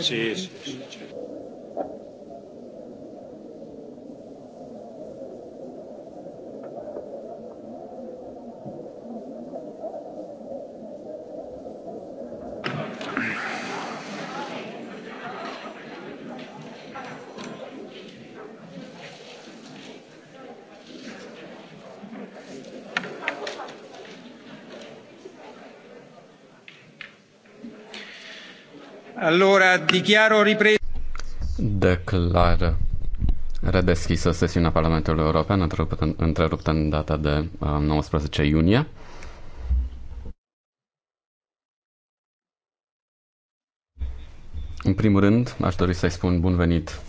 Sí, sí, sí. Allora, dichiaro ripreso. Declară redeschisă sesiunea Parlamentului European, întreruptă, întreruptă în data de 19 uh, iunie. În primul rând, aș dori să-i spun bun venit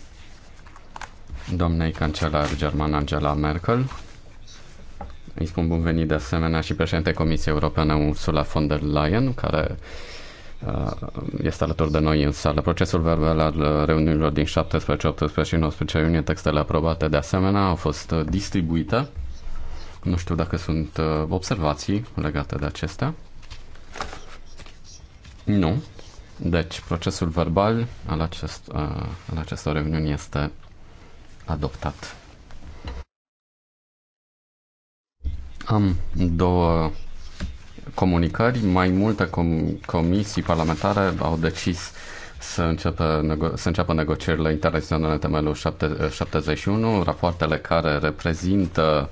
doamnei cancelar german Angela Merkel. Îi spun bun venit de asemenea și președinte Comisiei Europene Ursula von der Leyen, care uh, Uh, este alături de noi în sală. Procesul verbal al reuniunilor din 17, 18 și 19 iunie, textele aprobate de asemenea au fost distribuite. Nu știu dacă sunt uh, observații legate de acestea. Nu. Deci, procesul verbal al, acest, uh, al acestor reuniuni este adoptat. Am două comunicări, mai multe com- comisii parlamentare au decis să, începe nego- să înceapă negocierile internaționale în temelul 71, rapoartele care reprezintă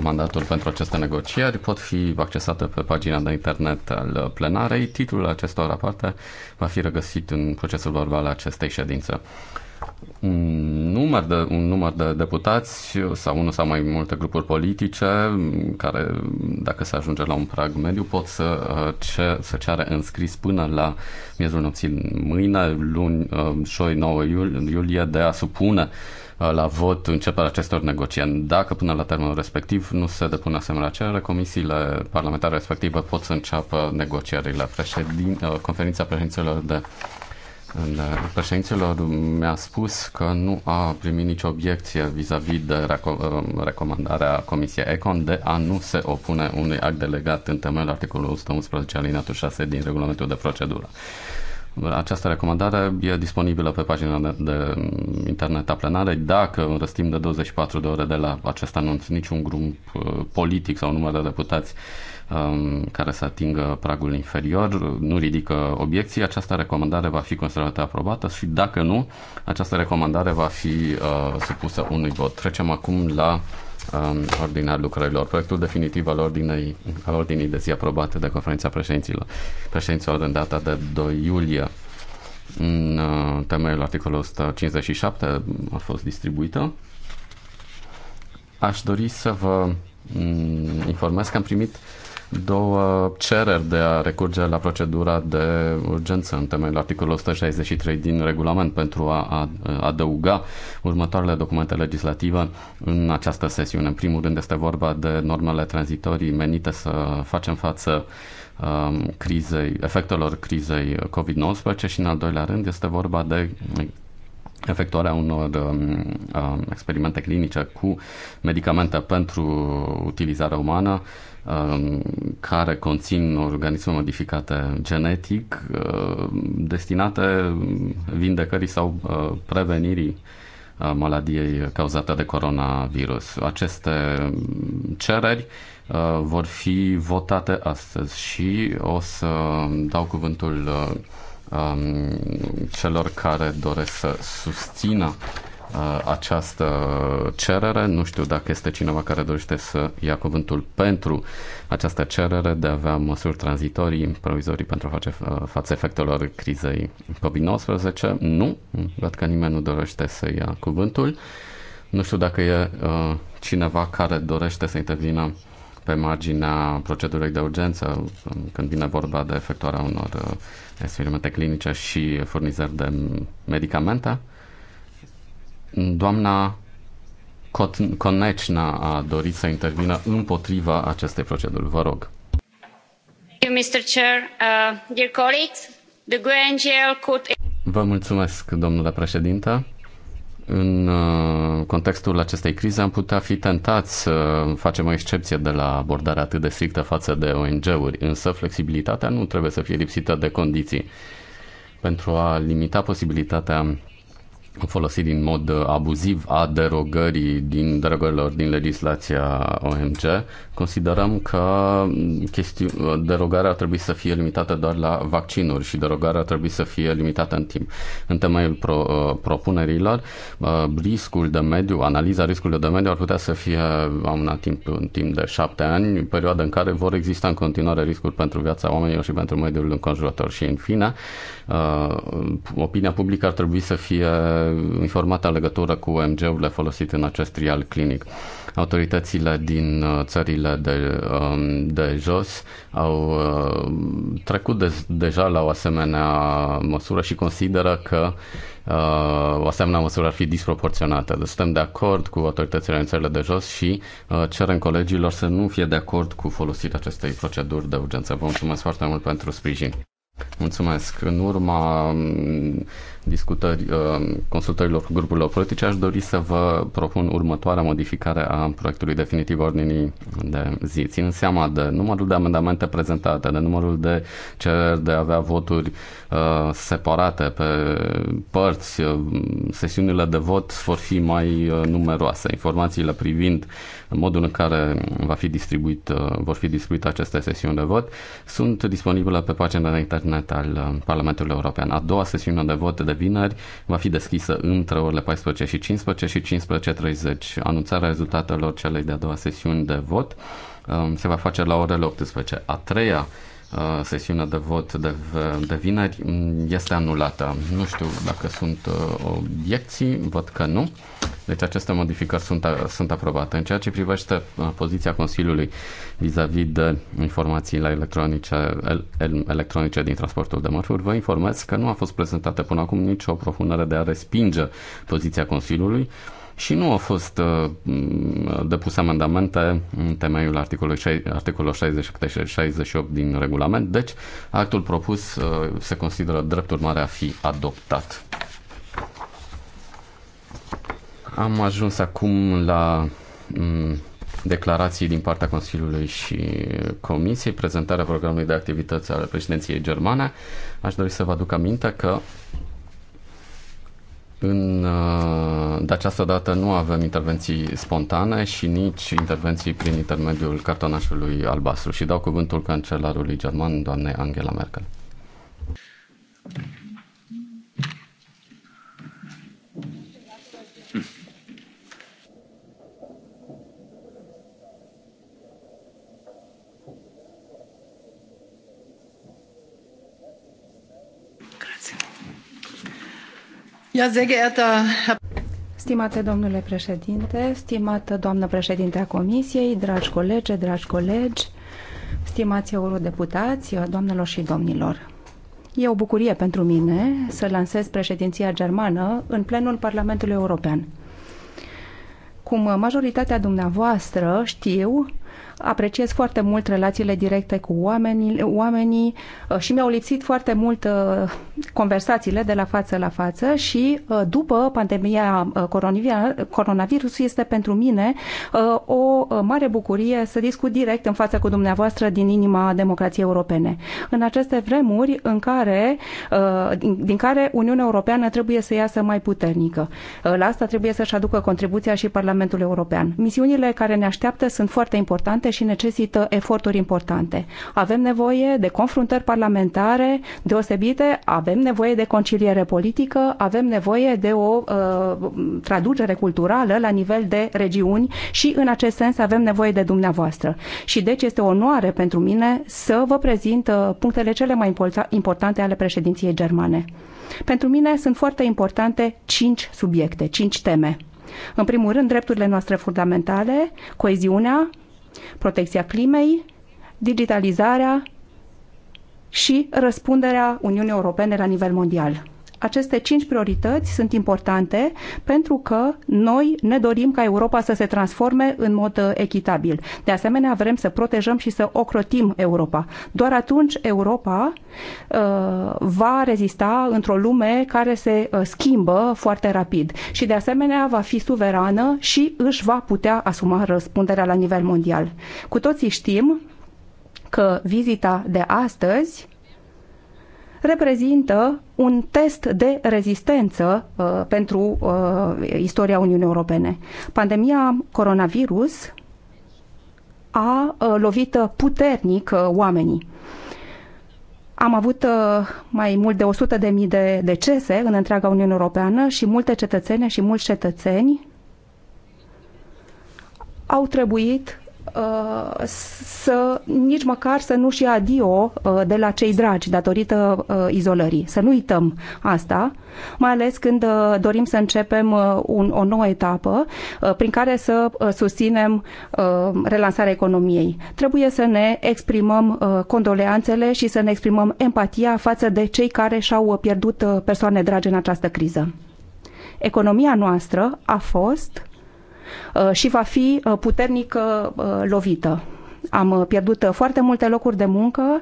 mandatul pentru aceste negocieri pot fi accesate pe pagina de internet al plenarei. Titlul acestor rapoarte va fi regăsit în procesul verbal al acestei ședințe un număr de, un număr de deputați sau unul sau mai multe grupuri politice care, dacă se ajunge la un prag mediu, pot să, uh, ce, să ceară înscris până la miezul nopții mâine, luni, uh, joi 9 iulie, de a supune uh, la vot începerea acestor negocieri. Dacă până la termenul respectiv nu se depune asemenea cerere, comisiile parlamentare respective pot să înceapă negocierile. Președin, conferința președinților de Uh, Președințelor mi-a spus că nu a primit nicio obiecție vis-a-vis de reco- uh, recomandarea Comisiei Econ de a nu se opune unui act delegat în temeiul articolului 111 alineatul 6 din regulamentul de procedură. Această recomandare e disponibilă pe pagina de, de internet a plenarei. Dacă în răstim de 24 de ore de la acest anunț niciun grup uh, politic sau număr de deputați uh, Um, care să atingă pragul inferior nu ridică obiecții, această recomandare va fi considerată aprobată și dacă nu, această recomandare va fi uh, supusă unui vot. Trecem acum la um, ordinea lucrărilor. Proiectul definitiv al ordinei, al ordinii de zi aprobate de conferința președinților, președinților în data de 2 iulie în uh, temeiul articolului 157 a fost distribuită. Aș dori să vă mm, informez că am primit uh, două cereri de a recurge la procedura de urgență în temeiul articolului 163 din regulament pentru a adăuga următoarele documente legislative în această sesiune. În primul rând este vorba de normele tranzitorii menite să facem față um, crizei, efectelor crizei COVID-19 și în al doilea rând este vorba de efectuarea unor um, um experimente clinice cu medicamente pentru utilizare umană Um, care conțin organisme modificate genetic uh, destinate vindecării sau uh, prevenirii uh, maladiei cauzate de coronavirus. Aceste cereri vor fi votate astăzi și o să dau cuvântul um, celor care doresc să susțină această cerere. Nu știu dacă este cineva care dorește să ia cuvântul pentru această cerere de a avea măsuri tranzitorii, provizorii pentru a face față efectelor crizei COVID-19. Nu, văd că nimeni nu dorește să ia cuvântul. Nu știu dacă e uh, cineva care dorește să intervină pe marginea procedurii de urgență, când vine vorba de efectuarea unor experimente clinice și furnizări de medicamente. Doamna Conecna a dorit să intervină împotriva acestei proceduri. Vă rog. Uh, Vă mulțumesc, domnule președinte. În uh, contextul acestei crize am putea fi tentați să facem o excepție de la abordarea atât de strictă față de ONG-uri, însă flexibilitatea nu trebuie să fie lipsită de condiții. Pentru a limita posibilitatea folosit din mod uh, abuziv a derogării din derogărilor din legislația OMG, considerăm că mm, chesti- uh, derogarea ar trebui să fie limitată doar la vaccinuri și derogarea ar trebui să fie limitată în timp. În temeiul pro, uh, propunerilor, riscul de mediu, analiza riscului de mediu ar putea să fie amânat timp, în timp de șapte ani, perioada în care vor exista în continuare riscuri pentru viața oamenilor și pentru mediul înconjurător. Și în fine, Uh, opinia publică ar trebui să fie informată în legătură cu omg urile folosite în acest trial clinic. Autoritățile din uh, țările de, um, de jos au uh, trecut de, deja la o asemenea măsură și consideră că o asemenea măsură ar fi disproporționată. Deci suntem de acord cu autoritățile din țările de jos și cerem colegilor să nu fie de acord cu folosirea acestei proceduri de urgență. Vă mulțumesc foarte mult pentru sprijin. Mulțumesc. În urma mm, discutări, uh, consultărilor cu grupurilor politice, aș dori să vă propun următoarea modificare a proiectului definitiv ordinii de zi. Țin seama de numărul de amendamente prezentate, de numărul de cereri de a avea voturi uh, separate pe părți, uh, sesiunile de vot vor fi mai uh, numeroase. Informațiile privind modul în care va fi distribuit, uh, vor fi distribuite aceste sesiuni de vot sunt disponibile pe pagina de internet al Parlamentului European. A doua sesiune de vot de vineri, va fi deschisă între orele 14 și 15 și 15.30. Anunțarea rezultatelor celei de-a doua sesiuni de vot um, se va face la orele 18. A treia Uh, sesiunea de vot de, de vineri este anulată. Nu știu dacă sunt uh, obiecții, văd că nu. Deci aceste modificări sunt, uh, sunt aprobate. În ceea ce privește poziția Consiliului vis-a-vis -vis de informațiile electronice, el, el, electronice din transportul de mărfuri, vă informez că nu a fost prezentată până acum nicio propunere de a respinge poziția Consiliului și nu au fost uh, depuse amendamente în temeiul articolului, articolului 68 din regulament, deci actul propus uh, se consideră drept urmare a fi adoptat. Am ajuns acum la declarații din partea Consiliului și Comisiei, prezentarea programului de activități ale președinției germane. Aș dori să vă aduc aminte că în, uh, de această dată nu avem intervenții spontane și nici intervenții prin intermediul cartonașului albastru și dau cuvântul cancelarului german, doamnei Angela Merkel. Stimate domnule președinte, stimată doamnă președinte a Comisiei, dragi colegi, dragi colegi, stimați eurodeputați, doamnelor și domnilor. E o bucurie pentru mine să lansez președinția germană în plenul Parlamentului European. Cum majoritatea dumneavoastră știu, apreciez foarte mult relațiile directe cu oamenii, oamenii uh, și mi-au lipsit foarte mult uh, conversațiile de la față la față și uh, după pandemia coronavirus este pentru mine o mare bucurie să discut direct în față cu dumneavoastră din inima democrației europene. În aceste vremuri în care, din care Uniunea Europeană trebuie să iasă mai puternică. La asta trebuie să-și aducă contribuția și Parlamentul European. Misiunile care ne așteaptă sunt foarte importante importante și necesită eforturi importante. Avem nevoie de confruntări parlamentare deosebite, avem nevoie de conciliere politică, avem nevoie de o uh, traducere culturală la nivel de regiuni și în acest sens avem nevoie de dumneavoastră. Și deci este o onoare pentru mine să vă prezint uh, punctele cele mai importante ale președinției germane. Pentru mine sunt foarte importante cinci subiecte, cinci teme. În primul rând, drepturile noastre fundamentale, coeziunea, protecția climei, digitalizarea și răspunderea Uniunii Europene la nivel mondial aceste cinci priorități sunt importante pentru că noi ne dorim ca Europa să se transforme în mod uh, echitabil. De asemenea, vrem să protejăm și să ocrotim Europa. Doar atunci Europa uh, va rezista într-o lume care se uh, schimbă foarte rapid și de asemenea va fi suverană și își va putea asuma răspunderea la nivel mondial. Cu toții știm că vizita de astăzi reprezintă un test de rezistență uh, pentru uh, istoria Uniunii Europene. Pandemia coronavirus a uh, lovit uh, puternic uh, oamenii. Am avut uh, mai mult de 100.000 de, de decese în întreaga Uniune Europeană și multe cetățene și mulți cetățeni au trebuit să nici măcar să nu-și ia adio uh, de la cei dragi datorită uh, izolării. Să nu uităm asta, mai ales când uh, dorim să începem un, o nouă etapă prin care să susținem relansarea economiei. Trebuie să ne exprimăm condoleanțele și să ne exprimăm empatia față de cei care și-au pierdut persoane dragi în această criză. Economia noastră a fost Uh, și va fi uh, puternic uh, lovită. Am pierdut foarte multe locuri de muncă.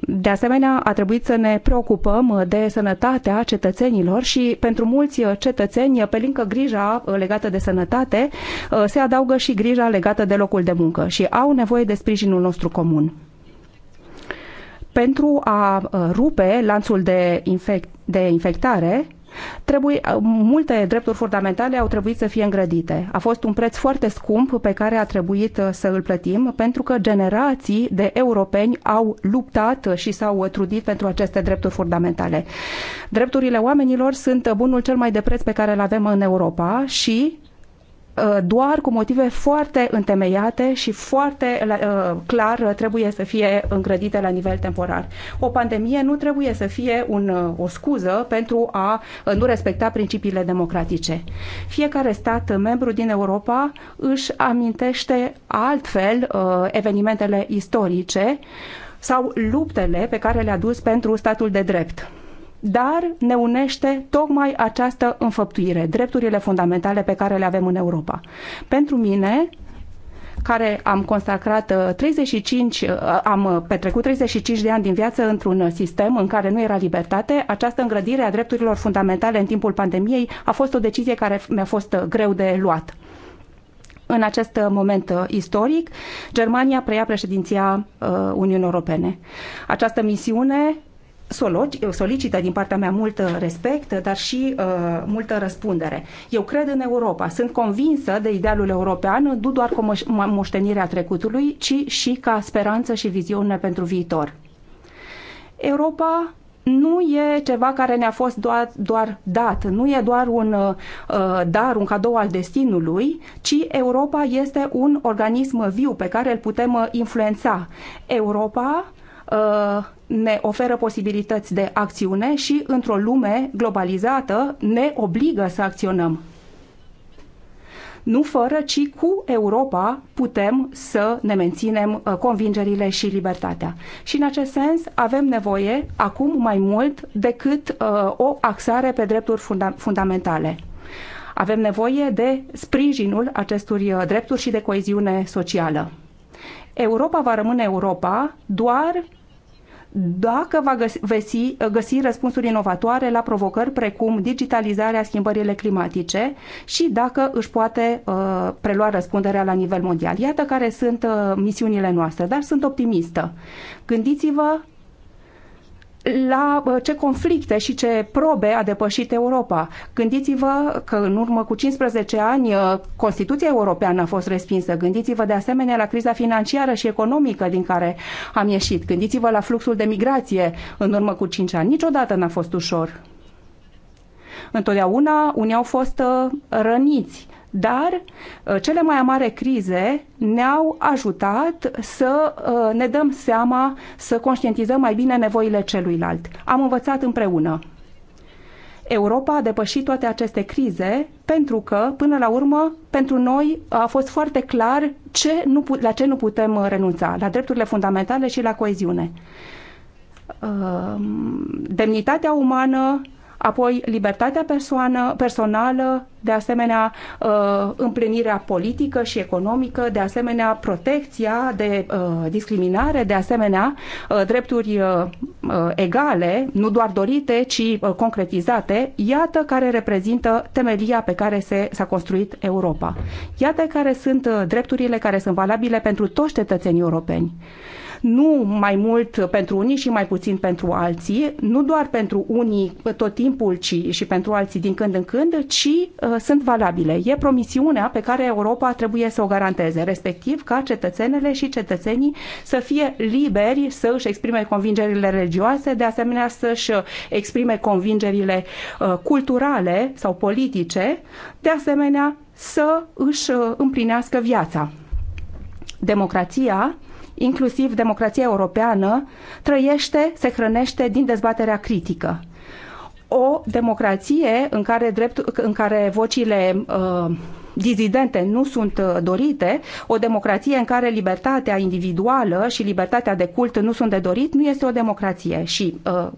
De asemenea, a trebuit să ne preocupăm de sănătatea cetățenilor și pentru mulți cetățeni, pe lângă grija legată de sănătate, se adaugă și grija legată de locul de muncă și au nevoie de sprijinul nostru comun pentru a rupe lanțul de, infect, de infectare, Trebuie, uh, multe drepturi fundamentale au trebuit să fie îngrădite. A fost un preț foarte scump pe care a trebuit uh, să îl plătim pentru că generații de europeni au luptat și s-au trudit pentru aceste drepturi fundamentale. Drepturile oamenilor sunt bunul cel mai de preț pe care îl avem în Europa și Uh, doar cu motive foarte întemeiate și foarte uh, clar uh, trebuie să fie îngrădite la nivel temporar. O pandemie nu trebuie să fie un, uh, o scuză pentru a nu respecta principiile democratice. Fiecare stat membru din Europa își amintește altfel uh, evenimentele istorice sau luptele pe care le-a dus pentru statul de drept dar ne unește tocmai această înfăptuire, drepturile fundamentale pe care le avem în Europa. Pentru mine, care am consacrat 35, uh, uh, am petrecut 35 de ani din viață într-un sistem în care nu era libertate. Această îngrădire a drepturilor fundamentale în timpul pandemiei a fost o decizie care mi-a fost uh, greu de luat. În acest moment istoric, Germania preia președinția Uniunii Europene. Această misiune solicită din partea mea mult uh, respect, dar și uh, multă răspundere. Eu cred în Europa, sunt convinsă de idealul european, nu doar ca moștenirea trecutului, ci și ca speranță și viziune pentru viitor. Europa nu e ceva care ne-a fost doar, doar dat, nu e doar un uh, dar, un cadou al destinului, ci Europa este un organism viu pe care îl putem uh, influența. Europa Uh, ne oferă posibilități de acțiune și, într-o lume globalizată, ne obligă să acționăm. Nu fără, ci cu Europa putem să ne menținem uh, convingerile și libertatea. Și în acest sens avem nevoie acum mai mult decât uh, o axare pe drepturi funda fundamentale. Avem nevoie de sprijinul acestor drepturi și de coeziune socială. Europa va rămâne Europa doar dacă va găsi, găsi răspunsuri inovatoare la provocări precum digitalizarea, schimbările climatice și dacă își poate uh, prelua răspunderea la nivel mondial. Iată care sunt uh, misiunile noastre, dar sunt optimistă. Gândiți-vă la uh, ce conflicte și ce probe a depășit Europa. Gândiți-vă că în urmă cu 15 ani uh, Constituția Europeană a fost respinsă. Gândiți-vă de asemenea la criza financiară și economică din care am ieșit. Gândiți-vă la fluxul de migrație în urmă cu 5 ani. Niciodată n-a fost ușor. Întotdeauna unii au fost uh, răniți dar uh, cele mai mare crize ne-au ajutat să uh, ne dăm seama, să conștientizăm mai bine nevoile celuilalt. Am învățat împreună. Europa a depășit toate aceste crize pentru că, până la urmă, pentru noi a fost foarte clar ce nu, la ce nu putem uh, renunța, la drepturile fundamentale și la coeziune. Demnitatea umană, apoi libertatea persoană, personală, de asemenea uh, împlinirea politică și economică, de asemenea protecția de uh, discriminare, de asemenea uh, drepturi egale, nu doar dorite, ci concretizate, iată care reprezintă temelia pe care s-a construit Europa. Iată care sunt drepturile care sunt valabile pentru toți cetățenii europeni nu mai mult pentru unii și mai puțin pentru alții, nu doar pentru unii tot timpul, ci și pentru alții din când în când, ci uh, sunt valabile. E promisiunea pe care Europa trebuie să o garanteze, respectiv ca cetățenele și cetățenii să fie liberi să își exprime convingerile religioase, de asemenea să își exprime convingerile uh, culturale sau politice, de asemenea să își uh, împlinească viața. Democrația inclusiv democrația europeană, trăiește, se hrănește din dezbaterea critică. O democrație în care, drept, în care vocile uh, dizidente nu sunt uh, dorite, o democrație în care libertatea individuală și libertatea de cult nu sunt de dorit, nu este o democrație. Și uh,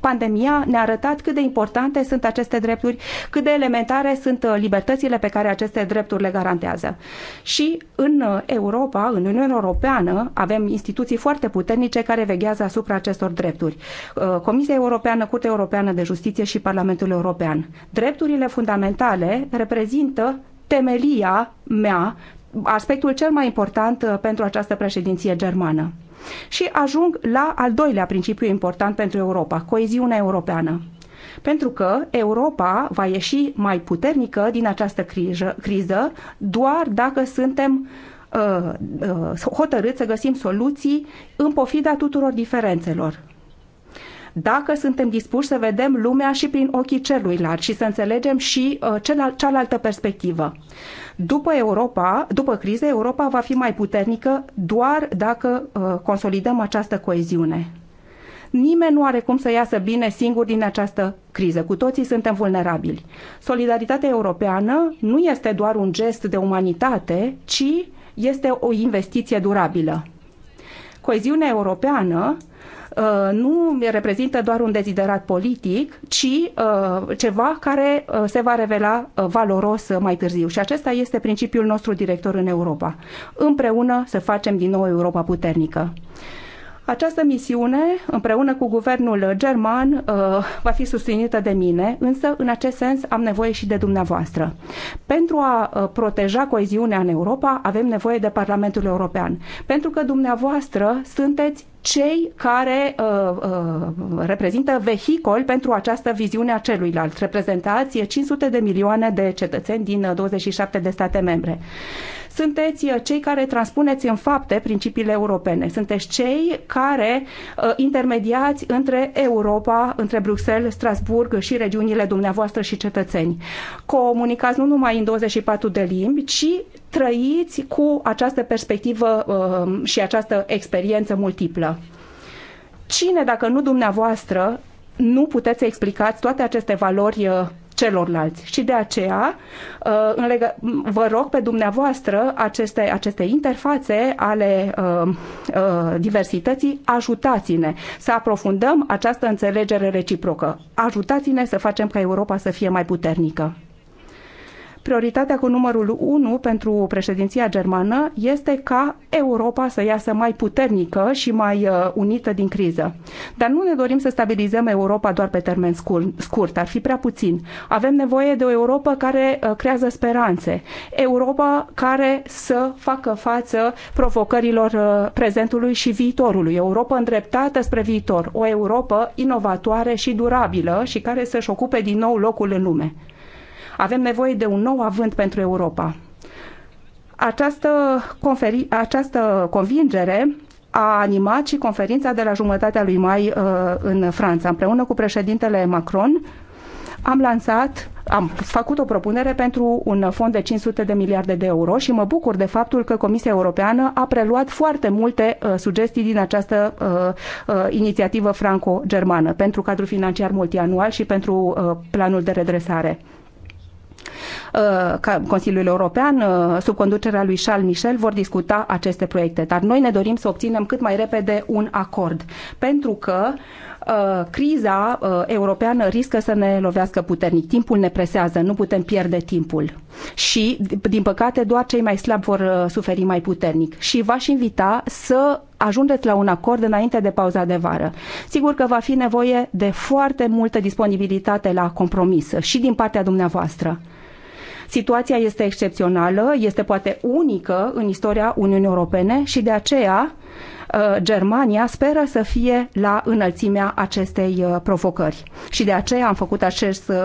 pandemia ne-a arătat cât de importante sunt aceste drepturi, cât de elementare sunt uh, libertățile pe care aceste drepturi le garantează. Și în uh, Europa, în Uniunea Europeană, avem instituții foarte puternice care veghează asupra acestor drepturi. Uh, Comisia Europeană, Curtea Europeană de Justiție și Parlamentul European. Drepturile fundamentale reprezintă temelia mea, aspectul cel mai important pentru această președinție germană. Și ajung la al doilea principiu important pentru Europa, coeziunea europeană pentru că Europa va ieși mai puternică din această criză, criză doar dacă suntem uh, uh, hotărâți să găsim soluții în pofida tuturor diferențelor. Dacă suntem dispuși să vedem lumea și prin ochii celuilalt și să înțelegem și uh, cealaltă perspectivă. După Europa, după criză, Europa va fi mai puternică doar dacă uh, consolidăm această coeziune. Nimeni nu are cum să iasă bine singur din această criză. Cu toții suntem vulnerabili. Solidaritatea europeană nu este doar un gest de umanitate, ci este o investiție durabilă. Coeziunea europeană Uh, nu reprezintă doar un deziderat politic, ci uh, ceva care uh, se va revela valoros mai târziu. Și acesta este principiul nostru director în Europa. Împreună să facem din nou Europa puternică. Această misiune, împreună cu guvernul german, uh, va fi susținută de mine, însă, în acest sens, am nevoie și de dumneavoastră. Pentru a uh, proteja coeziunea în Europa, avem nevoie de Parlamentul European, pentru că dumneavoastră sunteți cei care uh, uh, reprezintă vehicol pentru această viziune a celuilalt. Reprezentați 500 de milioane de cetățeni din 27 uh, de state membre sunteți uh, cei care transpuneți în fapte principiile europene. Sunteți cei care uh, intermediați între Europa, între Bruxelles, Strasburg și regiunile dumneavoastră și cetățeni. Comunicați nu numai în 24 de limbi, ci trăiți cu această perspectivă um, și această experiență multiplă. Cine, dacă nu dumneavoastră, nu puteți să explicați toate aceste valori uh, celorlalți. Și de aceea uh, vă rog pe dumneavoastră aceste, aceste interfațe ale uh, uh, diversității, ajutați-ne să aprofundăm această înțelegere reciprocă. Ajutați-ne să facem ca Europa să fie mai puternică prioritatea cu numărul 1 pentru președinția germană este ca Europa să iasă mai puternică și mai uh, unită din criză. Dar nu ne dorim să stabilizăm Europa doar pe termen scurt, ar fi prea puțin. Avem nevoie de o Europa care uh, creează speranțe, Europa care să facă față provocărilor uh, prezentului și viitorului, Europa îndreptată spre viitor, o Europa inovatoare și durabilă și care să-și ocupe din nou locul în lume. Avem nevoie de un nou avânt pentru Europa. Această, conferi- această convingere a animat și conferința de la jumătatea lui mai uh, în Franța. Împreună cu președintele Macron am lansat am făcut o propunere pentru un fond de 500 de miliarde de euro și mă bucur de faptul că Comisia Europeană a preluat foarte multe uh, sugestii din această uh, uh, inițiativă franco-germană pentru cadrul financiar multianual și pentru uh, planul de redresare. Uh, Consiliul European, uh, sub conducerea lui Charles Michel, vor discuta aceste proiecte. Dar noi ne dorim să obținem cât mai repede un acord, pentru că uh, criza europeană riscă să ne lovească puternic. Timpul ne presează, nu putem pierde timpul. Și, din păcate, doar cei mai slabi vor suferi mai puternic. Și v-aș invita să ajungeți la un acord înainte de pauza de vară. Sigur că va fi nevoie de foarte multă disponibilitate la compromis și din partea dumneavoastră. Situația este excepțională, este poate unică în istoria Uniunii Europene și de aceea uh, Germania speră să fie la înălțimea acestei uh, provocări. Și de aceea am făcut acest, uh,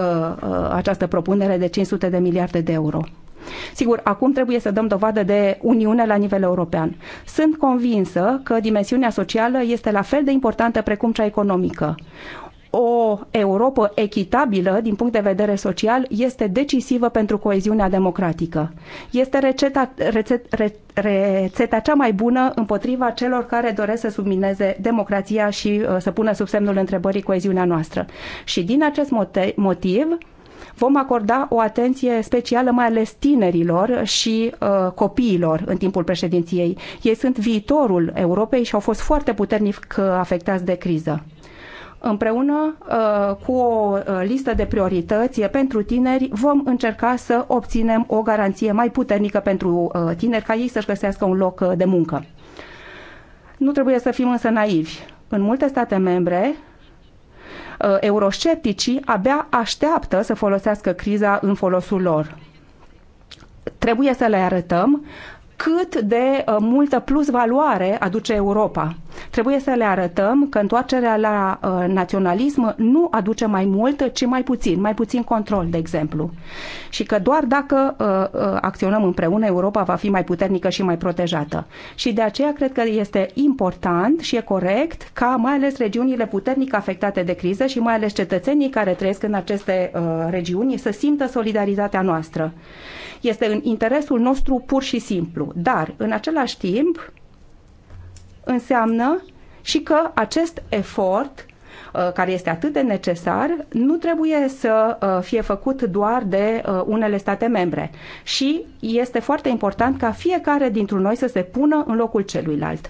această propunere de 500 de miliarde de euro. Sigur, acum trebuie să dăm dovadă de uniune la nivel european. Sunt convinsă că dimensiunea socială este la fel de importantă precum cea economică o Europa echitabilă din punct de vedere social este decisivă pentru coeziunea democratică. Este rețet, re, rețeta cea mai bună împotriva celor care doresc să submineze democrația și uh, să pună sub semnul întrebării coeziunea noastră. Și din acest motiv, motiv vom acorda o atenție specială mai ales tinerilor și uh, copiilor în timpul președinției. Ei sunt viitorul Europei și au fost foarte puternic uh, afectați de criză. Împreună uh, cu o uh, listă de priorități pentru tineri vom încerca să obținem o garanție mai puternică pentru uh, tineri ca ei să-și găsească un loc de muncă. Nu trebuie să fim însă naivi. În multe state membre, euroscepticii abia așteaptă să folosească criza în folosul lor. Trebuie să le arătăm cât de uh, multă plus valoare aduce Europa. Trebuie să le arătăm că întoarcerea la uh, naționalism nu aduce mai mult, ci mai puțin, mai puțin control, de exemplu. Și că doar dacă uh, acționăm împreună, Europa va fi mai puternică și mai protejată. Și de aceea cred că este important și e corect ca mai ales regiunile puternic afectate de criză și mai ales cetățenii care trăiesc în aceste regiuni să simtă solidaritatea noastră. Este în interesul nostru pur și simplu. Dar, în același timp, înseamnă și că acest efort uh, care este atât de necesar, nu trebuie să uh, fie făcut doar de uh, unele state membre. Și este foarte important ca fiecare dintre noi să se pună în locul celuilalt.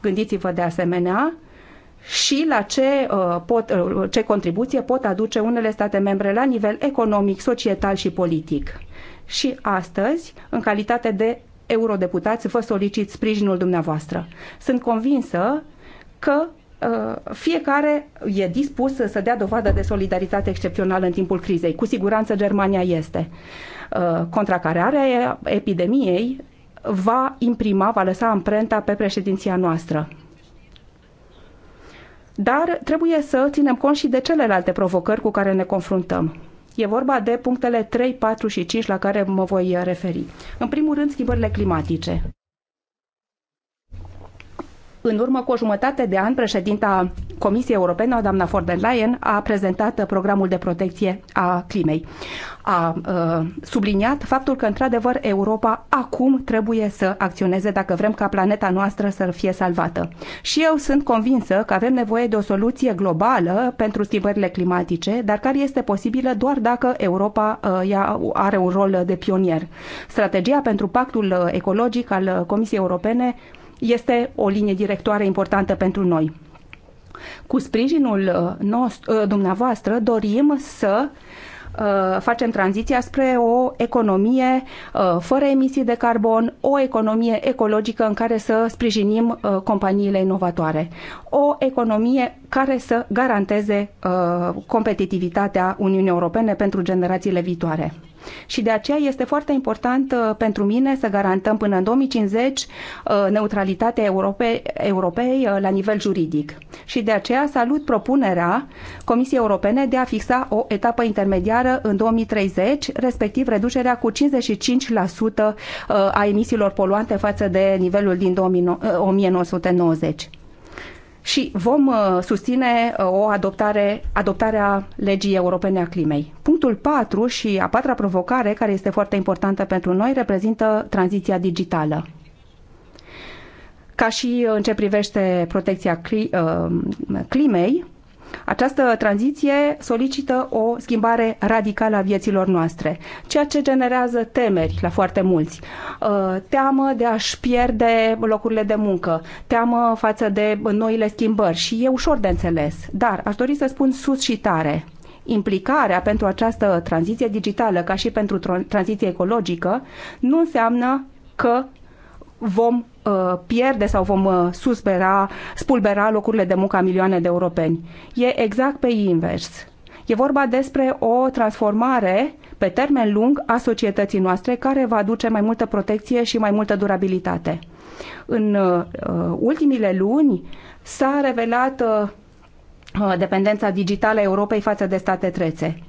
Gândiți-vă de asemenea și la ce, pot, ce contribuție pot aduce unele state membre la nivel economic, societal și politic și astăzi, în calitate de eurodeputați, vă solicit sprijinul dumneavoastră. Sunt convinsă că uh, fiecare e dispus să dea dovadă de solidaritate excepțională în timpul crizei. Cu siguranță Germania este. Uh, contracararea epidemiei va imprima, va lăsa amprenta pe președinția noastră. Dar trebuie să ținem cont și de celelalte provocări cu care ne confruntăm. E vorba de punctele 3, 4 și 5 la care mă voi referi. În primul rând, schimbările climatice. În urmă cu o jumătate de an, președinta Comisiei Europene, doamna von der Leyen, a prezentat programul de protecție a climei. A uh, subliniat faptul că, într-adevăr, Europa acum trebuie să acționeze dacă vrem ca planeta noastră să fie salvată. Și eu sunt convinsă că avem nevoie de o soluție globală pentru schimbările climatice, dar care este posibilă doar dacă Europa uh, are un rol de pionier. Strategia pentru pactul uh, ecologic al Comisiei Europene este o linie directoare importantă pentru noi. Cu sprijinul uh, nostru, uh, dumneavoastră dorim să uh, facem tranziția spre o economie fără emisii de carbon, o economie ecologică în care să sprijinim companiile inovatoare, o economie care să garanteze competitivitatea Uniunii Europene pentru generațiile viitoare și de aceea este foarte important uh, pentru mine să garantăm până în 2050 uh, neutralitatea Europei, Europei uh, la nivel juridic. Și de aceea salut propunerea Comisiei Europene de a fixa o etapă intermediară în 2030, respectiv reducerea cu 55% a emisiilor poluante față de nivelul din 1990 și vom uh, susține uh, o adoptare, adoptarea legii europene a climei. Punctul 4 și a patra provocare, care este foarte importantă pentru noi, reprezintă tranziția digitală. Ca și uh, în ce privește protecția climei, această tranziție solicită o schimbare radicală a vieților noastre, ceea ce generează temeri la foarte mulți. Uh, teamă de a-și pierde locurile de muncă, teamă față de noile schimbări și e ușor de înțeles, dar aș dori să spun sus și tare implicarea pentru această tranziție digitală, ca și pentru tranziție ecologică, nu înseamnă că vom Uh, pierde sau vom uh, suspera, spulbera locurile de muncă a milioane de europeni. E exact pe invers. E vorba despre o transformare pe termen lung a societății noastre care va aduce mai multă protecție și mai multă durabilitate. În uh, uh ultimile luni s-a revelat uh, dependența digitală a Europei față de state trețe.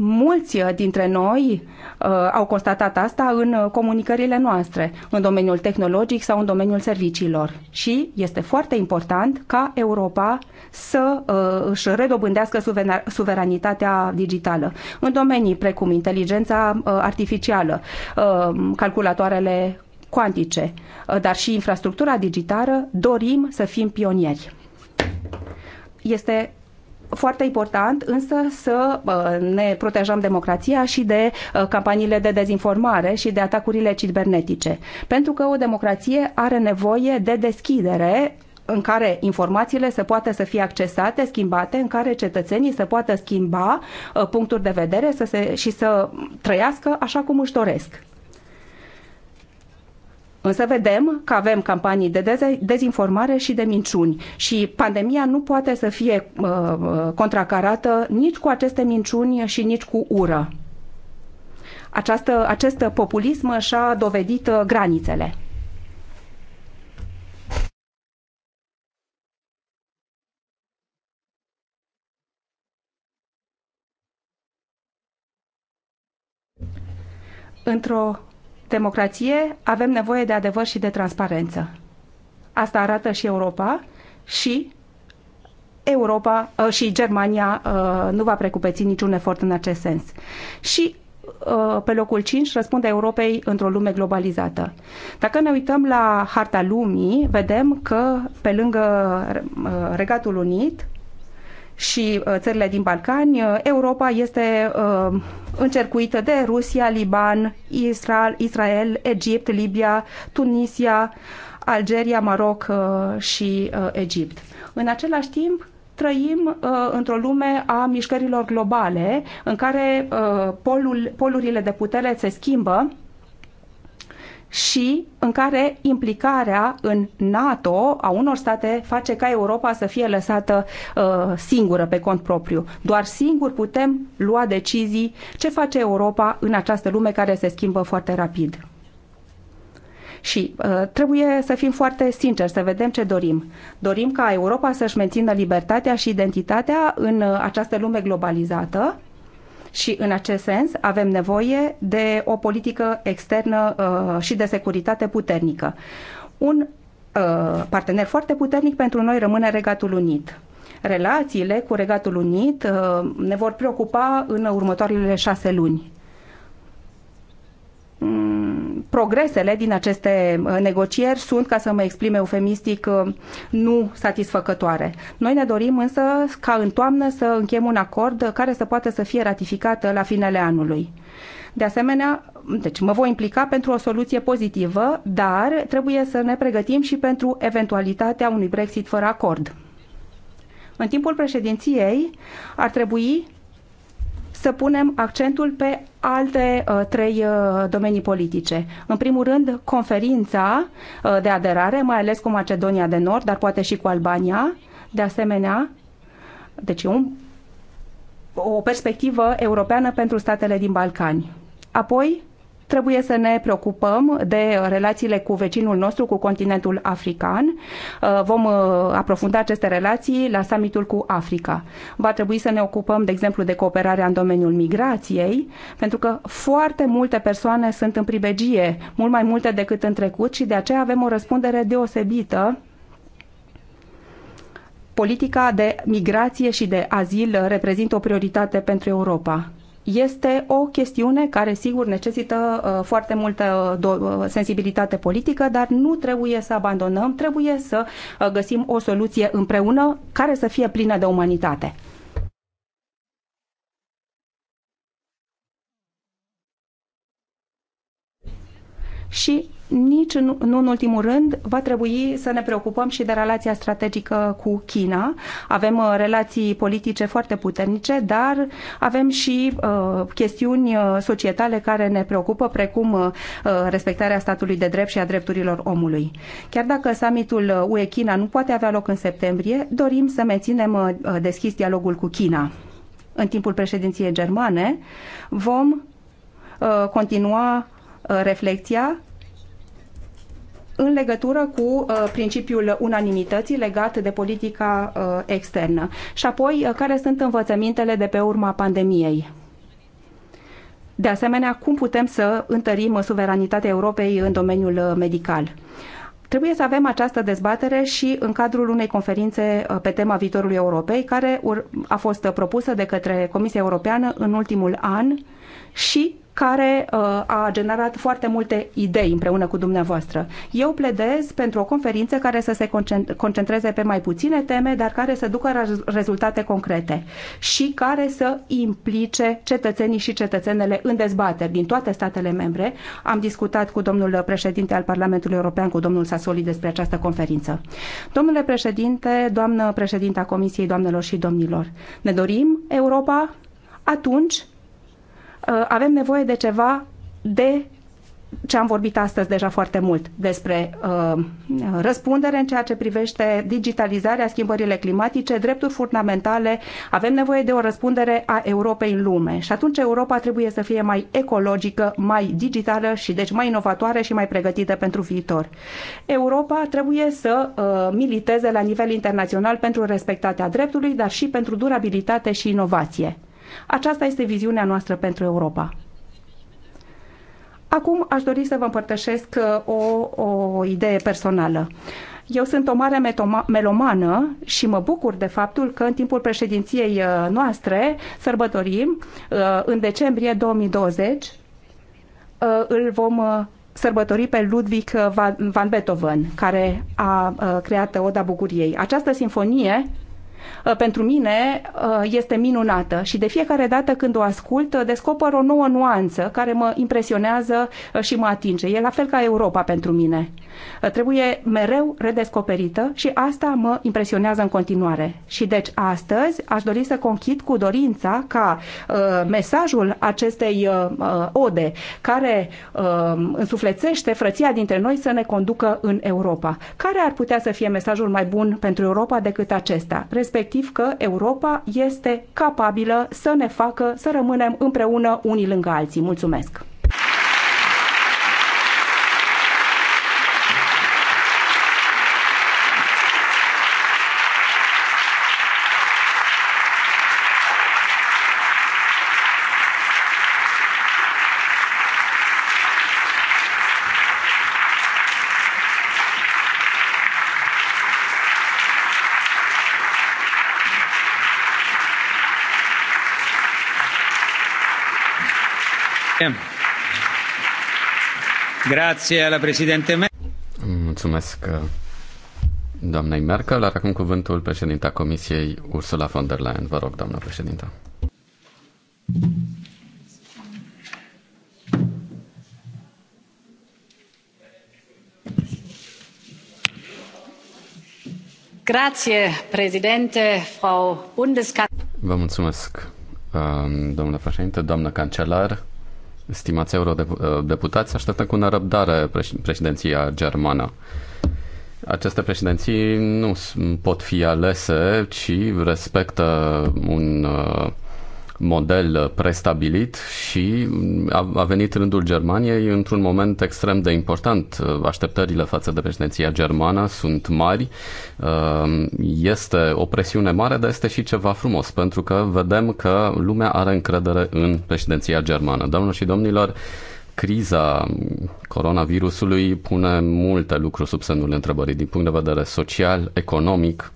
Mulți uh, dintre noi uh, au constatat asta în uh, comunicările noastre, în domeniul tehnologic sau în domeniul serviciilor. Și este foarte important ca Europa să uh, își redobândească suveranitatea digitală în domenii precum inteligența uh, artificială, uh, calculatoarele cuantice, uh, dar și infrastructura digitală, dorim să fim pionieri. Este foarte important însă să ne protejăm democrația și de campaniile de dezinformare și de atacurile cibernetice. Pentru că o democrație are nevoie de deschidere în care informațiile să poată să fie accesate, schimbate, în care cetățenii să poată schimba puncturi de vedere să se, și să trăiască așa cum își doresc. Însă vedem că avem campanii de dezinformare și de minciuni și pandemia nu poate să fie uh, contracarată nici cu aceste minciuni și nici cu ură. Această, acest populism și-a dovedit uh, granițele. Într-o democrație avem nevoie de adevăr și de transparență. Asta arată și Europa și Europa uh, și Germania uh, nu va precupeți niciun efort în acest sens. Și uh, pe locul 5 răspunde Europei într-o lume globalizată. Dacă ne uităm la harta lumii, vedem că pe lângă Regatul Unit, și uh, țările din Balcani, uh, Europa este uh, încercuită de Rusia, Liban, Israel, Israel Egipt, Libia, Tunisia, Algeria, Maroc și Egipt. În același timp, trăim uh, într-o lume a mișcărilor globale, în care uh, polul, polurile de putere se schimbă și în care implicarea în NATO a unor state face ca Europa să fie lăsată uh, singură pe cont propriu. Doar singur putem lua decizii ce face Europa în această lume care se schimbă foarte rapid. Și uh, trebuie să fim foarte sinceri, să vedem ce dorim. Dorim ca Europa să-și mențină libertatea și identitatea în uh, această lume globalizată, și în acest sens avem nevoie de o politică externă uh, și de securitate puternică. Un uh, partener foarte puternic pentru noi rămâne Regatul Unit relațiile cu Regatul Unit uh, ne vor preocupa în următoarele șase luni progresele din aceste uh, negocieri sunt, ca să mă exprim eufemistic, uh, nu satisfăcătoare. Noi ne dorim însă ca în toamnă să încheiem un acord care să poată să fie ratificat uh, la finele anului. De asemenea, deci mă voi implica pentru o soluție pozitivă, dar trebuie să ne pregătim și pentru eventualitatea unui Brexit fără acord. În timpul președinției ar trebui să punem accentul pe alte uh, trei uh, domenii politice. În primul rând, conferința uh, de aderare, mai ales cu Macedonia de Nord, dar poate și cu Albania, de asemenea, deci un, o perspectivă europeană pentru statele din Balcani. Apoi, Trebuie să ne preocupăm de relațiile cu vecinul nostru, cu continentul african. Uh, vom uh, aprofunda aceste relații la summitul cu Africa. Va trebui să ne ocupăm, de exemplu, de cooperarea în domeniul migrației, pentru că foarte multe persoane sunt în pribegie, mult mai multe decât în trecut și de aceea avem o răspundere deosebită politica de migrație și de azil reprezintă o prioritate pentru Europa este o chestiune care, sigur, necesită uh, foarte multă uh, uh, sensibilitate politică, dar nu trebuie să abandonăm, trebuie să găsim o soluție împreună care să fie plină de umanitate. Și nici în, nu în ultimul rând va trebui să ne preocupăm și de relația strategică cu China. Avem uh, relații politice foarte puternice, dar avem și uh, chestiuni uh, societale care ne preocupă, precum uh, uh, respectarea statului de drept și a drepturilor omului. Chiar dacă summitul UE-China nu poate avea loc în septembrie, dorim să menținem uh, deschis dialogul cu China. În timpul președinției germane vom continua reflecția în legătură cu uh, principiul unanimității legat de politica uh, externă. Și apoi, uh, care sunt învățămintele de pe urma pandemiei? De asemenea, cum putem să întărim suveranitatea Europei în domeniul medical? Trebuie să avem această dezbatere și în cadrul unei conferințe pe tema viitorului Europei, care a fost propusă de către Comisia Europeană în ultimul an și care uh, a generat foarte multe idei împreună cu dumneavoastră. Eu pledez pentru o conferință care să se concentreze pe mai puține teme, dar care să ducă la rezultate concrete și care să implice cetățenii și cetățenele în dezbateri din toate statele membre. Am discutat cu domnul președinte al Parlamentului European, cu domnul Sasoli, despre această conferință. Domnule președinte, doamnă președinta Comisiei, doamnelor și domnilor, ne dorim Europa atunci Uh, avem nevoie de ceva de ce am vorbit astăzi deja foarte mult despre uh, răspundere în ceea ce privește digitalizarea, schimbările climatice, drepturi fundamentale, avem nevoie de o răspundere a Europei în lume și atunci Europa trebuie să fie mai ecologică, mai digitală și deci mai inovatoare și mai pregătită pentru viitor. Europa trebuie să uh, militeze la nivel internațional pentru respectarea dreptului, dar și pentru durabilitate și inovație aceasta este viziunea noastră pentru Europa. Acum aș dori să vă împărtășesc uh, o, o idee personală. Eu sunt o mare melomană și mă bucur de faptul că în timpul președinției uh, noastre sărbătorim uh, în decembrie 2020 îl vom sărbători pe Ludwig van Beethoven, care a creat Oda Bucuriei. Această sinfonie Uh, pentru mine uh, este minunată și de fiecare dată când o ascult uh, descoper o nouă nuanță care mă impresionează și mă atinge. E la fel ca Europa pentru mine. Trebuie mereu redescoperită și asta mă impresionează în continuare. Și deci astăzi aș dori să conchid cu dorința ca uh, mesajul acestei uh, ode care uh, însuflețește frăția dintre noi să ne conducă în Europa. Care ar putea să fie mesajul mai bun pentru Europa decât acesta? respectiv că Europa este capabilă să ne facă să rămânem împreună unii lângă alții. Mulțumesc! la președinte Mulțumesc uh, doamnei Merkel. Are acum cuvântul președinta Comisiei Ursula von der Leyen. Vă rog, doamnă președintă. Grazie, președinte, Frau Vă mulțumesc, uh, domnule președinte, doamnă cancelar, stimați eurodeputați, uh, așteptăm cu nerăbdare președinția germană. Aceste președinții nu pot fi alese, ci respectă un uh, model uh, prestabilit și mm, a, venit rândul Germaniei într-un moment extrem de important. Uh, așteptările față de președinția germană sunt mari. Uh, este o presiune mare, dar este și ceva frumos, pentru că vedem că lumea are încredere în președinția germană. Doamnelor și domnilor, criza coronavirusului pune multe lucruri sub semnul întrebării din punct de vedere social, economic,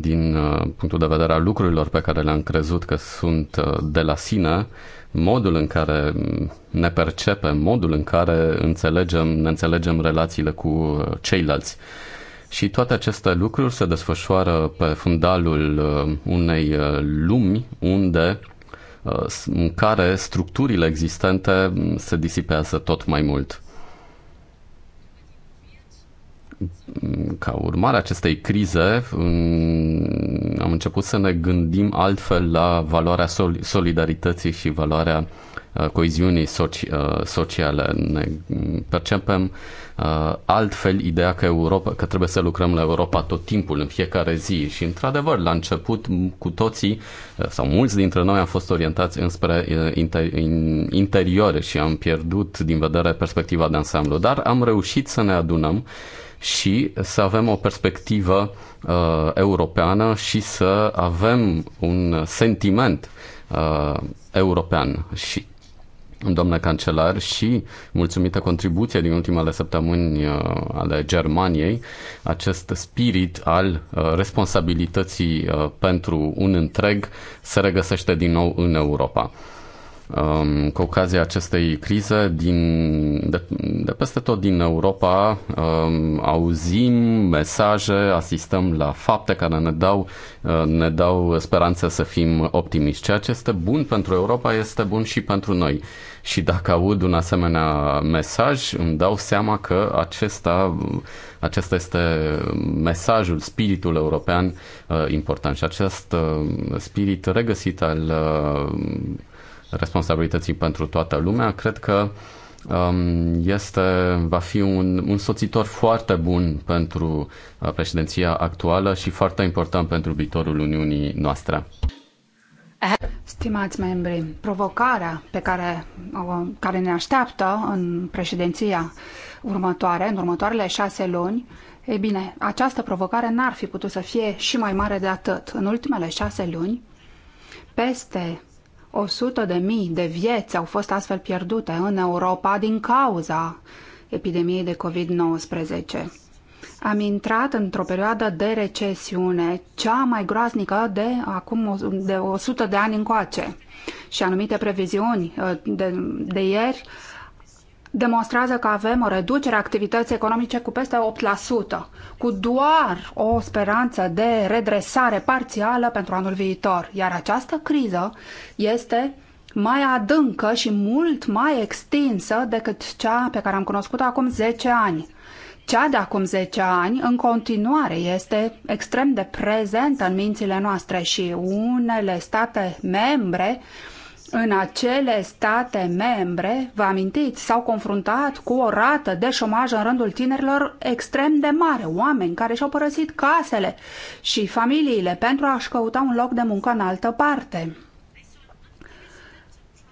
din uh, punctul de vedere al lucrurilor pe care le-am crezut că sunt uh, de la sine, modul în care ne percepem, modul în care înțelegem, ne înțelegem relațiile cu uh, ceilalți. Și toate aceste lucruri se desfășoară pe fundalul unei lumi unde în care structurile existente mm, se disipează tot mai mult ca urmare a acestei crize mm, am început să ne gândim altfel la valoarea solidarității și valoarea uh, coeziunii uh, sociale. Ne mm, percepem uh, altfel ideea că, Europa, că trebuie să lucrăm la Europa tot timpul, în fiecare zi și, într-adevăr, la început cu toții sau mulți dintre noi am fost orientați înspre interior și am pierdut din vedere perspectiva de ansamblu, dar am reușit să ne adunăm și să avem o perspectivă uh, europeană și să avem un sentiment uh, european și domnule cancelar și mulțumită contribuției din ultimele săptămâni uh, ale Germaniei, acest spirit al uh, responsabilității uh, pentru un întreg se regăsește din nou în Europa um, cu ocazia acestei crize din, de, de peste tot din Europa um, auzim mesaje, asistăm la fapte care ne dau, uh, ne dau speranță să fim optimiști. Ceea ce este bun pentru Europa este bun și pentru noi. Și dacă aud un asemenea mesaj, îmi dau seama că acesta, acesta este mesajul, spiritul european uh, important. Și acest uh, spirit regăsit al uh, responsabilității pentru toată lumea, cred că um, este, va fi un, un soțitor foarte bun pentru uh, președinția actuală și foarte important pentru viitorul Uniunii noastre. Stimați membri, provocarea pe care, uh, care ne așteaptă în președinția următoare, în următoarele șase luni, e bine, această provocare n-ar fi putut să fie și mai mare de atât. În ultimele șase luni, peste o sută de mii de vieți au fost astfel pierdute în Europa din cauza epidemiei de COVID-19. Am intrat într-o perioadă de recesiune, cea mai groaznică de acum de 100 de ani încoace. Și anumite previziuni uh, de, de ieri uh, demonstrează că avem o reducere a activității economice cu peste 8%, cu doar o speranță de redresare parțială pentru anul viitor. Iar această criză este mai adâncă și mult mai extinsă decât cea pe care am cunoscut-o acum 10 ani. Cea de acum 10 ani, în continuare, este extrem de prezentă în mințile noastre și unele state membre uh, în acele state membre, vă amintiți, s-au confruntat cu o rată de șomaj în rândul tinerilor extrem de mare, oameni care și-au părăsit casele și familiile pentru a-și căuta un loc de muncă în altă parte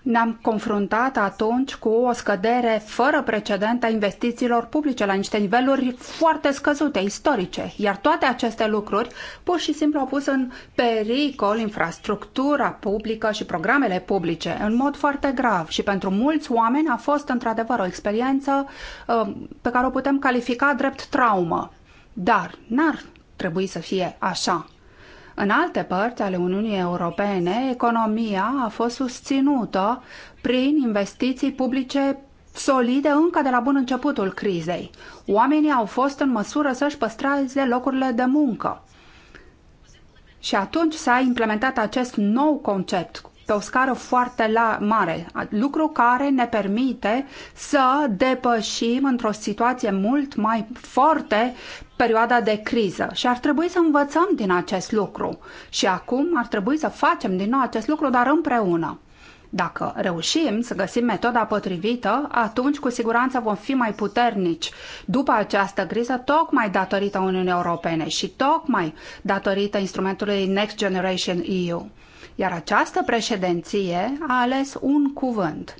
ne-am confruntat atunci cu o scădere fără precedent a investițiilor publice la niște niveluri foarte scăzute, istorice. Iar toate aceste lucruri pur și simplu au pus în pericol infrastructura publică și programele publice în mod foarte grav și pentru mulți oameni a fost într-adevăr o experiență uh, pe care o putem califica drept traumă. Dar n-ar trebui să fie așa. În alte părți ale Uniunii Europene, economia a fost susținută prin investiții publice solide încă de la bun începutul crizei. Oamenii au fost în măsură să-și păstreze locurile de muncă. Și atunci s-a implementat acest nou concept pe o scară foarte la, mare, lucru care ne permite să depășim într-o situație mult mai forte perioada de criză și ar trebui să învățăm din acest lucru. Și acum ar trebui să facem din nou acest lucru, dar împreună. Dacă reușim să găsim metoda potrivită, atunci cu siguranță vom fi mai puternici după această criză, tocmai datorită Uniunii Europene și tocmai datorită instrumentului Next Generation EU. Iar această președinție a ales un cuvânt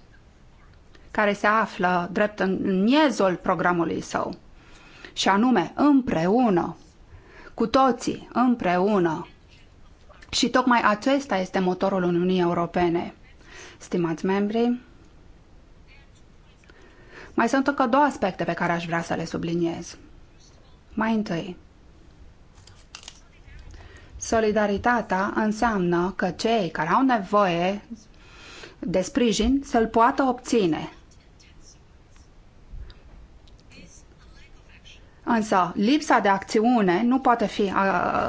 care se află drept în miezul programului său și anume împreună, cu toții împreună. Și tocmai acesta este motorul Uniunii Europene. Stimați membri, mai sunt încă două aspecte pe care aș vrea să le subliniez. Mai întâi, solidaritatea înseamnă că cei care au nevoie de sprijin să-l poată obține Însă lipsa de acțiune nu poate fi uh,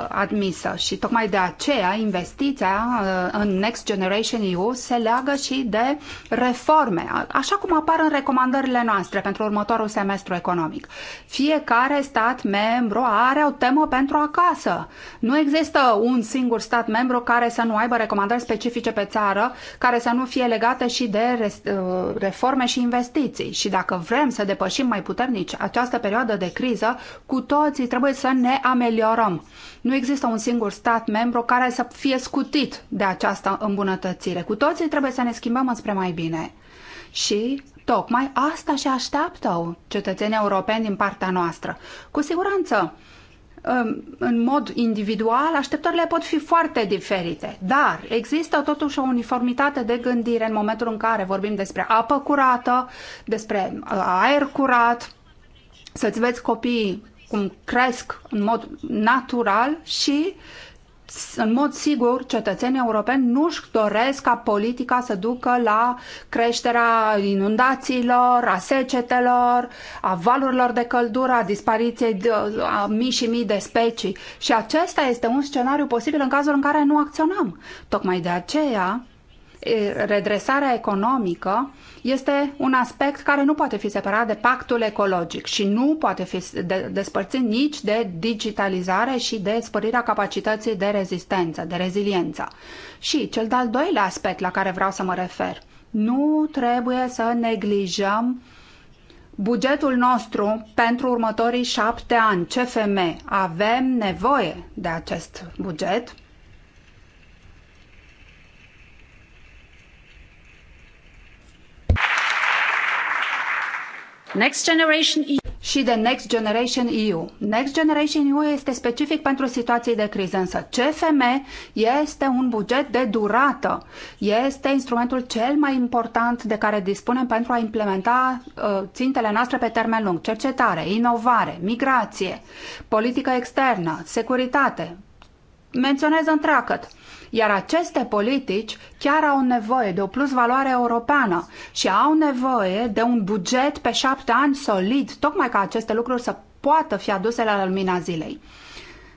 admisă și tocmai de aceea investiția uh, în Next Generation EU se leagă și de reforme, așa cum apar în recomandările noastre pentru următorul semestru economic. Fiecare stat membru are o temă pentru acasă. Nu există un singur stat membru care să nu aibă recomandări specifice pe țară, care să nu fie legate și de uh, reforme și investiții. Și dacă vrem să depășim mai puternici această perioadă de criză, criză, cu toții trebuie să ne ameliorăm. Nu există un singur stat membru care să fie scutit de această îmbunătățire. Cu toții trebuie să ne schimbăm înspre mai bine. Și tocmai asta și așteaptă cetățenii europeni din partea noastră. Cu siguranță, um, în mod individual, așteptările pot fi foarte diferite, dar există totuși o uniformitate de gândire în momentul în care vorbim despre apă curată, despre uh, aer curat, să-ți vezi copiii cum cresc în mod natural și în mod sigur, cetățenii europeni nu își doresc ca politica să ducă la creșterea inundațiilor, a secetelor, a valurilor de căldură, a dispariției a mii și mii de specii. Și acesta este un scenariu posibil în cazul în care nu acționăm. Tocmai de aceea, redresarea economică este un aspect care nu poate fi separat de pactul ecologic și nu poate fi despărțit nici de digitalizare și de spărirea capacității de rezistență, de reziliență. Și cel de-al doilea aspect la care vreau să mă refer, nu trebuie să neglijăm bugetul nostru pentru următorii șapte ani, CFM. Avem nevoie de acest buget Next Generation EU și de Next Generation EU. Next Generation EU este specific pentru situații de criză, însă CFM este un buget de durată. Este instrumentul cel mai important de care dispunem pentru a implementa uh, țintele noastre pe termen lung. Cercetare, inovare, migrație, politică externă, securitate. Menționez întreagăt. Iar aceste politici chiar au nevoie de o plusvaloare europeană și au nevoie de un buget pe șapte ani solid, tocmai ca aceste lucruri să poată fi aduse la lumina zilei.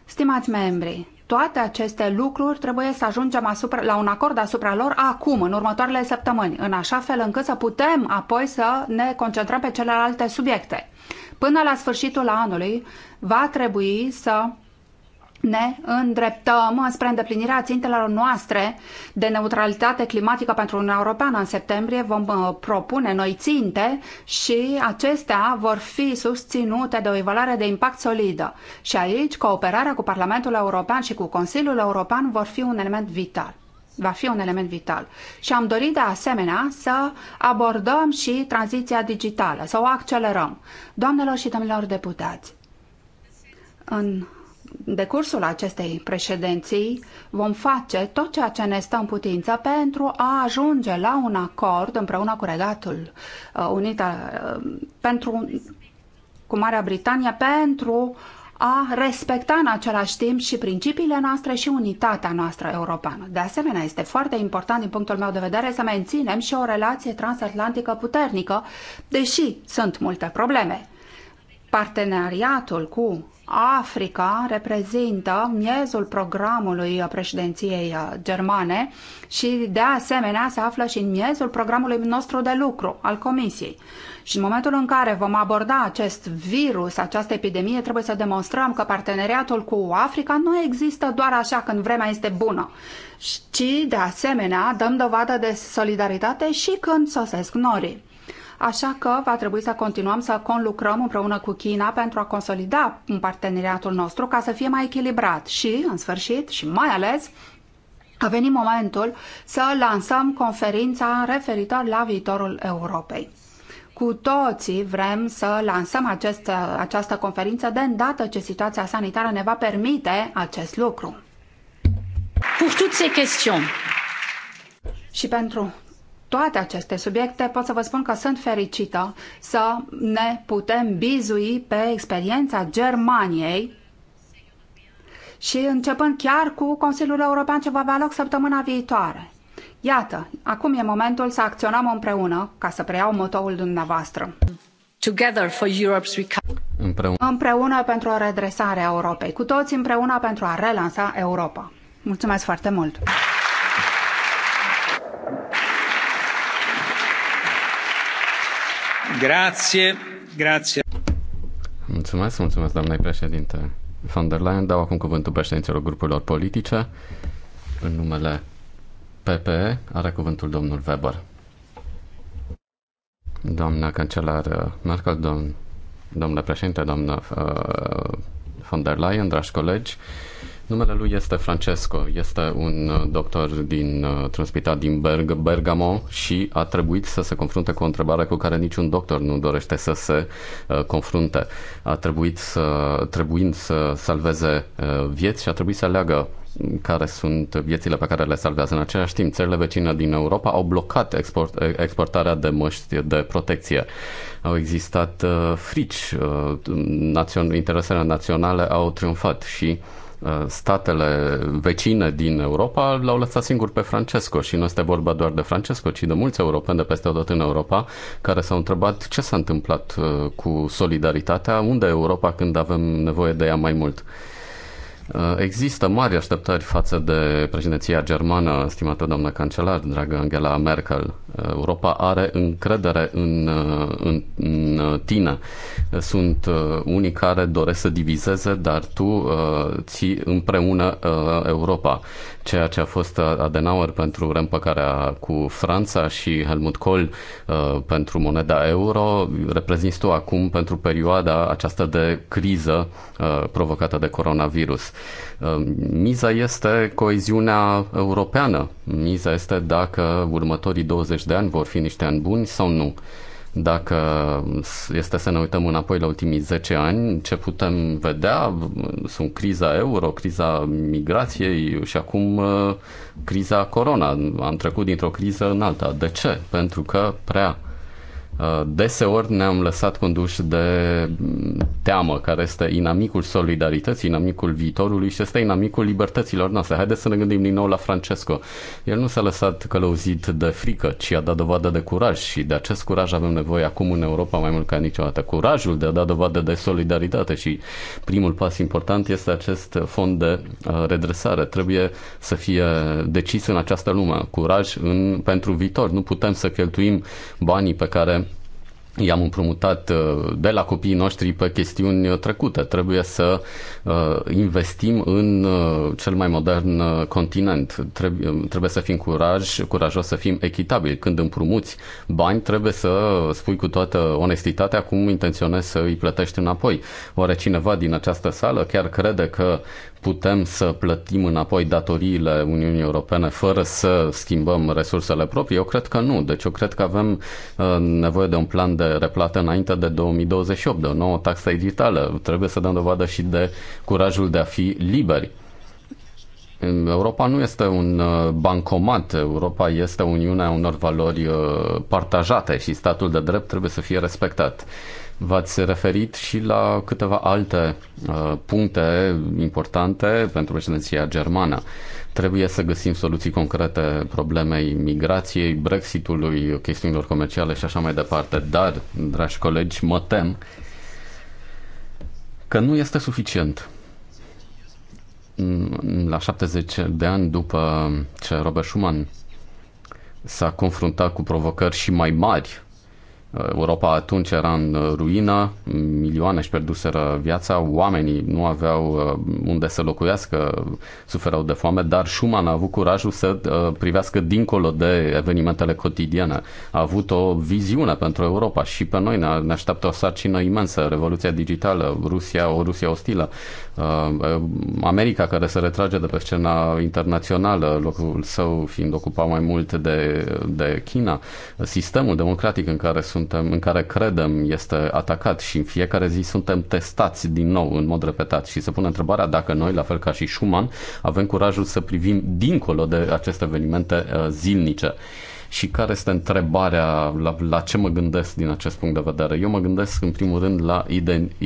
Stimați membri, toate aceste lucruri trebuie să ajungem asupra, la un acord asupra lor acum, în următoarele săptămâni, în așa fel încât să putem apoi să ne concentrăm pe celelalte subiecte. Până la sfârșitul anului va trebui să ne îndreptăm spre îndeplinirea țintelor noastre de neutralitate climatică pentru Uniunea Europeană. În septembrie vom uh, propune noi ținte și acestea vor fi susținute de o evaluare de impact solidă. Și aici cooperarea cu Parlamentul European și cu Consiliul European vor fi un element vital va fi un element vital. Și am dorit de asemenea să abordăm și tranziția digitală, să o accelerăm. Doamnelor și domnilor deputați, în decursul acestei președinții vom face tot ceea ce ne stă în putință pentru a ajunge la un acord împreună cu Regatul uh, Unit uh, pentru, cu Marea Britanie pentru a respecta în același timp și principiile noastre și unitatea noastră europeană. De asemenea, este foarte important din punctul meu de vedere să menținem și o relație transatlantică puternică, deși sunt multe probleme. Parteneriatul cu Africa reprezintă miezul programului președinției uh, germane și de asemenea se află și în miezul programului nostru de lucru al Comisiei. Și în momentul în care vom aborda acest virus, această epidemie, trebuie să demonstrăm că parteneriatul cu Africa nu există doar așa când vremea este bună, ci de asemenea dăm dovadă de solidaritate și când sosesc norii așa că va trebui să continuăm să conlucrăm împreună cu China pentru a consolida parteneriatul nostru ca să fie mai echilibrat și, în sfârșit, și mai ales, a venit momentul să lansăm conferința referitor la viitorul Europei. Cu toții vrem să lansăm acest, această conferință de îndată ce situația sanitară ne va permite acest lucru. Pour toutes ces questions. Și pentru toate aceste subiecte, pot să vă spun că sunt fericită să ne putem bizui pe experiența Germaniei și începând chiar cu Consiliul European ce va avea loc săptămâna viitoare. Iată, acum e momentul să acționăm împreună, ca să preiau motoul dumneavoastră. Together for Europe's recovery. Împreună. împreună pentru o redresare a Europei, cu toți împreună pentru a relansa Europa. Mulțumesc foarte mult! Grazie, grazie. Mulțumesc, mulțumesc, doamnei președinte von der Leyen. Dau acum cuvântul președinților grupurilor politice. În numele PPE are cuvântul domnul Weber. Doamna cancelar uh, Merkel, domn, domnule președinte, doamna uh, von der Leyen, dragi colegi, uh, Numele lui este Francesco, este un uh, doctor din, uh, transpitat din Berg, Bergamo și a trebuit să se confrunte cu o întrebare cu care niciun doctor nu dorește să se uh, confrunte. A trebuit să, trebuind să salveze vieți și a trebuit să aleagă care sunt viețile pe care le salvează. În același timp, țările vecine din Europa au blocat export, exportarea de măști de protecție. Au existat frici, național interesele naționale au triumfat și Uh, statele vecine din Europa l-au lăsat singur pe Francesco și nu este vorba doar de Francesco, ci de mulți europeni de peste tot în Europa care s-au întrebat ce s-a întâmplat uh, cu solidaritatea, unde Europa când avem nevoie de ea mai mult. Uh, există mari așteptări față de președinția germană, stimată doamnă cancelar, dragă Angela Merkel. Uh, Europa are încredere în, uh, în, în tine. Sunt unii care doresc să divizeze, dar tu ții împreună Europa. Ceea ce a fost Adenauer pentru reîmpăcarea cu Franța și Helmut Kohl pentru moneda euro, reprezinți tu acum pentru perioada aceasta de criză provocată de coronavirus Um, miza este coeziunea europeană. Miza este dacă următorii 20 de ani vor fi niște ani buni sau nu. Dacă este să ne uităm înapoi la ultimii 10 ani, ce putem vedea sunt criza euro, criza migrației și acum uh, criza corona. Am trecut dintr-o criză în alta. De ce? Pentru că prea Uh, deseori ne-am lăsat conduși de teamă, care este inamicul solidarității, inamicul viitorului și este inamicul libertăților noastre. Haideți să ne gândim din nou la Francesco. El nu s-a lăsat călăuzit de frică, ci a dat dovadă de curaj și de acest curaj avem nevoie acum în Europa mai mult ca niciodată. Curajul de a da dovadă de solidaritate și primul pas important este acest fond de uh, redresare. Trebuie să fie decis în această lume. Curaj în, pentru viitor. Nu putem să cheltuim banii pe care i-am împrumutat uh, de la copiii noștri pe chestiuni uh, trecute. Trebuie să uh, investim în cel mai modern continent. Trebuie, trebuie să fim curaj, curajos, să fim echitabili. Când împrumuți bani, trebuie să spui cu toată onestitatea cum intenționezi să îi plătești înapoi. Oare cineva din această sală chiar crede că putem să plătim înapoi datoriile Uniunii Europene fără să schimbăm resursele proprii? Eu cred că nu. Deci eu cred că avem uh, nevoie de un plan de replată înainte de 2028, de o nouă taxă digitală. Trebuie să dăm dovadă și de curajul de a fi liberi. Europa nu este un uh, bancomat, Europa este Uniunea unor valori uh, partajate și statul de drept trebuie să fie respectat. V-ați referit și la câteva alte uh, puncte importante pentru președinția germană. Trebuie să găsim soluții concrete problemei migrației, Brexitului, chestiunilor comerciale și așa mai departe. Dar, dragi colegi, mă tem că nu este suficient. La 70 de ani după ce Robert Schuman s-a confruntat cu provocări și mai mari Europa atunci era în ruină, milioane își pierduseră viața, oamenii nu aveau uh, unde să locuiască, suferau de foame, dar Schumann a avut curajul să uh, privească dincolo de evenimentele cotidiene. A avut o viziune pentru Europa și pe noi ne, ne așteaptă o sarcină imensă, revoluția digitală, Rusia, o Rusia ostilă, uh, America care se retrage de pe scena internațională, locul său fiind ocupat mai mult de, de China, sistemul democratic în care sunt suntem, în care credem este atacat și în fiecare zi suntem testați din nou în mod repetat și se pune întrebarea dacă noi, la fel ca și Schumann, avem curajul să privim dincolo de aceste evenimente uh, zilnice și care este întrebarea, la, la ce mă gândesc din acest punct de vedere? Eu mă gândesc în primul rând la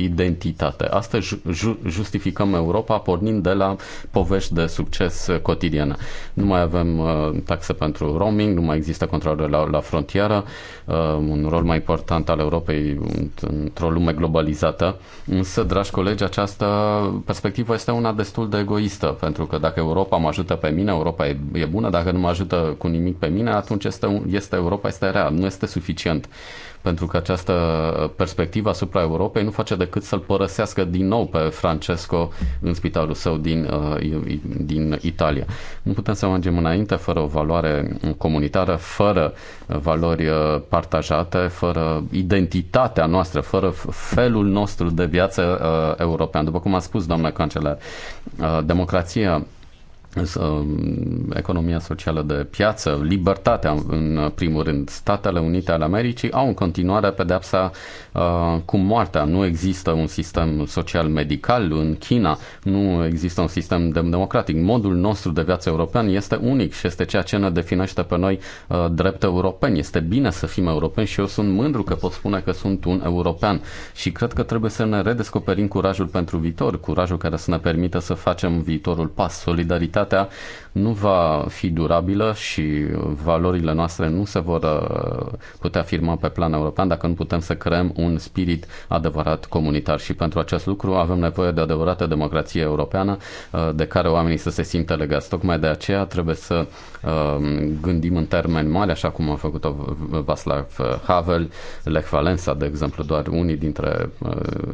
identitate. Astăzi ju- justificăm Europa pornind de la povești de succes cotidiană. Nu mai avem uh, taxe pentru roaming, nu mai există controle la, la frontieră, uh, un rol mai important al Europei într-o lume globalizată. Însă, dragi colegi, această perspectivă este una destul de egoistă, pentru că dacă Europa mă ajută pe mine, Europa e, e bună, dacă nu mă ajută cu nimic pe mine, atunci este, este Europa este rea, nu este suficient pentru că această perspectivă asupra Europei nu face decât să-l părăsească din nou pe Francesco în spitalul său din, uh, din Italia. Nu putem să mergem înainte fără o valoare comunitară, fără valori uh, partajate, fără identitatea noastră, fără felul nostru de viață uh, european. După cum a spus doamna cancelar, democrația Um, economia socială de piață, libertatea în primul rând. Statele Unite ale Americii au în continuare pedepsa Uh, cu moartea. Nu există un sistem social medical în China, nu există un sistem democratic. Modul nostru de viață european este unic și este ceea ce ne definește pe noi uh, drept europeni. Este bine să fim europeni și eu sunt mândru că pot spune că sunt un european și cred că trebuie să ne redescoperim curajul pentru viitor, curajul care să ne permită să facem viitorul pas. Solidaritatea nu va fi durabilă și valorile noastre nu se vor uh, putea afirma pe plan european dacă nu putem să creăm un spirit adevărat comunitar. Și pentru acest lucru avem nevoie de adevărată democrație europeană uh, de care oamenii să se simtă legați. Tocmai de aceea trebuie să um, gândim în termeni mari, așa cum a făcut-o Václav Havel, Lech Valensa, de exemplu, doar unii dintre uh,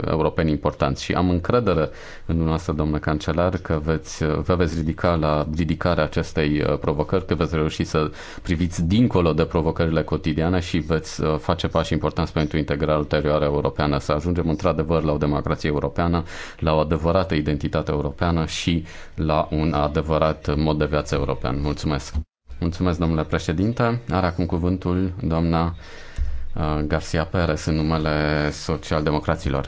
europeni importanți. Și am încredere în dumneavoastră, domnule cancelar, că veți, vă veți ridica la ridica aplicarea acestei uh, provocări, că veți reuși să priviți dincolo de provocările cotidiane și veți uh, face pași importanți pentru integrarea ulterioară europeană, să ajungem într-adevăr la o democrație europeană, la o adevărată identitate europeană și la un adevărat mod de viață european. Mulțumesc! Mulțumesc, domnule președinte. Are acum cuvântul doamna Uh, Garcia Perez în numele socialdemocraților.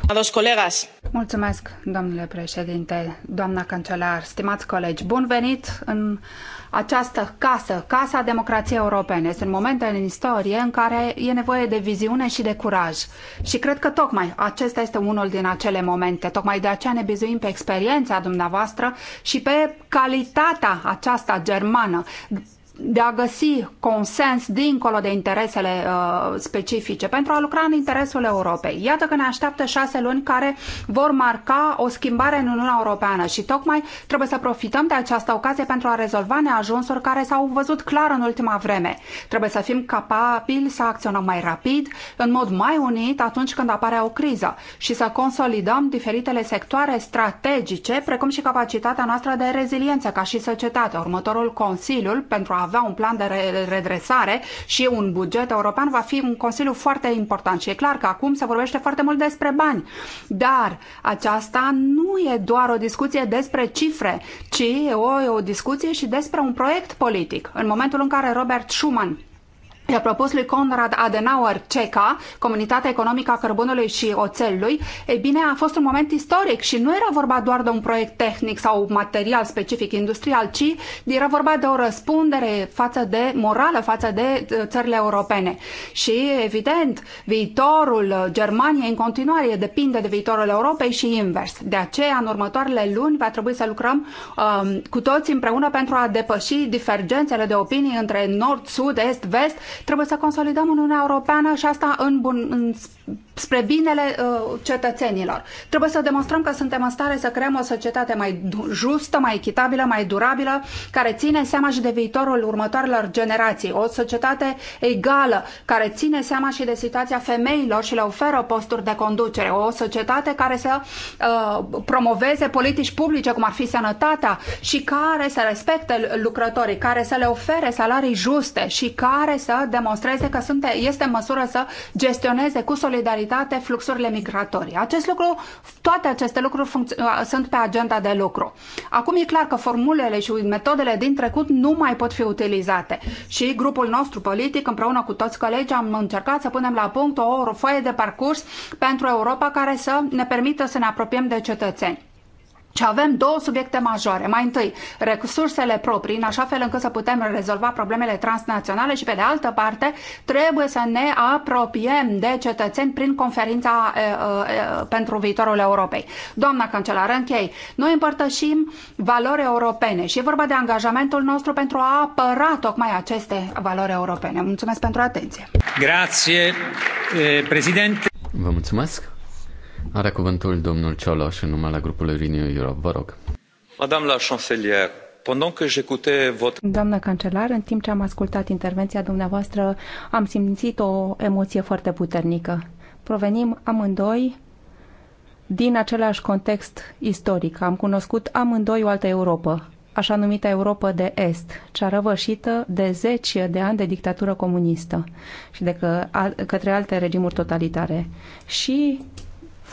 Mulțumesc, domnule președinte, doamna cancelar, stimați colegi. Bun venit în această casă, Casa Democrației Europene. Sunt momente în istorie în care e nevoie de viziune și de curaj. Și cred că tocmai acesta este unul din acele momente. Tocmai de aceea ne bizuim pe experiența dumneavoastră și pe calitatea aceasta germană de a găsi consens dincolo de interesele uh, specifice pentru a lucra în interesul Europei. Iată că ne așteaptă șase luni care vor marca o schimbare în Uniunea Europeană și tocmai trebuie să profităm de această ocazie pentru a rezolva neajunsuri care s-au văzut clar în ultima vreme. Trebuie să fim capabili să acționăm mai rapid, în mod mai unit atunci când apare o criză și să consolidăm diferitele sectoare strategice, precum și capacitatea noastră de reziliență ca și societate. Următorul Consiliul pentru a avea un plan de redresare și un buget european, va fi un consiliu foarte important. Și e clar că acum se vorbește foarte mult despre bani. Dar aceasta nu e doar o discuție despre cifre, ci e o, e o discuție și despre un proiect politic. În momentul în care Robert Schuman I-a propus lui Konrad Adenauer CECA, Comunitatea Economică a Cărbunului și Oțelului, ei bine, a fost un moment istoric și nu era vorba doar de un proiect tehnic sau material specific industrial, ci era vorba de o răspundere față de morală, față de ă, țările europene. Și, evident, viitorul Germaniei în continuare depinde de viitorul Europei și invers. De aceea, în următoarele luni, va trebui să lucrăm um, cu toți împreună pentru a depăși divergențele de opinii între nord, sud, est, vest Trebuie să consolidăm Uniunea Europeană și asta în bun, în, spre binele uh, cetățenilor. Trebuie să demonstrăm că suntem în stare să creăm o societate mai justă, mai echitabilă, mai durabilă, care ține seama și de viitorul următoarelor generații. O societate egală, care ține seama și de situația femeilor și le oferă posturi de conducere. O societate care să uh, promoveze politici publice, cum ar fi sănătatea, și care să respecte lucrătorii, care să le ofere salarii juste și care să demonstreze că sunt, este în măsură să gestioneze cu solidaritate fluxurile migratorii. Acest lucru, toate aceste lucruri sunt pe agenda de lucru. Acum e clar că formulele și metodele din trecut nu mai pot fi utilizate și grupul nostru politic, împreună cu toți colegii, am încercat să punem la punct o foaie de parcurs pentru Europa care să ne permită să ne apropiem de cetățeni. Și avem două subiecte majore. Mai întâi, resursele proprii, în așa fel încât să putem rezolva problemele transnaționale și, pe de altă parte, trebuie să ne apropiem de cetățeni prin conferința e, e, pentru viitorul Europei. Doamna cancelară, închei. Noi împărtășim valori europene și e vorba de angajamentul nostru pentru a apăra tocmai aceste valori europene. Mulțumesc pentru atenție. Grație, președinte. Vă mulțumesc. Are cuvântul domnul Cioloș în numele grupului Renew Europe. Vă rog. Madame la chancelier, pendant que j'écoutais votre... Doamnă cancelar, în timp ce am ascultat intervenția dumneavoastră, am simțit o emoție foarte puternică. Provenim amândoi din același context istoric. Am cunoscut amândoi o altă Europa, așa numită Europa de Est, cea răvășită de zeci de ani de dictatură comunistă și de că, a, către alte regimuri totalitare. Și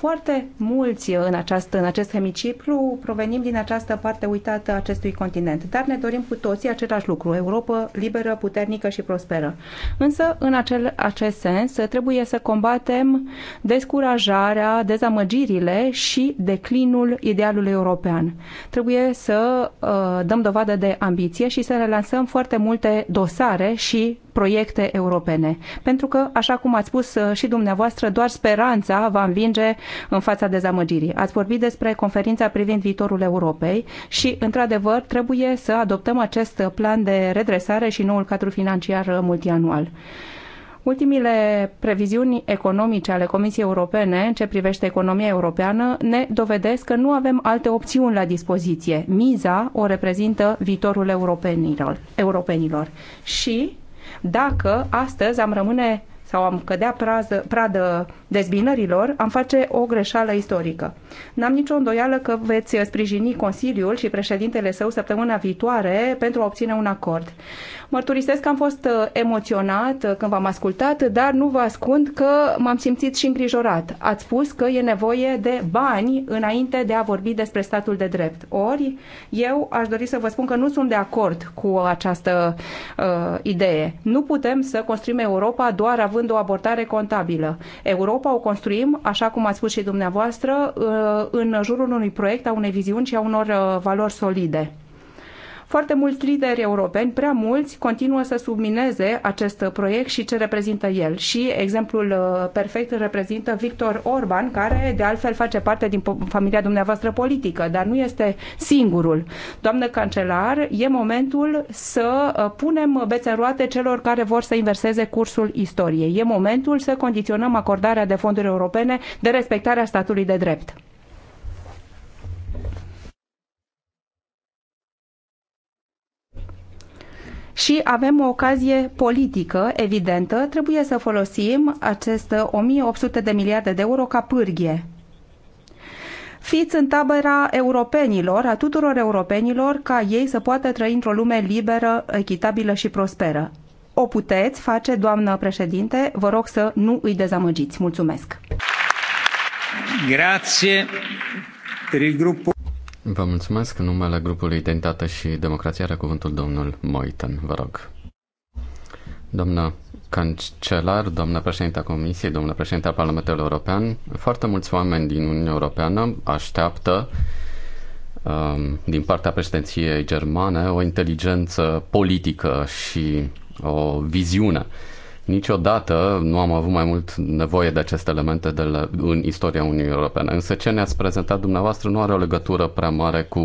foarte mulți în, această, în acest hemiciclu provenim din această parte uitată acestui continent, dar ne dorim cu toții același lucru, Europa liberă, puternică și prosperă. Însă, în acel, acest sens, trebuie să combatem descurajarea, dezamăgirile și declinul idealului european. Trebuie să uh, dăm dovadă de ambiție și să relansăm foarte multe dosare și proiecte europene. Pentru că, așa cum ați spus uh, și dumneavoastră, doar speranța va învinge în fața dezamăgirii. Ați vorbit despre conferința privind viitorul Europei și, într-adevăr, trebuie să adoptăm acest plan de redresare și noul cadru financiar multianual. Ultimile previziuni economice ale Comisiei Europene în ce privește economia europeană ne dovedesc că nu avem alte opțiuni la dispoziție. Miza o reprezintă viitorul europenilor. europenilor. Și dacă astăzi am rămâne sau am cădea prază, pradă dezbinărilor, am face o greșeală istorică. N-am nicio îndoială că veți sprijini Consiliul și președintele său săptămâna viitoare pentru a obține un acord. Mărturisesc că am fost uh, emoționat uh, când v-am ascultat, dar nu vă ascund că m-am simțit și îngrijorat. Ați spus că e nevoie de bani înainte de a vorbi despre statul de drept. Ori, eu aș dori să vă spun că nu sunt de acord cu această uh, idee. Nu putem să construim Europa doar având o abordare contabilă. Europa Europa o construim, așa cum ați spus și dumneavoastră, uh, în jurul unui proiect, a unei viziuni și a unor uh, valori solide. Foarte mulți lideri europeni, prea mulți, continuă să submineze acest proiect și ce reprezintă el. Și exemplul uh, perfect îl reprezintă Victor Orban, care de altfel face parte din familia dumneavoastră politică, dar nu este singurul. Doamnă cancelar, e momentul să uh, punem bețe în roate celor care vor să inverseze cursul istoriei. E momentul să condiționăm acordarea de fonduri europene de respectarea statului de drept. și avem o ocazie politică evidentă. Trebuie să folosim acest 1800 de miliarde de euro ca pârghie fiți în tabăra europenilor, a tuturor europenilor, ca ei să poată trăi într-o lume liberă, echitabilă și prosperă. O puteți face, doamnă președinte, vă rog să nu îi dezamăgiți. Mulțumesc! Grazie per il gruppo Vă mulțumesc. În numele grupului Identitate și Democrație are cuvântul domnul Moiten. Vă rog. Doamna cancelar, doamna a Comisiei, președinte a Parlamentului European, foarte mulți oameni din Uniunea Europeană așteaptă um, din partea președinției germane o inteligență politică și o viziune Niciodată nu am avut mai mult nevoie de aceste elemente de la, în istoria Uniunii Europene. Însă ce ne-ați prezentat dumneavoastră nu are o legătură prea mare cu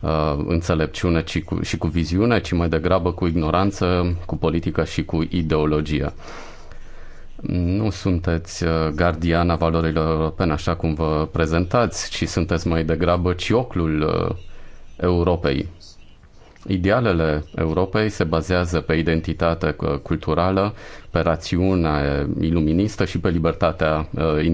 uh, înțelepciune ci cu, și cu viziune, ci mai degrabă cu ignoranță, cu politică și cu ideologie. Nu sunteți uh, gardiana valorilor europene așa cum vă prezentați, ci sunteți mai degrabă cioclul uh, Europei Idealele Europei se bazează pe identitate culturală, pe rațiunea iluministă și pe libertatea uh,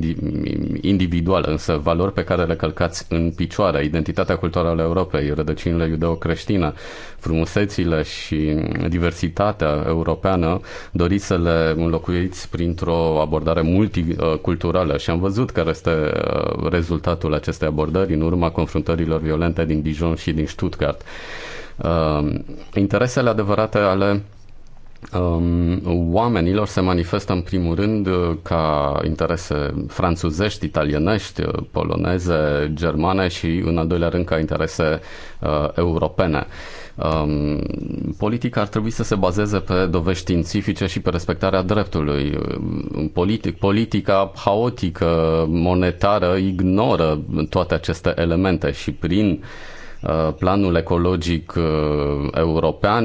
individuală, însă valori pe care le călcați în picioare, identitatea culturală a Europei, rădăcinile iudeo-creștine, frumusețile și diversitatea europeană, doriți să le înlocuiți printr-o abordare multiculturală și am văzut care este uh, rezultatul acestei abordări în urma confruntărilor violente din Dijon și din Stuttgart uh, interesele adevărate ale um, oamenilor se manifestă în primul rând uh, ca interese franțuzești, italienești, uh, poloneze, germane și în al doilea rând ca interese uh, europene. Um, politica ar trebui să se bazeze pe dovești științifice și pe respectarea dreptului. Um, politic, politica haotică, monetară, ignoră toate aceste elemente și prin uh, Uh, planul ecologic uh, european,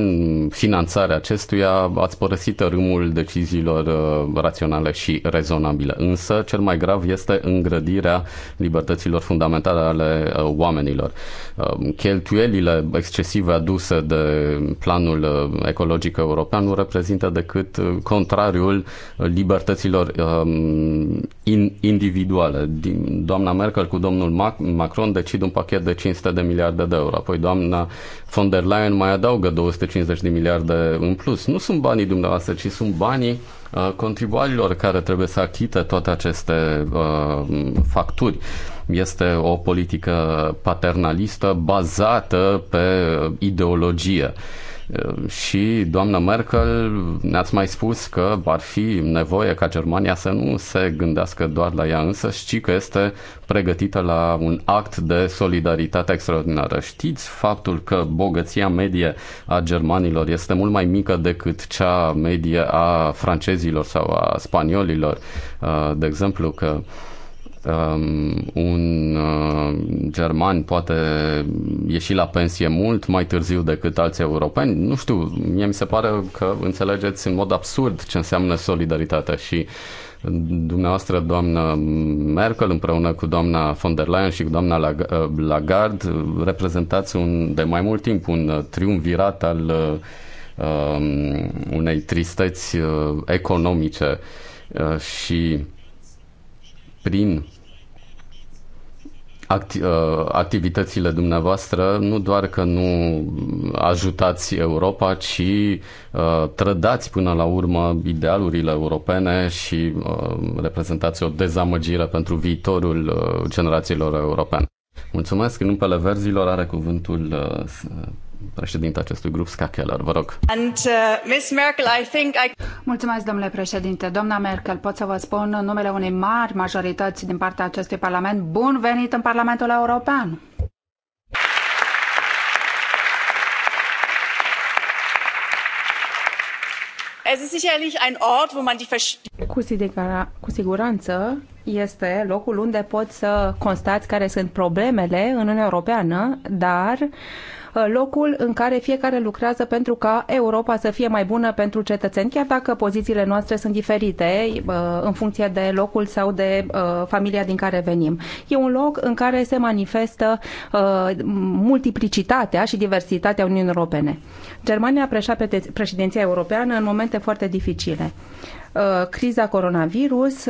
finanțarea acestuia, ați părăsit râmul deciziilor uh, raționale și rezonabile. Însă, cel mai grav este îngrădirea libertăților fundamentale ale oamenilor. Um, cheltuielile excesive aduse de planul uh, ecologic european nu reprezintă decât uh, contrariul uh, libertăților um, individuale. Doamna Merkel cu domnul Macron decid un pachet de 500 de miliarde de euro, apoi doamna von der Leyen mai adaugă 250 de miliarde în plus. Nu sunt banii dumneavoastră, ci sunt banii contribuabililor care trebuie să achite toate aceste uh, facturi. Este o politică paternalistă bazată pe ideologie. Și doamna Merkel ne-ați mai spus că ar fi nevoie ca Germania să nu se gândească doar la ea însă, ci că este pregătită la un act de solidaritate extraordinară. Știți faptul că bogăția medie a germanilor este mult mai mică decât cea medie a francezilor sau a spaniolilor, de exemplu, că um, un uh, german poate ieși la pensie mult mai târziu decât alții europeni. Nu știu, mie mi se pare că înțelegeți în mod absurd ce înseamnă solidaritatea și dumneavoastră, doamnă Merkel, împreună cu doamna von der Leyen și cu doamna uh, Lagarde, reprezentați un, de mai mult timp un triumvirat al uh, um, unei tristeți uh, economice uh, și prin acti- uh, activitățile dumneavoastră nu doar că nu ajutați Europa, ci uh, trădați până la urmă idealurile europene și uh, reprezentați o dezamăgire pentru viitorul uh, generațiilor europene. Mulțumesc. În numele verzilor are cuvântul uh, președinta acestui grup, Ska Keller. Vă rog. And, uh, Merkel, I think I... Mulțumesc, domnule președinte. Doamna Merkel, pot să vă spun în numele unei mari majorități din partea acestui parlament, bun venit în Parlamentul European! Cu siguranță este locul unde poți să constați care sunt problemele în Uniunea Europeană, dar Uh, locul în care fiecare lucrează pentru ca Europa să fie mai bună pentru cetățeni, chiar dacă pozițiile noastre sunt diferite uh, în funcție de locul sau de uh, familia din care venim. E un loc în care se manifestă multiplicitatea și diversitatea Uniunii Europene. Germania preșa președinția europeană în momente foarte dificile. Criza coronavirus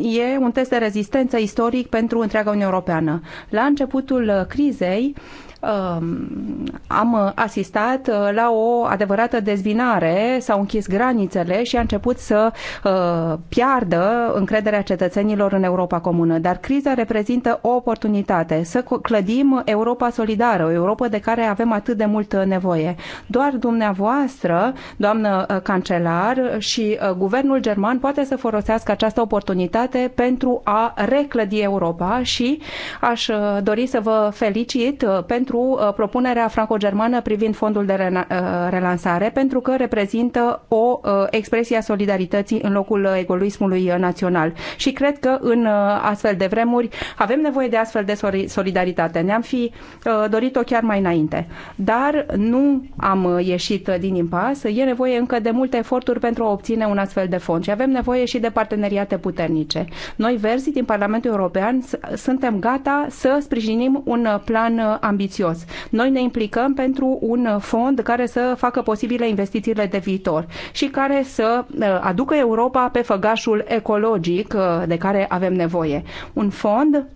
e un test de rezistență istoric pentru întreaga Uniune Europeană. La începutul crizei, Um, am asistat uh, la o adevărată dezbinare, s-au închis granițele și a început să uh, piardă încrederea cetățenilor în Europa comună. Dar criza reprezintă o oportunitate să clădim Europa solidară, o Europa de care avem atât de mult uh, nevoie. Doar dumneavoastră, doamnă cancelar, și guvernul german poate să folosească această oportunitate pentru a reclădi Europa și aș dori să vă felicit pentru pentru uh, propunerea franco-germană privind fondul de uh, relansare, pentru că reprezintă o uh, expresie a solidarității în locul egoismului național. Și cred că în astfel de vremuri avem nevoie de astfel de solidaritate. Ne-am fi dorit-o chiar mai înainte. Dar nu am ieșit din impas. E nevoie încă de multe eforturi pentru a obține un astfel de fond și avem nevoie și de parteneriate puternice. Noi, verzii din Parlamentul European, suntem gata să sprijinim un plan ambițios ambițios. Noi ne implicăm pentru un fond care să facă posibile investițiile de viitor și care să uh, aducă Europa pe făgașul ecologic uh, de care avem nevoie. Un fond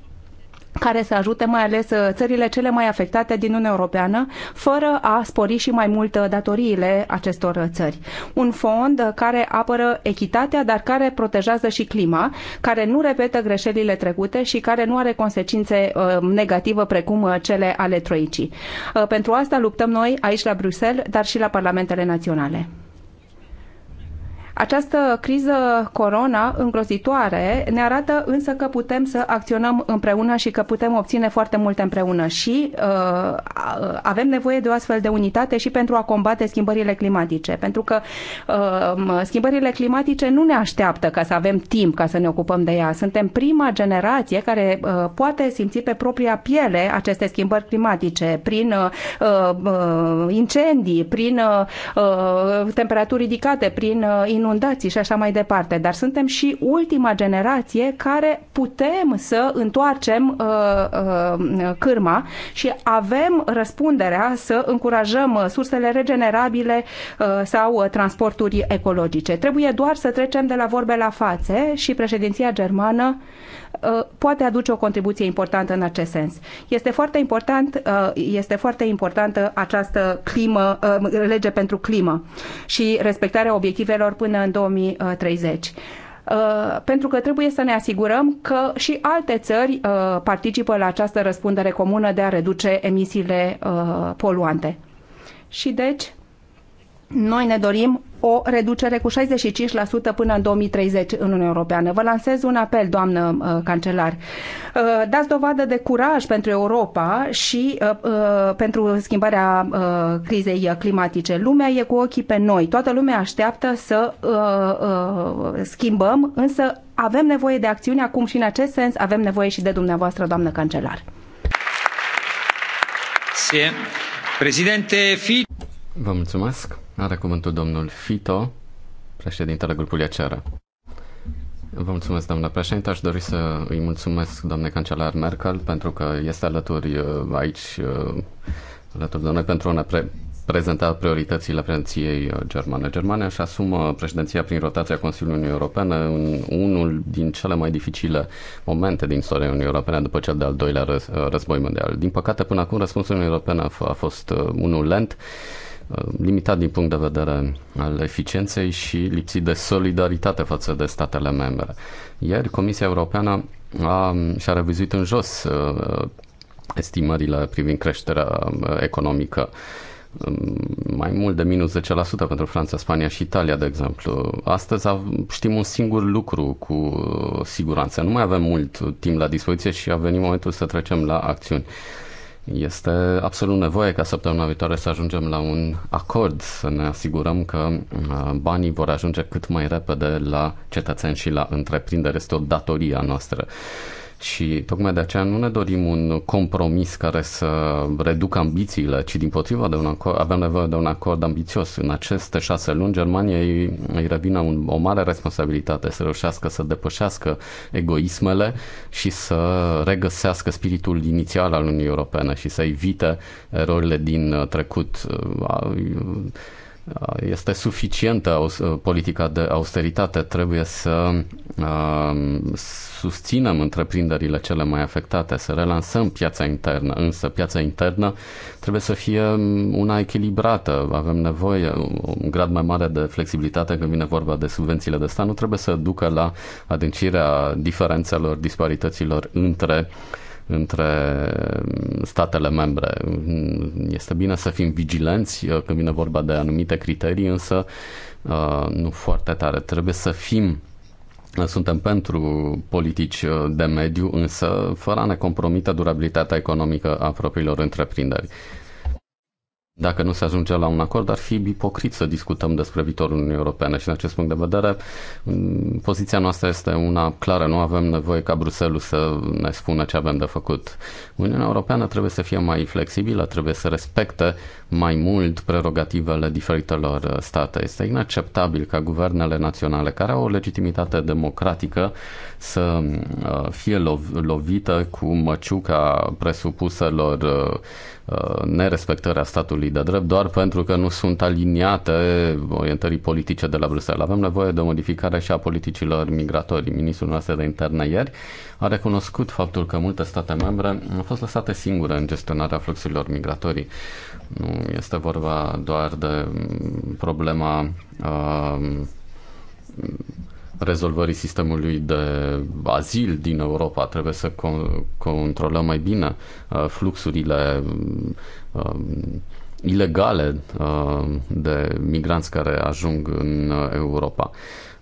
care să ajute mai ales uh, țările cele mai afectate din Uniunea Europeană, fără a spori și mai mult uh, datoriile acestor uh, țări. Un fond care apără echitatea, dar care protejează și clima, care nu repetă greșelile trecute și care nu are consecințe negative precum cele ale troicii. Pentru asta luptăm noi aici la Bruxelles, dar și la parlamentele naționale. Această criză corona îngrozitoare ne arată însă că putem să acționăm împreună și că putem obține foarte multe împreună și uh, avem nevoie de o astfel de unitate și pentru a combate schimbările climatice, pentru că uh, schimbările climatice nu ne așteaptă ca să avem timp ca să ne ocupăm de ea. Suntem prima generație care uh, poate simți pe propria piele aceste schimbări climatice prin uh, uh incendii, prin uh, uh, temperaturi ridicate, prin uh, inundații și așa mai departe, dar suntem și ultima generație care putem să întoarcem uh, uh, cârma și avem răspunderea să încurajăm uh, sursele regenerabile sau transporturi ecologice. Trebuie doar să trecem de la vorbe la fațe și președinția germană Uh, poate aduce o contribuție importantă în acest sens. Este foarte important, uh, este foarte importantă această climă, uh, lege pentru climă și respectarea obiectivelor până în 2030 pentru că trebuie să ne asigurăm că și alte țări participă la această răspundere comună de a reduce emisiile poluante. Și deci, noi ne dorim o reducere cu 65% până în 2030 în Uniunea Europeană. Vă lansez un apel, doamnă uh, cancelar. Uh, dați dovadă de curaj pentru Europa și uh, pentru schimbarea crizei climatice. Lumea e cu ochii pe noi. Toată lumea așteaptă să schimbăm, însă avem nevoie de acțiune acum și în acest sens avem nevoie și de dumneavoastră, doamnă cancelar. Președinte Fi. Vă mulțumesc. Are cuvântul domnul Fito, președintele grupului ECR. Vă mulțumesc, doamnă președinte. Aș dori să îi mulțumesc, doamne cancelar Merkel, pentru că este alături uh, aici, uh, alături de noi, pentru a ne pre- prezenta prioritățile președinției uh, germane. Germania și asumă președinția prin rotația Consiliului Uniunii Europene în unul din cele mai dificile momente din istoria Uniunii Europene după cel de-al doilea război mondial. Din păcate, până acum, răspunsul Uniunii Europene a fost unul lent limitat din punct de vedere al eficienței și lipsit de solidaritate față de statele membre. Ieri Comisia Europeană a, și-a revizuit în jos uh, estimările privind creșterea uh, economică um, mai mult de minus 10% pentru Franța, Spania și Italia, de exemplu. Astăzi știm un singur lucru cu siguranță. Nu mai avem mult timp la dispoziție și a venit momentul să trecem la acțiuni. Este absolut nevoie ca săptămâna viitoare să ajungem la un acord, să ne asigurăm că uh, banii vor ajunge cât mai repede la cetățeni și la întreprindere. Este o datorie a noastră. Și tocmai de aceea nu ne dorim un compromis care să reducă ambițiile, ci din potriva de un acord, avem nevoie de un acord ambițios. În aceste șase luni, Germania îi, îi revine un, o mare responsabilitate să reușească să depășească egoismele și să regăsească spiritul inițial al Uniunii Europene și să evite erorile din trecut. Uh, este suficientă uh, politica de austeritate, trebuie să uh, susținem întreprinderile cele mai afectate, să relansăm piața internă, însă piața internă trebuie să fie um, una echilibrată. Avem nevoie uh, un grad mai mare de flexibilitate când vine vorba de subvențiile de stat, nu trebuie să ducă la adâncirea diferențelor, disparităților între între mm, statele membre. Mm, este bine să fim vigilenți uh, când vine vorba de anumite criterii, însă uh, nu foarte tare. Trebuie să fim uh, suntem pentru politici de mediu, însă fără a ne compromite durabilitatea economică a propriilor întreprinderi. Dacă nu se ajunge la un acord, ar fi ipocrit să discutăm despre viitorul Uniunii Europene și, în acest punct de vedere, poziția noastră este una clară. Nu avem nevoie ca Bruselul să ne spună ce avem de făcut. Uniunea Europeană trebuie să fie mai flexibilă, trebuie să respecte mai mult prerogativele diferitelor state. Este inacceptabil ca guvernele naționale care au o legitimitate democratică să uh, fie lov- lovită cu măciuca presupuselor uh, uh, nerespectarea statului de drept doar pentru că nu sunt aliniate orientării politice de la Bruxelles. Avem nevoie de o modificare și a politicilor migratorii. Ministrul nostru de interne ieri a recunoscut faptul că multe state membre au fost lăsate singure în gestionarea fluxurilor migratorii. Nu este vorba doar de problema uh, rezolvării sistemului de azil din Europa. Trebuie să con- controlăm mai bine uh, fluxurile uh, ilegale de migranți care ajung în Europa.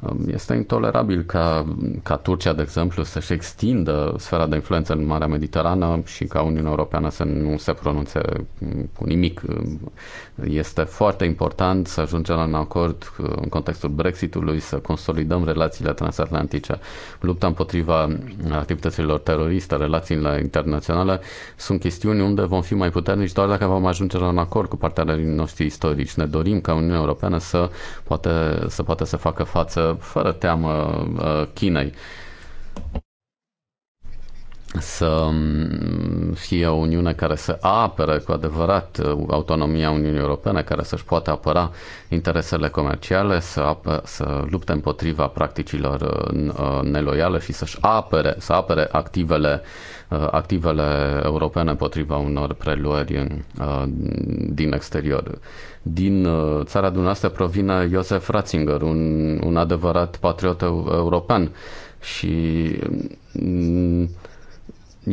Um, este intolerabil ca, ca Turcia, de exemplu, să-și extindă sfera de influență în Marea Mediterană și ca Uniunea Europeană să nu se pronunțe um, cu nimic. Um, este foarte important să ajungem la un acord uh, în contextul Brexitului, să consolidăm relațiile transatlantice. Lupta împotriva activităților teroriste, relațiile internaționale sunt chestiuni unde vom fi mai puternici doar dacă vom ajunge la un acord cu partenerii noștri istorici. Ne dorim ca Uniunea Europeană să poate să, poate să facă față fără teamă uh, Chinei să um, fie o Uniune care să apere cu adevărat uh, autonomia Uniunii Europene, care să-și poată apăra interesele comerciale, să, apă, să lupte împotriva practicilor uh, neloiale și să-și apere, să apere activele uh, Uh, activele europene împotriva unor preluări în, uh, din exterior. Din uh, țara dumneavoastră provine Josef Ratzinger, un, un adevărat patriot european și mm,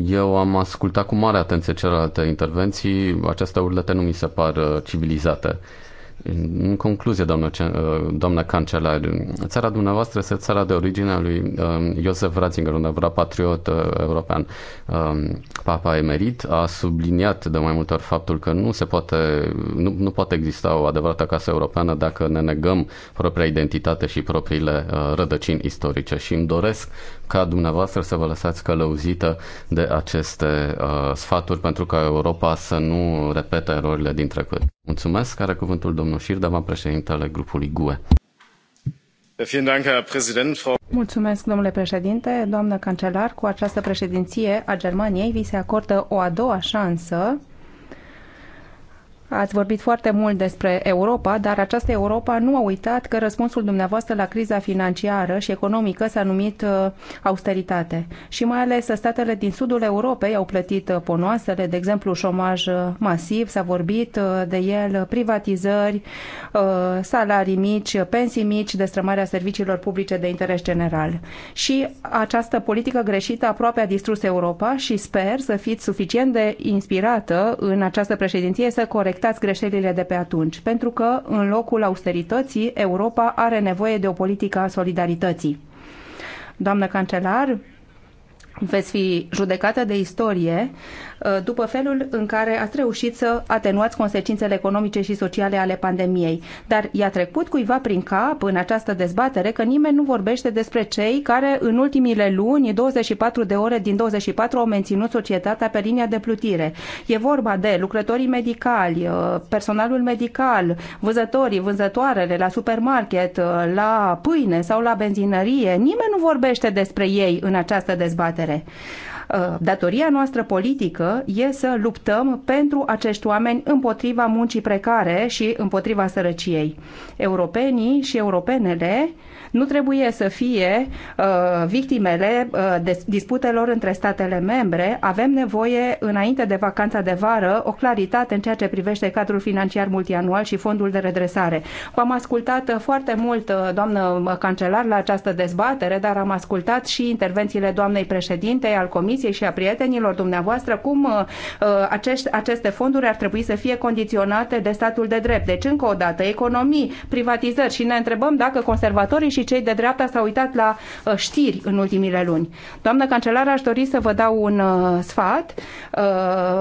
eu am ascultat cu mare atenție celelalte intervenții, aceste urlete nu mi se par civilizate. Uh, în concluzie, doamnă, uh, doamnă cancelar, țara dumneavoastră este țara de origine a lui Iosef um, Ratzinger, un patriot uh, european. Um, Papa emerit a subliniat de mai multe ori faptul că nu se poate, nu, nu poate exista o adevărată casă europeană dacă ne negăm propria identitate și propriile uh, rădăcini istorice și îmi doresc ca dumneavoastră să vă lăsați călăuzită de aceste uh, sfaturi pentru ca Europa să nu repete erorile din trecut. Mulțumesc, care cuvântul domnul Șirdeva, președintele grupului GUE. Mulțumesc, domnule președinte, doamnă cancelar. Cu această președinție a Germaniei vi se acordă o a doua șansă Ați vorbit foarte mult despre Europa, dar această Europa nu a uitat că răspunsul dumneavoastră la criza financiară și economică s-a numit uh, austeritate. Și mai ales statele din sudul Europei au plătit uh, ponoasele, de exemplu șomaj uh, masiv, s-a vorbit de el, privatizări, salarii mici, pensii mici, destrămarea serviciilor publice de interes general. Și această politică greșită aproape a distrus Europa și sper să fiți suficient de inspirată în această președinție să corectați corectați greșelile de pe atunci, pentru că, în locul austerității, Europa are nevoie de o politică a solidarității. Doamnă cancelar, veți fi judecată de istorie uh, după felul în care ați reușit să atenuați consecințele economice și sociale ale pandemiei. Dar i-a trecut cuiva prin cap în această dezbatere că nimeni nu vorbește despre cei care în ultimile luni, 24 de ore din 24, au menținut societatea pe linia de plutire. E vorba de lucrătorii medicali, uh, personalul medical, vânzătorii, vânzătoarele la supermarket, uh, la pâine sau la benzinărie. Nimeni nu vorbește despre ei în această dezbatere putere. Uh, datoria noastră politică e să luptăm pentru acești oameni împotriva muncii precare și împotriva sărăciei. Europenii și europenele nu trebuie să fie uh, victimele uh, disputelor între statele membre. Avem nevoie, înainte de vacanța de vară, o claritate în ceea ce privește cadrul financiar multianual și fondul de redresare. V-am ascultat uh, foarte mult, uh, doamnă uh, cancelar, la această dezbatere, dar am ascultat și intervențiile doamnei președinte al Comisiei și a prietenilor dumneavoastră cum uh, acești, aceste fonduri ar trebui să fie condiționate de statul de drept. Deci, încă o dată, economii, privatizări și ne întrebăm dacă conservatorii și cei de dreapta s-au uitat la uh, știri în ultimile luni. Doamnă cancelară, aș dori să vă dau un uh, sfat. Uh,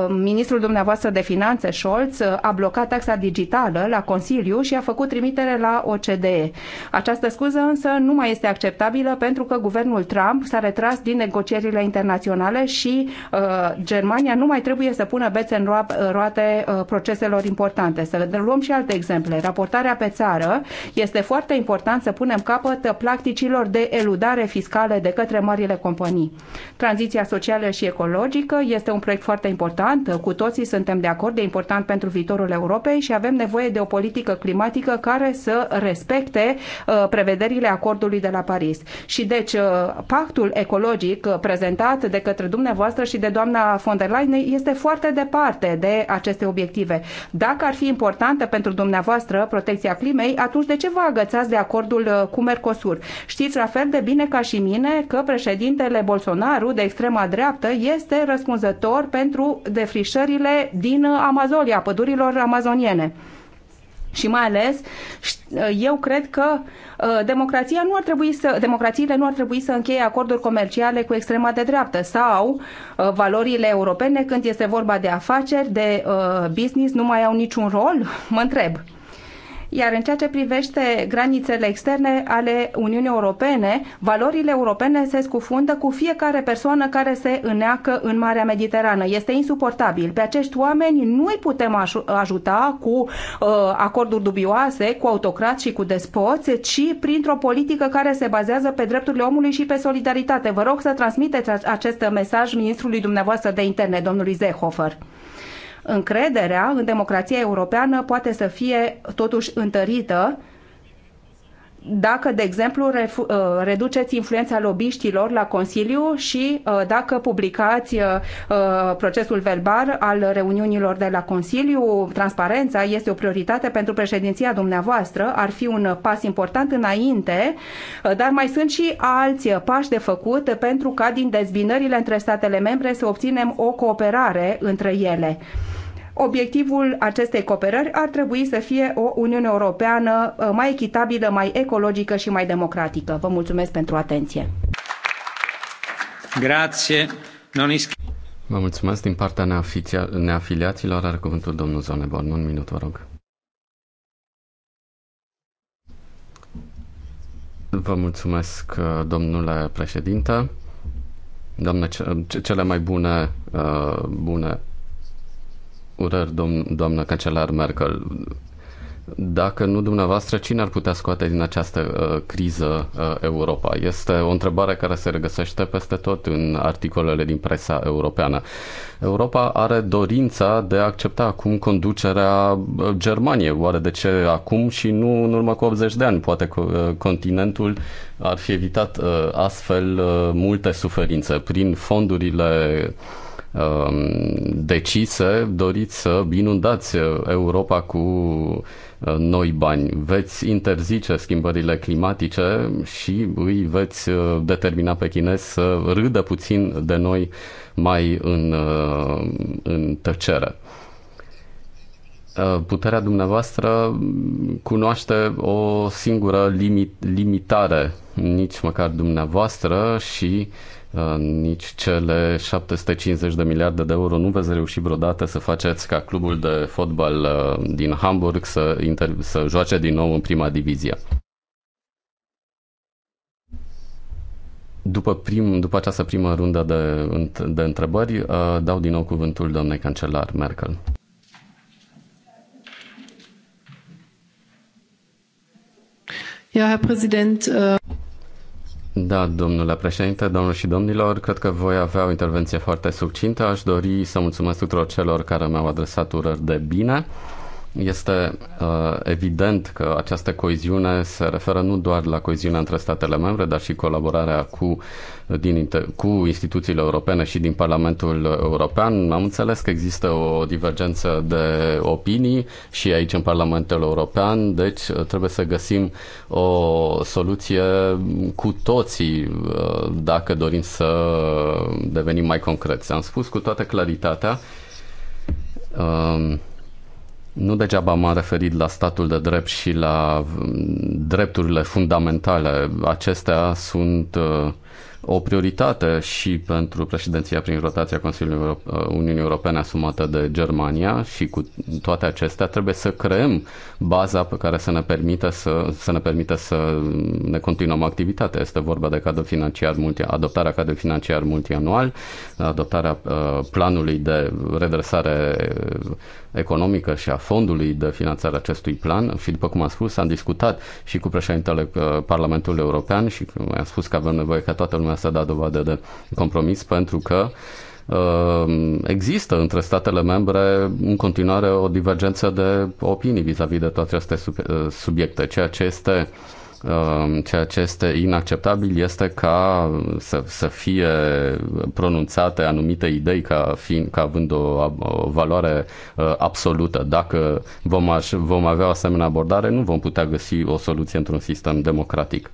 ministrul dumneavoastră de Finanțe, Scholz, a blocat taxa digitală la Consiliu și a făcut trimitere la OCDE. Această scuză însă nu mai este acceptabilă pentru că guvernul Trump s-a retras din negocierile internaționale și Germania nu mai trebuie să pună bețe în roate proceselor importante. Să luăm și alte exemple. Raportarea pe țară este foarte important să punem cap capăt practicilor de eludare fiscale de către marile companii. Tranziția socială și ecologică este un proiect foarte important. Cu toții suntem de acord de important pentru viitorul Europei și avem nevoie de o politică climatică care să respecte uh, prevederile acordului de la Paris. Și deci uh, pactul ecologic prezentat de către dumneavoastră și de doamna von der Leyen este foarte departe de aceste obiective. Dacă ar fi importantă pentru dumneavoastră protecția climei, atunci de ce vă agățați de acordul uh, cu Mercosur? Mercosur. Știți la fel de bine ca și mine că președintele Bolsonaro de extrema dreaptă este răspunzător pentru defrișările din Amazonia, pădurilor amazoniene. Și mai ales, eu cred că uh, democrația nu ar trebui să, democrațiile nu ar trebui să încheie acorduri comerciale cu extrema de dreaptă sau uh, valorile europene când este vorba de afaceri, de uh, business, nu mai au niciun rol? Mă întreb. Iar în ceea ce privește granițele externe ale Uniunii Europene, valorile europene se scufundă cu fiecare persoană care se îneacă în Marea Mediterană. Este insuportabil. Pe acești oameni nu îi putem ajuta cu uh, acorduri dubioase, cu autocrați și cu despoți, ci printr-o politică care se bazează pe drepturile omului și pe solidaritate. Vă rog să transmiteți acest mesaj ministrului dumneavoastră de interne, domnului Zehofer încrederea în democrația europeană poate să fie totuși întărită dacă, de exemplu, uh, reduceți influența lobiștilor la Consiliu și uh, dacă publicați uh, procesul verbal al reuniunilor de la Consiliu, transparența este o prioritate pentru președinția dumneavoastră, ar fi un pas important înainte, dar mai sunt și alți pași de făcut pentru ca din dezbinările între statele membre să obținem o cooperare între ele. Obiectivul acestei cooperări ar trebui să fie o Uniune Europeană uh, mai echitabilă, mai ecologică și mai democratică. Vă mulțumesc pentru atenție. Grație. Non Vă mulțumesc din partea neafilia- neafiliaților. Are cuvântul domnul Zoneborn. Un minut, vă rog. Vă mulțumesc, uh, domnule președinte. Doamne, cele mai bune, uh, bune urări, domn, doamnă cancelar Merkel. Dacă nu dumneavoastră, cine ar putea scoate din această uh, criză uh, Europa? Este o întrebare care se regăsește peste tot în articolele din presa europeană. Europa are dorința de a accepta acum conducerea uh, Germaniei. Oare de ce acum și nu în urmă cu 80 de ani? Poate că uh, continentul ar fi evitat uh, astfel uh, multe suferințe prin fondurile uh, Um, decise, doriți să inundați uh, Europa cu uh, noi bani. Veți interzice schimbările climatice și îi veți uh, determina pe chinezi să râdă puțin de noi mai în, în tăcere puterea dumneavoastră cunoaște o singură limit, limitare, nici măcar dumneavoastră și nici cele 750 de miliarde de euro nu veți reuși vreodată să faceți ca clubul de fotbal uh, din Hamburg să, inter- să joace din nou în prima divizie. După, prim, după această primă rundă de, de întrebări, uh, dau din nou cuvântul doamnei cancelar Merkel. Ja, Herr Präsident. Uh... Da, domnule președinte, domnul și domnilor, cred că voi avea o intervenție foarte succintă. Aș dori să mulțumesc tuturor celor care mi-au adresat urări de bine. Este uh, evident că această coeziune se referă nu doar la coeziunea între statele membre, dar și colaborarea cu, din, cu instituțiile europene și din Parlamentul European. Am înțeles că există o divergență de opinii și aici în Parlamentul European, deci uh, trebuie să găsim o soluție cu toții uh, dacă dorim să devenim mai concreți. Am spus cu toată claritatea. Uh, nu degeaba m-am referit la statul de drept și la mm, drepturile fundamentale. Acestea sunt uh, o prioritate și pentru președinția prin rotația Consiliului uh, Uniunii Europene asumată de Germania și cu toate acestea trebuie să creăm baza pe care să ne permită să, să ne permită să ne continuăm activitatea. Este vorba de cadrul financiar multi, adoptarea cadrului financiar multianual, adoptarea uh, planului de redresare economică și a fondului de finanțare acestui plan și după cum am spus, am discutat și cu președintele uh, Parlamentului European și am spus că avem nevoie ca toată lumea să dea dovadă de compromis pentru că uh, există între statele membre în continuare o divergență de opinii vis-a-vis -vis de toate aceste uh, subiecte, ceea ce este Um, ceea ce este inacceptabil este ca să, să fie pronunțate anumite idei ca, fiind, ca având o, o valoare uh, absolută. Dacă vom, aș, vom avea o asemenea abordare, nu vom putea găsi o soluție într-un sistem democratic.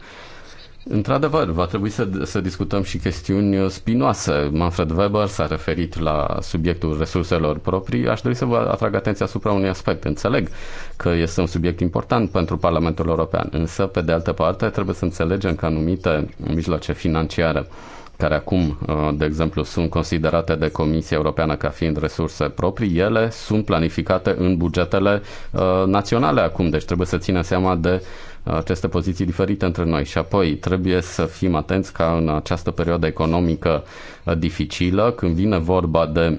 Într-adevăr, va trebui să, să discutăm și chestiuni spinoase. Manfred Weber s-a referit la subiectul resurselor proprii. Aș dori să vă atrag atenția asupra unui aspect. Înțeleg că este un subiect important pentru Parlamentul European, însă, pe de altă parte, trebuie să înțelegem că anumite mijloace financiare care acum, uh, de exemplu, sunt considerate de Comisia Europeană ca fiind resurse proprii, ele sunt planificate în bugetele uh, naționale acum, deci trebuie să ținem seama de uh, aceste poziții diferite între noi și apoi trebuie să fim atenți ca în această perioadă economică dificilă, când vine vorba de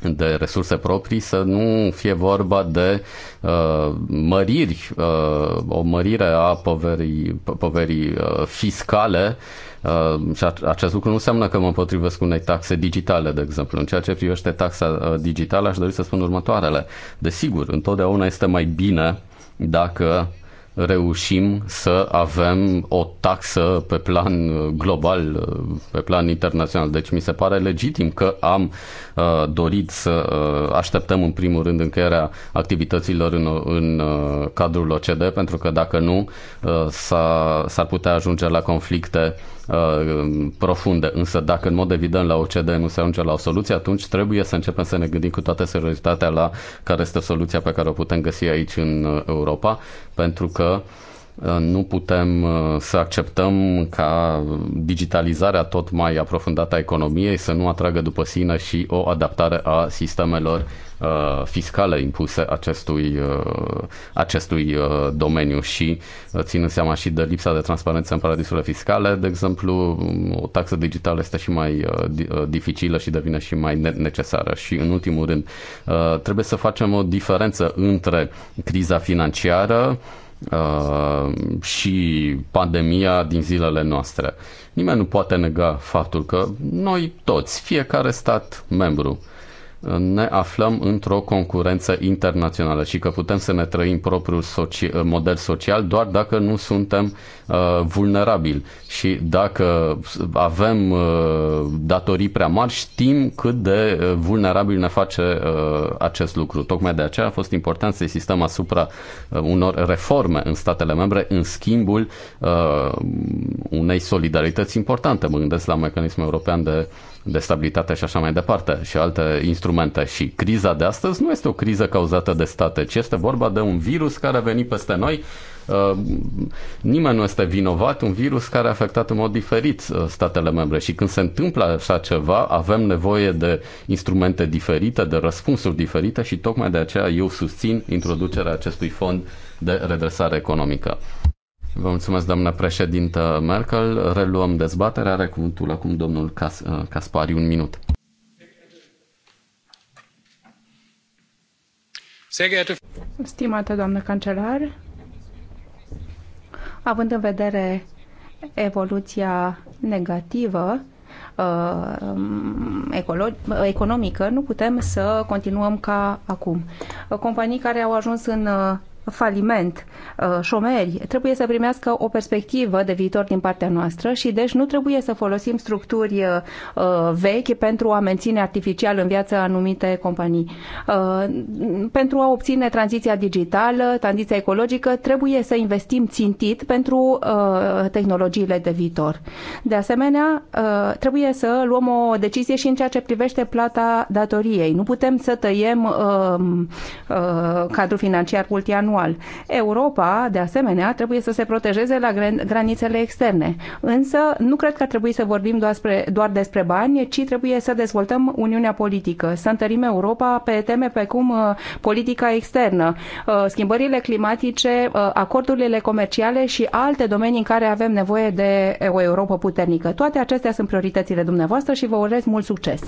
de resurse proprii, să nu fie vorba de uh, măriri, uh, o mărire a poverii, poverii uh, fiscale uh, și acest lucru nu înseamnă că mă împotrivesc unei taxe digitale, de exemplu. În ceea ce privește taxa uh, digitală, aș dori să spun următoarele. Desigur, întotdeauna este mai bine dacă uh, reușim să avem o taxă pe plan uh, global, uh, pe plan internațional. Deci mi se pare legitim că am uh, dorit să uh, așteptăm în primul rând încheierea activităților în, în uh, cadrul OCD, pentru că dacă nu, uh, s-ar putea ajunge la conflicte uh, Uh, profunde. Însă dacă în mod evident la OCDE nu se ajunge la o soluție, atunci trebuie să începem să ne gândim cu toată seriozitatea la care este soluția pe care o putem găsi aici în uh, Europa, pentru că uh, Uh, nu putem uh, să acceptăm ca digitalizarea tot mai aprofundată a economiei să nu atragă după sine și o adaptare a sistemelor uh, fiscale impuse acestui, acestui domeniu și ținând seama și de lipsa de transparență în paradisurile fiscale, de exemplu, um, o taxă digitală este și mai dificilă și devine și mai necesară. Și în ultimul rând, trebuie să facem o diferență între criza financiară uh, și pandemia din zilele noastre. Nimeni nu poate nega faptul că noi toți, fiecare stat membru, uh, ne aflăm într-o concurență internațională și că putem să ne trăim propriul soci- model social doar dacă nu suntem Uh, vulnerabil și dacă avem uh, datorii prea mari, știm cât de uh, vulnerabil ne face acest lucru. Tocmai de aceea a fost important să insistăm asupra unor reforme în statele membre în schimbul unei solidarități importante. Mă gândesc la mecanismul european de de stabilitate și așa mai departe și alte instrumente. Și criza de astăzi nu este o criză cauzată de state, ci este vorba de un virus care a venit peste noi Uh, nimeni nu este vinovat, un virus care a afectat în mod diferit uh, statele membre și când se întâmplă așa ceva, avem nevoie de instrumente diferite, de răspunsuri diferite și tocmai de aceea eu susțin introducerea acestui fond de redresare economică. Vă mulțumesc, doamnă președintă Merkel. Reluăm dezbaterea. Are cuvântul acum domnul Cas- uh, Caspari, un minut. Stimată doamnă cancelar, având în vedere evoluția negativă uh, economică, nu putem să continuăm ca acum. Companii care au ajuns în uh, faliment, uh, șomeri, trebuie să primească o perspectivă de viitor din partea noastră și deci nu trebuie să folosim structuri uh, uh, vechi pentru a menține artificial în viață anumite companii. Pentru a obține tranziția digitală, tranziția ecologică, trebuie să investim țintit pentru tehnologiile de viitor. De asemenea, trebuie să luăm o decizie și în ceea ce privește plata datoriei. Nu putem să tăiem cadrul financiar multianual anual. Europa, de asemenea, trebuie să se protejeze la granițele externe. Însă, nu cred că ar trebui să vorbim doar despre, doar despre bani, ci trebuie să dezvoltăm Uniunea Politică, să întărim Europa pe teme precum uh, politica externă, uh, schimbările climatice, uh, acordurile comerciale și alte domenii în care avem nevoie de o Europa puternică. Toate acestea sunt prioritățile dumneavoastră și vă urez mult succes!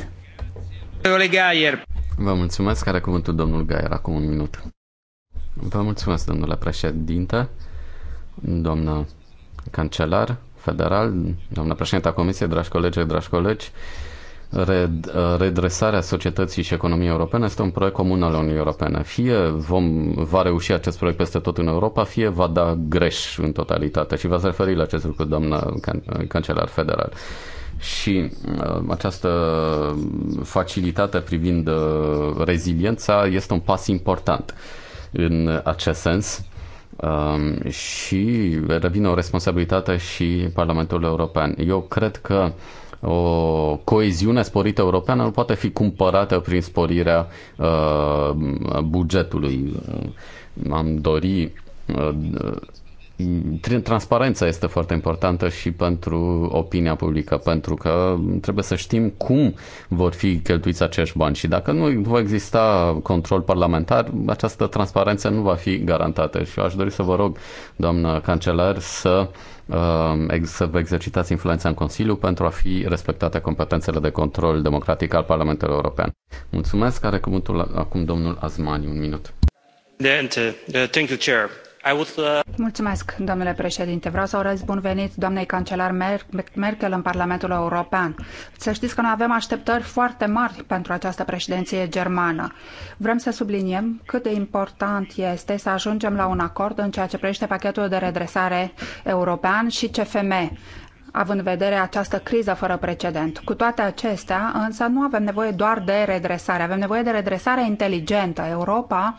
Vă mulțumesc, are cuvântul domnul Gaier, acum un minut. Vă mulțumesc, domnule președinte, doamnă cancelar federal, doamnă președinte a Comisiei, dragi colegi, dragi colegi. Red, redresarea societății și economiei europene este un proiect comun al Uniunii Europene. Fie vom, va reuși acest proiect peste tot în Europa, fie va da greș în totalitate. Și v-ați referit la acest lucru, doamna can, cancelar federal și uh, această facilitate privind uh, reziliența este un pas important în acest sens um, și revine o responsabilitate și Parlamentul European. Eu cred că o coeziune sporită europeană nu poate fi cumpărată prin sporirea uh, bugetului. Am dori uh, transparența este foarte importantă și pentru opinia publică, pentru că trebuie să știm cum vor fi cheltuiți acești bani și dacă nu va exista control parlamentar, această transparență nu va fi garantată și aș dori să vă rog, doamnă cancelar, să uh, să vă exercitați influența în Consiliu pentru a fi respectate competențele de control democratic al Parlamentului European. Mulțumesc, are cuvântul acum domnul Azmani, un minut. Uh, thank you, Chair. Uh, Mulțumesc, domnule președinte. Vreau să urez bun venit doamnei cancelar Merkel în Parlamentul European. Să știți că noi avem așteptări foarte mari pentru această președinție germană. Vrem să subliniem cât de important este să ajungem la un acord în ceea ce privește pachetul de redresare european și CFM având în vedere această criză fără precedent. Cu toate acestea, însă, nu avem nevoie doar de redresare, avem nevoie de redresare inteligentă. Europa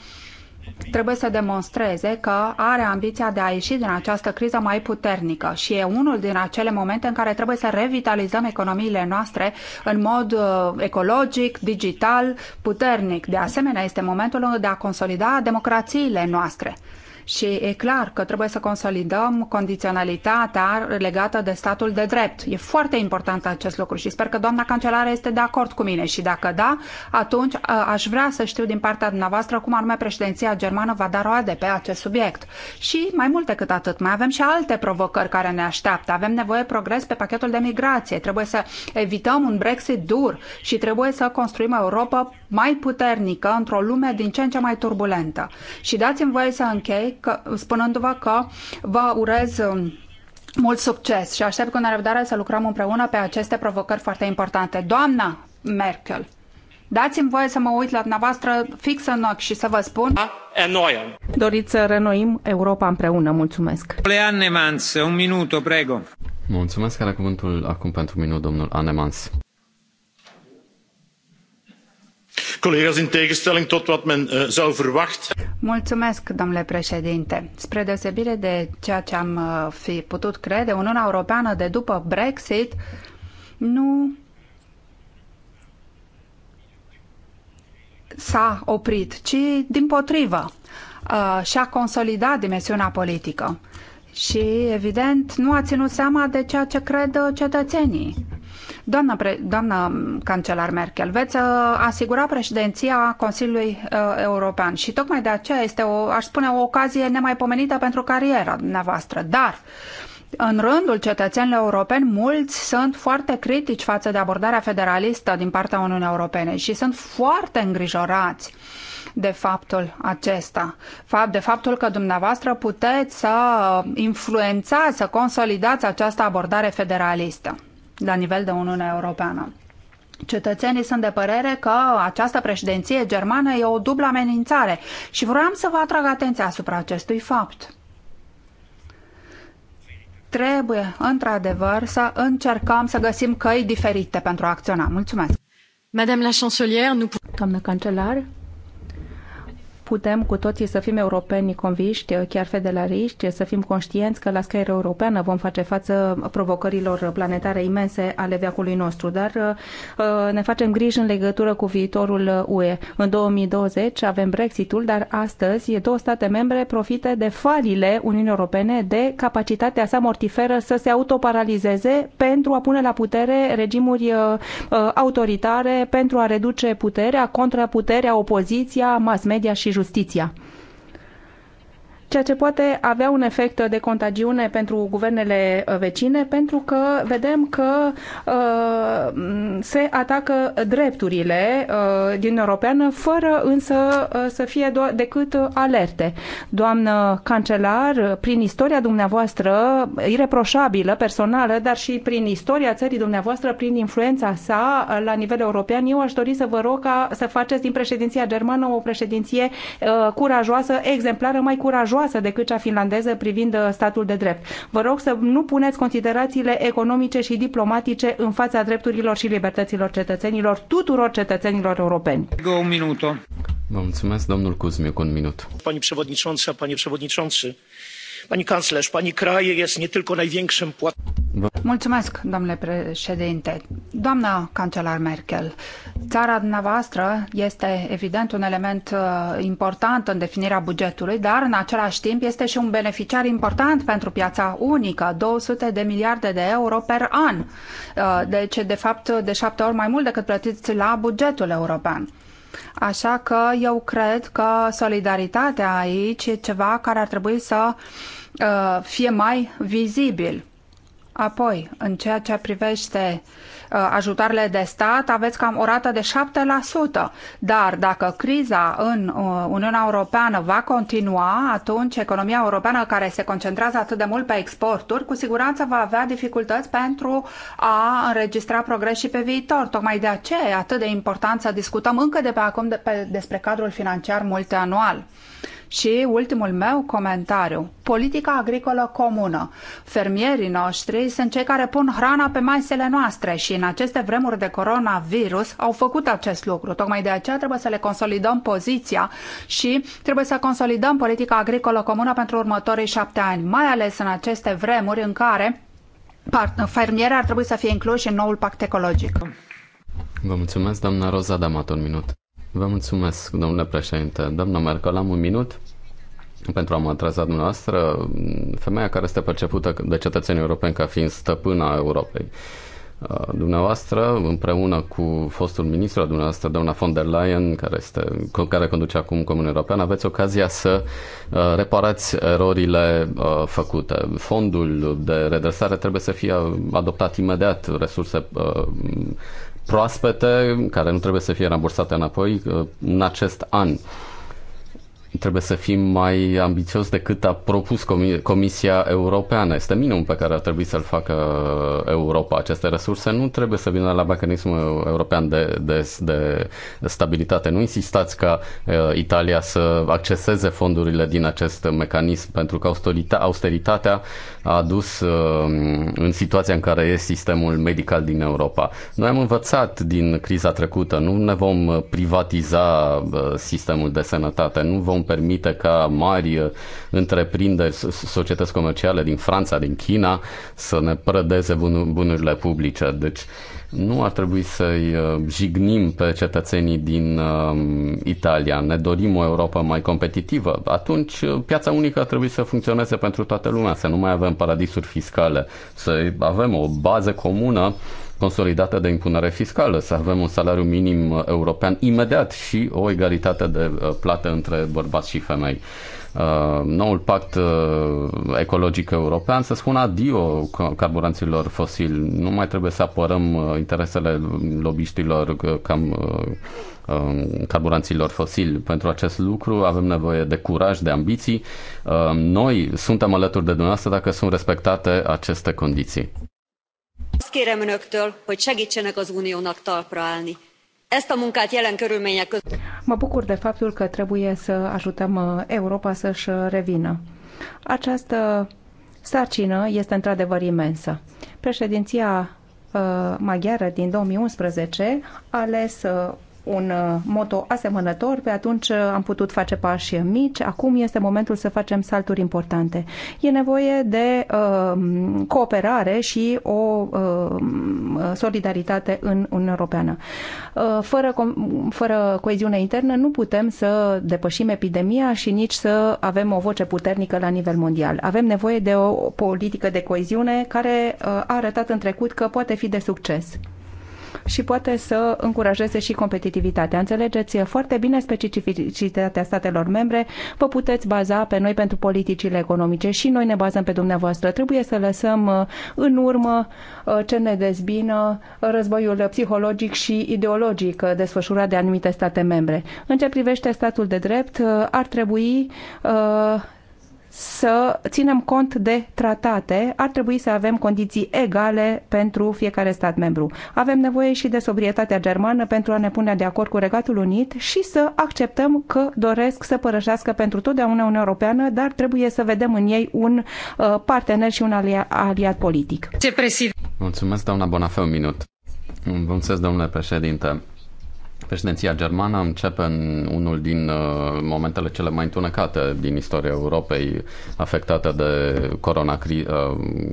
trebuie să demonstreze că are ambiția de a ieși din această criză mai puternică și e unul din acele momente în care trebuie să revitalizăm economiile noastre în mod uh, ecologic, digital, puternic. De asemenea, este momentul de a consolida democrațiile noastre. Și e clar că trebuie să consolidăm condiționalitatea legată de statul de drept. E foarte important acest lucru și sper că doamna cancelară este de acord cu mine și dacă da, atunci aș vrea să știu din partea dumneavoastră cum anume președinția germană va da roade pe acest subiect. Și mai mult decât atât, mai avem și alte provocări care ne așteaptă. Avem nevoie progres pe pachetul de migrație, trebuie să evităm un Brexit dur și trebuie să construim Europa mai puternică într-o lume din ce în ce mai turbulentă. Și dați-mi voie să închei că, spunându-vă că vă urez um, mult succes și aștept cu nerăbdare să lucrăm împreună pe aceste provocări foarte importante. Doamna Merkel, dați-mi voie să mă uit la dumneavoastră fix în ochi și să vă spun... Enoia. Doriți să renoim Europa împreună. Mulțumesc. Annemans, un minut, prego. Mulțumesc, are cuvântul acum pentru minut, domnul Annemans. Collega's, in tegenstelling tot wat men eh, zou verwachten. Mulțumesc, domnule președinte. Spre deosebire de ceea ce am eh, fi putut crede, Uniunea Europeană de după Brexit nu s-a oprit, ci din potrivă eh, și-a consolidat dimensiunea politică. Și, evident, nu a ținut seama de ceea ce cred cetățenii Doamna, pre, doamna cancelar Merkel, veți uh, asigura președinția Consiliului uh, European și tocmai de aceea este, o, aș spune, o ocazie nemaipomenită pentru cariera dumneavoastră. Dar în rândul cetățenilor europeni, mulți sunt foarte critici față de abordarea federalistă din partea Uniunii Europene și sunt foarte îngrijorați de faptul acesta, de faptul că dumneavoastră puteți să uh, influențați, să consolidați această abordare federalistă la nivel de Uniunea Europeană. Cetățenii sunt de părere că această președinție germană e o dublă amenințare și vroiam să vă atrag atenția asupra acestui fapt trebuie, într-adevăr, să încercăm să găsim căi diferite pentru a acționa. Mulțumesc! Madame la chancelière, nous... Doamnă cancelar, putem cu toții să fim europeni conviști, chiar federaliști, să fim conștienți că la scară europeană vom face față provocărilor planetare imense ale veacului nostru, dar uh, uh, ne facem griji în legătură cu viitorul UE. În 2020 avem Brexitul, dar astăzi două state membre profită de falile Uniunii Europene de capacitatea sa mortiferă să se autoparalizeze pentru a pune la putere regimuri uh, autoritare, pentru a reduce puterea, contraputerea, opoziția, mass media și justiția ceea ce poate avea un efect de contagiune pentru guvernele uh, vecine, pentru că vedem că uh, se atacă drepturile uh, din Europeană, fără însă uh, să fie do- decât alerte. Doamnă cancelar, prin istoria dumneavoastră ireproșabilă, personală, dar și prin istoria țării dumneavoastră, prin influența sa uh, la nivel european, eu aș dori să vă rog ca să faceți din președinția germană o președinție uh, curajoasă, exemplară, mai curajoasă serioasă decât cea finlandeză privind uh, statul de drept. Vă rog să nu puneți considerațiile economice și diplomatice în fața drepturilor și libertăților cetățenilor, tuturor cetățenilor europeni. Un minut. Vă mulțumesc, domnul Cuzmiuc, un minut. Pani przewodnicząca, panie przewodniczący, Pani kanclerz, pani kraj jest nie tylko największym Mulțumesc, domnule președinte. Doamna cancelar Merkel, țara dumneavoastră este evident un element uh, important în definirea bugetului, dar în același timp este și un beneficiar important pentru piața unică, 200 de miliarde de euro per an. Uh, deci, de fapt, de șapte ori mai mult decât plătiți la bugetul european. Așa că eu cred că solidaritatea aici e ceva care ar trebui să uh, Uh, fie mai vizibil. Apoi, în ceea ce privește uh, ajutoarele de stat, aveți cam o rată de 7%. Dar dacă criza în uh, Uniunea Europeană va continua, atunci economia europeană care se concentrează atât de mult pe exporturi, cu siguranță va avea dificultăți pentru a înregistra progres și pe viitor. Tocmai de aceea e atât de important să discutăm încă de pe acum despre cadrul financiar multianual. Și ultimul meu comentariu, politica agricolă comună. Fermierii noștri sunt cei care pun hrana pe masele noastre și în aceste vremuri de coronavirus au făcut acest lucru. Tocmai de aceea trebuie să le consolidăm poziția și trebuie să consolidăm politica agricolă comună pentru următorii șapte ani, mai ales în aceste vremuri în care fermierii ar trebui să fie incluși în noul pact ecologic. Vă mulțumesc, doamna Roza Damat, un minut. Vă mulțumesc, domnule președinte. Doamna Merkel, am un minut pentru a mă adresa dumneavoastră, femeia care este percepută de cetățenii europeni ca fiind stăpâna Europei. Uh, dumneavoastră, împreună cu fostul ministru al dumneavoastră, doamna von der Leyen, care, este, care conduce acum Comunia Europeană, aveți ocazia să uh, reparați erorile uh, făcute. Fondul de redresare trebuie să fie adoptat imediat, resurse proaspete care nu trebuie să fie rambursate înapoi uh, în acest an. Trebuie să fim mai ambițios decât a propus Comisia Europeană. Este minimul pe care ar trebui să-l facă Europa. Aceste resurse nu trebuie să vină la mecanismul european de, de, de stabilitate. Nu insistați ca uh, Italia să acceseze fondurile din acest mecanism, pentru că austeritatea a adus uh, în situația în care e sistemul medical din Europa. Noi am învățat din criza trecută, nu ne vom uh, privatiza uh, sistemul de sănătate, nu vom permite ca mari întreprinderi, societăți comerciale din Franța, din China să ne prădeze bunurile publice. Deci, nu ar trebui să-i uh, jignim pe cetățenii din um, Italia. Ne dorim o Europa mai competitivă. Atunci uh, piața unică ar trebui să funcționeze pentru toată lumea, să nu mai avem paradisuri fiscale, să avem o bază comună consolidată de impunere fiscală, să avem un salariu minim european imediat și o egalitate de uh, plată între bărbați și femei. Uh, noul pact uh, ecologic european să spună adio carburanților fosili. Nu mai trebuie să apărăm uh, interesele lobiștilor cam carburanților fosili. Pentru acest lucru avem nevoie de curaj, de ambiții. Noi suntem alături de dumneavoastră dacă sunt respectate aceste condiții. Azt kérem önöktől, hogy segítsenek az uniónak talpra állni Mă bucur de faptul că trebuie să ajutăm uh, Europa să-și uh, revină. Această uh, sarcină este într-adevăr imensă. Președinția maghiară din 2011 a ales un uh, moto asemănător, pe atunci uh, am putut face pași mici, acum este momentul să facem salturi importante. E nevoie de uh, cooperare și o uh, solidaritate în Uniunea Europeană. Uh, fără, fără coeziune internă nu putem să depășim epidemia și nici să avem o voce puternică la nivel mondial. Avem nevoie de o politică de coeziune care uh, a arătat în trecut că poate fi de succes și poate să încurajeze și competitivitatea. Înțelegeți foarte bine specificitatea statelor membre, vă puteți baza pe noi pentru politicile economice și noi ne bazăm pe dumneavoastră. Trebuie să lăsăm uh, în urmă uh, ce ne dezbină uh, războiul psihologic și ideologic desfășurat de anumite state membre. În ce privește statul de drept, ar trebui să ținem cont de tratate, ar trebui să avem condiții egale pentru fiecare stat membru. Avem nevoie și de sobrietatea germană pentru a ne pune de acord cu Regatul Unit și să acceptăm că doresc să părășească pentru totdeauna Uniunea Europeană, dar trebuie să vedem în ei un uh, partener și un aliat politic. Ce presid... Mulțumesc, doamna Bonafeu, un minut. Mulțumesc, domnule președinte. Președinția germană începe în unul din uh, momentele cele mai întunecate din istoria Europei, afectată de, corona, uh,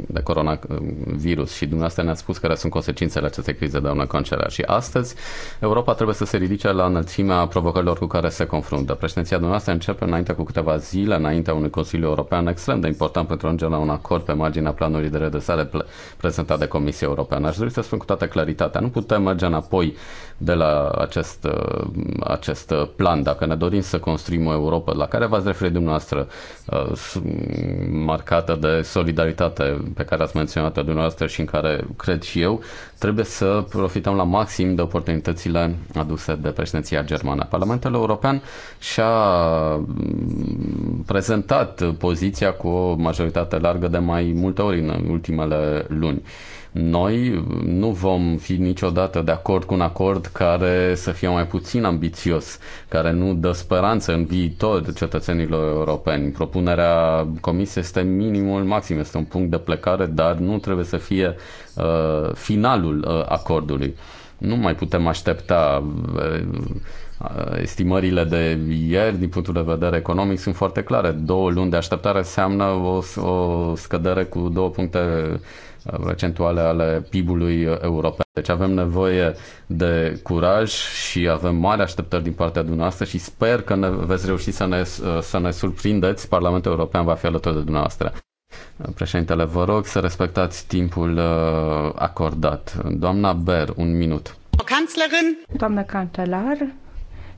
de coronavirus uh, și dumneavoastră ne-ați spus care sunt consecințele acestei crize, doamnă Concerea. Și astăzi Europa trebuie să se ridice la înălțimea provocărilor cu care se confruntă. Președinția dumneavoastră începe înainte cu câteva zile, înaintea unui Consiliu European extrem de important pentru a ajunge la un acord pe marginea planului de redresare prezentat de Comisia Europeană. Aș dori să spun cu toată claritatea, nu putem merge înapoi de la acest acest, uh, acest plan. Dacă ne dorim să construim o Europa la care v-ați referit dumneavoastră, uh, marcată de solidaritate pe care ați menționat-o dumneavoastră și în care cred și eu, trebuie să profităm la maxim de oportunitățile aduse de președinția germană. Parlamentul European și-a mm, prezentat poziția cu o majoritate largă de mai multe ori în ultimele luni. Noi nu vom fi niciodată de acord cu un acord care să fie mai puțin ambițios, care nu dă speranță în viitor cetățenilor europeni. Propunerea Comisiei este minimul maxim, este un punct de plecare, dar nu trebuie să fie uh, finalul uh, acordului. Nu mai putem aștepta. Uh, estimările de ieri din punctul de vedere economic sunt foarte clare. Două luni de așteptare înseamnă o, o scădere cu două puncte procentuale ale PIB-ului european. Deci avem nevoie de curaj și avem mari așteptări din partea dumneavoastră și sper că ne veți reuși să ne, să ne surprindeți. Parlamentul European va fi alături de dumneavoastră. Președintele, vă rog să respectați timpul uh, acordat. Doamna Ber, un minut. Doamna cancelar,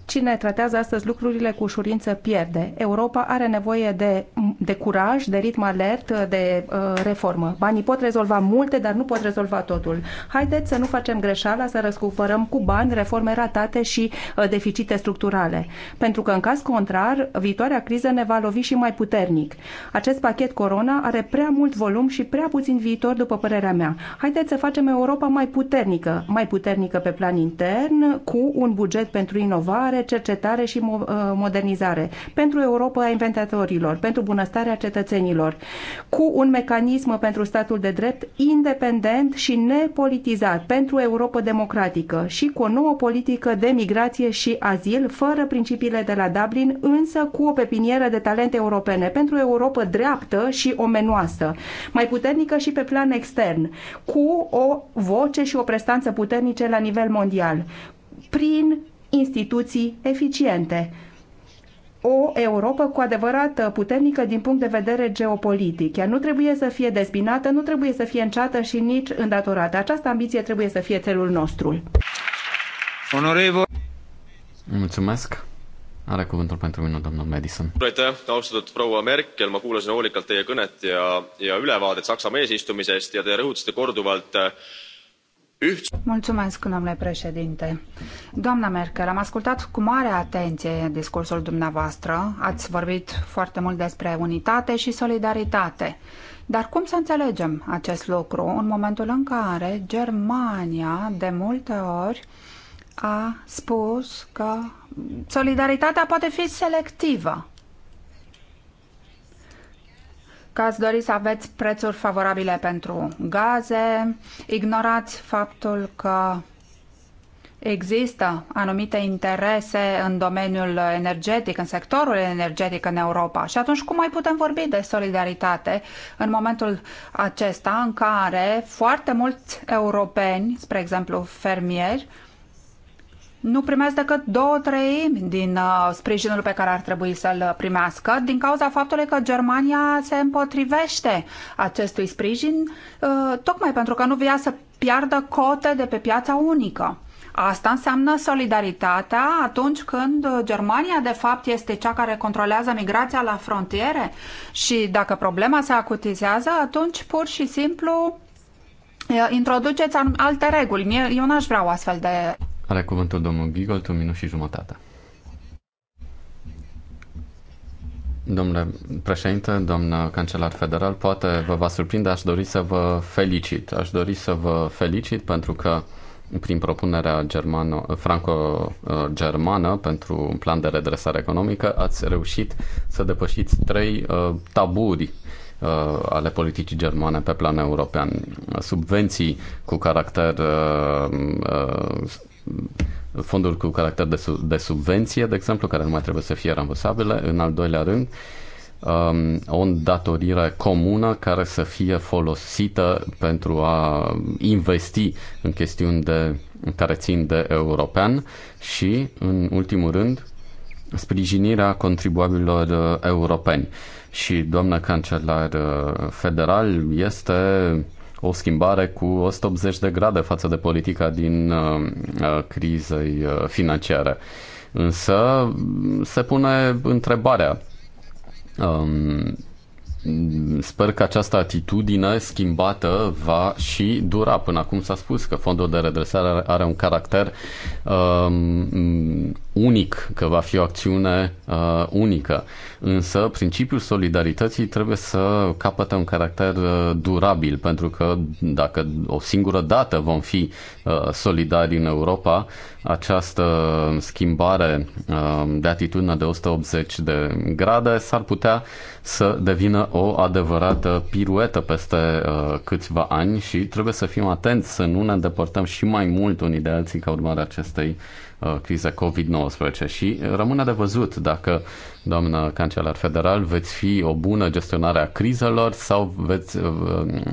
Cine tratează astăzi lucrurile cu ușurință pierde. Europa are nevoie de, de curaj, de ritm alert, de uh, reformă. Banii pot rezolva multe, dar nu pot rezolva totul. Haideți să nu facem greșeala, să răscupărăm cu bani reforme ratate și uh, deficite structurale. Pentru că, în caz contrar, viitoarea criză ne va lovi și mai puternic. Acest pachet corona are prea mult volum și prea puțin viitor, după părerea mea. Haideți să facem Europa mai puternică, mai puternică pe plan intern, cu un buget pentru inovare, inovare, cercetare și uh, modernizare, pentru Europa a inventatorilor, pentru bunăstarea cetățenilor, cu un mecanism pentru statul de drept independent și nepolitizat, pentru Europa democratică și cu o nouă politică de migrație și azil, fără principiile de la Dublin, însă cu o pepinieră de talente europene, pentru Europa dreaptă și omenoasă, mai puternică și pe plan extern, cu o voce și o prestanță puternice la nivel mondial prin instituții eficiente, o Europa cu adevărat puternică din punct de vedere geopolitic. Ea nu trebuie să fie despinată, nu trebuie să fie înceată și nici îndatorată. Această ambiție trebuie să fie țelul nostru. Onorevo. Mulțumesc. Are cuvântul pentru mine domnul Madison. Aitäh, austatud proua Merkel, ma kuulasin hoolikalt teie kõnet ja, ja ülevaadet Saksamaa eesistumisest ja te rõhutasite korduvalt Mulțumesc, domnule președinte. Doamna Merkel, am ascultat cu mare atenție discursul dumneavoastră. Ați vorbit foarte mult despre unitate și solidaritate. Dar cum să înțelegem acest lucru în momentul în care Germania de multe ori a spus că solidaritatea poate fi selectivă? că ați dori să aveți prețuri favorabile pentru gaze, ignorați faptul că există anumite interese în domeniul energetic, în sectorul energetic în Europa. Și atunci cum mai putem vorbi de solidaritate în momentul acesta în care foarte mulți europeni, spre exemplu fermieri, nu primesc decât două treimi din uh, sprijinul pe care ar trebui să-l primească din cauza faptului că Germania se împotrivește acestui sprijin uh, tocmai pentru că nu vrea să piardă cote de pe piața unică. Asta înseamnă solidaritatea atunci când uh, Germania, de fapt, este cea care controlează migrația la frontiere și dacă problema se acutizează, atunci pur și simplu introduceți alte reguli. Eu n-aș vrea o astfel de are cuvântul domnul Gigol, un minut și jumătate. Domnule președinte, domnul cancelar federal, poate vă va surprinde, aș dori să vă felicit. Aș dori să vă felicit pentru că prin propunerea germano, franco-germană pentru un plan de redresare economică ați reușit să depășiți trei uh, taburi uh, ale politicii germane pe plan european. Subvenții cu caracter uh, uh, fonduri cu caracter de, sub, de subvenție, de exemplu, care nu mai trebuie să fie rambursabile. În al doilea rând, um, o îndatorire comună care să fie folosită pentru a investi în chestiuni de, care țin de european și, în ultimul rând, sprijinirea contribuabililor uh, europeni. Și doamna cancelar uh, federal este o schimbare cu 180 de grade față de politica din uh, uh, crizei uh, financiare. Însă se pune întrebarea. Um, sper că această atitudine schimbată va și dura. Până acum s-a spus că fondul de redresare are un caracter um, unic, că va fi o acțiune uh, unică. Însă, principiul solidarității trebuie să capătă un caracter uh, durabil, pentru că dacă o singură dată vom fi uh, solidari în Europa, această schimbare uh, de atitudine de 180 de grade s-ar putea să devină o adevărată piruetă peste câțiva ani și trebuie să fim atenți să nu ne îndepărtăm și mai mult unii de alții ca urmare a acestei uh, Uh, criza COVID-19 și rămâne de văzut dacă, doamnă cancelar federal, veți fi o bună gestionare a crizelor sau veți uh,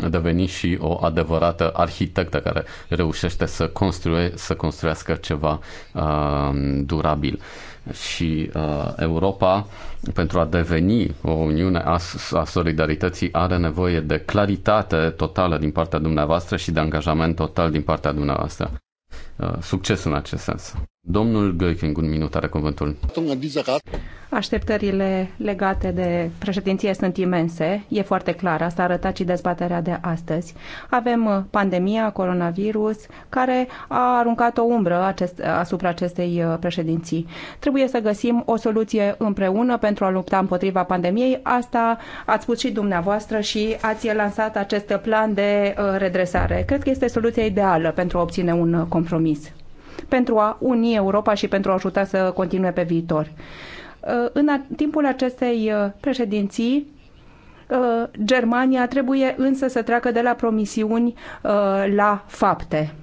deveni și o adevărată arhitectă care reușește să, construie, să construiască ceva uh, durabil și uh, Europa, pentru a deveni o uniune a, a solidarității, are nevoie de claritate totală din partea dumneavoastră și de angajament total din partea dumneavoastră. Uh, succes în acest sens. Domnul Göking, un minut, are cuvântul. Așteptările legate de președinție sunt imense, e foarte clar, asta a arătat și dezbaterea de astăzi. Avem uh, pandemia, coronavirus, care a aruncat o umbră acest, uh, asupra acestei președinții. Trebuie să găsim o soluție împreună pentru a lupta împotriva pandemiei. Asta ați spus și dumneavoastră și ați lansat acest plan de redresare. Cred că este soluția ideală pentru a obține un compromis compromis pentru a uni Europa și pentru a ajuta să continue pe viitor. Uh, în timpul acestei uh, președinții, uh, Germania trebuie însă să treacă de la promisiuni la fapte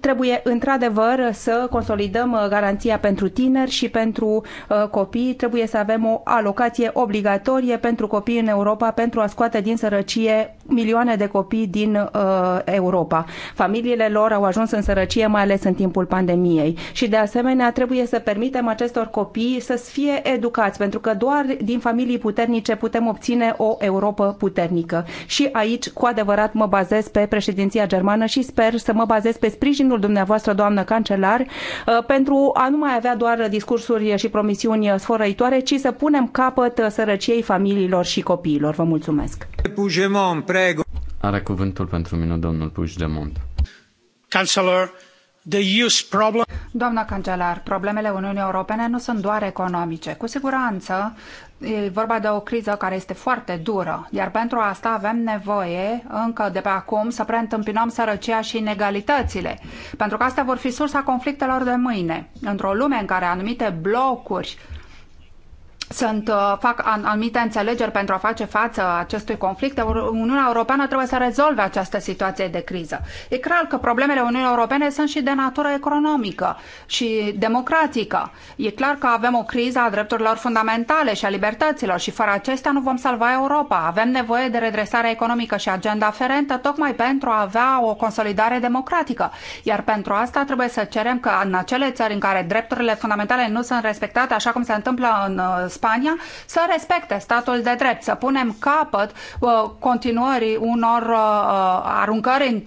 Trebuie într-adevăr să consolidăm uh, garanția pentru tineri și pentru uh, copii. Trebuie să avem o alocație obligatorie pentru copii în Europa pentru a scoate din sărăcie milioane de copii din uh, Europa. Familiile lor au ajuns în sărăcie, mai ales în timpul pandemiei. Și de asemenea trebuie să permitem acestor copii să fie educați, pentru că doar din familii puternice putem obține o Europa puternică. Și aici, cu adevărat, mă bazez pe președinția germană și sper să mă bazez pe sprijin sprijinul dumneavoastră, doamnă cancelar, uh, pentru a nu mai avea doar discursuri și promisiuni sfărăitoare, ci să punem capăt uh, sărăciei familiilor și copiilor. Vă mulțumesc. Are cuvântul pentru minut domnul Puigdemont. Cancelar, Doamna cancelar, problemele Uniunii Europene nu sunt doar economice. Cu siguranță e vorba de o criză care este foarte dură, iar pentru asta avem nevoie încă de pe acum să preîntâmpinăm sărăcia și inegalitățile, pentru că astea vor fi sursa conflictelor de mâine. Într-o lume în care anumite blocuri sunt, uh, fac anumite înțelegeri pentru a face față acestui conflict, Uniunea Europeană trebuie să rezolve această situație de criză. E clar că problemele Uniunii Europene sunt și de natură economică și democratică. E clar că avem o criză a drepturilor fundamentale și a libertăților și fără acestea nu vom salva Europa. Avem nevoie de redresare economică și agenda aferentă tocmai pentru a avea o consolidare democratică. Iar pentru asta trebuie să cerem că în acele țări în care drepturile fundamentale nu sunt respectate, așa cum se întâmplă în uh, Spania să respecte statul de drept, să punem capăt uh, continuării unor uh, aruncări în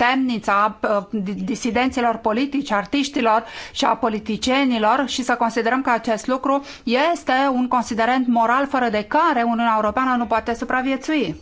a uh, disidenților politici, artiștilor și a politicienilor și să considerăm că acest lucru este un considerent moral fără de care Uniunea Europeană nu poate supraviețui.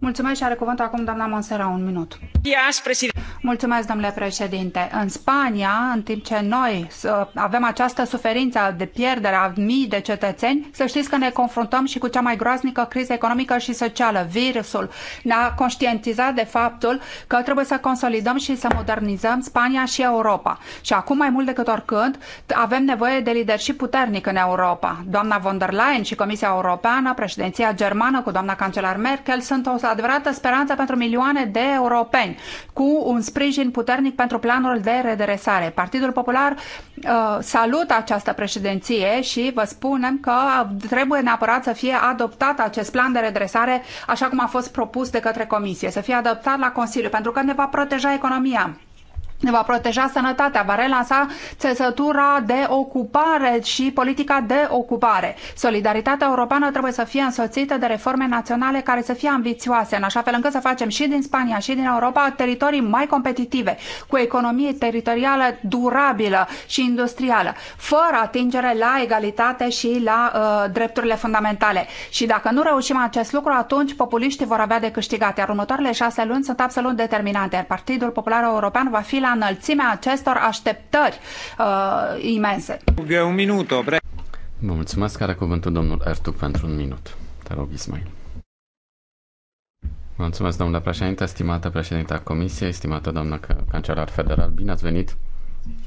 Mulțumesc și are cuvântul acum doamna Monsera, un minut. Yes, president. Mulțumesc, domnule președinte. În Spania, în timp ce noi uh, avem această suferință de pierdere a mii de cetățeni, să știți că ne confruntăm și cu cea mai groaznică criză economică și socială. Virusul ne-a conștientizat de faptul că trebuie să consolidăm și să modernizăm Spania și Europa. Și acum, mai mult decât oricând, avem nevoie de leadership puternic în Europa. Doamna von der Leyen și Comisia Europeană, președinția germană cu doamna cancelar Merkel sunt o adevărată speranță pentru milioane de europeni, cu un sprijin puternic pentru planul de redresare. Partidul Popular uh, salută această președinție și vă spunem că trebuie neapărat să fie adoptat acest plan de redresare așa cum a fost propus de către Comisie, să fie adoptat la Consiliu, pentru că ne va proteja economia ne va proteja sănătatea, va relansa țesătura de ocupare și politica de ocupare. Solidaritatea europeană trebuie să fie însoțită de reforme naționale care să fie ambițioase, în așa fel încât să facem și din Spania și din Europa teritorii mai competitive, cu economie teritorială durabilă și industrială, fără atingere la egalitate și la uh, drepturile fundamentale. Și dacă nu reușim acest lucru, atunci populiștii vor avea de câștigat, iar următoarele șase luni sunt absolut determinante. Partidul Popular European va fi la la înălțimea acestor așteptări uh, imense. Un minut, pre- Vă mulțumesc, are cuvântul domnul Ertug pentru un minut. Te rog, Ismail. Mulțumesc, domnule președinte, stimată președinta Comisiei, stimată doamnă cancelar federal, bine ați venit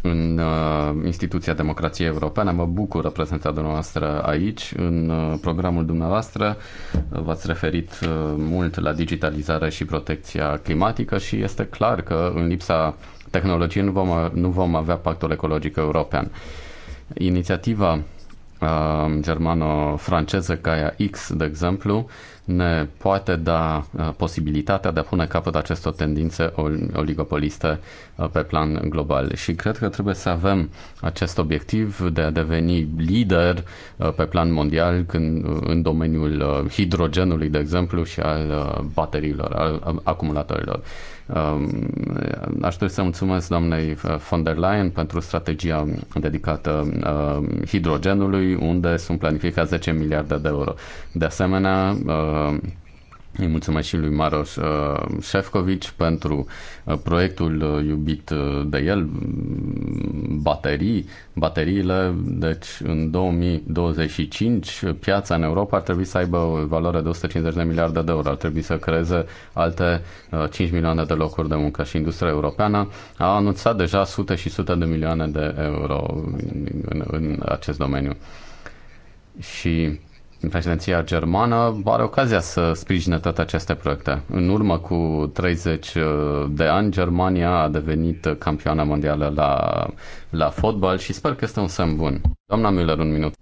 în uh, instituția democrației europene. Mă bucur reprezentarea dumneavoastră aici. În uh, programul dumneavoastră uh, v-ați referit uh, mult la digitalizare și protecția climatică și este clar că în lipsa tehnologie nu vom, nu vom avea pactul ecologic european. Inițiativa uh, germano-franceză, Gaia X, de exemplu, ne poate da uh, posibilitatea de a pune capăt acestor tendințe oligopoliste uh, pe plan global. Și cred că trebuie să avem acest obiectiv de a deveni lider uh, pe plan mondial când, uh, în domeniul uh, hidrogenului, de exemplu, și al uh, bateriilor, al acumulatorilor. Um, aș dori să mulțumesc doamnei uh, von der Leyen pentru strategia dedicată um, hidrogenului, unde sunt planificați 10 miliarde de euro. De asemenea, um, îi mulțumesc și lui Maros uh, Șefcovici pentru uh, proiectul uh, iubit de el, mm, baterii, bateriile. Deci în 2025 piața în Europa ar trebui să aibă o valoare de 150 de miliarde de euro. Ar trebui să creeze alte 5 milioane de locuri de muncă și industria europeană a anunțat deja sute și sute de milioane de euro în, în acest domeniu. Și președinția germană are ocazia să sprijine toate aceste proiecte. În urmă cu 30 uh, de ani, Germania a devenit campioană mondială la, la fotbal și sper că este un semn bun. Doamna Müller, un minut.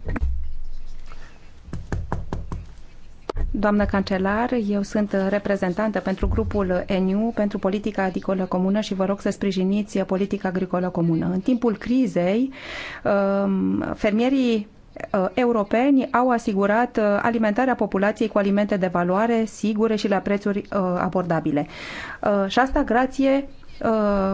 Doamnă cancelar, eu sunt reprezentantă pentru grupul ENU pentru politica agricolă comună și vă rog să sprijiniți politica agricolă comună. În timpul crizei, um, fermierii Uh, europeni au asigurat uh, alimentarea populației cu alimente de valoare, sigure și la prețuri uh, abordabile. Și asta grație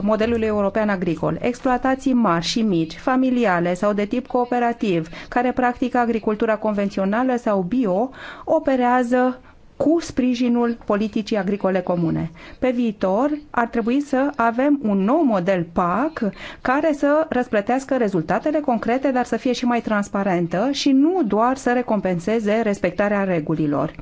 modelului european agricol. Exploatații mari și mici, familiale sau de tip cooperativ, care practică agricultura convențională sau bio, operează cu sprijinul politicii agricole comune. Pe viitor ar trebui să avem un nou model PAC care să răsplătească rezultatele concrete, dar să fie și mai transparentă și nu doar să recompenseze respectarea regulilor.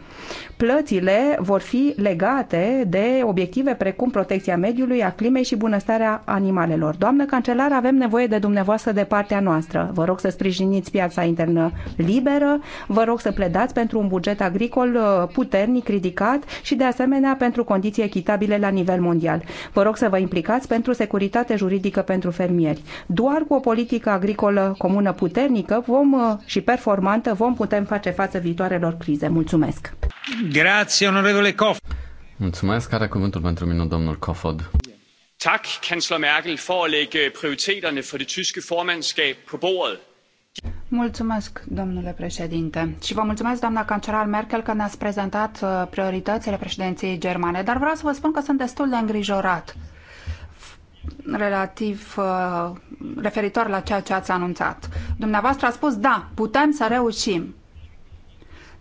Plățile vor fi legate de obiective precum protecția mediului, a climei și bunăstarea animalelor. Doamnă cancelar, avem nevoie de dumneavoastră de partea noastră. Vă rog să sprijiniți piața internă liberă, vă rog să pledați pentru un buget agricol uh, puternic puternic ridicat și de asemenea pentru condiții echitabile la nivel mondial. Vă rog să vă implicați pentru securitate juridică pentru fermieri. Doar cu o politică agricolă comună puternică vom uh, și performantă vom putem face față viitoarelor crize. Mulțumesc! Grazie, onorevole Kof! Mulțumesc, are cuvântul pentru minut domnul Kofod. Tak, kansler Merkel, for at lægge prioriteterne for det tyske formandskab på bordet. Mulțumesc, domnule președinte. Și vă mulțumesc, doamna cancelar Merkel, că ne-ați prezentat uh, prioritățile președinției germane. Dar vreau să vă spun că sunt destul de îngrijorat relativ uh, referitor la ceea ce ați anunțat. Dumneavoastră a spus, da, putem să reușim.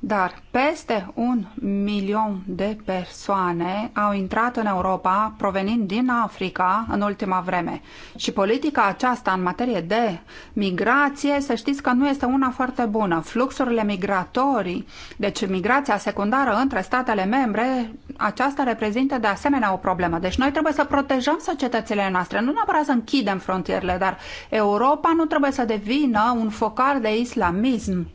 Dar peste un milion de persoane au intrat în Europa provenind din Africa în ultima vreme. Și politica aceasta în materie de migrație, să știți că nu este una foarte bună. Fluxurile migratorii, deci migrația secundară între statele membre, aceasta reprezintă de asemenea o problemă. Deci noi trebuie să protejăm societățile noastre, nu neapărat să închidem frontierele, dar Europa nu trebuie să devină un focar de islamism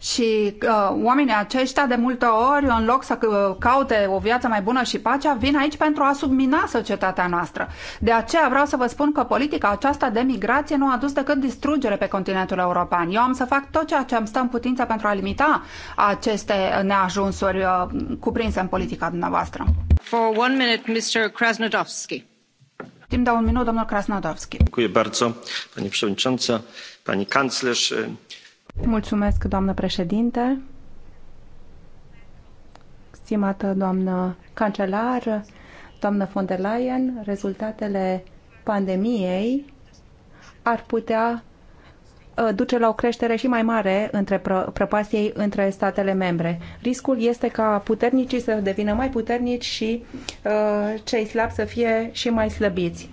și uh, oamenii aceștia de multe ori, în loc să uh, caute o viață mai bună și pacea, vin aici pentru a submina societatea noastră. De aceea vreau să vă spun că politica aceasta de migrație nu a dus decât distrugere pe continentul european. Eu am să fac tot ceea ce am stă în putință pentru a limita aceste neajunsuri uh, cuprinse în politica dumneavoastră. For one minute, Mr. Krasnodowski. Timp de un minut, domnul Krasnodowski. Dziękuję bardzo, pani przewodnicząca, pani kanclerz. Mulțumesc, doamnă președinte. Stimată doamnă cancelar, doamnă von der Leyen, rezultatele pandemiei ar putea uh, duce la o creștere și mai mare între pră, prăpastiei între statele membre. Riscul este ca puternicii să devină mai puternici și uh, cei slabi să fie și mai slăbiți.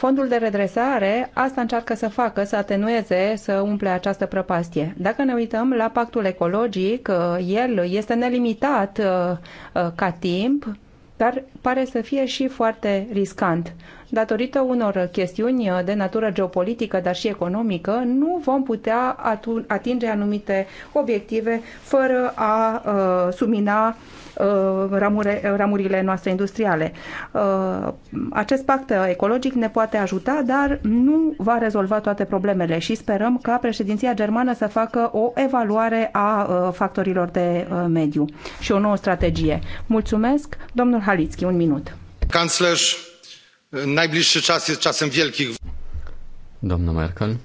Fondul de redresare asta încearcă să facă, să atenueze, să umple această prăpastie. Dacă ne uităm la pactul ecologic, uh, el este nelimitat uh, uh, ca timp, dar pare să fie și foarte riscant. Datorită unor chestiuni de natură geopolitică, dar și economică, nu vom putea atinge anumite obiective fără a sumina. Uh, ramure, ramurile noastre industriale. Uh, acest pact ecologic ne poate ajuta, dar nu va rezolva toate problemele și sperăm ca președinția germană să facă o evaluare a uh, factorilor de mediu și o nouă strategie. Mulțumesc, domnul Halitski, un minut. Kanclerz, najbliższy czas jest czasem wielkich. Merkel,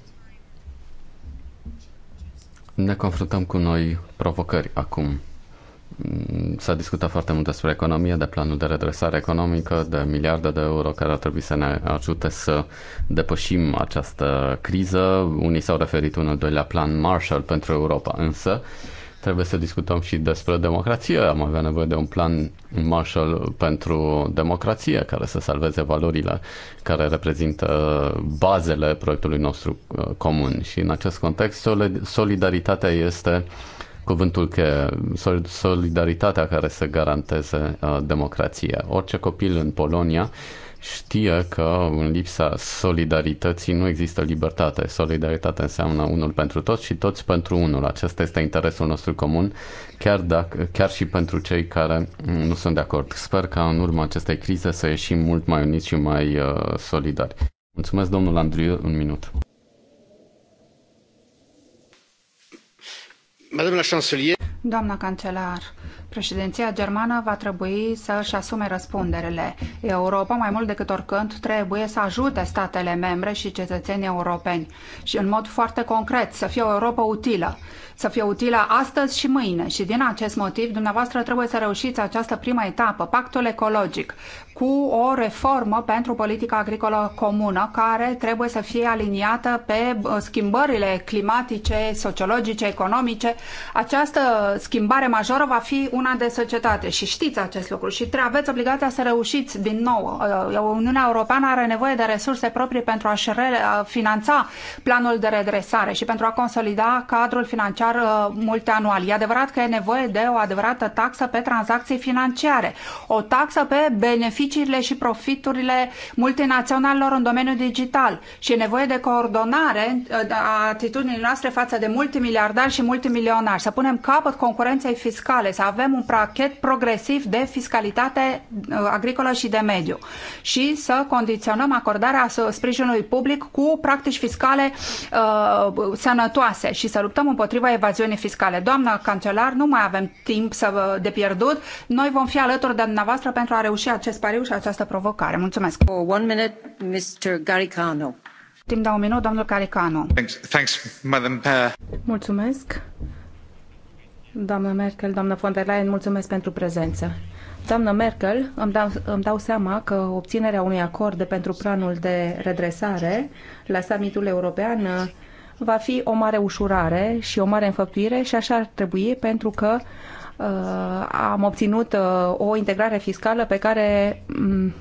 ne confruntăm cu noi provocări acum. S-a discutat foarte mult despre economie, de planul de redresare economică, de miliarde de euro care ar trebui să ne ajute să depășim această criză. Unii s-au referit un al doilea plan Marshall pentru Europa, însă trebuie să discutăm și despre democrație. Am avea nevoie de un plan Marshall pentru democrație care să salveze valorile care reprezintă bazele proiectului nostru uh, comun. Și în acest context, solidaritatea este cuvântul că solidaritatea care să garanteze uh, democrația. Orice copil în Polonia știe că în lipsa solidarității nu există libertate. Solidaritate înseamnă unul pentru toți și toți pentru unul. Acesta este interesul nostru comun, chiar, dacă, chiar și pentru cei care mm, nu sunt de acord. Sper că în urma acestei crize să ieșim mult mai uniți și mai uh, solidari. Mulțumesc, domnul Andriu, un minut. Madame chancelier. Doamna cancelar, președinția germană va trebui să își asume răspunderele. Europa, mai mult decât oricând, trebuie să ajute statele membre și cetățenii europeni și în mod foarte concret să fie o Europa utilă să fie utilă astăzi și mâine. Și din acest motiv, dumneavoastră trebuie să reușiți această prima etapă, pactul ecologic, cu o reformă pentru politica agricolă comună, care trebuie să fie aliniată pe uh, schimbările climatice, sociologice, economice. Această schimbare majoră va fi una de societate și știți acest lucru și aveți obligația să reușiți din nou. Uh, Uniunea Europeană are nevoie de resurse proprii pentru a-și finanța planul de redresare și pentru a consolida cadrul financiar financiar multianual. E adevărat că e nevoie de o adevărată taxă pe tranzacții financiare, o taxă pe beneficiile și profiturile multinaționalelor în domeniul digital și e nevoie de coordonare uh, a atitudinii noastre față de multimiliardari și multimilionari, să punem capăt concurenței fiscale, să avem un prachet progresiv de fiscalitate uh, agricolă și de mediu și să condiționăm acordarea sprijinului public cu practici fiscale uh, sănătoase și să luptăm împotriva evaziune fiscale. Doamnă cancelar, nu mai avem timp să de pierdut. Noi vom fi alături de dumneavoastră pentru a reuși acest pariu și această provocare. Mulțumesc. For oh, one minute, Mr. Garicano. Timp de un minut, domnul Garicano. Thanks, thanks, Madam Mulțumesc. Doamnă Merkel, doamnă von der Leyen, mulțumesc pentru prezență. Doamnă Merkel, îmi dau, îmi dau seama că obținerea unui acord pentru planul de redresare la summitul european va fi o mare ușurare și o mare înfăptuire și așa ar trebui pentru că uh, am obținut uh, o integrare fiscală pe care mm,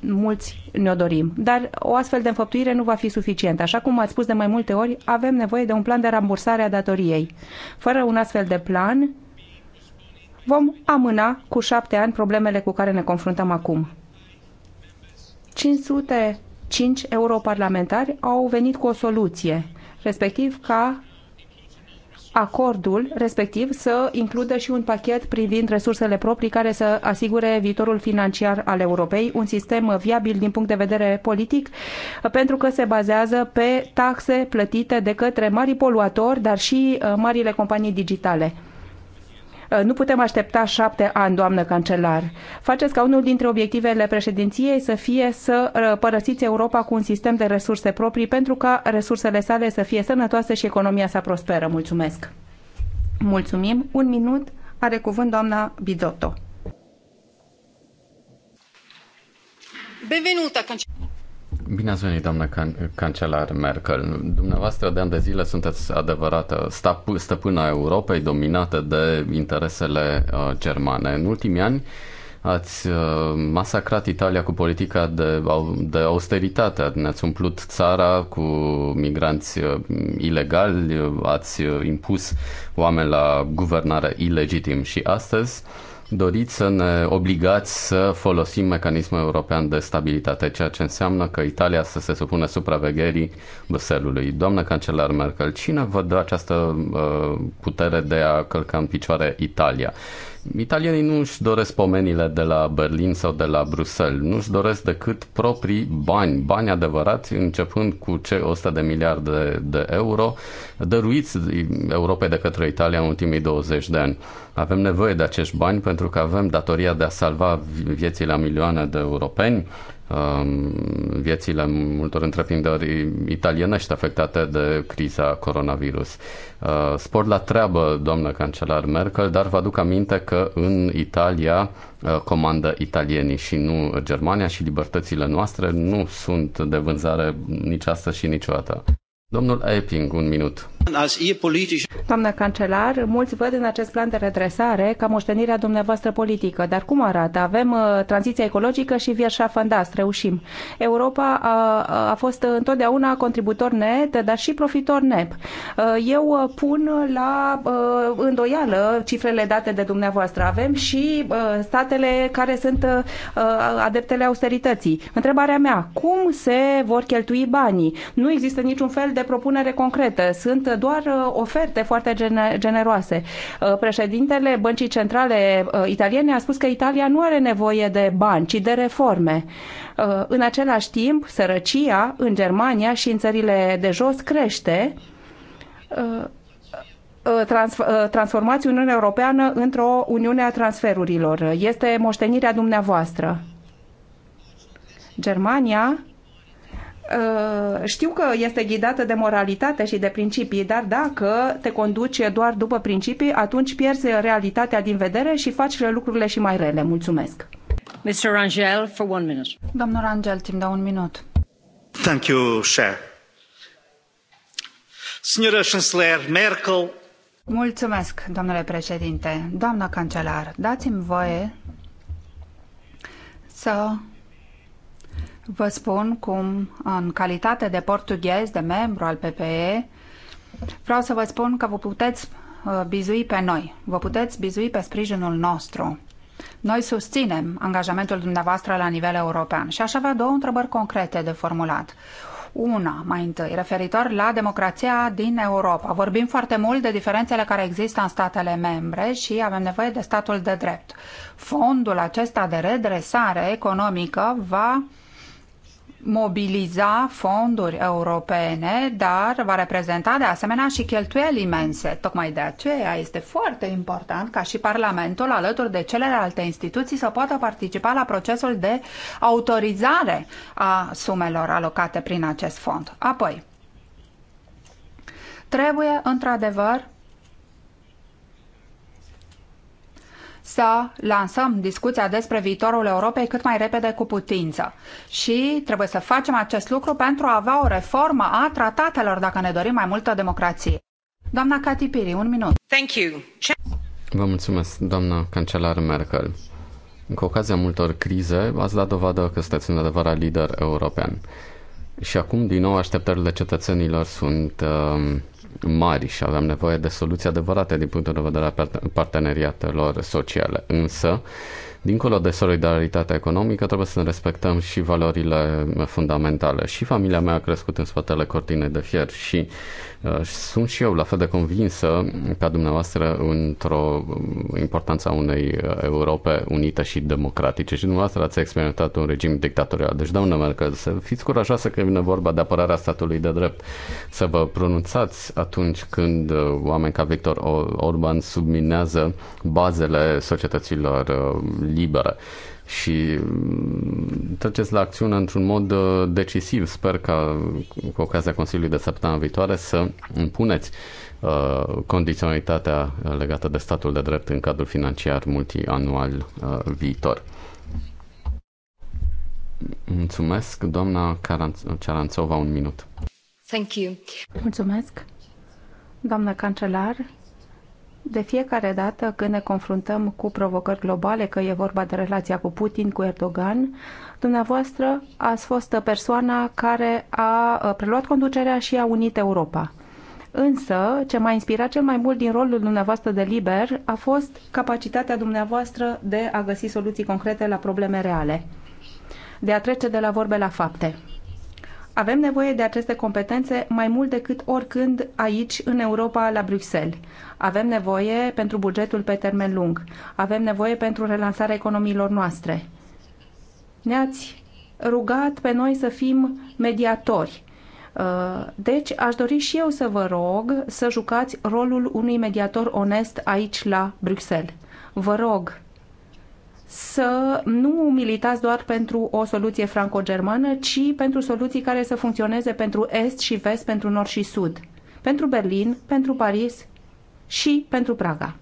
mulți ne-o dorim. Dar o astfel de înfăptuire nu va fi suficientă. Așa cum ați spus de mai multe ori, avem nevoie de un plan de rambursare a datoriei. Fără un astfel de plan, vom amâna cu șapte ani problemele cu care ne confruntăm acum. 505 europarlamentari au venit cu o soluție respectiv ca acordul respectiv să includă și un pachet privind resursele proprii care să asigure viitorul financiar al Europei, un sistem viabil din punct de vedere politic, pentru că se bazează pe taxe plătite de către mari poluatori, dar și uh, marile companii digitale. Uh, nu putem aștepta șapte ani, doamnă cancelar. Faceți ca unul dintre obiectivele președinției să fie să uh, părăsiți Europa cu un sistem de resurse proprii pentru ca resursele sale să fie sănătoase și economia să prosperă. Mulțumesc! Mulțumim! Un minut are cuvânt doamna Bidotto. Benvenuta, cancelar. Bine ați venit, doamnă can- cancelar Merkel. Dumneavoastră de ani de zile sunteți adevărată stăp- stăpâna Europei dominată de interesele uh, germane. În ultimii ani ați uh, masacrat Italia cu politica de, de austeritate, ne-ați umplut țara cu migranți uh, ilegali, uh, ați uh, impus oameni la guvernare ilegitim și astăzi uh, doriți să ne obligați să folosim mecanismul european de stabilitate, ceea ce înseamnă că Italia să se supune supravegherii Bruselului. Doamnă cancelar Merkel, cine vă dă această uh, putere de a călca în picioare Italia? Italienii nu își doresc pomenile de la Berlin sau de la Bruxelles, nu își doresc decât proprii bani, bani adevărați, începând cu cei 100 de miliarde de euro dăruiți Europei de către Italia în ultimii 20 de ani. Avem nevoie de acești bani pentru că avem datoria de a salva viețile a milioane de europeni, Um, viețile multor întreprinderi italienești afectate de criza coronavirus. Uh, spor la treabă, doamnă cancelar Merkel, dar vă aduc aminte că în Italia uh, comandă italienii și nu Germania și libertățile noastre nu sunt de vânzare nici astăzi și niciodată. Domnul Eping, un minut. Doamnă cancelar, mulți văd în acest plan de redresare ca moștenirea dumneavoastră politică. Dar cum arată? Avem uh, tranziția ecologică și via șafandast, reușim. Europa a, uh, uh, a fost întotdeauna contributor net, dar și profitor net. Uh, eu pun la îndoială cifrele date de dumneavoastră. Avem și statele care sunt adeptele austerității. Întrebarea mea, cum se vor cheltui banii? Nu există niciun fel de propunere concretă. Sunt doar uh, oferte foarte generoase. Uh, președintele Băncii Centrale uh, Italiene a spus că Italia nu are nevoie de bani, ci de reforme. În același timp, sărăcia în Germania și în țările de jos crește transformați Uniunea Europeană într-o Uniune a transferurilor. Este moștenirea dumneavoastră. Germania Uh, știu că este ghidată de moralitate și de principii, dar dacă te conduce doar după principii, atunci pierzi realitatea din vedere și faci lucrurile și mai rele. Mulțumesc. Mr. Rangel, for one minute. Domnul Rangel, timp de un minut. Thank you, Chair. Signora Chancellor Merkel. Mulțumesc, domnule președinte. Doamna cancelar, dați-mi voie să vă spun cum, în calitate de portughez, de membru al PPE, vreau să vă spun că vă puteți uh, bizui pe noi, vă puteți bizui pe sprijinul nostru. Noi susținem angajamentul dumneavoastră la nivel european și aș avea două întrebări concrete de formulat. Una, mai întâi, referitor la democrația din Europa. Vorbim foarte mult de diferențele care există în statele membre și avem nevoie de statul de drept. Fondul acesta de redresare economică va mobiliza fonduri europene, dar va reprezenta de asemenea și cheltuieli imense. Tocmai de aceea este foarte important ca și Parlamentul, alături de celelalte instituții, să poată participa la procesul de autorizare a sumelor alocate prin acest fond. Apoi, trebuie într-adevăr să lansăm discuția despre viitorul Europei cât mai repede cu putință. Și trebuie să facem acest lucru pentru a avea o reformă a tratatelor dacă ne dorim mai multă democrație. Doamna Catipiri, un minut. Thank you. Vă mulțumesc, doamna cancelar Merkel. Cu ocazia multor crize, ați dat dovadă că sunteți un adevărat lider european. Și acum, din nou, așteptările cetățenilor sunt uh, mari și aveam nevoie de soluții adevărate din punctul de vedere al parteneriatelor sociale. Însă, dincolo de solidaritatea economică, trebuie să ne respectăm și valorile fundamentale. Și familia mea a crescut în spatele cortinei de fier și Uh, sunt și eu la fel de convinsă ca dumneavoastră într-o importanța unei uh, Europe unite și democratice și dumneavoastră ați experimentat un regim dictatorial. Deci, doamnă Merkel, să fiți curajoasă că vine vorba de apărarea statului de drept, să vă pronunțați atunci când uh, oameni ca Victor Orban subminează bazele societăților libere și mm, treceți la acțiune într-un mod uh, decisiv. Sper că cu ocazia Consiliului de săptămâna viitoare să impuneți uh, condiționalitatea legată de statul de drept în cadrul financiar multianual uh, viitor. Mulțumesc, doamna Caranțova, un minut. Thank you. Mulțumesc. doamna cancelar, de fiecare dată când ne confruntăm cu provocări globale, că e vorba de relația cu Putin, cu Erdogan, dumneavoastră ați fost persoana care a preluat conducerea și a unit Europa. Însă, ce m-a inspirat cel mai mult din rolul dumneavoastră de liber a fost capacitatea dumneavoastră de a găsi soluții concrete la probleme reale, de a trece de la vorbe la fapte. Avem nevoie de aceste competențe mai mult decât oricând aici, în Europa, la Bruxelles. Avem nevoie pentru bugetul pe termen lung. Avem nevoie pentru relansarea economiilor noastre. Ne-ați rugat pe noi să fim mediatori. Uh, deci, aș dori și eu să vă rog să jucați rolul unui mediator onest aici, la Bruxelles. Vă rog, să nu militați doar pentru o soluție franco-germană, ci pentru soluții care să funcționeze pentru Est și Vest, pentru Nord și Sud, pentru Berlin, pentru Paris și pentru Praga.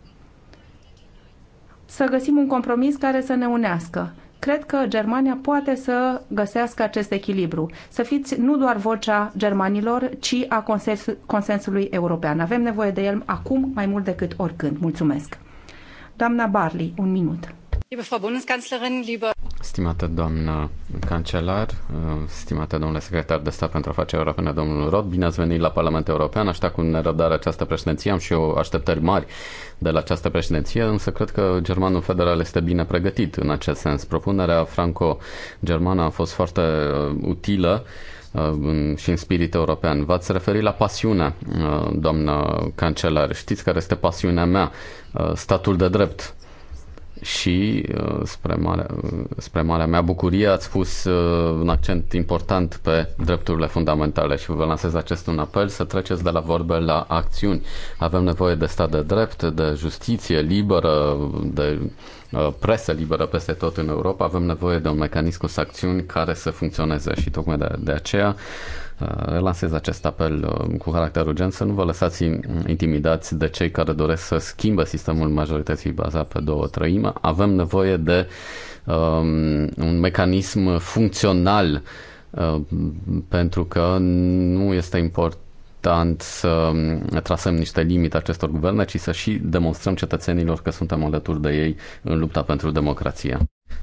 Să găsim un compromis care să ne unească. Cred că Germania poate să găsească acest echilibru. Să fiți nu doar vocea germanilor, ci a consens consensului european. Avem nevoie de el acum mai mult decât oricând. Mulțumesc. Doamna Barley, un minut. Stimată doamnă cancelar, uh, stimate domnule secretar de stat pentru afaceri europene, domnul Rod, bine ați venit la Parlamentul European. Aștept cu nerăbdare această președinție. Am și eu așteptări mari de la această președinție, însă cred că germanul federal este bine pregătit în acest sens. Propunerea franco-germană a fost foarte uh, utilă uh, și în spirit european. V-ați referit la pasiunea, doamnă cancelar. Știți care este pasiunea mea? Statul de drept și uh, spre mare uh, spre marea mea bucurie ați pus uh, un accent important pe drepturile fundamentale și vă lansez acest un apel să treceți de la vorbe la acțiuni. Avem nevoie de stat de drept, de justiție liberă, de presă liberă peste tot în Europa. Avem nevoie de un mecanism cu sancțiuni care să funcționeze și tocmai de, de aceea Uh, lansez acest apel um, cu caracter urgent să nu vă lăsați intimidați de cei care doresc să schimbă sistemul majorității bazat pe două trăime. Avem nevoie de um, un mecanism funcțional uh, pentru că nu este important important să um, trasăm niște limite acestor guverne, ci să și demonstrăm cetățenilor că suntem alături de ei în lupta pentru democrație.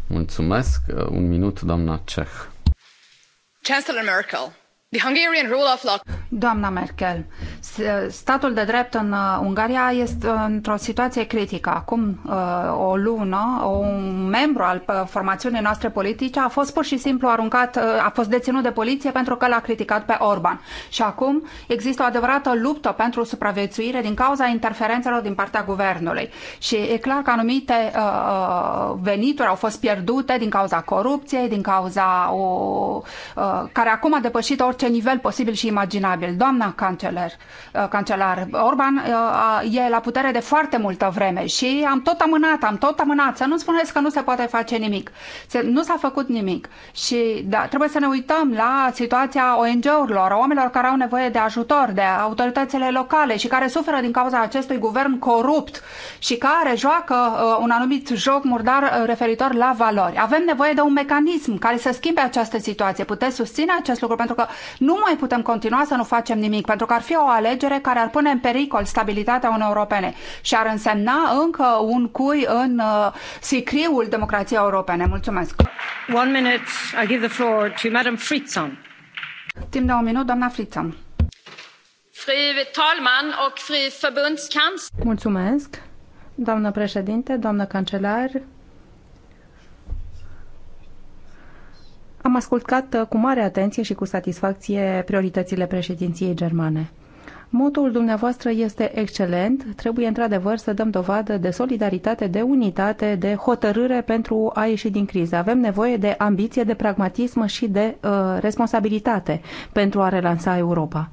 Mulțumesc. Uh, un minut, doamna Ceh. Chancellor Merkel The Hungarian rule of law. Doamna Merkel, statul de drept în uh, Ungaria este într-o situație critică. Acum uh, o lună, un membru al uh, formațiunii noastre politice a fost pur și simplu aruncat, a fost deținut de poliție pentru că l-a criticat pe Orban. Și acum există o adevărată luptă pentru supraviețuire din cauza interferențelor din partea guvernului. Și e clar că anumite venituri au fost pierdute din cauza corupției, din cauza o, care acum a depășit orice orice nivel posibil și imaginabil. Doamna canceler, uh, cancelar Orban uh, e la putere de foarte multă vreme și am tot amânat, am tot amânat. Să nu spuneți că nu se poate face nimic. Se, nu s-a făcut nimic. Și da, trebuie să ne uităm la situația ONG-urilor, a oamenilor care au nevoie de ajutor, de autoritățile locale și care suferă din cauza acestui guvern corupt și care joacă uh, un anumit joc murdar referitor la valori. Avem nevoie de un mecanism care să schimbe această situație. Puteți susține acest lucru pentru că nu mai putem continua să nu facem nimic, pentru că ar fi o alegere care ar pune în pericol stabilitatea Uniunii Europene și ar însemna încă un cui în uh, sicriul democrației europene. Mulțumesc. One minute, I give the floor to Madam Fritzon. Timp de un minut, doamna Fritzon. Fri talman och Fri förbundskansler. Mulțumesc, doamnă președinte, doamnă cancelar, Am ascultat uh, cu mare atenție și cu satisfacție prioritățile președinției germane. Motul dumneavoastră este excelent. Trebuie într-adevăr să dăm dovadă de solidaritate, de unitate, de hotărâre pentru a ieși din criză. Avem nevoie de ambiție, de pragmatism și de uh, responsabilitate pentru a relansa Europa.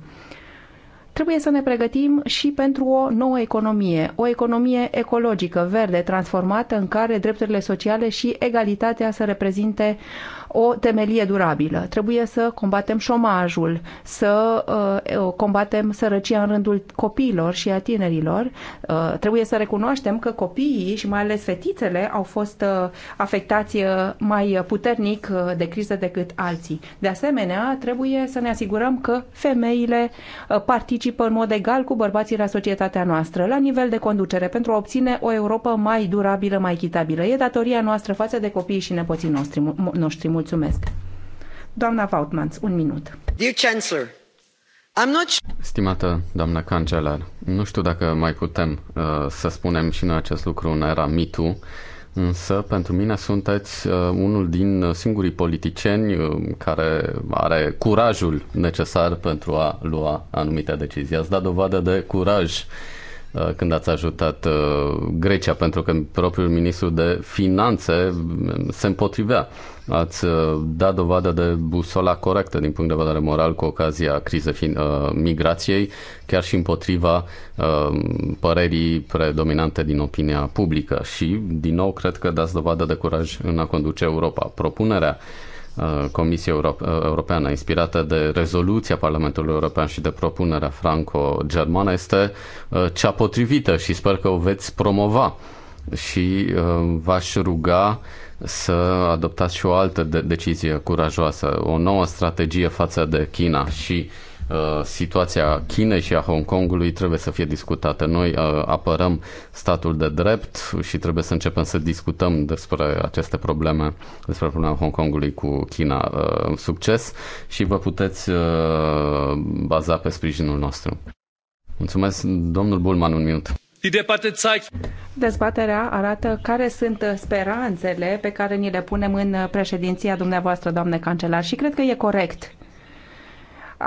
Trebuie să ne pregătim și pentru o nouă economie, o economie ecologică, verde, transformată, în care drepturile sociale și egalitatea să reprezinte uh, o temelie durabilă. Trebuie să combatem șomajul, să uh, combatem sărăcia în rândul copiilor și a tinerilor. Uh, trebuie să recunoaștem că copiii și mai ales fetițele au fost uh, afectați mai puternic de criză decât alții. De asemenea, trebuie să ne asigurăm că femeile participă în mod egal cu bărbații la societatea noastră, la nivel de conducere, pentru a obține o Europa mai durabilă, mai echitabilă. E datoria noastră față de copiii și nepoții noștri. noștri. Mulțumesc. Doamna Vautmans, un minut. Dear Chancellor, I'm not... Stimată doamnă cancelar, nu știu dacă mai putem uh, să spunem și noi acest lucru în era MeToo, însă pentru mine sunteți uh, unul din singurii politicieni uh, care are curajul necesar pentru a lua anumite decizii. Ați dat dovadă de curaj uh, Uh, când ați ajutat uh, Grecia, pentru că propriul ministru de finanțe um, se împotrivea. Ați uh, dat dovadă de busola corectă din punct de vedere moral cu ocazia crizei migrației, chiar și împotriva um, părerii predominante din opinia publică. Și, din nou, cred că dați dovadă de curaj în a conduce Europa. Propunerea Uh, Comisia uh, Europeană, inspirată de rezoluția Parlamentului European și de propunerea franco-germană, este uh, cea potrivită și sper că o veți promova. Și v-aș ruga să adoptați și o altă de- decizie curajoasă, o nouă strategie față de China și Uh, situația Chinei și a Hong Kongului trebuie să fie discutată. Noi uh, apărăm statul de drept și trebuie să începem să discutăm despre aceste probleme, despre problema Hong Kongului cu China. Uh, succes și vă puteți baza pe sprijinul nostru. Mulțumesc, domnul Bulman, un minut. Dezbaterea arată care sunt speranțele pe care ni le punem în președinția dumneavoastră, doamne cancelar, și cred că e corect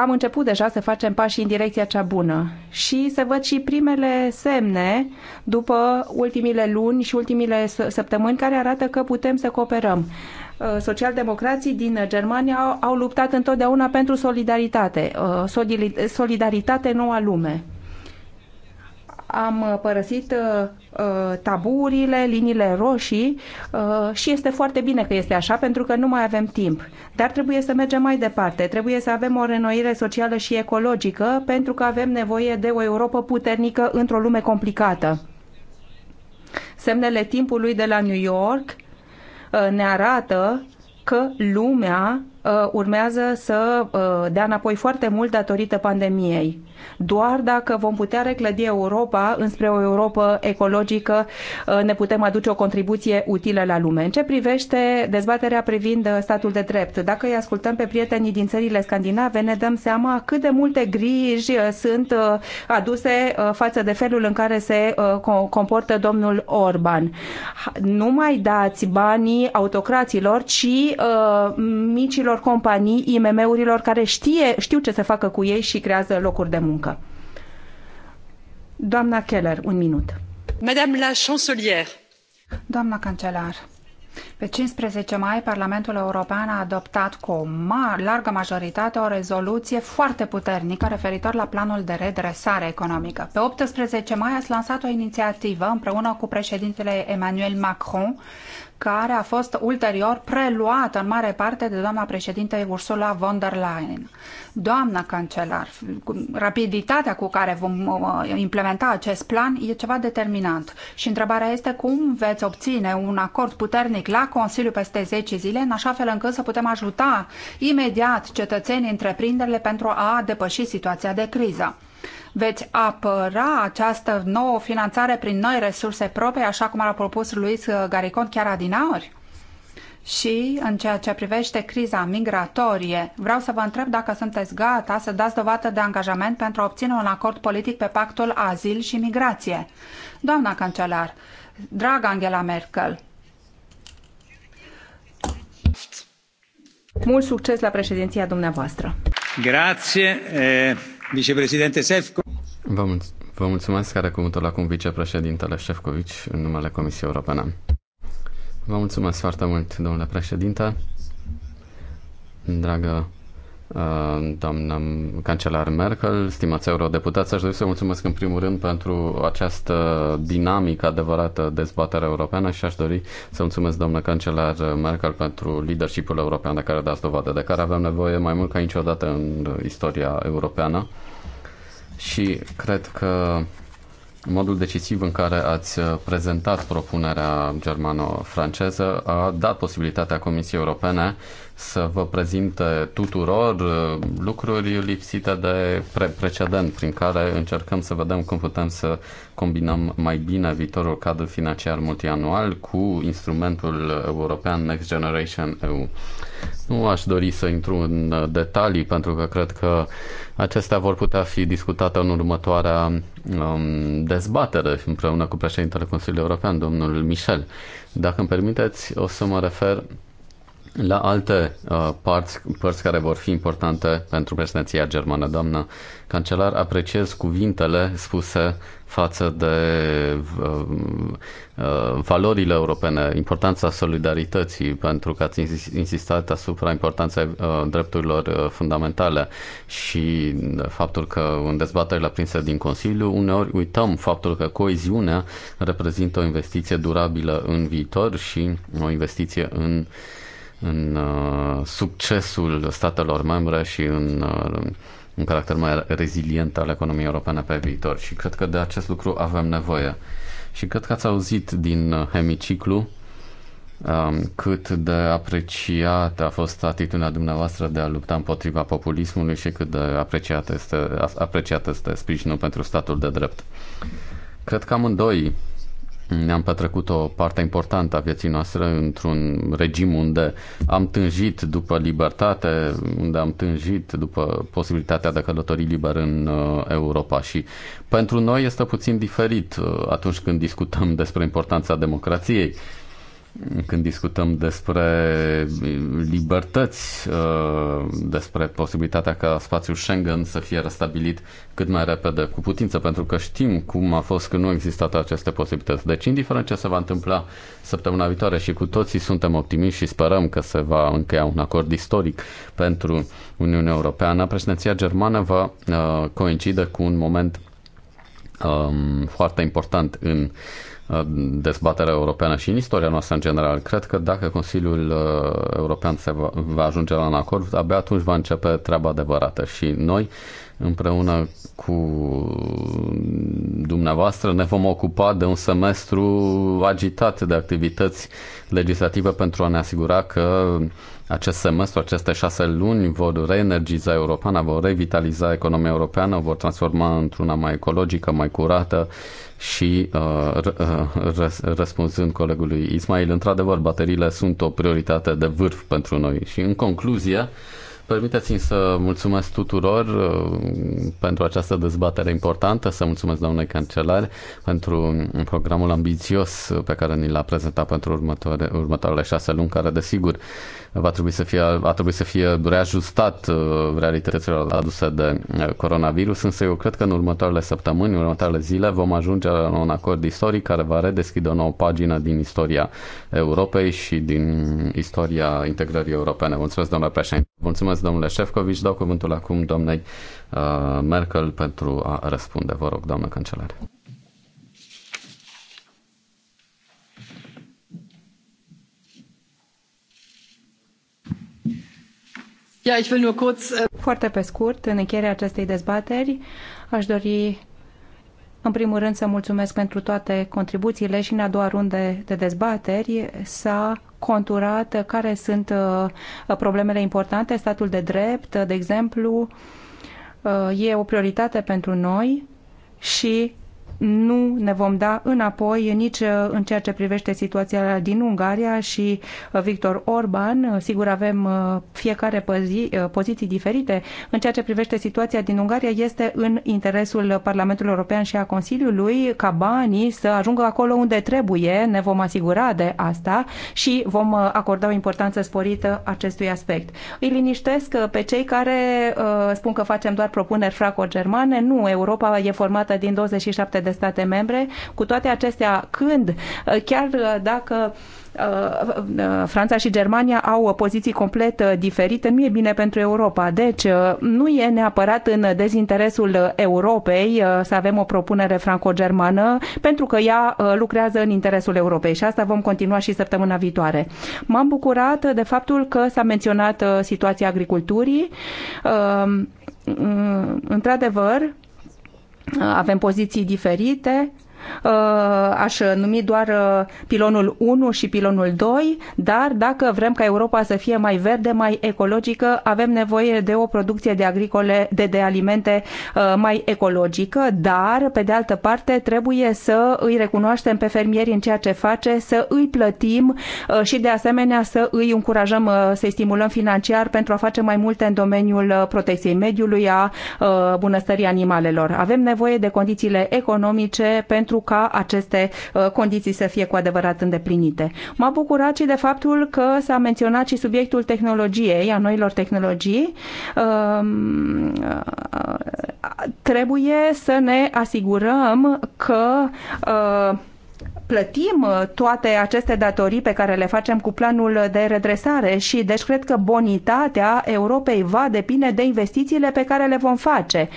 am început deja să facem pași în direcția cea bună și să văd și primele semne după ultimile luni și ultimile săptămâni care arată că putem să cooperăm uh, socialdemocrații din Germania au, au luptat întotdeauna pentru solidaritate, uh, solidaritate noua lume am uh, părăsit uh, uh, taburile, liniile roșii uh, și este foarte bine că este așa pentru că nu mai avem timp. Dar trebuie să mergem mai departe, trebuie să avem o renoire socială și ecologică pentru că avem nevoie de o Europa puternică într-o lume complicată. Semnele timpului de la New York uh, ne arată că lumea uh, urmează să dea înapoi foarte mult datorită pandemiei doar dacă vom putea reclădi Europa înspre o Europa ecologică, uh, ne putem aduce o contribuție utilă la lume. În ce privește dezbaterea privind uh, statul de drept, dacă îi ascultăm pe prietenii din țările scandinave, ne dăm seama cât de multe griji uh, sunt aduse față de felul în care se comportă domnul Orban. Nu mai dați banii autocraților, ci micilor companii, IMM-urilor care știe, știu ce să facă cu ei și creează locuri de muncă. Doamna Keller, un minut. Madame la chancelière. Doamna cancelar, pe 15 mai, Parlamentul European a adoptat cu o ma largă majoritate o rezoluție foarte puternică referitor la planul de redresare economică. Pe 18 mai ați lansat o inițiativă împreună cu președintele Emmanuel Macron care a fost ulterior preluată în mare parte de doamna președinte Ursula von der Leyen. Doamna cancelar, rapiditatea cu care vom uh, implementa acest plan e ceva determinant și întrebarea este cum veți obține un acord puternic la Consiliu peste 10 zile, în așa fel încât să putem ajuta imediat cetățenii, întreprinderile pentru a depăși situația de criză veți apăra această nouă finanțare prin noi resurse proprii, așa cum a propus Luis Garicon chiar adinaori? Și în ceea ce privește criza migratorie, vreau să vă întreb dacă sunteți gata să dați dovadă de angajament pentru a obține un acord politic pe pactul azil și migrație. Doamna cancelar, dragă Angela Merkel, mult succes la președinția dumneavoastră. Grazie. Eh vicepreședinte Sefco. Vă, vă mulțumesc care cuvântul acum vicepreședintele Șefcovic în numele Comisiei Europene. Vă mulțumesc foarte mult, domnule președinte. Dragă Uh, doamnă cancelar Merkel, stimați eurodeputați, aș dori să mulțumesc în primul rând pentru această dinamică adevărată dezbatere europeană și aș dori să mulțumesc doamnă cancelar Merkel pentru leadershipul european de care dați dovadă, de care avem nevoie mai mult ca niciodată în istoria europeană și cred că modul decisiv în care ați prezentat propunerea germano-franceză a dat posibilitatea Comisiei Europene să vă prezinte tuturor uh, lucruri lipsite de pre- precedent, prin care încercăm să vedem cum putem să combinăm mai bine viitorul cadru financiar multianual cu instrumentul european Next Generation EU. Nu aș dori să intru în detalii, pentru că cred că acestea vor putea fi discutate în următoarea um, dezbatere împreună cu președintele Consiliului European, domnul Michel. Dacă îmi permiteți, o să mă refer la alte uh, parți, părți care vor fi importante pentru președinția germană. Doamnă cancelar, apreciez cuvintele spuse față de uh, uh, valorile europene, importanța solidarității, pentru că ați insistat asupra importanței uh, drepturilor uh, fundamentale și uh, faptul că în dezbaterile prinse din Consiliu uneori uităm faptul că coeziunea reprezintă o investiție durabilă în viitor și o investiție în uh, în uh, succesul statelor membre și în un uh, caracter mai rezilient al economiei europene pe viitor. Și cred că de acest lucru avem nevoie. Și cred că ați auzit din hemiciclu um, cât de apreciată a fost atitudinea dumneavoastră de a lupta împotriva populismului și cât de apreciat este, apreciat este sprijinul pentru statul de drept. Cred că amândoi ne-am petrecut o parte importantă a vieții noastre într-un regim unde am tânjit după libertate, unde am tânjit după posibilitatea de a călători liber în uh, Europa și pentru noi este puțin diferit uh, atunci când discutăm despre importanța democrației când discutăm despre libertăți, uh, despre posibilitatea ca spațiul Schengen să fie restabilit cât mai repede cu putință, pentru că știm cum a fost când nu existat aceste posibilități. Deci, indiferent ce se va întâmpla săptămâna viitoare și cu toții suntem optimiști și sperăm că se va încheia un acord istoric pentru Uniunea Europeană, președinția germană va uh, coincide cu un moment um, foarte important în uh, dezbaterea europeană și în istoria noastră în general. Cred că dacă Consiliul uh, European se va, va ajunge la un acord, abia atunci va începe treaba adevărată și noi împreună cu dumneavoastră ne vom ocupa de un semestru agitat de activități legislative pentru a ne asigura că acest semestru, aceste șase luni vor reenergiza Europeana, vor revitaliza economia europeană, vor transforma într-una mai ecologică, mai curată, uh, și uh, uh, răspunzând colegului Ismail, într-adevăr, bateriile sunt o prioritate de vârf pentru noi. Și în concluzie, Permiteți-mi să mulțumesc tuturor uh, pentru această dezbatere importantă, să mulțumesc domnului cancelar pentru programul ambițios pe care ni l-a prezentat pentru următoare, următoarele șase luni, care desigur va trebui să fie, a trebui să fie reajustat uh, realităților aduse de uh, coronavirus, însă eu cred că în următoarele săptămâni, în următoarele zile vom ajunge la un acord istoric care va redeschide o nouă pagină din istoria Europei și din istoria integrării europene. Mulțumesc, domnule președinte. Mulțumesc Mulțumesc, domnule Șefcovici. Dau cuvântul acum doamnei uh, Merkel pentru a răspunde. Vă rog, doamnă cancelar. Äh, Foarte pe scurt, în încheierea acestei dezbateri, aș dori în primul rând să mulțumesc pentru toate contribuțiile și în a doua runde de dezbateri s-a conturat care sunt uh, problemele importante, statul de drept, de exemplu, uh, e o prioritate pentru noi și nu ne vom da înapoi nici uh, în ceea ce privește situația din Ungaria și uh, Victor Orban. Uh, sigur, avem fiecare pozi poziții diferite. În ceea ce privește situația din Ungaria, este în interesul Parlamentului European și a Consiliului ca banii să ajungă acolo unde trebuie. Ne vom asigura de asta și vom acorda o importanță sporită acestui aspect. Îi liniștesc pe cei care spun că facem doar propuneri franco-germane. Nu, Europa e formată din 27 de state membre. Cu toate acestea, când, uh, chiar uh, dacă uh, Franța și Germania au poziții complet diferite, nu e bine pentru Europa. Deci nu e neapărat în dezinteresul Europei să avem o propunere franco-germană, pentru că ea lucrează în interesul Europei și asta vom continua și săptămâna viitoare. M-am bucurat de faptul că s-a menționat situația agriculturii. Mm, mm, într-adevăr, avem poziții diferite Uh, aș numi doar uh, pilonul 1 și pilonul 2, dar dacă vrem ca Europa să fie mai verde, mai ecologică, avem nevoie de o producție de, agricole, de, de alimente uh, mai ecologică, dar, pe de altă parte, trebuie să îi recunoaștem pe fermieri în ceea ce face, să îi plătim și, de asemenea, să îi încurajăm, să-i stimulăm financiar pentru a face mai multe în domeniul protecției mediului, a bunăstării animalelor. Avem nevoie de condițiile economice pentru pentru ca aceste uh, condiții să fie cu adevărat îndeplinite. M-a bucurat și de faptul că s-a menționat și subiectul tehnologiei, a noilor tehnologii. Um, uh, trebuie să ne asigurăm că uh, plătim uh, toate aceste datorii pe care le facem cu planul de redresare și deci cred că bonitatea Europei va depinde de investițiile pe care le vom face.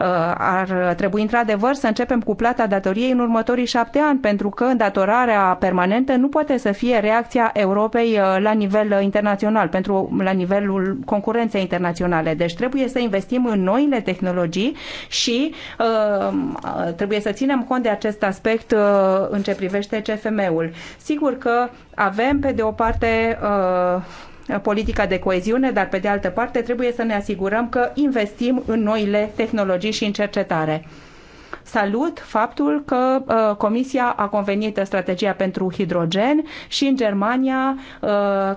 Uh, ar trebui într-adevăr să începem cu plata datoriei în următorii șapte ani, pentru că îndatorarea permanentă nu poate să fie reacția Europei uh, la nivel internațional, pentru la nivelul concurenței internaționale. Deci trebuie să investim în noile tehnologii și trebuie să ținem cont de acest aspect în ce privește privește CFM-ul. Sigur că avem, pe de o parte, uh, politica de coeziune, dar pe de altă parte trebuie să ne asigurăm că investim în noile tehnologii și în cercetare salut faptul că uh, Comisia a convenit strategia pentru hidrogen și în Germania, uh,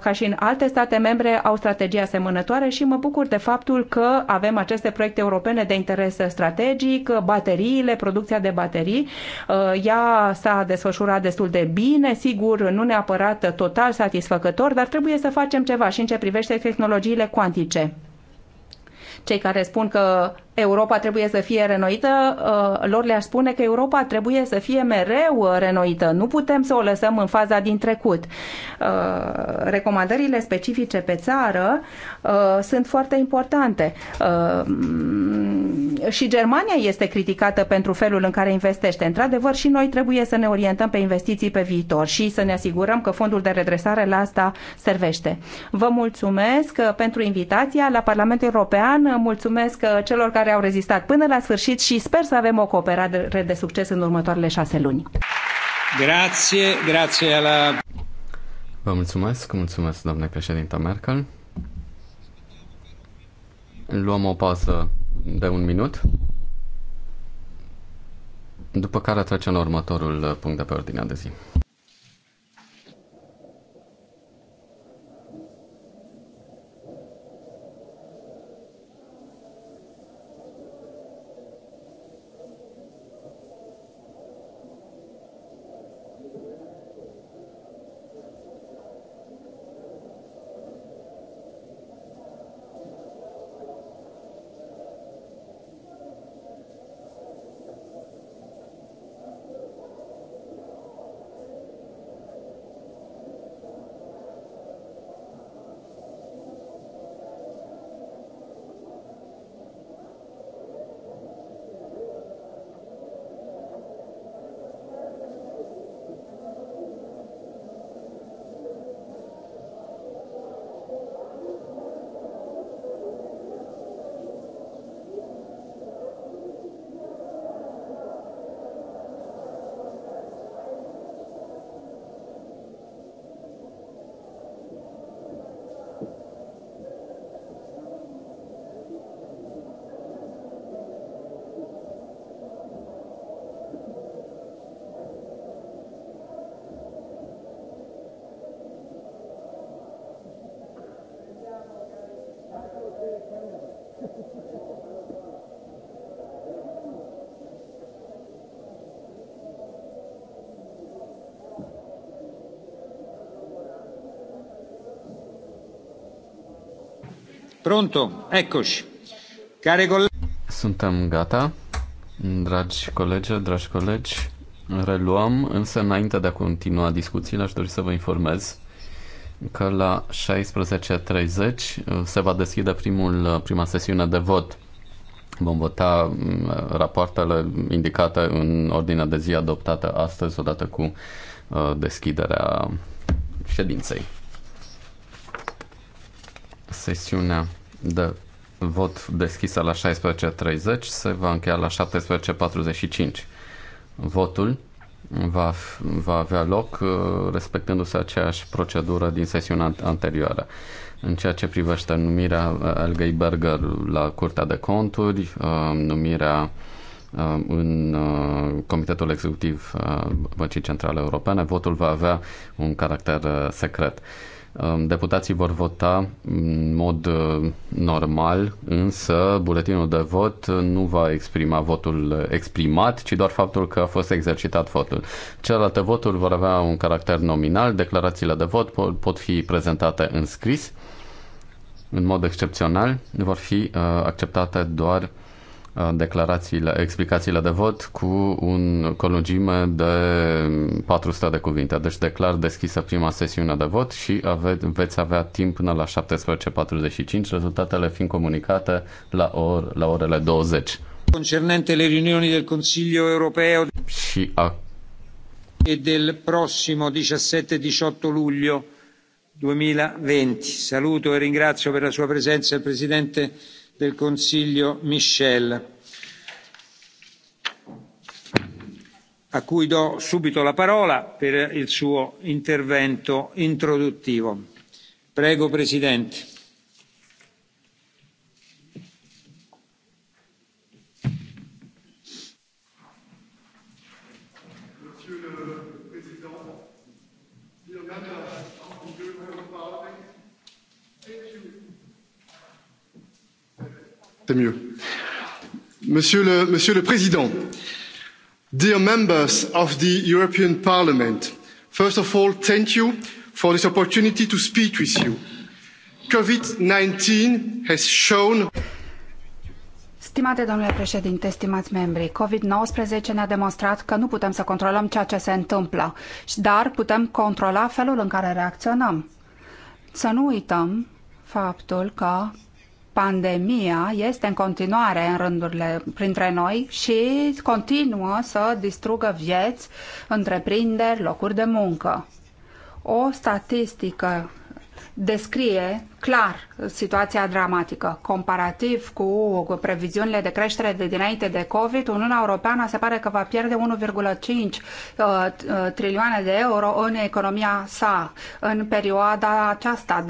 ca și în alte state membre, au strategii asemănătoare și mă bucur de faptul că avem aceste proiecte europene de interes strategic, bateriile, producția de baterii. Uh, ea s-a desfășurat destul de bine, sigur, nu neapărat total satisfăcător, dar trebuie să facem ceva și în ce privește tehnologiile cuantice. Cei care spun că Europa trebuie să fie renoită, uh, lor le-aș spune că Europa trebuie să fie mereu uh, renoită. Nu putem să o lăsăm în faza din trecut. Uh, recomandările specifice pe țară sunt foarte importante. Și Germania este criticată pentru felul în care investește. Într-adevăr, și noi trebuie să ne orientăm pe investiții pe viitor și să ne asigurăm că fondul de redresare la asta servește. Vă mulțumesc pentru invitația la Parlamentul European mulțumesc uh, celor care au rezistat până la sfârșit și sper să avem o cooperare de succes în următoarele șase luni. Grație, grație la... Vă mulțumesc, mulțumesc, doamne președinte Merkel. Luăm o pauză de un minut, după care trecem la următorul uh, punct de pe ordinea de zi. Pronto? Eccoci. Care colegi... Suntem gata. Dragi colegi, dragi colegi, reluăm, însă înainte de a continua discuțiile, aș dori să vă informez că la 16.30 uh, se va deschide primul, uh, prima sesiune de vot. Vom vota mm, rapoartele indicate în ordinea de zi adoptată astăzi, odată cu uh, deschiderea ședinței. Sesiunea de da. vot deschisă la 16.30 se va încheia la 17.45. Votul va, va avea loc uh, respectându-se aceeași procedură din sesiunea anterioară. În ceea ce privește numirea uh, Elgei Berger la Curtea de Conturi, uh, numirea în Comitetul Executiv Băncii Centrale Europene, votul va avea un caracter secret. Um, deputații vor vota în mod uh, normal, însă buletinul de vot nu va exprima votul exprimat, ci doar faptul că a fost exercitat votul. Celelalte voturi vor avea un caracter nominal, declarațiile de vot pot fi prezentate în scris, în mod excepțional vor fi uh, acceptate doar declarațiile, explicațiile de vot cu un colungime de 400 de cuvinte. Deci declar deschisă prima sesiune de vot și ave- veți avea timp până la 17.45, rezultatele fiind comunicate la, or- la orele 20. Concernente le riunioni del Consiglio europeo și a... e del prossimo 17-18 luglio 2020. Saluto e ringrazio per la sua presenza il Presidente del Consiglio Michel, a cui do subito la parola per il suo intervento introduttivo. Prego, Presidente. c'est mieux. Monsieur le, Monsieur le Président, dear members of the European Parliament, first of all, thank you for this opportunity to speak with you. COVID-19 has shown Stimate domnule președinte, stimați membri, COVID-19 ne-a demonstrat că nu putem să controlăm ceea ce se întâmplă, dar putem controla felul în care reacționăm. Să nu uităm faptul că pandemia este în continuare în rândurile printre noi și continuă să distrugă vieți, întreprinderi, locuri de muncă. O statistică descrie clar situația dramatică. Comparativ cu previziunile de creștere de dinainte de COVID, Uniunea Europeană se pare că va pierde 1,5 uh, uh, trilioane de euro în economia sa în perioada aceasta,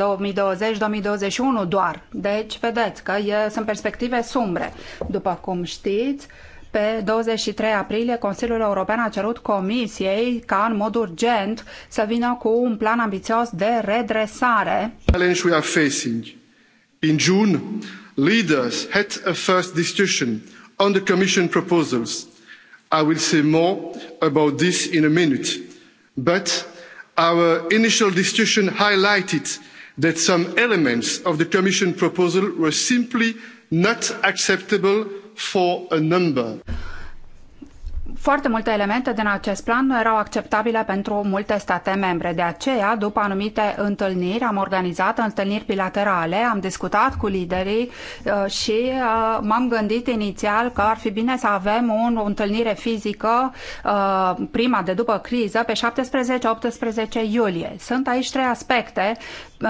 2020-2021 doar. Deci, vedeți că e, sunt perspective sumbre. După cum știți, uh, pe 23 aprilie, Consiliul European a cerut Comisiei ca în mod urgent să vină cu un plan ambițios de redresare. Challenge we are facing. In June, leaders had a first discussion on the Commission proposals. I will say more about this in a minute. But our initial discussion highlighted that some elements of the Commission proposal were simply not acceptable for a number. Foarte multe elemente din acest plan nu erau acceptabile pentru multe state membre. De aceea, după anumite întâlniri, am organizat întâlniri bilaterale, am discutat cu liderii uh, și uh, m-am gândit inițial că ar fi bine să avem o întâlnire fizică, uh, prima de după criză, pe 17-18 iulie. Sunt aici trei aspecte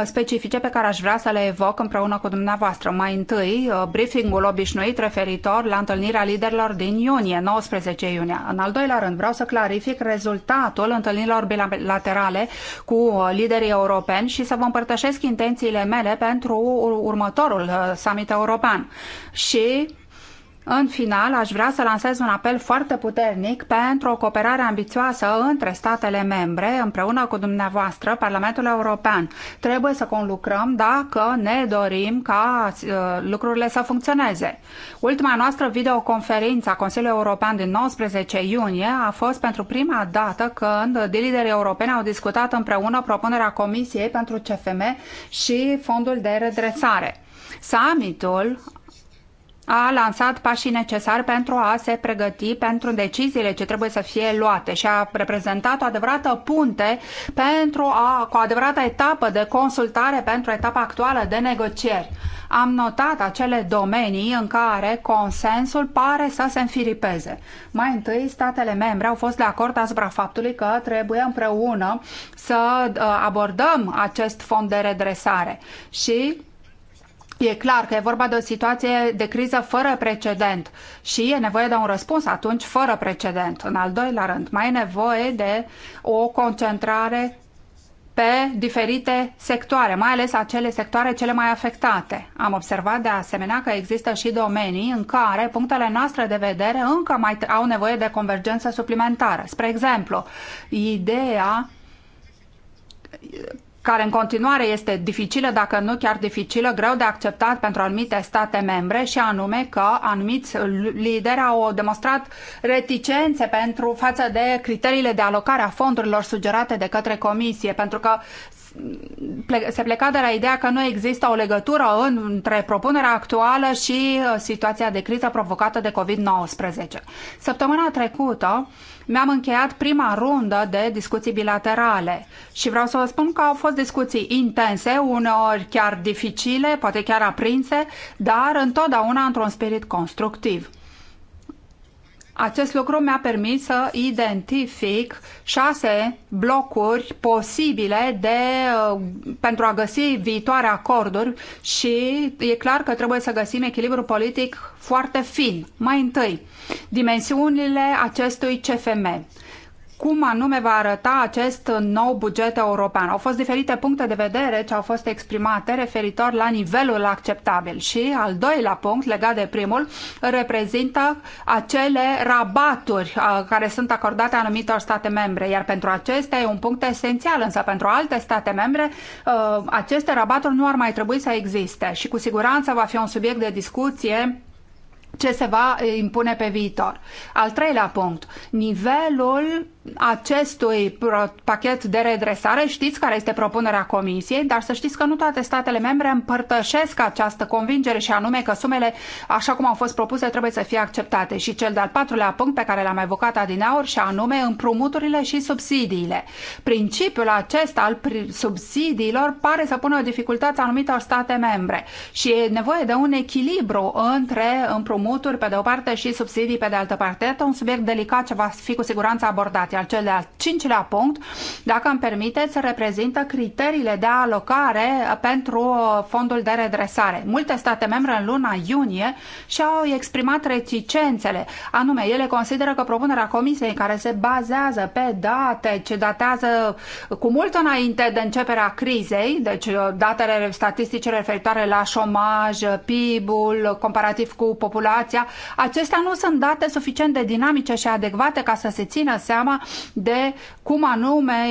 specifice pe care aș vrea să le evoc împreună cu dumneavoastră. Mai întâi, uh, briefingul obișnuit referitor la întâlnirea liderilor din iunie, 19 iunie. În al doilea rând, vreau să clarific rezultatul întâlnirilor bilaterale cu uh, liderii europeni și să vă împărtășesc intențiile mele pentru următorul uh, summit european. Și în final, aș vrea să lansez un apel foarte puternic pentru o cooperare ambițioasă între statele membre, împreună cu dumneavoastră, Parlamentul European. Trebuie să conlucrăm dacă ne dorim ca uh, lucrurile să funcționeze. Ultima noastră videoconferință a Consiliului European din 19 iunie a fost pentru prima dată când liderii europeni au discutat împreună propunerea Comisiei pentru CFM și Fondul de Redresare. Summitul a lansat pașii necesari pentru a se pregăti pentru deciziile ce trebuie să fie luate și a reprezentat o adevărată punte pentru a, cu o adevărată etapă de consultare pentru etapa actuală de negocieri. Am notat acele domenii în care consensul pare să se înfiripeze. Mai întâi, statele membre au fost de acord asupra faptului că trebuie împreună să uh, abordăm acest fond de redresare și E clar că e vorba de o situație de criză fără precedent și e nevoie de un răspuns atunci fără precedent. În al doilea rând, mai e nevoie de o concentrare pe diferite sectoare, mai ales acele sectoare cele mai afectate. Am observat de asemenea că există și domenii în care punctele noastre de vedere încă mai au nevoie de convergență suplimentară. Spre exemplu, ideea care în continuare este dificilă, dacă nu chiar dificilă, greu de acceptat pentru anumite state membre și anume că anumiți lideri au demonstrat reticențe pentru față de criteriile de alocare a fondurilor sugerate de către comisie, pentru că se pleca de la ideea că nu există o legătură între propunerea actuală și uh, situația de criză provocată de COVID-19. Săptămâna trecută mi-am încheiat prima rundă de discuții bilaterale și vreau să vă spun că au fost discuții intense, uneori chiar dificile, poate chiar aprinse, dar întotdeauna într-un spirit constructiv acest lucru mi-a permis să identific șase blocuri posibile de, uh, pentru a găsi viitoare acorduri și e clar că trebuie să găsim echilibru politic foarte fin. Mai întâi, dimensiunile acestui CFM cum anume va arăta acest nou buget european. Au fost diferite puncte de vedere ce au fost exprimate referitor la nivelul acceptabil și al doilea punct legat de primul reprezintă acele rabaturi uh, care sunt acordate anumitor state membre, iar pentru acestea e un punct esențial, însă pentru alte state membre uh, aceste rabaturi nu ar mai trebui să existe și cu siguranță va fi un subiect de discuție ce se va impune pe viitor. Al treilea punct, nivelul acestui pachet de redresare, știți care este propunerea Comisiei, dar să știți că nu toate statele membre împărtășesc această convingere și anume că sumele, așa cum au fost propuse, trebuie să fie acceptate. Și cel de-al patrulea punct pe care l-am evocat adineaur și anume împrumuturile și subsidiile. Principiul acesta al subsidiilor pare să pună o dificultate anumitor state membre și e nevoie de un echilibru între împrumuturi pe de o parte și subsidii pe de altă parte. Este un subiect delicat ce va fi cu siguranță abordat iar cel de-al cincilea punct, dacă îmi permiteți, reprezintă criteriile de alocare pentru fondul de redresare. Multe state membre în luna iunie și-au exprimat reticențele, anume ele consideră că propunerea comisiei care se bazează pe date ce datează cu mult înainte de începerea crizei, deci uh, datele statistice referitoare la șomaj, PIB-ul comparativ cu populația, acestea nu sunt date suficient de dinamice și adecvate ca să se țină seama de cum anume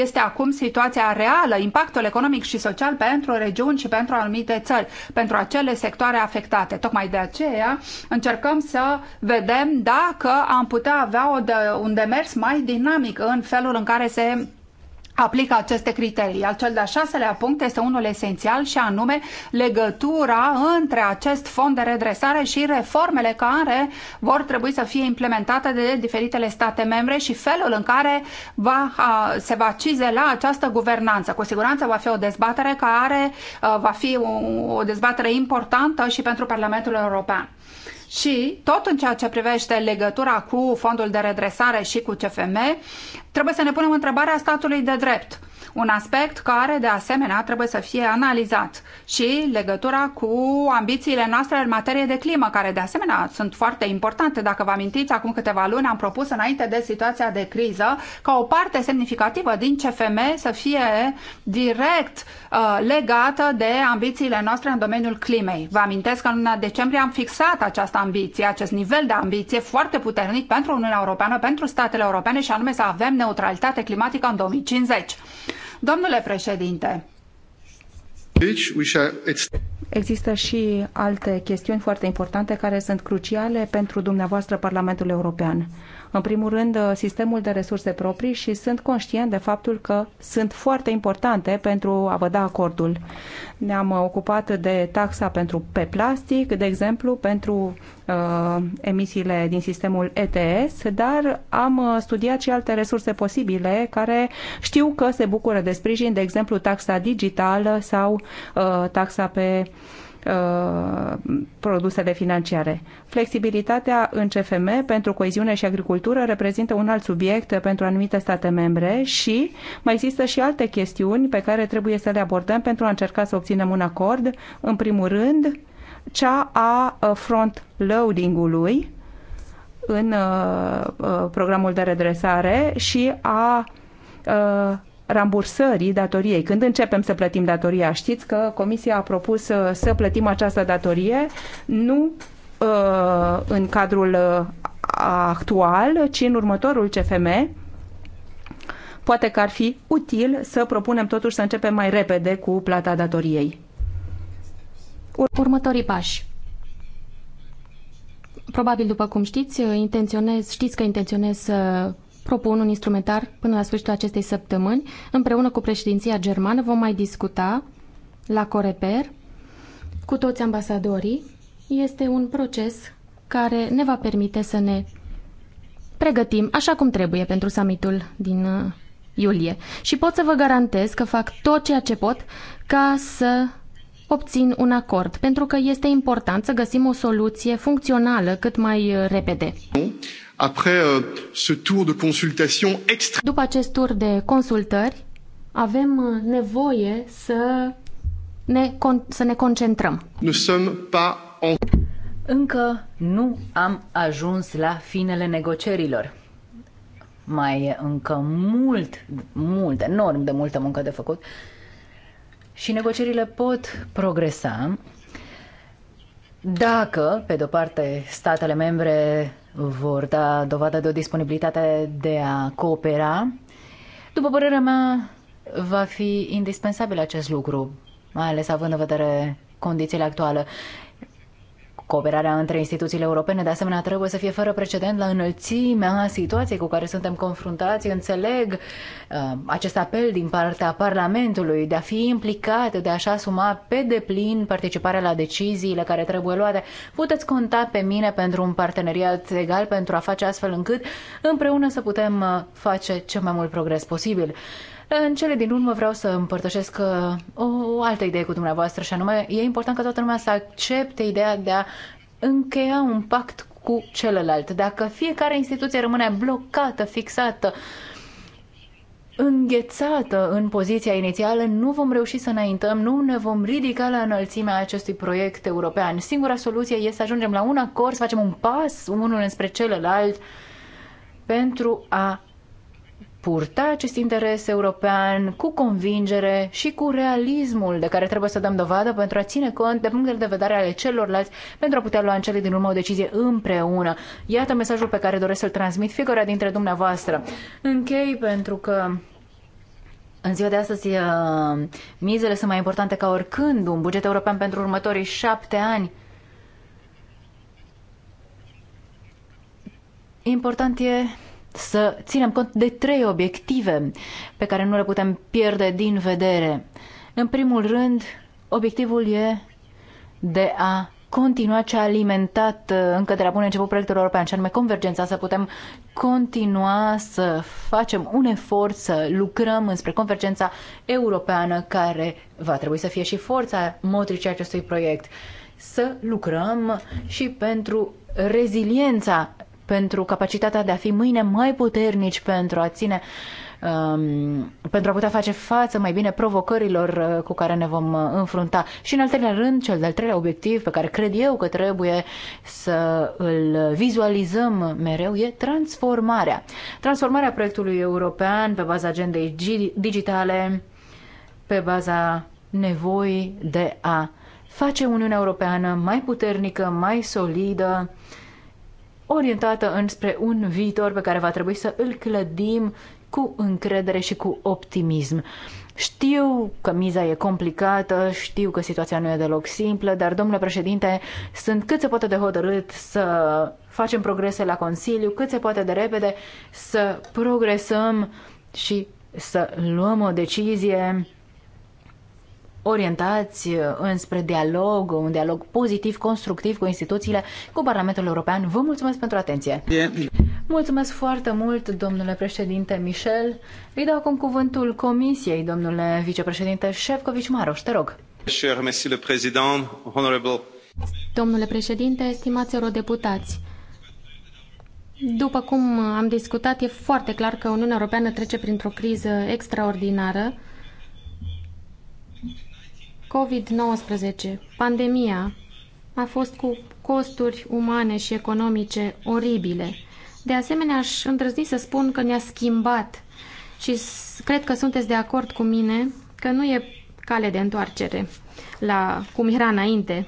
este acum situația reală, impactul economic și social pentru regiuni și pentru anumite țări, pentru acele sectoare afectate. Tocmai de aceea încercăm să vedem dacă am putea avea un demers mai dinamic în felul în care se aplică aceste criterii. Al cel de-a șaselea punct este unul esențial și anume legătura între acest fond de redresare și reformele care vor trebui să fie implementate de diferitele state membre și felul în care va, se va cizela această guvernanță. Cu siguranță va fi o dezbatere care va fi o, o dezbatere importantă și pentru Parlamentul European. Și tot în ceea ce privește legătura cu fondul de redresare și cu CFM, trebuie să ne punem întrebarea statului de drept. Un aspect care, de asemenea, trebuie să fie analizat și legătura cu ambițiile noastre în materie de climă, care, de asemenea, sunt foarte importante. Dacă vă amintiți, acum câteva luni am propus, înainte de situația de criză, ca o parte semnificativă din CFM să fie direct uh, legată de ambițiile noastre în domeniul climei. Vă amintesc că în luna decembrie am fixat această ambiție, acest nivel de ambiție foarte puternic pentru Uniunea Europeană, pentru statele europene și anume să avem neutralitate climatică în 2050. Domnule președinte, deci, Există și alte chestiuni foarte importante care sunt cruciale pentru dumneavoastră Parlamentul European. În primul rând, uh, sistemul de resurse proprii și sunt conștient de faptul că sunt foarte importante pentru a vă da acordul. Ne-am uh, ocupat de taxa pentru pe plastic, de exemplu, pentru uh, emisiile din sistemul ETS, dar am uh, studiat și alte resurse posibile care știu că se bucură de sprijin, de exemplu, taxa digitală sau uh, taxa pe uh, Uh, de financiare. Flexibilitatea în CFM pentru coeziune și agricultură reprezintă un alt subiect pentru anumite state membre și mai există și alte chestiuni pe care trebuie să le abordăm pentru a încerca să obținem un acord. În primul rând, cea a uh, front loading-ului în uh, programul de redresare și a rambursării datoriei. Când începem să plătim datoria? Știți că Comisia a propus să, uh, să plătim această datorie nu uh, în cadrul uh, actual, ci în următorul CFM. Poate că ar fi util să propunem totuși să începem mai repede cu plata datoriei. Următorii pași. Probabil, după cum știți, uh, intenționez, știți că intenționez să propun un instrumentar până la sfârșitul acestei săptămâni. Împreună cu președinția germană vom mai discuta la Coreper cu toți ambasadorii. Este un proces care ne va permite să ne pregătim așa cum trebuie pentru summitul din uh, iulie. Și pot să vă garantez că fac tot ceea ce pot ca să obțin un acord, pentru că este important să găsim o soluție funcțională cât mai uh, repede. Uh, După acest tur de consultări, avem uh, nevoie să ne, să ne concentrăm. Încă nu am ajuns la finele negocierilor. Mai e încă mult, mult, enorm de multă muncă de făcut și negocierile pot progresa dacă, pe de-o parte, statele membre vor da dovadă de o disponibilitate de a coopera, după părerea mea, va fi indispensabil acest lucru, mai ales având în vedere condițiile actuale. Cooperarea între instituțiile europene, de asemenea, trebuie să fie fără precedent la înălțimea situației cu care suntem confruntați. Înțeleg uh, acest apel din partea Parlamentului de a fi implicat, de a-și asuma pe deplin participarea la deciziile care trebuie luate. Puteți conta pe mine pentru un parteneriat egal, pentru a face astfel încât împreună să putem uh, face cel mai mult progres posibil. În cele din urmă vreau să împărtășesc uh, o altă idee cu dumneavoastră și anume e important ca toată lumea să accepte ideea de a încheia un pact cu celălalt. Dacă fiecare instituție rămâne blocată, fixată, înghețată în poziția inițială, nu vom reuși să înaintăm, nu ne vom ridica la înălțimea acestui proiect european. Singura soluție este să ajungem la un acord, să facem un pas unul înspre celălalt pentru a purta acest interes european cu convingere și cu realismul de care trebuie să dăm dovadă pentru a ține cont de punctele de vedere ale celorlalți pentru a putea lua în cele din urmă o decizie împreună. Iată mesajul pe care doresc să-l transmit fiecare dintre dumneavoastră. Închei pentru că în ziua de astăzi uh, mizele sunt mai importante ca oricând. Un buget european pentru următorii șapte ani Important e să ținem cont de trei obiective pe care nu le putem pierde din vedere. În primul rând, obiectivul e de a continua ce a alimentat uh, încă de la bun început proiectul european, și anume convergența, să putem continua să facem un efort, să lucrăm înspre convergența europeană, care va trebui să fie și forța motrice acestui proiect, să lucrăm și pentru reziliența pentru capacitatea de a fi mâine mai puternici pentru a ține um, pentru a putea face față mai bine provocărilor uh, cu care ne vom uh, înfrunta. Și în al treilea rând, cel de-al treilea obiectiv pe care cred eu că trebuie să îl vizualizăm mereu e transformarea. Transformarea proiectului european pe baza agendei digitale, pe baza nevoii de a face Uniunea Europeană mai puternică, mai solidă, orientată înspre un viitor pe care va trebui să îl clădim cu încredere și cu optimism. Știu că miza e complicată, știu că situația nu e deloc simplă, dar, domnule președinte, sunt cât se poate de hotărât să facem progrese la Consiliu, cât se poate de repede să progresăm și să luăm o decizie orientați uh, înspre dialog, un dialog pozitiv, constructiv cu instituțiile, cu Parlamentul European. Vă mulțumesc pentru atenție! Bine. Mulțumesc foarte mult, domnule președinte Michel. Îi dau acum cuvântul Comisiei, domnule vicepreședinte Șefcoviș Maroș, te rog. Domnule președinte, stimați eurodeputați, după cum am discutat, e foarte clar că Uniunea Europeană trece printr-o criză extraordinară COVID-19, pandemia, a fost cu costuri umane și economice oribile. De asemenea, aș îndrăzni să spun că ne-a schimbat și cred că sunteți de acord cu mine că nu e cale de întoarcere la cum era înainte.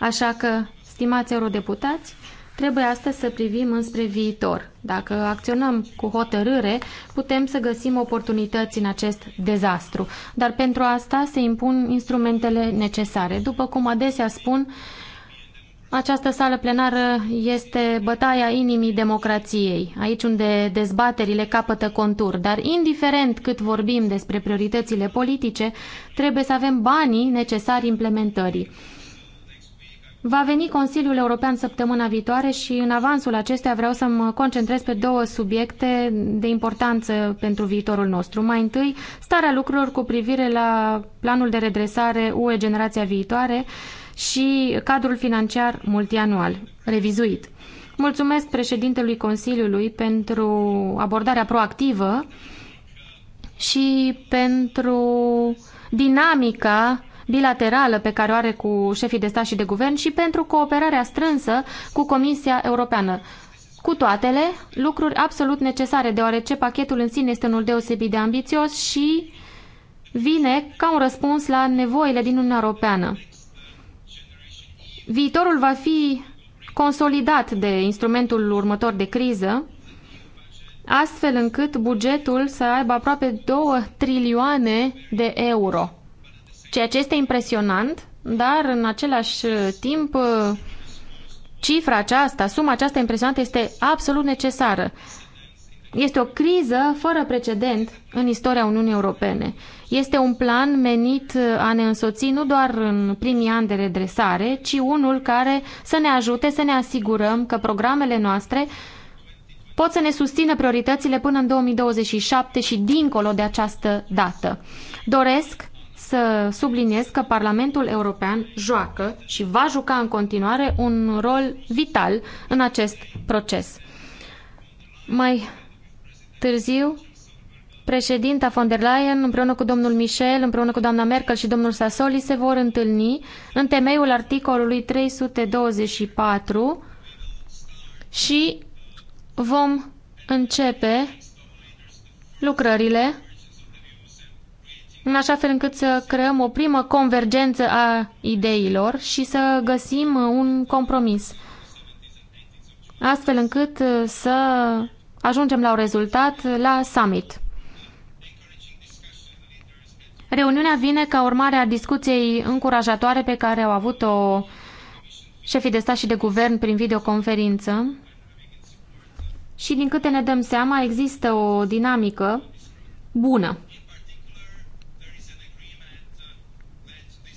Așa că, stimați eurodeputați, trebuie astăzi să privim înspre viitor. Dacă acționăm cu hotărâre, putem să găsim oportunități în acest dezastru. Dar pentru asta se impun instrumentele necesare. După cum adesea spun, această sală plenară este bătaia inimii democrației, aici unde dezbaterile capătă contur, dar indiferent cât vorbim despre prioritățile politice, trebuie să avem banii necesari implementării. Va veni Consiliul European săptămâna viitoare și în avansul acestuia vreau să mă concentrez pe două subiecte de importanță pentru viitorul nostru. Mai întâi, starea lucrurilor cu privire la planul de redresare UE Generația Viitoare și cadrul financiar multianual, revizuit. Mulțumesc președintelui Consiliului pentru abordarea proactivă și pentru dinamica bilaterală pe care o are cu șefii de stat și de guvern și pentru cooperarea strânsă cu Comisia Europeană. Cu toatele, lucruri absolut necesare, deoarece pachetul în sine este unul deosebit de ambițios și vine ca un răspuns la nevoile din Uniunea Europeană. Viitorul va fi consolidat de instrumentul următor de criză, astfel încât bugetul să aibă aproape 2 trilioane de euro ceea ce este impresionant, dar în același uh, timp uh, cifra aceasta, suma aceasta impresionantă este absolut necesară. Este o criză fără precedent în istoria Uniunii Europene. Este un plan menit uh, a ne însoți nu doar în primii ani de redresare, ci unul care să ne ajute să ne asigurăm că programele noastre pot să ne susțină prioritățile până în 2027 și dincolo de această dată. Doresc să subliniez că Parlamentul European joacă și va juca în continuare un rol vital în acest proces. Mai târziu, președinta von der Leyen, împreună cu domnul Michel, împreună cu doamna Merkel și domnul Sassoli se vor întâlni în temeiul articolului 324 și vom începe lucrările în așa fel încât să creăm o primă convergență a ideilor și să găsim un compromis, astfel încât uh, să ajungem la un rezultat la summit. Reuniunea vine ca urmare a discuției încurajatoare pe care au avut-o șefii de stat și de guvern prin videoconferință și din câte ne dăm seama există o dinamică bună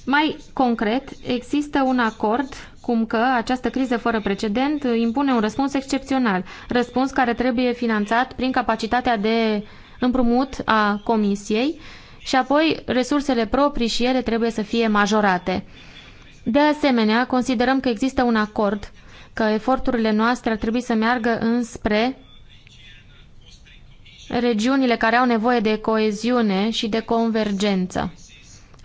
Mai concret, există un acord cum că această criză fără precedent impune un răspuns excepțional, răspuns care trebuie finanțat prin capacitatea de împrumut a Comisiei și apoi resursele proprii și ele trebuie să fie majorate. De asemenea, considerăm că există un acord că eforturile noastre ar trebui să meargă înspre regiunile care au nevoie de coeziune și de convergență.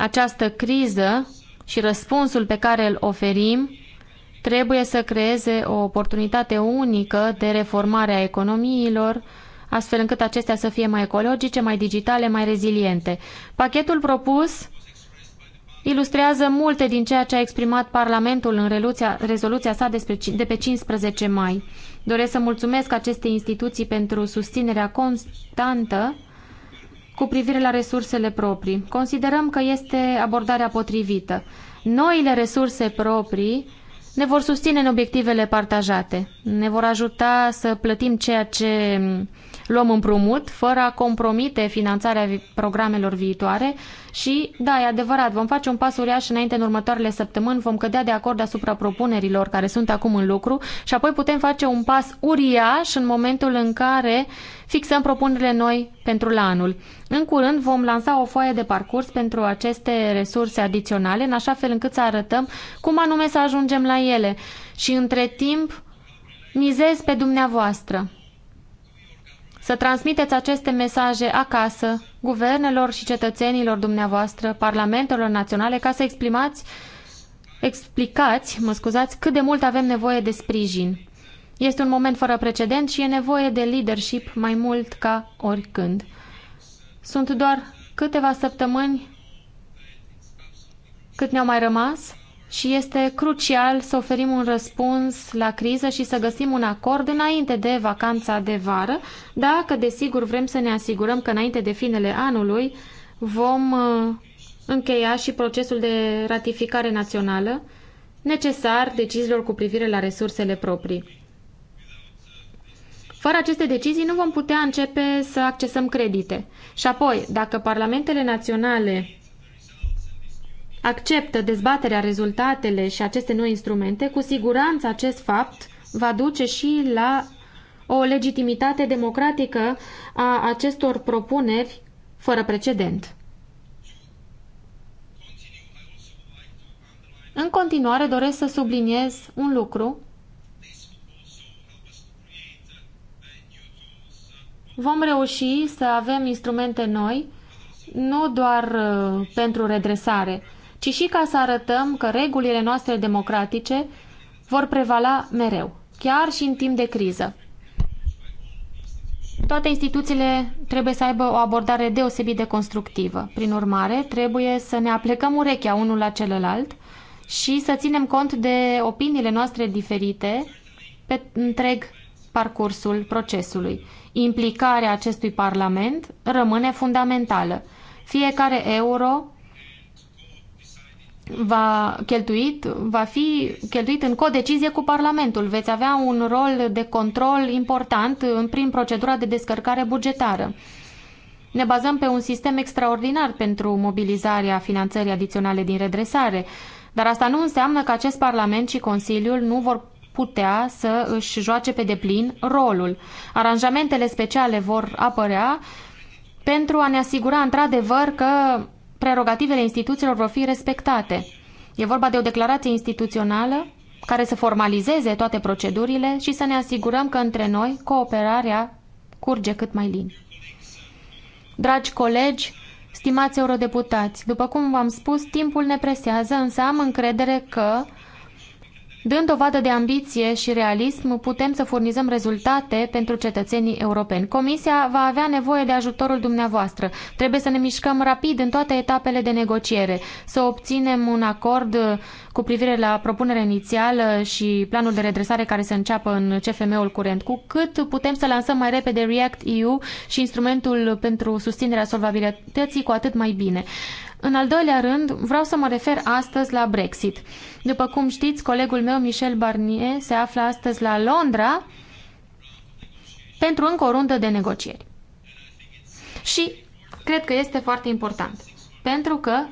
Această criză și răspunsul pe care îl oferim trebuie să creeze o oportunitate unică de reformare a economiilor, astfel încât acestea să fie mai ecologice, mai digitale, mai reziliente. Pachetul propus ilustrează multe din ceea ce a exprimat Parlamentul în rezoluția, sa de pe 15 mai. Doresc să mulțumesc acestei instituții pentru susținerea constantă cu privire la resursele proprii. Considerăm că este abordarea potrivită. Noile resurse proprii ne vor susține în obiectivele partajate, ne vor ajuta să plătim ceea ce luăm împrumut fără a compromite finanțarea programelor viitoare și, da, e adevărat, vom face un pas uriaș înainte în următoarele săptămâni, vom cădea de acord asupra propunerilor care sunt acum în lucru și apoi putem face un pas uriaș în momentul în care fixăm propunerile noi pentru la anul. În curând vom lansa o foaie de parcurs pentru aceste resurse adiționale, în așa fel încât să arătăm cum anume să ajungem la ele. Și între timp, mizez pe dumneavoastră să transmiteți aceste mesaje acasă, guvernelor și cetățenilor dumneavoastră, parlamentelor naționale, ca să exprimați, explicați, mă scuzați, cât de mult avem nevoie de sprijin. Este un moment fără precedent și e nevoie de leadership mai mult ca oricând. Sunt doar câteva săptămâni cât ne-au mai rămas și este crucial să oferim un răspuns la criză și să găsim un acord înainte de vacanța de vară, dacă desigur vrem să ne asigurăm că înainte de finele anului vom uh, încheia și procesul de ratificare națională necesar deciziilor cu privire la resursele proprii. Fără aceste decizii nu vom putea începe să accesăm credite. Și apoi, dacă parlamentele naționale acceptă dezbaterea, rezultatele și aceste noi instrumente, cu siguranță acest fapt va duce și la o legitimitate democratică a acestor propuneri fără precedent. În continuare doresc să subliniez un lucru. Vom reuși să avem instrumente noi, nu doar uh, pentru redresare, ci și ca să arătăm că regulile noastre democratice vor prevala mereu, chiar și în timp de criză. Toate instituțiile trebuie să aibă o abordare deosebit de constructivă. Prin urmare, trebuie să ne aplecăm urechea unul la celălalt și să ținem cont de opiniile noastre diferite pe întreg parcursul procesului. Implicarea acestui Parlament rămâne fundamentală. Fiecare euro va cheltuit, va fi cheltuit în codecizie cu Parlamentul. Veți avea un rol de control important prin procedura de descărcare bugetară. Ne bazăm pe un sistem extraordinar pentru mobilizarea finanțării adiționale din redresare, dar asta nu înseamnă că acest Parlament și Consiliul nu vor putea să își joace pe deplin rolul. Aranjamentele speciale vor apărea pentru a ne asigura într-adevăr că prerogativele instituțiilor vor fi respectate. E vorba de o declarație instituțională care să formalizeze toate procedurile și să ne asigurăm că între noi cooperarea curge cât mai lin. Dragi colegi, stimați eurodeputați, după cum v-am spus, timpul ne presează, însă am încredere că Dând dovadă de ambiție și realism, putem să furnizăm rezultate pentru cetățenii europeni. Comisia va avea nevoie de ajutorul dumneavoastră. Trebuie să ne mișcăm rapid în toate etapele de negociere, să obținem un acord uh, cu privire la propunerea inițială și planul de redresare care să înceapă în CFM-ul curent, cu cât putem să lansăm mai repede React EU și instrumentul pentru susținerea solvabilității, cu atât mai bine. În al doilea rând, vreau să mă refer astăzi la Brexit. După cum știți, colegul meu, Michel Barnier, se află astăzi la Londra pentru încă o rundă de negocieri. Și cred că este foarte important, pentru că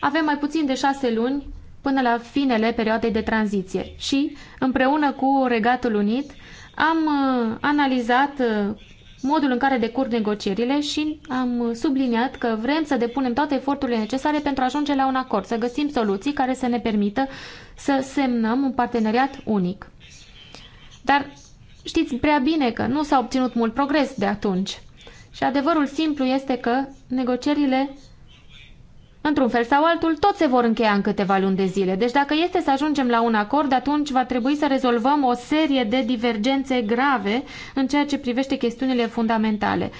avem mai puțin de șase luni până la finele perioadei de tranziție și, împreună cu Regatul Unit, am uh, analizat uh, modul în care decurg negocierile și am subliniat că vrem să depunem toate eforturile necesare pentru a ajunge la un acord, să găsim soluții care să ne permită să semnăm un parteneriat unic. Dar știți prea bine că nu s-a obținut mult progres de atunci. Și adevărul simplu este că negocierile Într-un fel sau altul, tot se vor încheia în câteva luni de zile. Deci dacă este să ajungem la un acord, atunci va trebui să rezolvăm o serie de divergențe grave în ceea ce privește chestiunile fundamentale.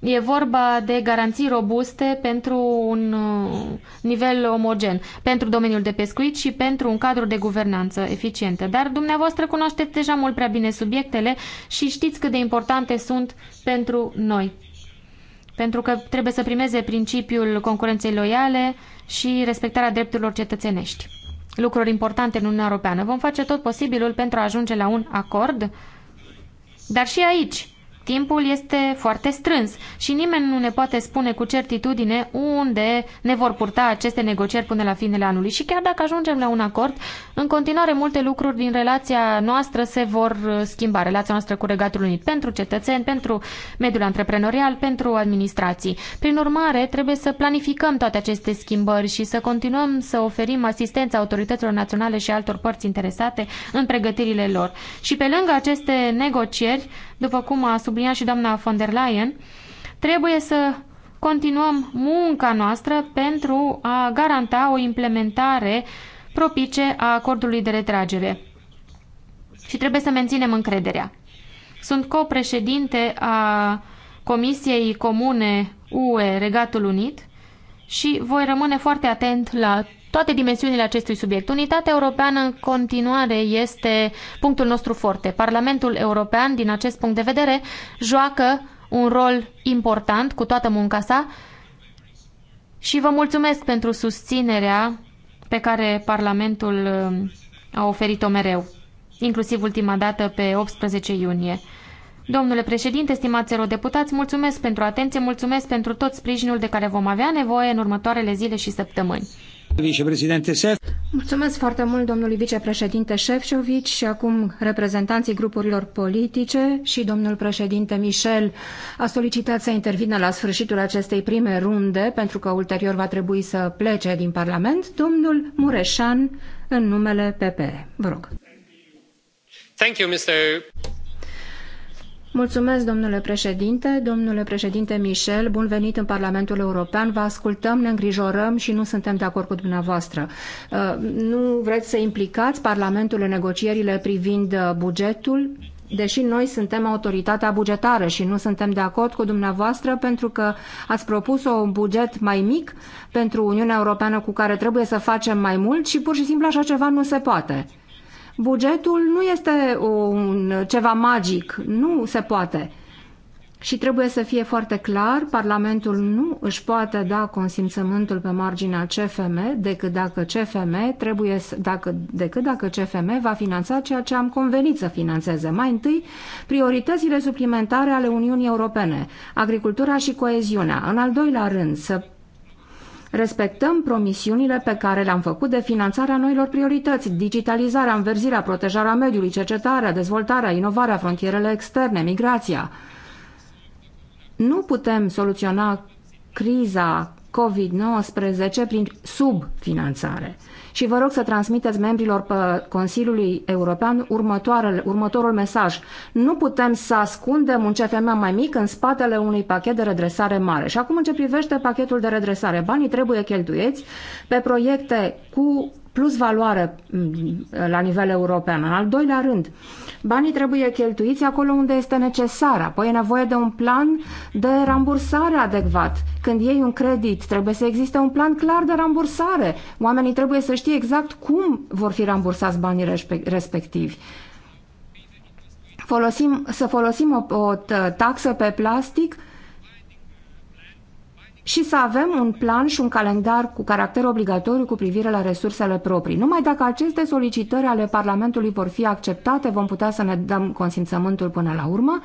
E vorba de garanții robuste pentru un uh, nivel omogen, pentru domeniul de pescuit și pentru un cadru de guvernanță eficientă. Dar dumneavoastră cunoașteți deja mult prea bine subiectele și știți cât de importante sunt pentru noi pentru că trebuie să primeze principiul concurenței loiale și respectarea drepturilor cetățenești. Lucruri importante în Uniunea Europeană. Vom face tot posibilul pentru a ajunge la un acord, dar și aici Timpul este foarte strâns și nimeni nu ne poate spune cu certitudine unde ne vor purta aceste negocieri până la finele anului. Și chiar dacă ajungem la un acord, în continuare multe lucruri din relația noastră se vor uh, schimba, relația noastră cu Regatul Unit, pentru cetățeni, pentru mediul antreprenorial, pentru administrații. Prin urmare, trebuie să planificăm toate aceste schimbări și să continuăm să oferim asistența autorităților naționale și altor părți interesate în pregătirile lor. Și pe lângă aceste negocieri, după cum a subliniat și doamna von der Leyen, trebuie să continuăm munca noastră pentru a garanta o implementare propice a acordului de retragere. Și trebuie să menținem încrederea. Sunt copreședinte a Comisiei Comune UE Regatul Unit și voi rămâne foarte atent la toate dimensiunile acestui subiect. Unitatea europeană în continuare este punctul nostru forte. Parlamentul European, din acest punct de vedere, joacă un rol important cu toată munca sa și vă mulțumesc pentru susținerea pe care Parlamentul um, a oferit-o mereu, inclusiv ultima dată pe 18 iunie. Domnule președinte, stimați eurodeputați, mulțumesc pentru atenție, mulțumesc pentru tot sprijinul de care vom avea nevoie în următoarele zile și săptămâni. Vicepreședinte Șef. Mulțumesc foarte mult domnului vicepreședinte Șefșovici și acum reprezentanții grupurilor politice și domnul președinte Michel a solicitat să intervină la sfârșitul acestei prime runde pentru că ulterior va trebui să plece din Parlament domnul Mureșan în numele PPE. Vă rog. Thank you, Mr. Mulțumesc, domnule președinte. Domnule președinte Michel, bun venit în Parlamentul European. Vă ascultăm, ne îngrijorăm și nu suntem de acord cu dumneavoastră. Uh, nu vreți să implicați Parlamentul în negocierile privind uh, bugetul? deși noi suntem autoritatea bugetară și nu suntem de acord cu dumneavoastră pentru că ați propus un buget mai mic pentru Uniunea Europeană cu care trebuie să facem mai mult și pur și simplu așa ceva nu se poate. Bugetul nu este uh, un, ceva magic, nu se poate. Și trebuie să fie foarte clar, Parlamentul nu își poate da consimțământul pe marginea CFM decât dacă CFM trebuie să, dacă, decât dacă CFM va finanța ceea ce am convenit să finanțeze. Mai întâi, prioritățile suplimentare ale Uniunii Europene, agricultura și coeziunea. În al doilea rând, să respectăm promisiunile pe care le-am făcut de finanțarea noilor priorități, digitalizarea, înverzirea, protejarea mediului, cercetarea, dezvoltarea, inovarea, frontierele externe, migrația. Nu putem soluționa criza COVID-19 prin subfinanțare și vă rog să transmiteți membrilor Consiliului European următorul, următorul mesaj. Nu putem să ascundem un CFM mai mic în spatele unui pachet de redresare mare. Și acum în ce privește pachetul de redresare, banii trebuie cheltuieți pe proiecte cu plus valoare mm, la nivel european. În al doilea rând, banii trebuie cheltuiți acolo unde este necesar. Apoi e nevoie de un plan de rambursare adecvat. Când iei un credit, trebuie să existe un plan clar de rambursare. Oamenii trebuie să știe exact cum vor fi rambursați banii respectivi folosim, să folosim o, o taxă pe plastic și să avem un plan și un calendar cu caracter obligatoriu cu privire la resursele proprii. Numai dacă aceste solicitări ale Parlamentului vor fi acceptate, vom putea să ne dăm consimțământul până la urmă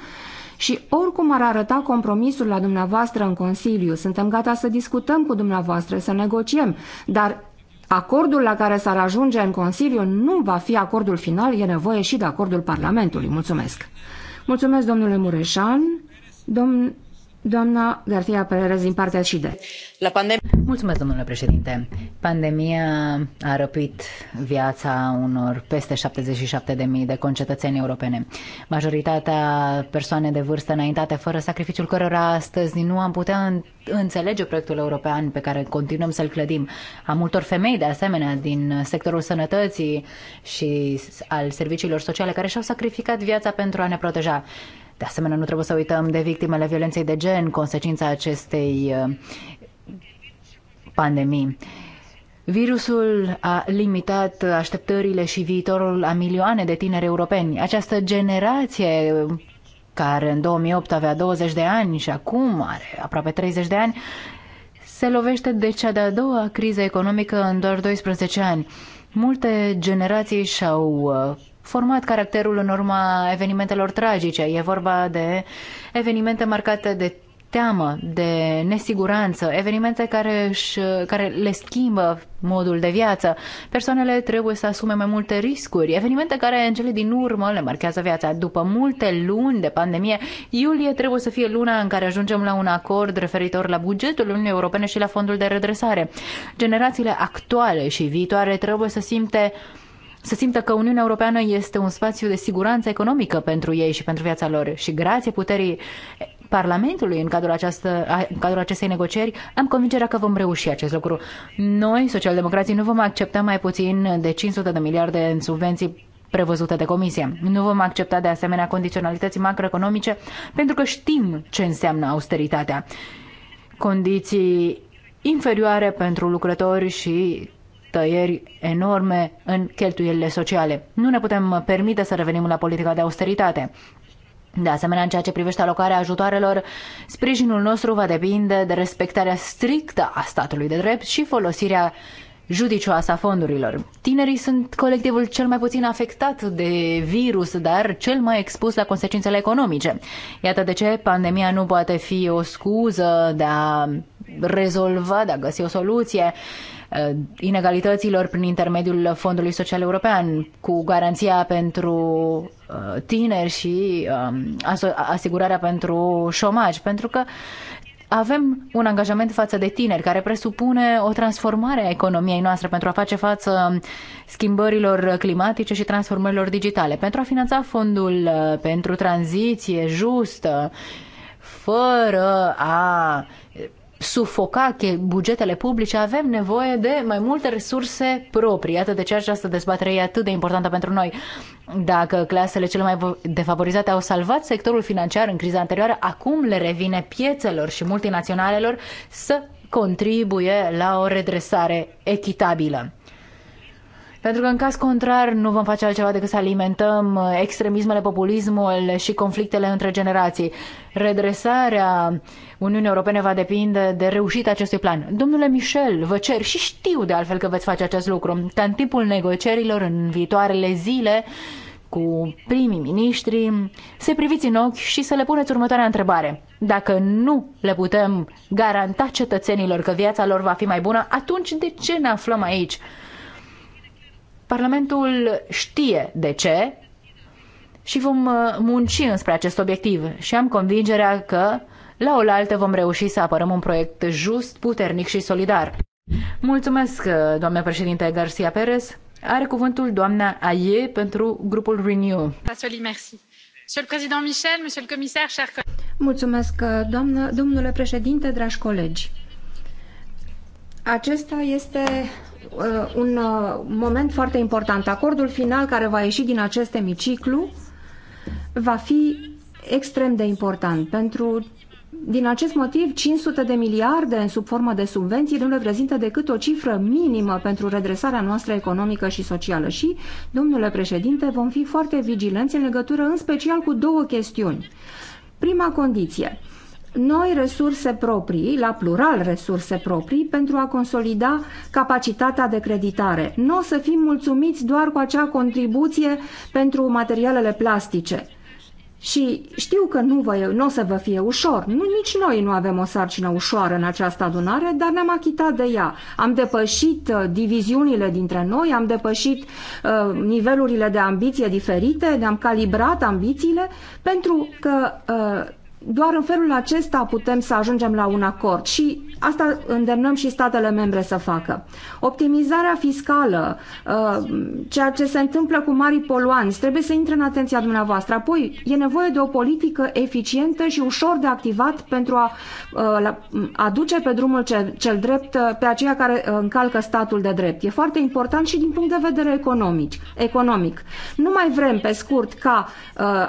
și oricum ar arăta compromisul la dumneavoastră în Consiliu, suntem gata să discutăm cu dumneavoastră, să negociem, dar acordul la care s-ar ajunge în Consiliu nu va fi acordul final, e nevoie și de acordul Parlamentului. Mulțumesc! Mulțumesc, domnule Mureșan. Domn... Doamna García Perez din partea și La pandem- Mulțumesc, domnule președinte. Pandemia a răpit viața unor peste 77.000 de concetățeni europene. Majoritatea persoane de vârstă înaintate, fără sacrificiul cărora astăzi nu am putea înțelege proiectul european pe care continuăm să-l clădim. A multor femei, de asemenea, din sectorul sănătății și al serviciilor sociale care și-au sacrificat viața pentru a ne proteja. De asemenea, nu trebuie să uităm de victimele violenței de gen, consecința acestei uh, pandemii. Virusul a limitat așteptările și viitorul a milioane de tineri europeni. Această generație care în 2008 avea 20 de ani și acum are aproape 30 de ani, se lovește de cea de-a doua criză economică în doar 12 ani. Multe generații și-au uh, format caracterul în urma evenimentelor tragice. E vorba de evenimente marcate de teamă, de nesiguranță, evenimente care, își, care le schimbă modul de viață. Persoanele trebuie să asume mai multe riscuri, evenimente care în cele din urmă le marchează viața. După multe luni de pandemie, iulie trebuie să fie luna în care ajungem la un acord referitor la bugetul Uniunii Europene și la fondul de redresare. Generațiile actuale și viitoare trebuie să simte uh, să simtă că Uniunea Europeană este un spațiu de siguranță economică pentru ei și pentru viața lor. Și grație puterii Parlamentului în cadrul, această, în cadrul acestei negocieri, am convingerea că vom reuși acest lucru. Noi, socialdemocrații, nu vom accepta mai puțin de 500 de miliarde în subvenții prevăzute de comisie. Nu vom accepta de asemenea condiționalități macroeconomice pentru că știm ce înseamnă austeritatea. Condiții inferioare pentru lucrători și tăieri enorme în cheltuielile sociale. Nu ne putem permite să revenim la politica de austeritate. De asemenea, în ceea ce privește alocarea ajutoarelor, sprijinul nostru va depinde de respectarea strictă a statului de drept și folosirea judicioasă a fondurilor. Tinerii sunt colectivul cel mai puțin afectat de virus, dar cel mai expus la consecințele economice. Iată de ce pandemia nu poate fi o scuză de a rezolvă, de a găsi o soluție uh, inegalităților prin intermediul Fondului Social European, cu garanția pentru uh, tineri și um, asigurarea pentru șomaj, pentru că avem un angajament față de tineri care presupune o transformare a economiei noastre pentru a face față schimbărilor climatice și transformărilor digitale, pentru a finanța fondul uh, pentru tranziție justă, fără a sufoca bugetele publice, avem nevoie de mai multe resurse proprii. Iată de ce această dezbatere e atât de importantă pentru noi. Dacă clasele cele mai defavorizate au salvat sectorul financiar în criza anterioară, acum le revine piețelor și multinaționalelor să contribuie la o redresare echitabilă. Pentru că în caz contrar nu vom face altceva decât să alimentăm uh, extremismele, populismul și conflictele între generații. Redresarea Uniunii Europene va depinde de reușita acestui plan. Domnule Michel, vă cer și știu de altfel că veți face acest lucru, ca în timpul negocierilor în viitoarele zile cu primii miniștri, să priviți în ochi și să le puneți următoarea întrebare. Dacă nu le putem garanta cetățenilor că viața lor va fi mai bună, atunci de ce ne aflăm aici? Parlamentul știe de ce și vom uh, munci înspre acest obiectiv și am convingerea că la oaltă vom reuși să apărăm un proiect just, puternic și solidar. Mulțumesc, uh, doamna președinte Garcia Perez. Are cuvântul doamna Aie pentru grupul Renew. Mulțumesc, uh, doamnă, domnule președinte, dragi colegi. Acesta este Uh, un uh, moment foarte important. Acordul final care va ieși din acest emiciclu va fi extrem de important pentru din acest motiv, 500 de miliarde în sub formă de subvenții nu reprezintă decât o cifră minimă pentru redresarea noastră economică și socială. Și, domnule președinte, vom fi foarte vigilenți în legătură în special cu două chestiuni. Prima condiție – noi resurse proprii, la plural resurse proprii, pentru a consolida capacitatea de creditare. Nu o să fim mulțumiți doar cu acea contribuție pentru materialele plastice. Și știu că nu, vă, nu o să vă fie ușor, nu, nici noi nu avem o sarcină ușoară în această adunare, dar ne-am achitat de ea. Am depășit uh, diviziunile dintre noi, am depășit uh, nivelurile de ambiție diferite, ne-am calibrat ambițiile, pentru că uh, doar în felul acesta putem să ajungem la un acord și asta îndemnăm și statele membre să facă. Optimizarea fiscală, uh, ceea ce se întâmplă cu mari poluanți, trebuie să intre în atenția dumneavoastră. Apoi, e nevoie de o politică eficientă și ușor de activat pentru a uh, aduce pe drumul cel, drept uh, pe aceia care încalcă statul de drept. E foarte important și din punct de vedere economic. economic. Nu mai vrem, pe scurt, ca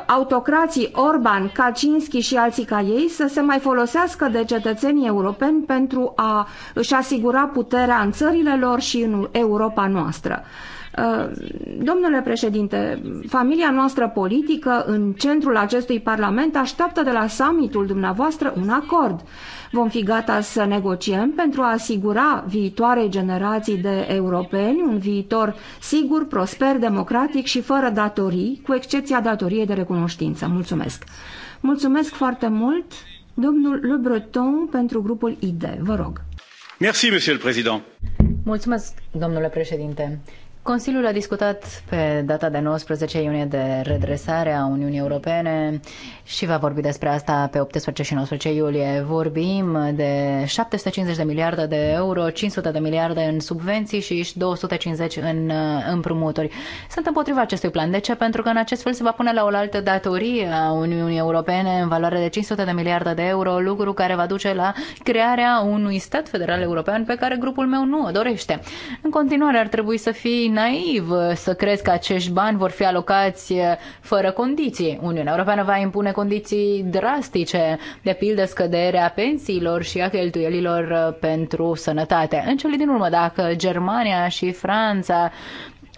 autocrații Orban, Kaczynski și alții ca ei să se mai folosească de cetățenii europeni pentru a își asigura puterea în țările lor și în Europa noastră. Uh, domnule președinte, familia noastră politică în centrul acestui parlament așteaptă de la summitul dumneavoastră un acord. Vom fi gata să negociem pentru a asigura viitoarei generații de europeni un viitor sigur, prosper, democratic și fără datorii, cu excepția datoriei de recunoștință. Mulțumesc! Mulțumesc foarte mult, domnul Le Breton, pentru grupul ID. Vă rog. Merci, monsieur le président. Mulțumesc, domnule președinte. Consiliul a discutat pe data de 19 iunie de redresare a Uniunii Europene și va vorbi despre asta pe 18 și 19 iulie. Vorbim de 750 de miliarde de euro, 500 de miliarde în subvenții și 250 în uh, împrumuturi. Sunt împotriva acestui plan. De ce? Pentru că în acest fel se va pune la oaltă datorie a Uniunii Europene în valoare de 500 de miliarde de euro, lucru care va duce la crearea unui stat federal european pe care grupul meu nu o dorește. În continuare ar trebui să fii naiv să crezi că acești bani vor fi alocați uh, fără condiții. Uniunea Europeană va impune condiții drastice, de pildă scăderea pensiilor și a cheltuielilor uh, pentru sănătate. În cele din urmă, dacă Germania și Franța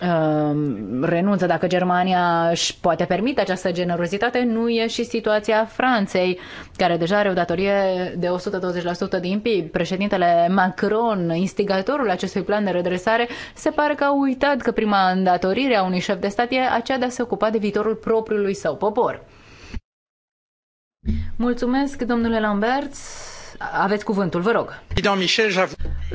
um, renunță, dacă Germania își poate permite această generozitate, nu e și situația Franței, care deja are o datorie de 120% din PIB. Președintele Macron, instigatorul acestui plan de redresare, se pare că a uitat că prima îndatorire a unui șef de stat e aceea de a se ocupa de viitorul propriului său popor. Mulțumesc, domnule Lambert. Aveți cuvântul, vă rog.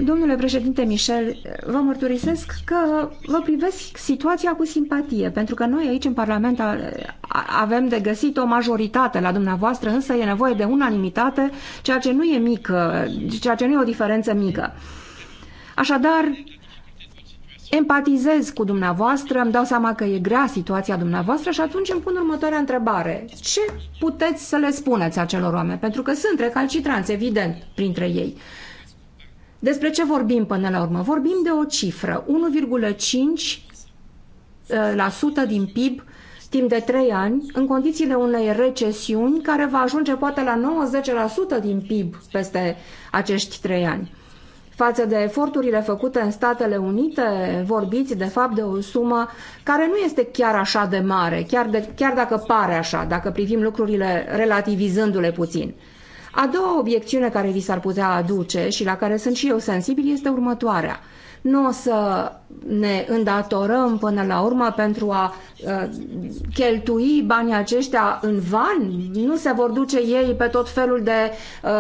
Domnule președinte Michel, vă mărturisesc că vă privesc situația cu simpatie, pentru că noi aici în Parlament avem de găsit o majoritate la dumneavoastră, însă e nevoie de unanimitate, ceea ce nu e mică, ceea ce nu e o diferență mică. Așadar, empatizez cu dumneavoastră, îmi dau seama că e grea situația dumneavoastră și atunci îmi pun următoarea întrebare. Ce puteți să le spuneți acelor oameni? Pentru că sunt recalcitranți, evident, printre ei. Despre ce vorbim până la urmă? Vorbim de o cifră, 1,5% eh, din PIB timp de 3 ani, în condițiile unei recesiuni care va ajunge poate la 90% din PIB peste acești 3 ani față de eforturile făcute în Statele Unite, vorbiți de fapt de o sumă care nu este chiar așa de mare, chiar, de, chiar dacă pare așa, dacă privim lucrurile relativizându-le puțin. A doua obiecțiune care vi s-ar putea aduce și la care sunt și eu sensibil este următoarea. Nu o să ne îndatorăm până la urmă pentru a ă, cheltui banii aceștia în van? Nu se vor duce ei pe tot felul de ă,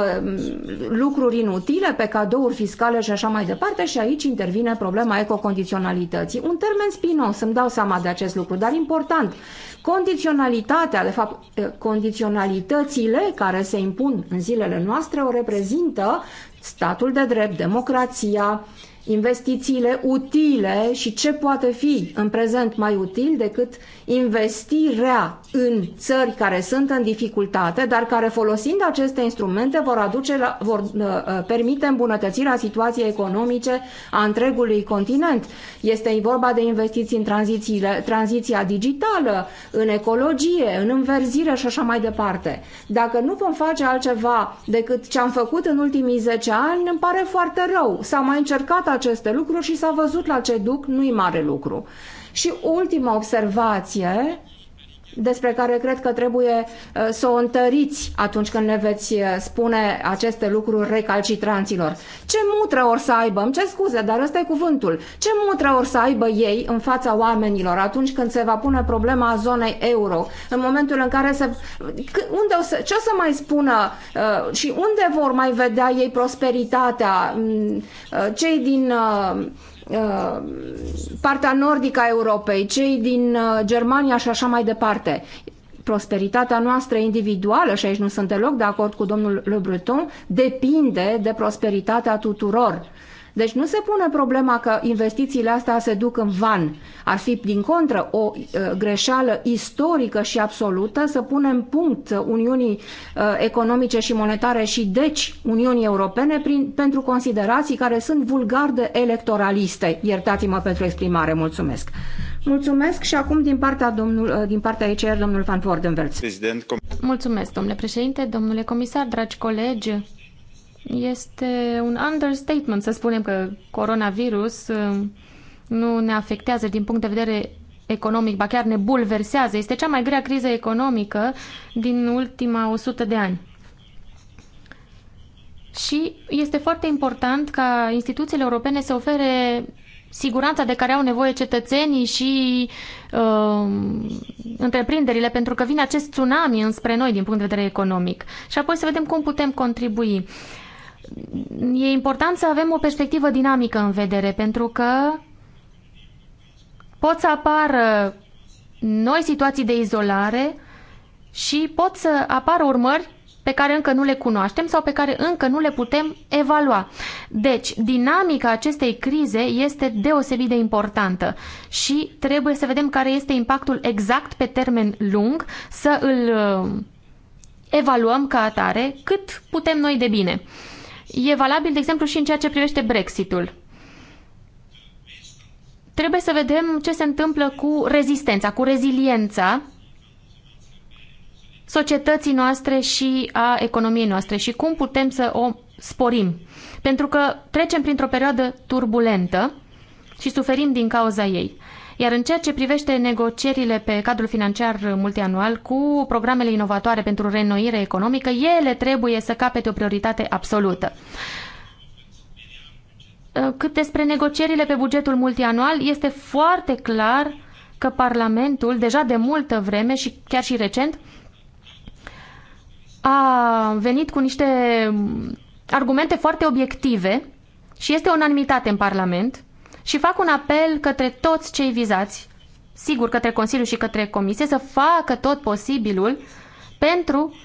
lucruri inutile, pe cadouri fiscale și așa mai departe? Și aici intervine problema ecocondiționalității. Un termen spinos, îmi dau seama de acest lucru, dar important. Condiționalitatea, de fapt, ă, condiționalitățile care se impun în zilele noastre o reprezintă statul de drept, democrația, uh, investițiile utile și ce poate fi în prezent mai util decât investirea în țări care sunt în dificultate, dar care folosind aceste instrumente vor, aduce la, vor uh, uh, permite îmbunătățirea situației economice a întregului continent. Este vorba de investiții în tranzițiile, tranziția digitală, în ecologie, în înverzire și așa mai departe. Dacă nu vom face altceva decât ce am făcut în ultimii 10 ani, îmi pare foarte rău. s au mai încercat aceste lucruri și s-a văzut la ce duc, nu-i mare lucru. Și ultima observație despre care cred că trebuie uh, să o întăriți atunci când ne veți uh, spune aceste lucruri recalcitranților. Ce mutră or să aibă, îmi ce scuze, dar ăsta e cuvântul, ce mutră or să aibă ei în fața oamenilor atunci când se va pune problema zonei euro, în momentul în care se... Unde o să, ce o să mai spună uh, și unde vor mai vedea ei prosperitatea mm, cei din Uh, partea nordică a Europei, cei din uh, Germania și așa mai departe. Prosperitatea noastră individuală, și aici nu sunt deloc de acord cu domnul Le Breton, depinde de prosperitatea tuturor deci nu se pune problema că investițiile astea se duc în van. Ar fi, din contră, o uh, greșeală istorică și absolută să punem punct Uniunii uh, Economice și Monetare și, deci, Uniunii Europene prin, pentru considerații care sunt vulgar de electoraliste. Iertați-mă pentru exprimare. Mulțumesc. Mulțumesc și acum din partea, domnul, uh, din partea ECR, domnul Van Vordenvelț. Mulțumesc, domnule președinte, domnule comisar, dragi colegi. Este un understatement să spunem că coronavirus uh, nu ne afectează din punct de vedere economic, ba chiar ne bulversează. Este cea mai grea criză economică din ultima 100 de ani. Și este foarte important ca instituțiile europene să ofere siguranța de care au nevoie cetățenii și uh, întreprinderile, pentru că vine acest tsunami înspre noi din punct de vedere economic. Și apoi să vedem cum putem contribui e important să avem o perspectivă dinamică în vedere, pentru că pot să apară noi situații de izolare și pot să apară urmări pe care încă nu le cunoaștem sau pe care încă nu le putem evalua. Deci, dinamica acestei crize este deosebit de importantă și trebuie să vedem care este impactul exact pe termen lung, să îl uh, evaluăm ca atare cât putem noi de bine e valabil, de exemplu, și în ceea ce privește Brexitul. Trebuie să vedem ce se întâmplă cu rezistența, cu reziliența societății noastre și a economiei noastre și cum putem să o sporim. Pentru că trecem printr-o perioadă turbulentă și suferim din cauza ei. Iar în ceea ce privește negocierile pe cadrul financiar multianual cu programele inovatoare pentru reînnoire economică, ele trebuie să capete o prioritate absolută. Cât despre negocierile pe bugetul multianual, este foarte clar că Parlamentul, deja de multă vreme și chiar și recent, a venit cu niște argumente foarte obiective și este unanimitate în Parlament și fac un apel către toți cei vizați, sigur către Consiliu și către Comisie, să facă tot posibilul pentru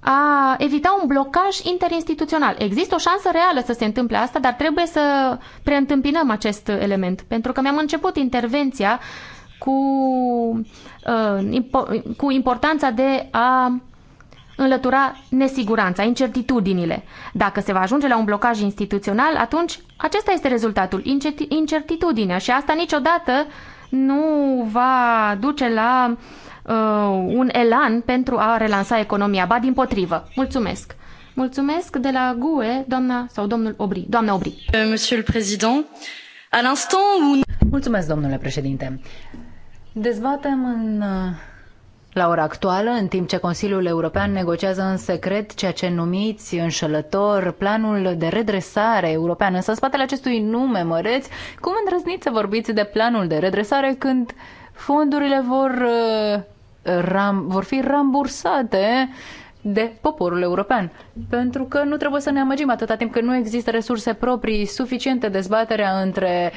a evita un blocaj interinstituțional. Există o șansă reală să se întâmple asta, dar trebuie să preîntâmpinăm acest element. Pentru că mi-am început intervenția cu, uh, impo cu importanța de a înlătura nesiguranța, incertitudinile. Dacă se va ajunge la un blocaj instituțional, atunci acesta este rezultatul, incertitudinea și asta niciodată nu va duce la uh, un elan pentru a relansa economia, ba din potrivă. Mulțumesc! Mulțumesc de la GUE, doamna sau domnul Obri. Doamna Obri. Euh, monsieur le Président, à l'instant où... Mulțumesc, domnule președinte. Dezbatem în la ora actuală, în timp ce Consiliul European negociază în secret ceea ce numiți înșelător planul de redresare european, însă în spatele acestui nume măreți, cum îndrăzniți să vorbiți de planul de redresare când fondurile vor, uh, ram, vor fi rambursate de poporul european. Pentru că nu trebuie să ne amăgim atâta timp când nu există resurse proprii suficiente dezbaterea între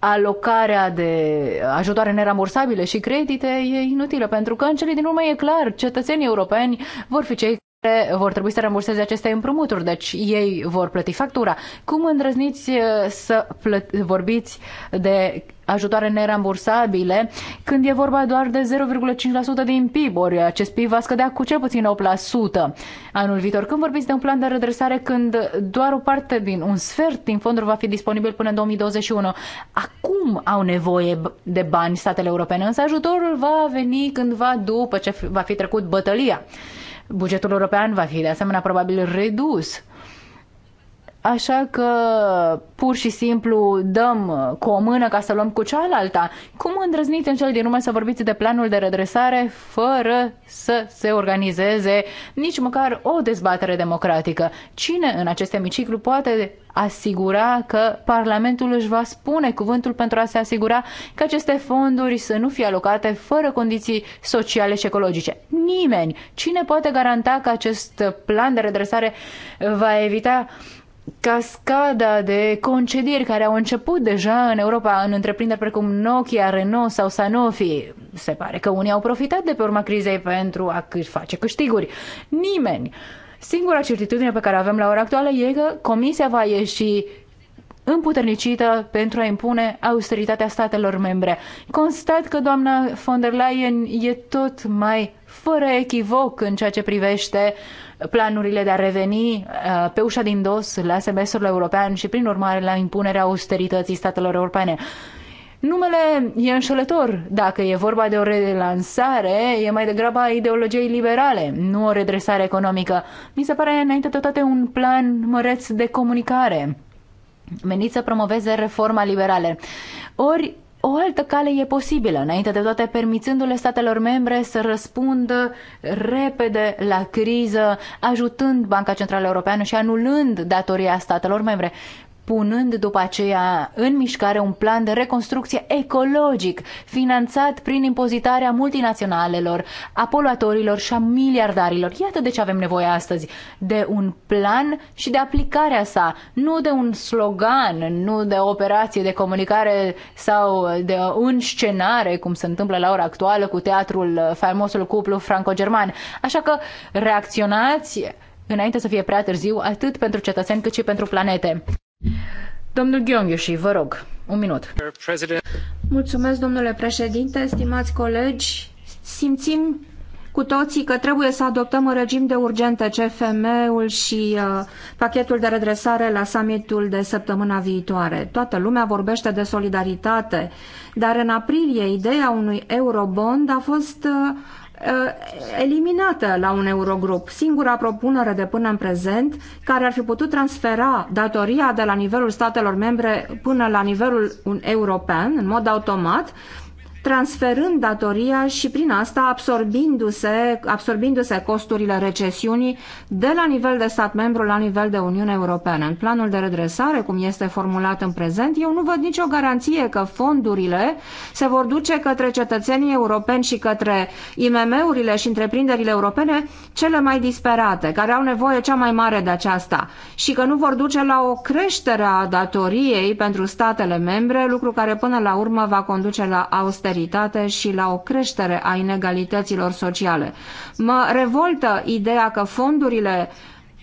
alocarea de ajutoare nerambursabile și credite e inutilă, pentru că în cele din urmă e clar, cetățenii europeni vor fi cei care vor trebui să ramburseze aceste împrumuturi, deci ei vor plăti factura. Cum îndrăzniți uh, să vorbiți de ajutoare nerambursabile, când e vorba doar de 0,5% din PIB, ori acest PIB va scădea cu cel puțin 8% anul viitor. Când vorbiți de un plan de redresare când doar o parte din un sfert din fonduri va fi disponibil până în 2021, acum au nevoie de bani statele europene, însă ajutorul va veni cândva după ce va fi trecut bătălia. Bugetul european va fi de asemenea probabil redus Așa că pur și simplu dăm cu o mână ca să luăm cu cealaltă. Cum îndrăzniți în cel din urmă să vorbiți de planul de redresare fără să se organizeze nici măcar o dezbatere democratică? Cine în acest emiciclu poate asigura că Parlamentul își va spune cuvântul pentru a se asigura că aceste fonduri să nu fie alocate fără condiții sociale și ecologice. Nimeni. Cine poate garanta că acest plan de redresare va evita cascada de concedieri care au început deja în Europa în întreprinderi precum Nokia, Renault sau Sanofi. Se pare că unii au profitat de pe urma crizei pentru a face câștiguri. Nimeni. Singura certitudine pe care o avem la ora actuală e că Comisia va ieși împuternicită pentru a impune austeritatea statelor membre. Constat că doamna von der Leyen e tot mai fără echivoc în ceea ce privește planurile de a reveni uh, pe ușa din dos la semestrul european și, prin urmare, la impunerea austerității statelor europene. Numele e înșelător. Dacă e vorba de o relansare, e mai degrabă a ideologiei liberale, nu o redresare economică. Mi se pare înainte de toate un plan măreț de comunicare menit să promoveze reforma liberale. Ori o altă cale e posibilă, înainte de toate permițându-le statelor membre să răspundă repede la criză, ajutând Banca Centrală Europeană și anulând datoria statelor membre punând după aceea în mișcare un plan de reconstrucție ecologic, finanțat prin impozitarea multinaționalelor, a poluatorilor și a miliardarilor. Iată de ce avem nevoie astăzi de un plan și de aplicarea sa, nu de un slogan, nu de o operație de comunicare sau de un scenare, cum se întâmplă la ora actuală cu teatrul, faimosul cuplu franco-german. Așa că reacționați înainte să fie prea târziu, atât pentru cetățeni cât și pentru planete. Domnul Gheonghiuși, vă rog, un minut. Mulțumesc, domnule președinte, stimați colegi. Simțim cu toții că trebuie să adoptăm în regim de urgență CFM-ul și uh, pachetul de redresare la summitul de săptămâna viitoare. Toată lumea vorbește de solidaritate, dar în aprilie ideea unui eurobond a fost uh, Uh, eliminată la un Eurogrup. Singura propunere de până în prezent care ar fi putut transfera datoria de la nivelul statelor membre până la nivelul european, în mod automat, transferând datoria și prin asta absorbindu-se, absorbindu-se costurile recesiunii de la nivel de stat membru la nivel de Uniune Europeană. În planul de redresare, cum este formulat în prezent, eu nu văd nicio garanție că fondurile se vor duce către cetățenii europeni și către IMM-urile și întreprinderile europene cele mai disperate, care au nevoie cea mai mare de aceasta și că nu vor duce la o creștere a datoriei pentru statele membre, lucru care până la urmă va conduce la austeritate austeritate și la o creștere a inegalităților sociale. Mă revoltă ideea că fondurile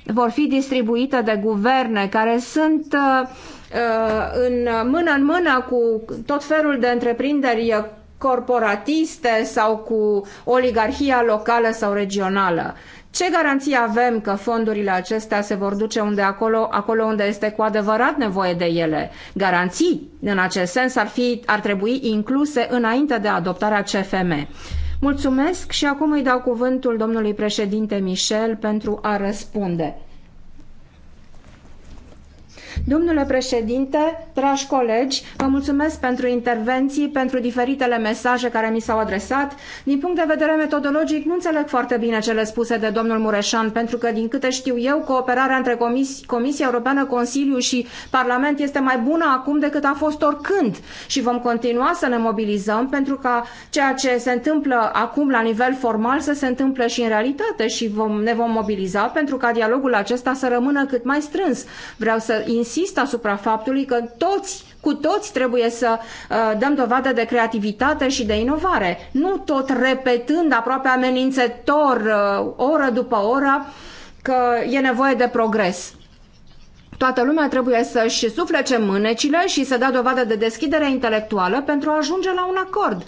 vor fi distribuite de guverne care sunt uh, uh în mână în mână cu tot felul de întreprinderi corporatiste sau cu oligarhia locală sau regională. Ce garanții avem că fondurile acestea se vor duce unde acolo, acolo unde este cu adevărat nevoie de ele? Garanții în acest sens ar, fi, ar trebui incluse înainte de adoptarea CFM. Mulțumesc și acum îi dau cuvântul domnului președinte Michel pentru a răspunde. Domnule președinte, dragi colegi, vă mulțumesc pentru intervenții, pentru diferitele mesaje care mi s-au adresat. Din punct de vedere metodologic, nu înțeleg foarte bine cele spuse de domnul Mureșan, pentru că, din câte știu eu, cooperarea între Comis Comisia Europeană, Consiliu și Parlament este mai bună acum decât a fost oricând și vom continua să ne mobilizăm pentru ca ceea ce se întâmplă acum la nivel formal să se întâmple și în realitate și vom, ne vom mobiliza pentru ca dialogul acesta să rămână cât mai strâns. Vreau să insist insist asupra faptului că toți, cu toți trebuie să uh, dăm dovadă de creativitate și de inovare, nu tot repetând aproape amenințător uh, oră după oră că e nevoie de progres. Toată lumea trebuie să-și suflece mânecile și să dea dovadă de deschidere intelectuală pentru a ajunge la un acord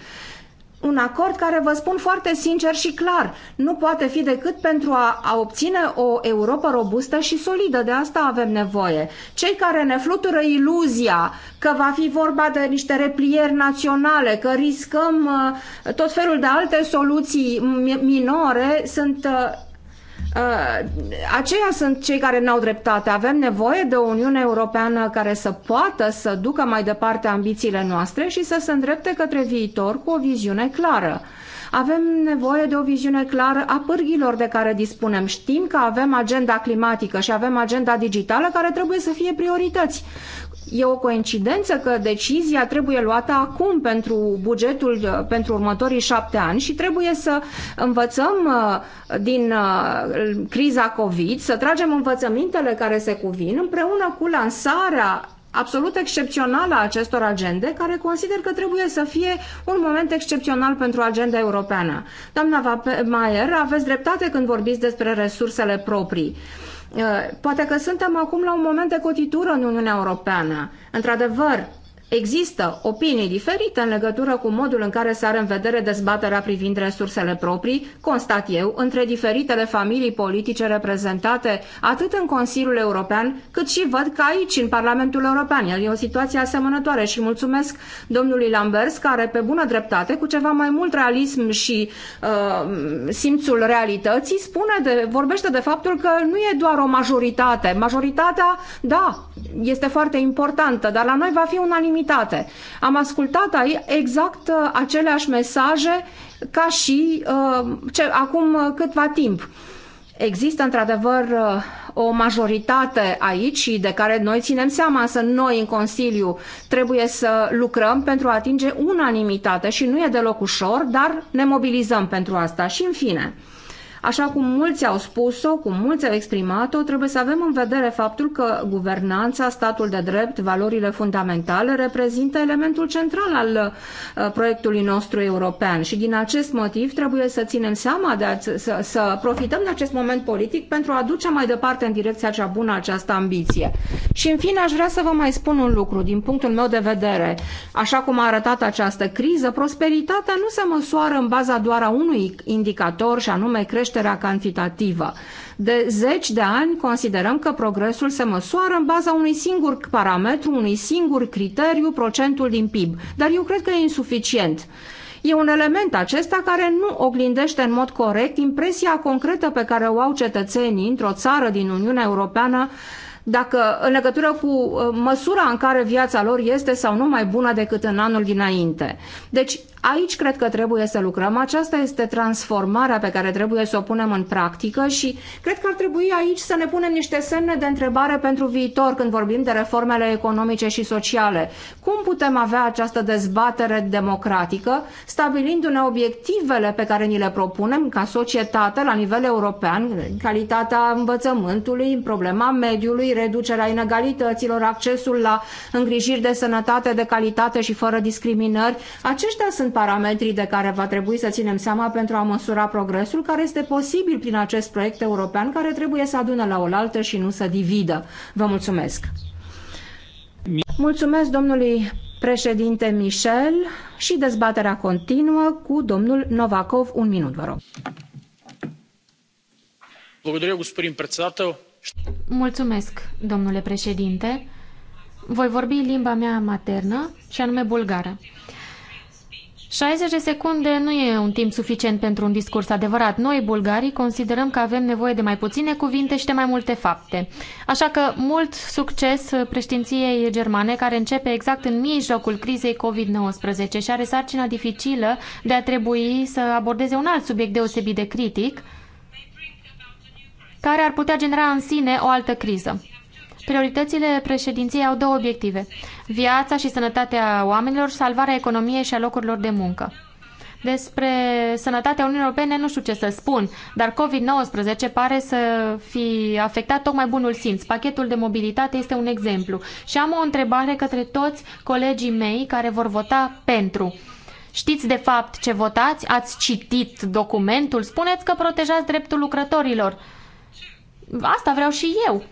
un acord care, vă spun foarte sincer și clar, nu poate fi decât pentru a, a obține o Europa robustă și solidă. De asta avem nevoie. Cei care ne flutură iluzia că va fi vorba de niște replieri naționale, că riscăm uh, tot felul de alte soluții minore, sunt uh, Uh, aceia sunt cei care n-au dreptate. Avem nevoie de o Uniune Europeană care să poată să ducă mai departe ambițiile noastre și să se îndrepte către viitor cu o viziune clară. Avem nevoie de o viziune clară a pârghilor de care dispunem. Știm că avem agenda climatică și avem agenda digitală care trebuie să fie priorități. E o coincidență că decizia trebuie luată acum pentru bugetul pentru următorii șapte ani și trebuie să învățăm uh, din uh, criza COVID, să tragem învățămintele care se cuvin împreună cu lansarea absolut excepțională a acestor agende, care consider că trebuie să fie un moment excepțional pentru agenda europeană. Doamna Maier, aveți dreptate când vorbiți despre resursele proprii. Eh, poate că suntem acum la un moment de cotitură în Uniunea Europeană. Într-adevăr, Există opinii diferite în legătură cu modul în care se are în vedere dezbaterea privind resursele proprii, constat eu, între diferitele familii politice reprezentate atât în Consiliul European, cât și văd că aici, în Parlamentul European. Iar e o situație asemănătoare și mulțumesc domnului Lambers, care pe bună dreptate, cu ceva mai mult realism și uh, simțul realității, spune de, vorbește de faptul că nu e doar o majoritate. Majoritatea, da, este foarte importantă, dar la noi va fi unanimitate unanimitate. Am ascultat aici exact uh, aceleași mesaje ca și uh, ce, acum uh, câtva timp. Există într-adevăr o majoritate aici și de care noi ținem seama, să noi în Consiliu trebuie să lucrăm pentru a atinge unanimitate și nu e deloc ușor, dar ne mobilizăm pentru asta. Și în fine, Așa cum mulți au spus-o, cum mulți au exprimat-o, trebuie să avem în vedere faptul că guvernanța, statul de drept, valorile fundamentale reprezintă elementul central al uh, proiectului nostru european și din acest motiv trebuie să ținem seama, de a, să, să profităm de acest moment politic pentru a duce mai departe în direcția cea bună această ambiție. Și în fine aș vrea să vă mai spun un lucru din punctul meu de vedere. Așa cum a arătat această criză, prosperitatea nu se măsoară în baza doar a unui indicator și anume creșterea creșterea cantitativă. De zeci de ani considerăm că progresul se măsoară în baza unui singur parametru, unui singur criteriu, procentul din PIB. Dar eu cred că e insuficient. E un element acesta care nu oglindește în mod corect impresia concretă pe care o au cetățenii într-o țară din Uniunea Europeană dacă în legătură cu uh, măsura în care viața lor este sau nu mai bună decât în anul dinainte. Deci aici cred că trebuie să lucrăm. Aceasta este transformarea pe care trebuie să o punem în practică și cred că ar trebui aici să ne punem niște semne de întrebare pentru viitor când vorbim de reformele economice și sociale. Cum putem avea această dezbatere democratică stabilindu-ne obiectivele pe care ni le propunem ca societate la nivel european, calitatea învățământului, problema mediului, reducerea inegalităților, accesul la îngrijiri de sănătate de calitate și fără discriminări. Aceștia sunt parametrii de care va trebui să ținem seama pentru a măsura progresul care este posibil prin acest proiect european care trebuie să adune la oaltă și nu să dividă. Vă mulțumesc! Mulțumesc domnului președinte Michel și dezbaterea continuă cu domnul Novakov. Un minut, vă rog. Благодаря, господин председател. Mulțumesc, domnule președinte. Voi vorbi limba mea maternă, și anume bulgară. 60 de secunde nu e un timp suficient pentru un discurs adevărat. Noi, bulgarii, considerăm că avem nevoie de mai puține cuvinte și de mai multe fapte. Așa că mult succes preștinției germane, care începe exact în mijlocul crizei COVID-19 și are sarcina dificilă de a trebui să abordeze un alt subiect deosebit de critic – care ar putea genera în sine o altă criză. Prioritățile președinției au două obiective. Viața și sănătatea oamenilor, salvarea economiei și a locurilor de muncă. Despre sănătatea Uniunii Europene nu știu ce să spun, dar COVID-19 pare să fi afectat tocmai bunul simț. Pachetul de mobilitate este un exemplu. Și am o întrebare către toți colegii mei care vor vota pentru. Știți de fapt ce votați? Ați citit documentul? Spuneți că protejați dreptul lucrătorilor Asta vreau și eu.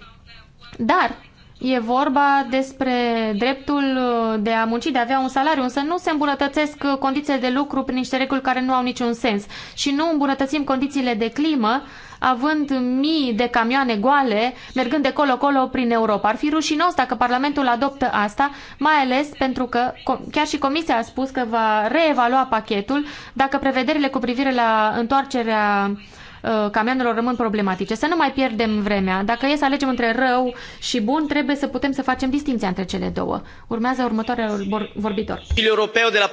Dar e vorba despre dreptul uh, de a munci, de a avea un salariu, însă nu se îmbunătățesc uh, condițiile de lucru prin niște reguli care nu au niciun sens. Și nu îmbunătățim condițiile de climă având mii de camioane goale mergând de colo-colo prin Europa. Ar fi rușinos dacă Parlamentul adoptă asta, mai ales pentru că chiar și Comisia a spus că va reevalua pachetul dacă prevederile cu privire la întoarcerea uh, Uh, camioanelor rămân problematice. Să nu mai pierdem vremea. Dacă e să alegem între rău și bun, trebuie să putem să facem distinția între cele două. Urmează următorul vorbitor. de la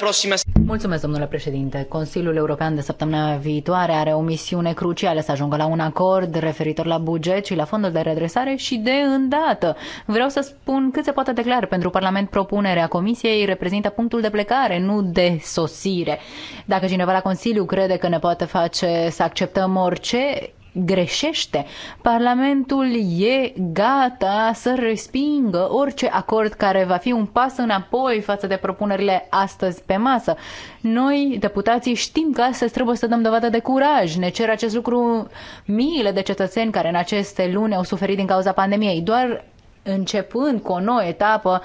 Mulțumesc, domnule președinte. Consiliul European de săptămâna viitoare are o misiune crucială să ajungă la un acord referitor la buget și la fondul de redresare și de îndată. Vreau să spun cât se poate declar pentru Parlament propunerea Comisiei reprezintă punctul de plecare, nu de sosire. Dacă cineva la Consiliu crede că ne poate face să acceptăm orice ce greșește. Parlamentul e gata să respingă orice acord care va fi un pas înapoi față de propunerile astăzi pe masă. Noi, deputații, știm că astăzi trebuie să dăm dovadă de curaj. Ne cer acest lucru miile de cetățeni care în aceste luni au suferit din cauza pandemiei. Doar începând cu o nouă etapă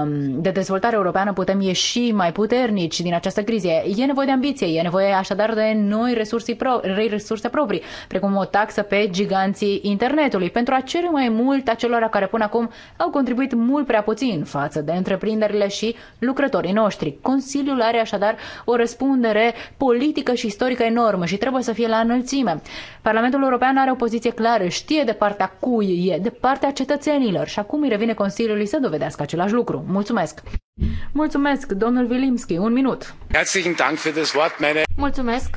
um, de dezvoltare europeană, putem ieși mai puternici din această criză. E nevoie de ambiție, e nevoie așadar de noi resurse, pro- resurse proprii, precum o taxă pe giganții internetului, pentru a cere mai mult acelora care până acum au contribuit mult prea puțin față de întreprinderile și lucrătorii noștri. Consiliul are așadar o răspundere politică și istorică enormă și trebuie să fie la înălțime. Parlamentul European are o poziție clară, știe de partea cui e, de partea cetățenilor și acum îi revine Consiliului să dovedească același lucru. Mulțumesc! Mulțumesc, domnul Vilimski, un minut. Mulțumesc,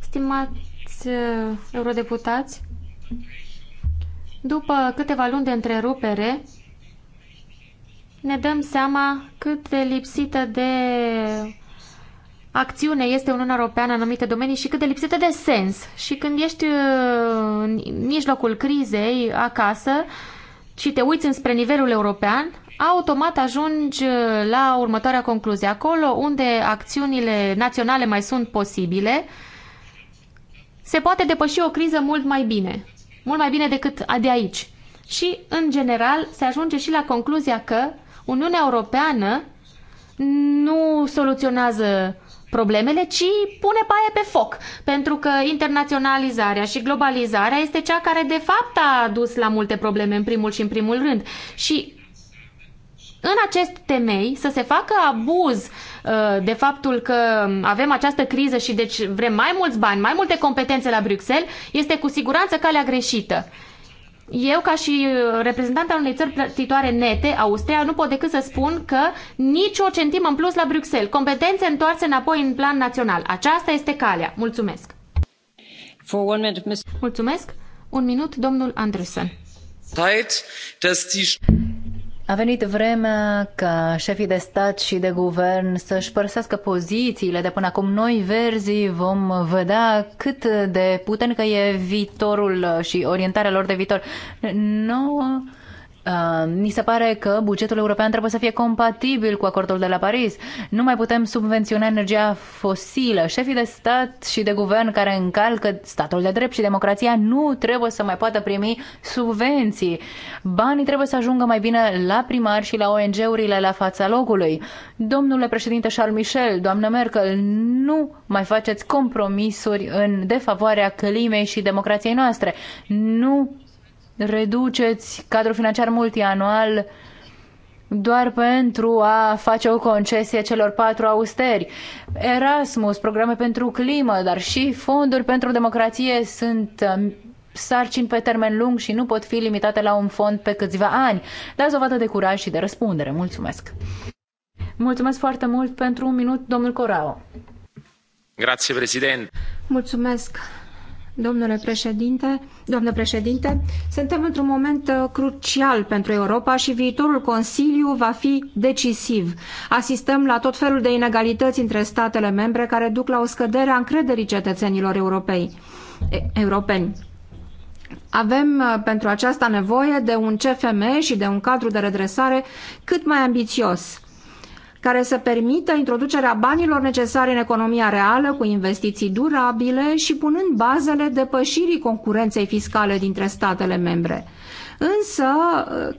stimați uh, eurodeputați. După câteva luni de întrerupere, ne dăm seama cât de lipsită de acțiune este Uniunea Europeană în anumite domenii și cât de lipsită de sens. Și când ești uh, în mijlocul crizei acasă și te uiți înspre nivelul european, automat ajungi uh, la următoarea concluzie. Acolo unde acțiunile naționale mai sunt posibile, se poate depăși o criză mult mai bine. Mult mai bine decât de aici. Și, în general, se ajunge și la concluzia că Uniunea Europeană nu soluționează problemele, ci pune paie pe foc, pentru că internaționalizarea și globalizarea este cea care de fapt a dus la multe probleme în primul și în primul rând. Și în acest temei să se facă abuz uh, de faptul că avem această criză și deci vrem mai mulți bani, mai multe competențe la Bruxelles, este cu siguranță calea greșită eu, ca și uh, reprezentant al unei țări plătitoare nete, Austria, nu pot decât să spun că nici o centimă în plus la Bruxelles. Competențe întoarse înapoi în plan național. Aceasta este calea. Mulțumesc. Minute, Mulțumesc. Un minut, domnul Andresen. A venit vremea ca șefii de stat și de guvern să-și părăsească pozițiile de până acum. Noi, verzii, vom vedea cât de puternică e viitorul și orientarea lor de viitor. No. Uh, mi ni se pare că bugetul european trebuie să fie compatibil cu acordul de la Paris. Nu mai putem subvenționa energia fosilă. Șefii de stat și de guvern care încalcă statul de drept și democrația nu trebuie să mai poată primi subvenții. Banii trebuie să ajungă mai bine la primari și la ONG-urile la fața locului. Domnule președinte Charles Michel, doamnă Merkel, nu mai faceți compromisuri în defavoarea climei și democrației noastre. Nu reduceți cadrul financiar multianual doar pentru a face o concesie celor patru austeri. Erasmus, programe pentru climă, dar și fonduri pentru democrație sunt um, sarcini pe termen lung și nu pot fi limitate la un fond pe câțiva ani. Dați vată de curaj și de răspundere. Mulțumesc! Mulțumesc foarte mult pentru un minut, domnul Corao. Grazie, președinte. Mulțumesc, Domnule președinte, doamnă președinte, suntem într-un moment uh, crucial pentru Europa și viitorul Consiliu va fi decisiv. Asistăm la tot felul de inegalități între statele membre care duc la o scădere a încrederii cetățenilor europei, europeni. Avem uh, pentru aceasta nevoie de un CFM și de un cadru de redresare cât mai ambițios care să permită introducerea banilor necesari în economia reală cu investiții durabile și punând bazele depășirii concurenței fiscale dintre statele membre însă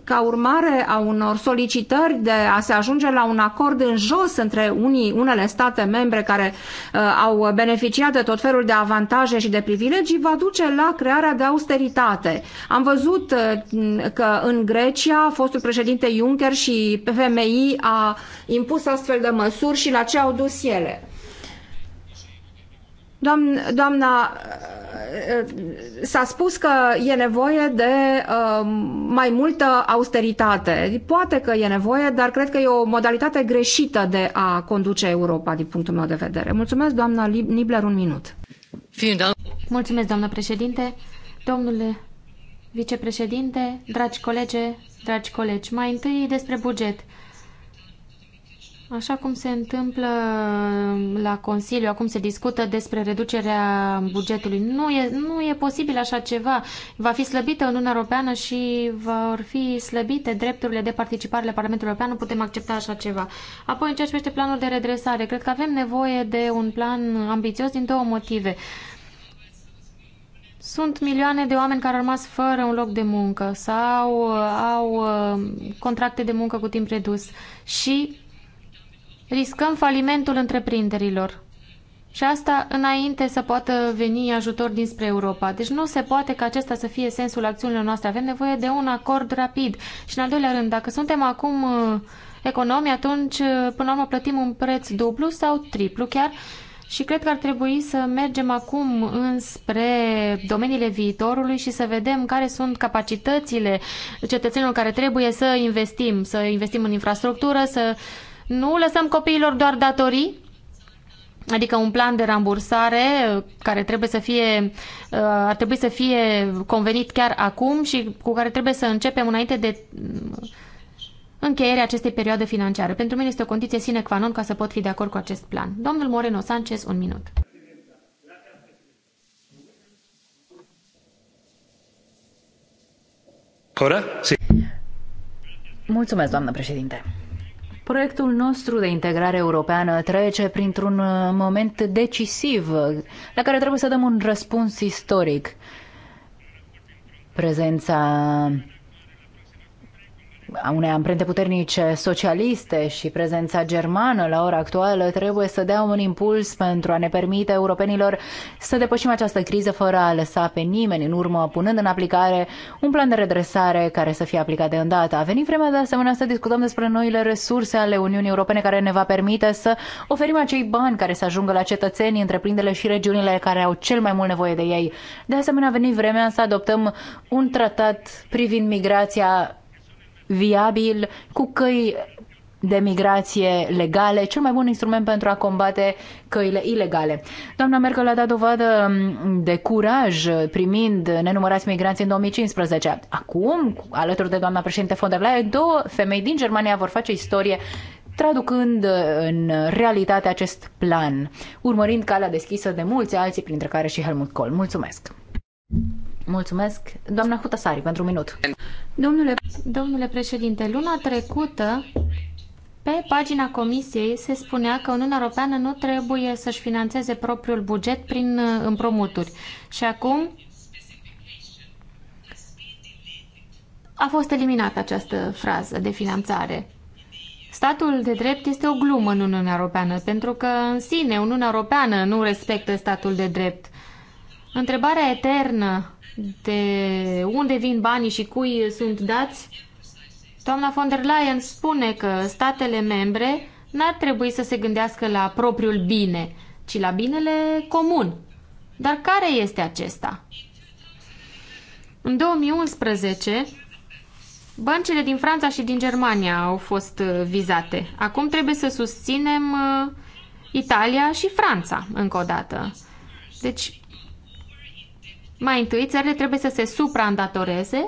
ca urmare a unor solicitări de a se ajunge la un acord în jos între unii, unele state membre care uh, au beneficiat de tot felul de avantaje și de privilegii, va duce la crearea de austeritate. Am văzut uh, că în Grecia fostul președinte Juncker și PFMI a impus astfel de măsuri și la ce au dus ele. Doamna, doamna s-a spus că e nevoie de um, mai multă austeritate. Poate că e nevoie, dar cred că e o modalitate greșită de a conduce Europa, din punctul meu de vedere. Mulțumesc, doamna Nibler, un minut. Mulțumesc, doamnă președinte. Domnule vicepreședinte, dragi colege, dragi colegi, mai întâi despre buget. Așa cum se întâmplă la Consiliu, acum se discută despre reducerea bugetului. Nu e, nu e posibil așa ceva. Va fi slăbită Uniunea Europeană și vor fi slăbite drepturile de participare la Parlamentul European. Nu putem accepta așa ceva. Apoi, în ceea ce privește planul de redresare, cred că avem nevoie de un plan ambițios din două motive. Sunt milioane de oameni care au rămas fără un loc de muncă sau uh, au uh, contracte de muncă cu timp redus și riscăm falimentul întreprinderilor. Și asta înainte să poată veni ajutor dinspre Europa. Deci nu se poate ca acesta să fie sensul acțiunilor noastre. Avem nevoie de un acord rapid. Și în al doilea rând, dacă suntem acum uh, economi, atunci uh, până la urmă plătim un preț dublu sau triplu chiar. Și cred că ar trebui să mergem acum înspre domeniile viitorului și să vedem care sunt capacitățile cetățenilor care trebuie să investim, să investim în infrastructură, să nu lăsăm copiilor doar datorii, adică un plan de rambursare uh, care trebuie să fie, uh, ar trebui să fie convenit chiar acum și cu care trebuie să începem înainte de mm, încheierea acestei perioade financiare. Pentru mine este o condiție sine qua non ca să pot fi de acord cu acest plan. Domnul Moreno Sanchez, un minut. Cora? Sí. Mulțumesc, doamnă președinte. Proiectul nostru de integrare europeană trece printr-un uh, moment decisiv uh, la care trebuie să dăm un răspuns istoric. Prezența a unei amprente puternice socialiste și prezența germană la ora actuală trebuie să dea un impuls pentru a ne permite europenilor să depășim această criză fără a lăsa pe nimeni în urmă, punând în aplicare un plan de redresare care să fie aplicat de îndată. A venit vremea de asemenea să discutăm despre noile resurse ale Uniunii Europene care ne va permite să oferim acei bani care să ajungă la cetățenii, întreprinderile și regiunile care au cel mai mult nevoie de ei. De asemenea, a venit vremea să adoptăm un tratat privind migrația viabil, cu căi de migrație legale, cel mai bun instrument pentru a combate căile ilegale. Doamna Merkel a dat dovadă mm, de curaj primind nenumărați migranți în 2015. Acum, alături de doamna președinte von der Leyen, două femei din Germania vor face istorie traducând în realitate acest plan, urmărind calea deschisă de mulți alții, printre care și Helmut Kohl. Mulțumesc! Mulțumesc. Doamna Hutasari, pentru un minut. Domnule, domnule președinte, luna trecută, pe pagina comisiei se spunea că Uniunea Europeană nu trebuie să-și financeze propriul buget prin uh, împrumuturi. Și acum a fost eliminată această frază de finanțare. Statul de drept este o glumă în Uniunea Europeană, pentru că în sine Uniunea Europeană nu respectă statul de drept. Întrebarea eternă de unde vin banii și cui sunt dați, doamna von der Leyen spune că statele membre n-ar trebui să se gândească la propriul bine, ci la binele comun. Dar care este acesta? În 2011, băncile din Franța și din Germania au fost uh, vizate. Acum trebuie să susținem uh, Italia și Franța, încă o dată. Deci, mai întâi, țările trebuie să se supraîndatoreze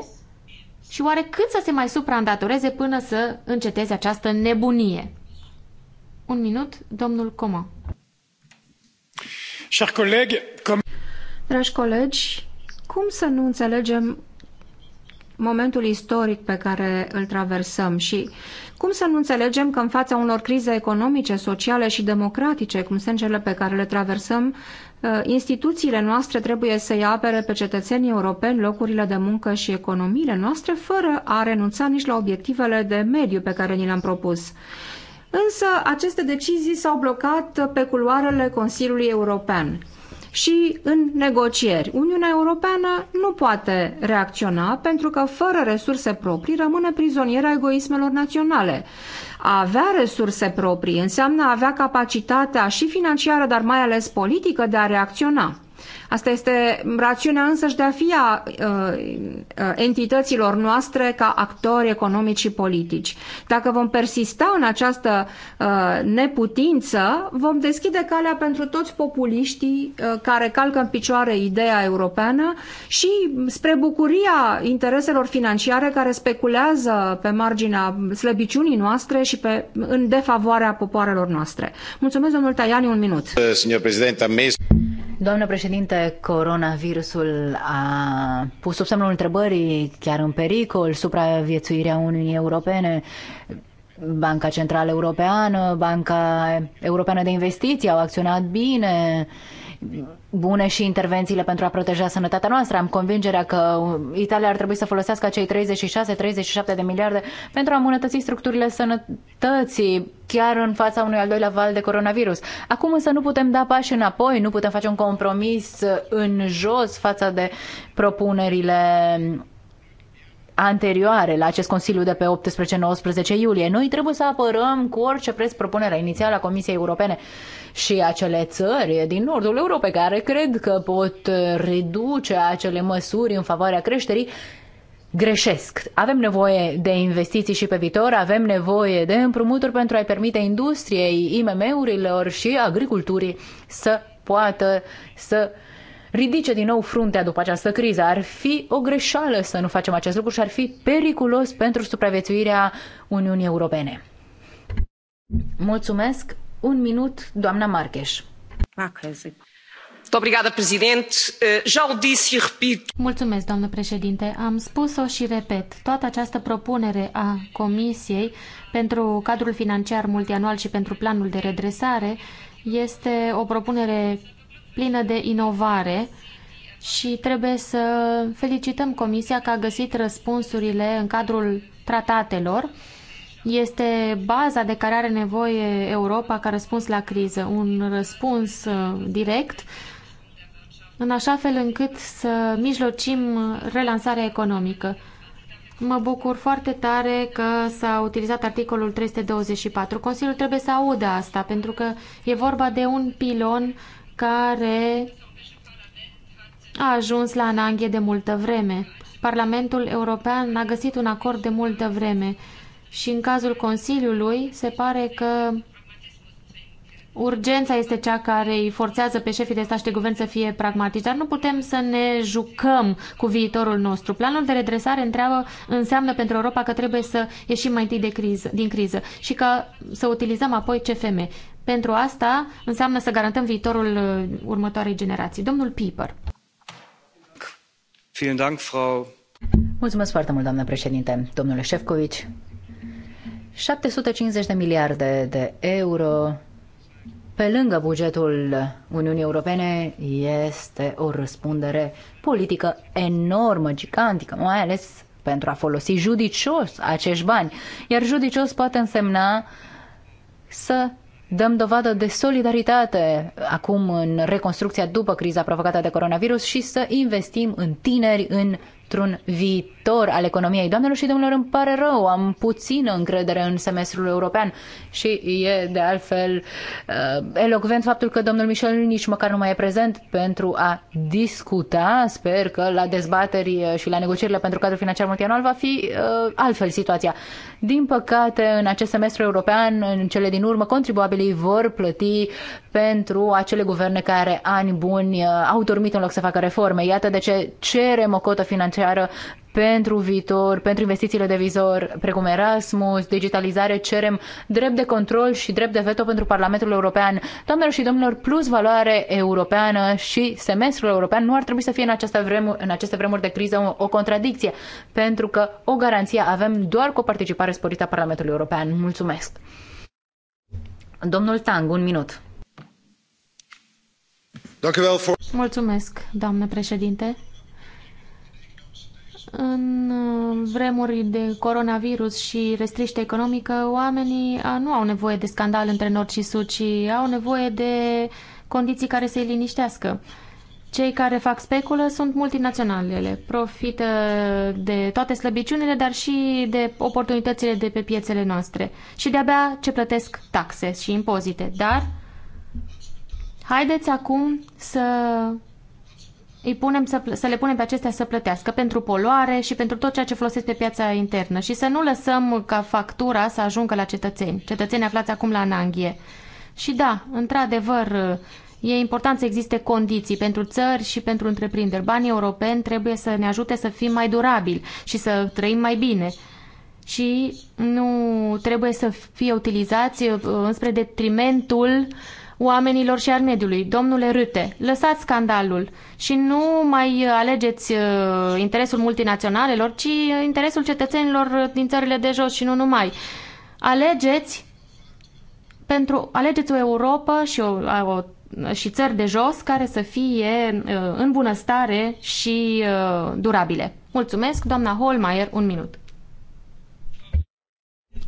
și oare cât să se mai supraîndatoreze până să înceteze această nebunie? Un minut, domnul Coma. Dragi colegi, cum să nu înțelegem momentul istoric pe care îl traversăm și cum să nu înțelegem că în fața unor crize economice, sociale și democratice, cum sunt cele pe care le traversăm, Uh, instituțiile noastre trebuie să-i apere pe cetățenii europeni locurile de muncă și economiile noastre, fără a renunța nici la obiectivele de mediu pe care ni le-am propus. Însă aceste decizii s-au blocat pe culoarele Consiliului European și în negocieri. Uniunea Europeană nu poate reacționa pentru că fără resurse proprii rămâne prizoniera egoismelor naționale. A avea resurse proprii înseamnă a avea capacitatea și financiară, dar mai ales politică de a reacționa. Asta este rațiunea însăși de a fi a ă, entităților noastre ca actori economici și politici. Dacă vom persista în această ă, neputință, vom deschide calea pentru toți populiștii ă, care calcă în picioare ideea europeană și spre bucuria intereselor financiare care speculează pe marginea slăbiciunii noastre și pe, în defavoarea popoarelor noastre. Mulțumesc, domnul Tajani, un minut. Signor președinte, am Doamnă președinte, coronavirusul a pus sub semnul întrebării, chiar în pericol, supraviețuirea Uniunii Europene. Banca Centrală Europeană, Banca Europeană de Investiții au acționat bine bune și intervențiile pentru a proteja sănătatea noastră. Am convingerea că Italia ar trebui să folosească acei 36-37 de miliarde pentru a îmbunătăți structurile sănătății chiar în fața unui al doilea val de coronavirus. Acum însă nu putem da pași înapoi, nu putem face un compromis în jos față de propunerile anterioare la acest Consiliu de pe 18-19 iulie. Noi trebuie să apărăm cu orice preț propunerea inițială a Comisiei Europene și acele țări din nordul Europei care cred că pot reduce acele măsuri în favoarea creșterii, greșesc. Avem nevoie de investiții și pe viitor, avem nevoie de împrumuturi pentru a-i permite industriei, IMM-urilor și agriculturii să poată să ridice din nou fruntea după această criză. Ar fi o greșeală să nu facem acest lucru și ar fi periculos pentru supraviețuirea Uniunii Europene. Mulțumesc. Un minut, doamna Marcheș. Eh, Mulțumesc, doamnă președinte. Am spus-o și repet. Toată această propunere a Comisiei pentru cadrul financiar multianual și pentru planul de redresare este o propunere plină de inovare și trebuie să felicităm Comisia că a găsit răspunsurile în cadrul tratatelor este baza de care are nevoie Europa ca răspuns la criză, un răspuns uh, direct, în așa fel încât să mijlocim relansarea economică. Mă bucur foarte tare că s-a utilizat articolul 324. Consiliul trebuie să audă asta, pentru că e vorba de un pilon care a ajuns la ananghie de multă vreme. Parlamentul European a găsit un acord de multă vreme și în cazul Consiliului se pare că urgența este cea care îi forțează pe șefii de stat și de guvern să fie pragmatici, dar nu putem să ne jucăm cu viitorul nostru. Planul de redresare întreabă, înseamnă pentru Europa că trebuie să ieșim mai întâi de criză, din criză și că să utilizăm apoi CFM. Pentru asta înseamnă să garantăm viitorul uh, următoarei generații. Domnul Piper. Mulțumesc foarte mult, doamnă președinte. Domnule Șefcovici, 750 de miliarde de euro pe lângă bugetul Uniunii Europene este o răspundere politică enormă, gigantică, mai ales pentru a folosi judicios acești bani. Iar judicios poate însemna să dăm dovadă de solidaritate acum în reconstrucția după criza provocată de coronavirus și să investim în tineri, în într-un viitor al economiei. Doamnelor și domnilor, îmi pare rău, am puțină încredere în semestrul european și e de altfel uh, elocvent faptul că domnul Michel nici măcar nu mai e prezent pentru a discuta. Sper că la dezbateri și la negocierile pentru cadrul financiar multianual va fi uh, altfel situația. Din păcate, în acest semestru european, în cele din urmă, contribuabilii vor plăti pentru acele guverne care ani buni uh, au dormit în loc să facă reforme. Iată de ce cerem o cotă financiară financiară pentru viitor, pentru investițiile de vizor, precum Erasmus, digitalizare, cerem drept de control și drept de veto pentru Parlamentul European. Doamnelor și domnilor, plus valoare europeană și semestrul european nu ar trebui să fie în aceste vremuri, în aceste vremuri de criză o, o contradicție, pentru că o garanție avem doar cu o participare sporită a Parlamentului European. Mulțumesc! Domnul Tang, un minut. Mulțumesc, doamnă președinte. În uh, vremuri de coronavirus și restriște economică, oamenii uh, nu au nevoie de scandal între nord și sud, ci au nevoie de condiții care să-i liniștească. Cei care fac speculă sunt multinaționalele, profită de toate slăbiciunile, dar și de oportunitățile de pe piețele noastre. Și de-abia ce plătesc taxe și impozite. Dar haideți acum să îi punem să, să le punem pe acestea să plătească pentru poluare și pentru tot ceea ce folosesc pe piața internă și să nu lăsăm ca factura să ajungă la cetățeni, cetățeni aflați acum la Nanghie. Și da, într-adevăr, e important să existe condiții pentru țări și pentru întreprinderi. Banii europeni trebuie să ne ajute să fim mai durabili și să trăim mai bine și nu trebuie să fie utilizați uh, înspre detrimentul oamenilor și al mediului. Domnule Rute, lăsați scandalul și nu mai uh, alegeți uh, interesul multinaționalelor, ci uh, interesul cetățenilor din țările de jos și nu numai. Alegeți pentru alegeți o Europa și o, o și țări de jos care să fie în bunăstare și durabile. Mulțumesc, doamna Holmeier, un minut.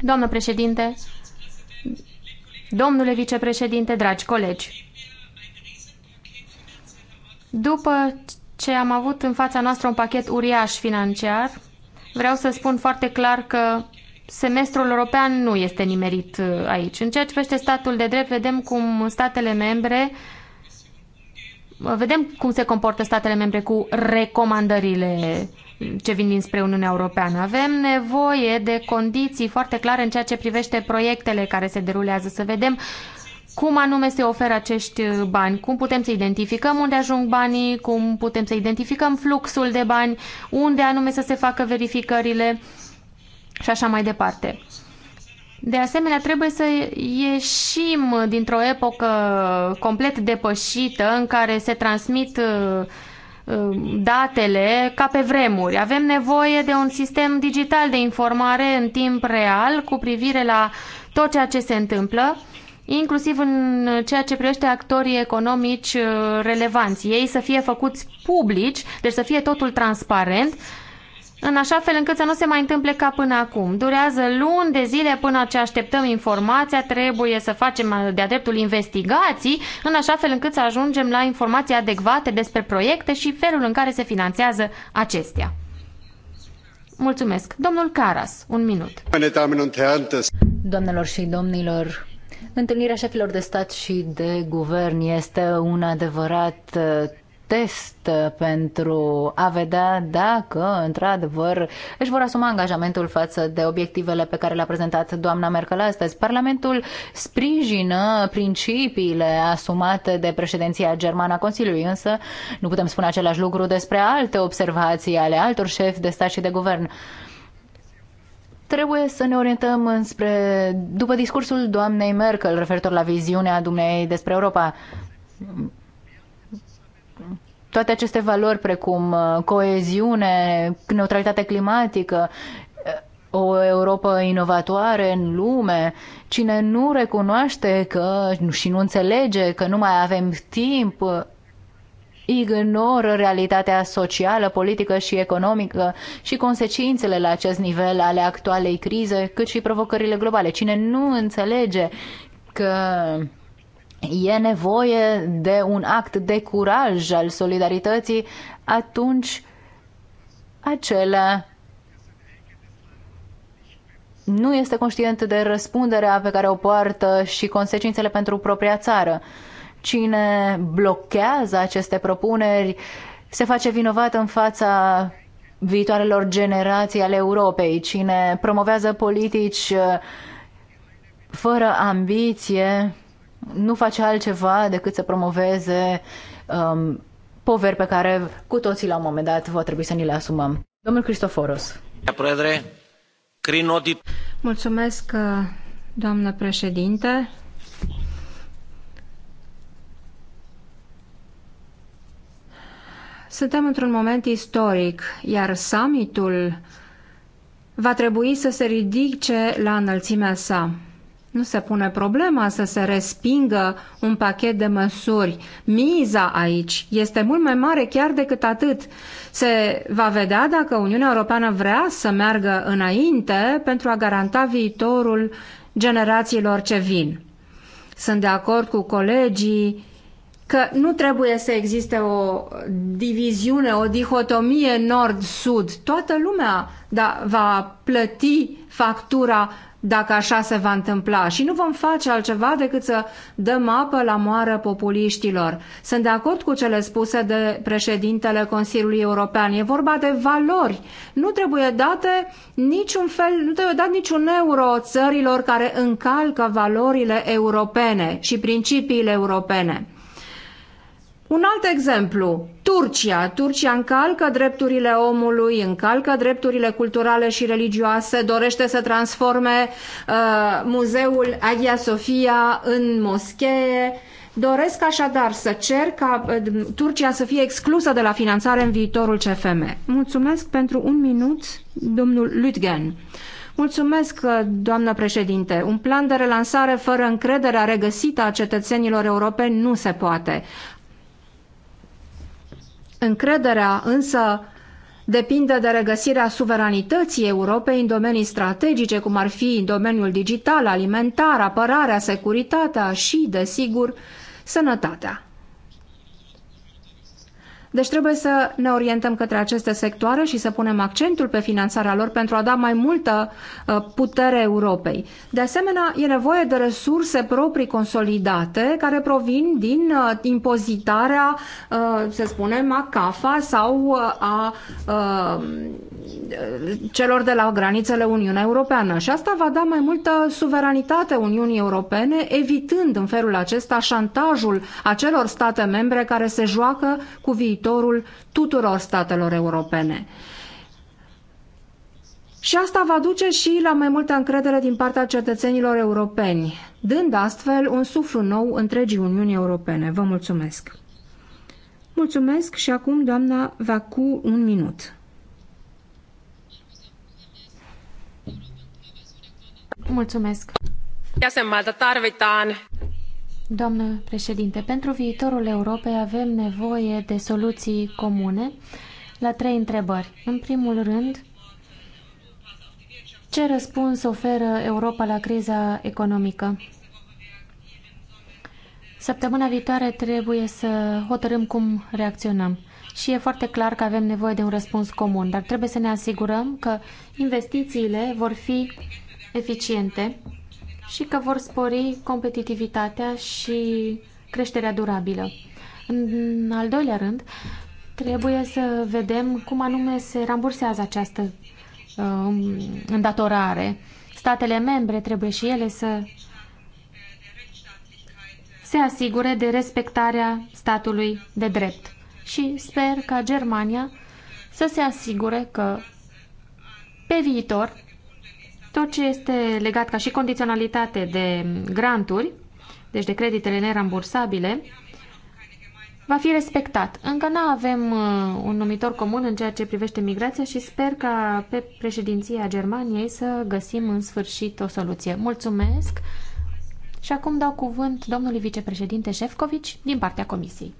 Doamnă președinte, Domnule vicepreședinte, dragi colegi, după ce am avut în fața noastră un pachet uriaș financiar, vreau să spun foarte clar că semestrul european nu este nimerit uh, aici. În ceea ce privește statul de drept, vedem cum statele membre uh, vedem cum se comportă statele membre cu recomandările ce vin dinspre Uniunea Europeană. Avem nevoie de condiții foarte clare în ceea ce privește proiectele care se derulează, să vedem cum anume se oferă acești bani, cum putem să identificăm unde ajung banii, cum putem să identificăm fluxul de bani, unde anume să se facă verificările și așa mai departe. De asemenea, trebuie să ieșim dintr-o epocă complet depășită în care se transmit Um, datele ca pe vremuri. Avem nevoie de un sistem digital de informare în timp real cu privire la tot ceea ce se întâmplă, inclusiv în ceea ce privește actorii economici uh, relevanți. Ei să fie făcuți publici, deci să fie totul transparent în așa fel încât să nu se mai întâmple ca până acum. Durează luni de zile până ce așteptăm informația, trebuie să facem de-a dreptul investigații, în așa fel încât să ajungem la informații adecvate despre proiecte și felul în care se finanțează acestea. Mulțumesc. Domnul Caras, un minut. Doamnelor și domnilor, întâlnirea șefilor de stat și de guvern este un adevărat test pentru a vedea dacă, într-adevăr, își vor asuma angajamentul față de obiectivele pe care le-a prezentat doamna Merkel astăzi. Parlamentul sprijină principiile asumate de președinția germană a Consiliului, însă nu putem spune același lucru despre alte observații ale altor șefi de stat și de guvern trebuie să ne orientăm înspre, după discursul doamnei Merkel referitor la viziunea dumneei despre Europa toate aceste valori precum uh, coeziune, neutralitate climatică, uh, o Europa inovatoare în lume, cine nu recunoaște că și nu înțelege că nu mai avem timp, uh, ignoră realitatea socială, politică și economică și consecințele la acest nivel ale actualei crize, cât și provocările globale. Cine nu înțelege că e nevoie de un act de curaj al solidarității, atunci acela nu este conștient de răspunderea pe care o poartă și consecințele pentru propria țară. Cine blochează aceste propuneri se face vinovat în fața viitoarelor generații ale Europei. Cine promovează politici uh, fără ambiție nu face altceva decât să promoveze um, poveri pe care cu toții la un moment dat va trebui să ni le asumăm. Domnul Cristoforos. Mulțumesc, uh, doamnă președinte. Suntem într-un moment istoric, iar summitul va trebui să se ridice la înălțimea sa. Nu se pune problema să se respingă un pachet de măsuri. Miza aici este mult mai mare chiar decât atât. Se va vedea dacă Uniunea Europeană vrea să meargă înainte pentru a garanta viitorul generațiilor ce vin. Sunt de acord cu colegii că nu trebuie să existe o diviziune, o dihotomie nord-sud. Toată lumea da, va plăti factura dacă așa se va întâmpla și nu vom face altceva decât să dăm apă la moară populiștilor. Sunt de acord cu cele spuse de președintele Consiliului European. E vorba de valori. Nu trebuie date niciun fel, nu trebuie dat niciun euro țărilor care încalcă valorile europene și principiile europene. Un alt exemplu, Turcia. Turcia încalcă drepturile omului, încalcă drepturile culturale și religioase, dorește să transforme uh, muzeul Hagia Sofia în moschee. Doresc așadar să cer ca uh, Turcia să fie exclusă de la finanțare în viitorul CFM. Mulțumesc pentru un minut, domnul Lütgen. Mulțumesc, uh, doamnă președinte. Un plan de relansare fără încrederea regăsită a cetățenilor europeni nu se poate. Încrederea însă depinde de regăsirea suveranității Europei în domenii strategice, cum ar fi în domeniul digital, alimentar, apărarea, securitatea și, desigur, sănătatea. Deci trebuie să ne orientăm către aceste sectoare și să punem accentul pe finanțarea lor pentru a da mai multă uh, putere Europei. De asemenea, e nevoie de resurse proprii consolidate care provin din uh, impozitarea, uh, să spunem, a CAFA sau a celor de la granițele Uniunii Europeană. Și asta va da mai multă suveranitate Uniunii Europene, evitând în felul acesta șantajul acelor state membre care se joacă cu viitorul tuturor statelor europene. Și asta va duce și la mai multă încredere din partea cetățenilor europeni, dând astfel un suflu nou întregii Uniunii Europene. Vă mulțumesc! Mulțumesc și acum, doamna cu un minut. Mulțumesc. Doamnă președinte, pentru viitorul Europei avem nevoie de soluții comune la trei întrebări. În primul rând, ce răspuns oferă Europa la criza economică? Săptămâna viitoare trebuie să hotărâm cum reacționăm. Și e foarte clar că avem nevoie de un răspuns comun, dar trebuie să ne asigurăm că investițiile vor fi eficiente și că vor spori competitivitatea și creșterea durabilă. În al doilea rând, trebuie să vedem cum anume se rambursează această uh, îndatorare. Statele membre trebuie și ele să se asigure de respectarea statului de drept. Și sper ca Germania să se asigure că pe viitor tot ce este legat ca și condiționalitate de granturi, deci de creditele nerambursabile, va fi respectat. Încă nu avem uh, un numitor comun în ceea ce privește migrația și sper ca pe președinția Germaniei să găsim în sfârșit o soluție. Mulțumesc! Și acum dau cuvânt domnului vicepreședinte Șefcovici din partea Comisiei.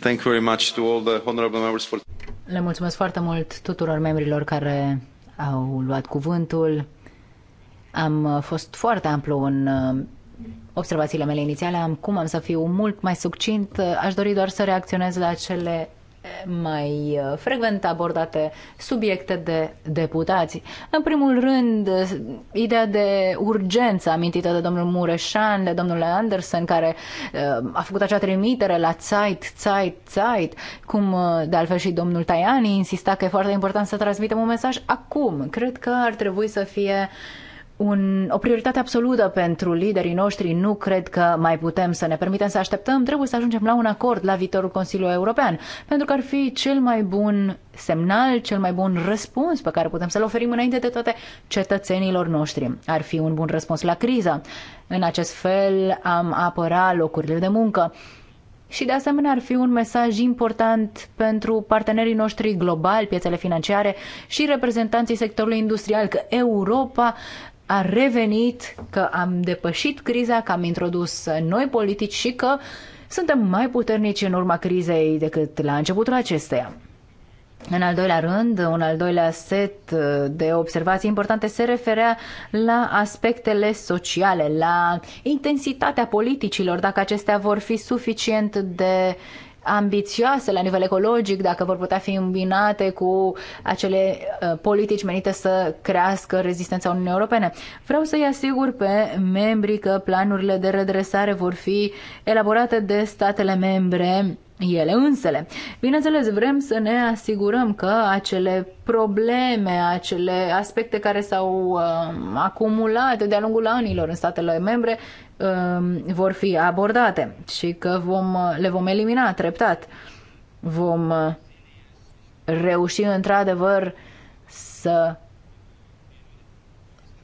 Thank you very much to all the honorable members for... Le mulțumesc foarte mult tuturor membrilor care au luat cuvântul. Am uh, fost foarte amplu în uh, observațiile mele inițiale, am cum am să fiu mult mai succint. Uh, aș dori doar să reacționez la cele mai uh, frecvent abordate subiecte de deputați. În primul rând, uh, ideea de urgență amintită de domnul Mureșan, de domnul Anderson, care uh, a făcut acea trimitere la Zeit, Zeit, Zeit, cum de altfel și domnul Tajani insista că e foarte important să transmitem un mesaj acum. Cred că ar trebui să fie uh, un, o prioritate absolută pentru liderii noștri. Nu cred că mai putem să ne permitem să așteptăm. Trebuie să ajungem la un acord la viitorul Consiliu European, pentru că ar fi cel mai bun semnal, cel mai bun răspuns pe care putem să-l oferim înainte de toate cetățenilor noștri. Ar fi un bun răspuns la criză. În acest fel am apăra locurile de muncă. Și de asemenea ar fi un mesaj important pentru partenerii noștri globali, piețele financiare și reprezentanții sectorului industrial că Europa a revenit, că am depășit criza, că am introdus noi politici și că suntem mai puternici în urma crizei decât la începutul acesteia. În al doilea rând, un al doilea set de observații importante se referea la aspectele sociale, la intensitatea politicilor, dacă acestea vor fi suficient de ambițioase la nivel ecologic, dacă vor putea fi îmbinate cu acele uh, politici menite să crească rezistența Uniunii Europene. Vreau să-i asigur pe membrii că planurile de redresare vor fi elaborate de statele membre ele însele. Bineînțeles, vrem să ne asigurăm că acele probleme, acele aspecte care s-au uh, acumulat de-a lungul anilor în statele membre Um, vor fi abordate și că vom, le vom elimina treptat. Vom uh, reuși într-adevăr să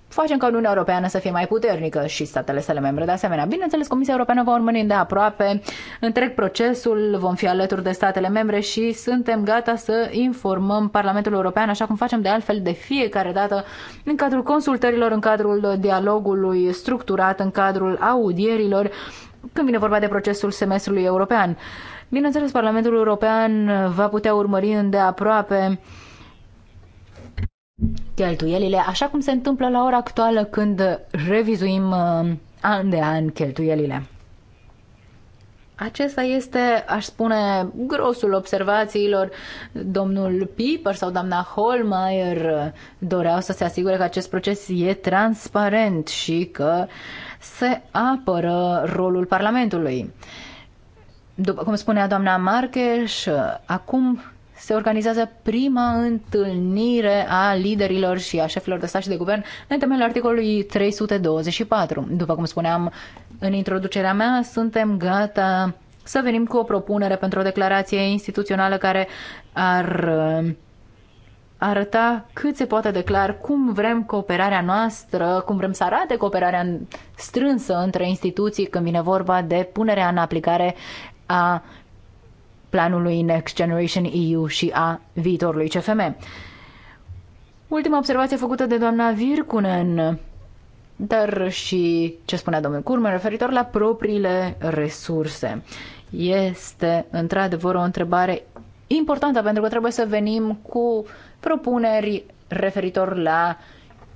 facem ca Uniunea Europeană să fie mai puternică și statele sale membre de asemenea. Bineînțeles, Comisia Europeană va urmări de aproape întreg procesul, vom fi alături de statele membre și suntem gata să informăm Parlamentul European, așa cum facem de altfel de fiecare dată în cadrul consultărilor, în cadrul dialogului structurat, în cadrul audierilor, când vine vorba de procesul semestrului european. Bineînțeles, Parlamentul European va putea urmări îndeaproape aproape cheltuielile, așa cum se întâmplă la ora actuală când revizuim uh, an de an cheltuielile. Acesta este, aș spune, grosul observațiilor. Domnul Piper sau doamna Holmeier uh, doreau să se asigure că acest proces e transparent și că se apără rolul Parlamentului. După cum spunea doamna Marcheș, uh, acum se organizează prima întâlnire a liderilor și a șefilor de stat și de guvern în temeiul articolului 324. După cum spuneam în introducerea mea, suntem gata să venim cu o propunere pentru o declarație instituțională care ar uh, arăta cât se poate declar cum vrem cooperarea noastră, cum vrem să arate cooperarea strânsă între instituții când vine vorba de punerea în aplicare a planului Next Generation EU și a viitorului CFM. Ultima observație făcută de doamna Virkunen, dar și ce spunea domnul Curme referitor la propriile resurse. Este într-adevăr o întrebare importantă pentru că trebuie să venim cu propuneri referitor la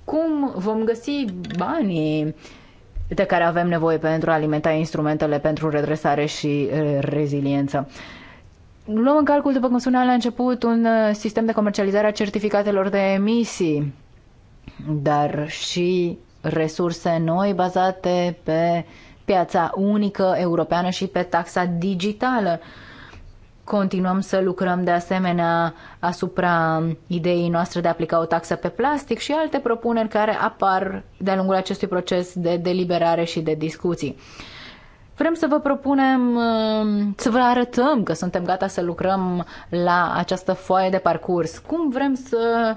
cum vom găsi banii de care avem nevoie pentru a alimenta instrumentele pentru redresare și eh, reziliență. Luăm în calcul, după cum spuneam la început, un uh, sistem de comercializare a certificatelor de emisii, dar și resurse noi bazate pe piața unică europeană și pe taxa digitală. Continuăm să lucrăm de asemenea asupra ideii noastre de a aplica o taxă pe plastic și alte propuneri care apar de-a lungul acestui proces de deliberare și de discuții. Vrem să vă propunem, uh, să vă arătăm că suntem gata să lucrăm la această foaie de parcurs. Cum vrem să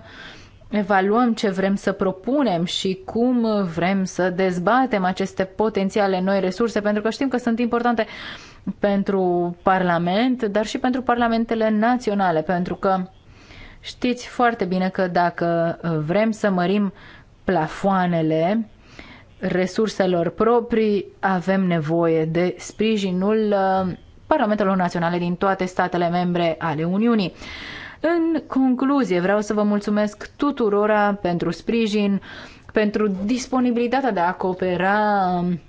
evaluăm ce vrem să propunem și cum vrem să dezbatem aceste potențiale noi resurse, pentru că știm că sunt importante pentru Parlament, dar și pentru parlamentele naționale, pentru că știți foarte bine că dacă vrem să mărim plafoanele, resurselor proprii, avem nevoie de sprijinul uh, Parlamentelor Naționale din toate statele membre ale Uniunii. În concluzie, vreau să vă mulțumesc tuturora pentru sprijin, pentru disponibilitatea de a coopera, um,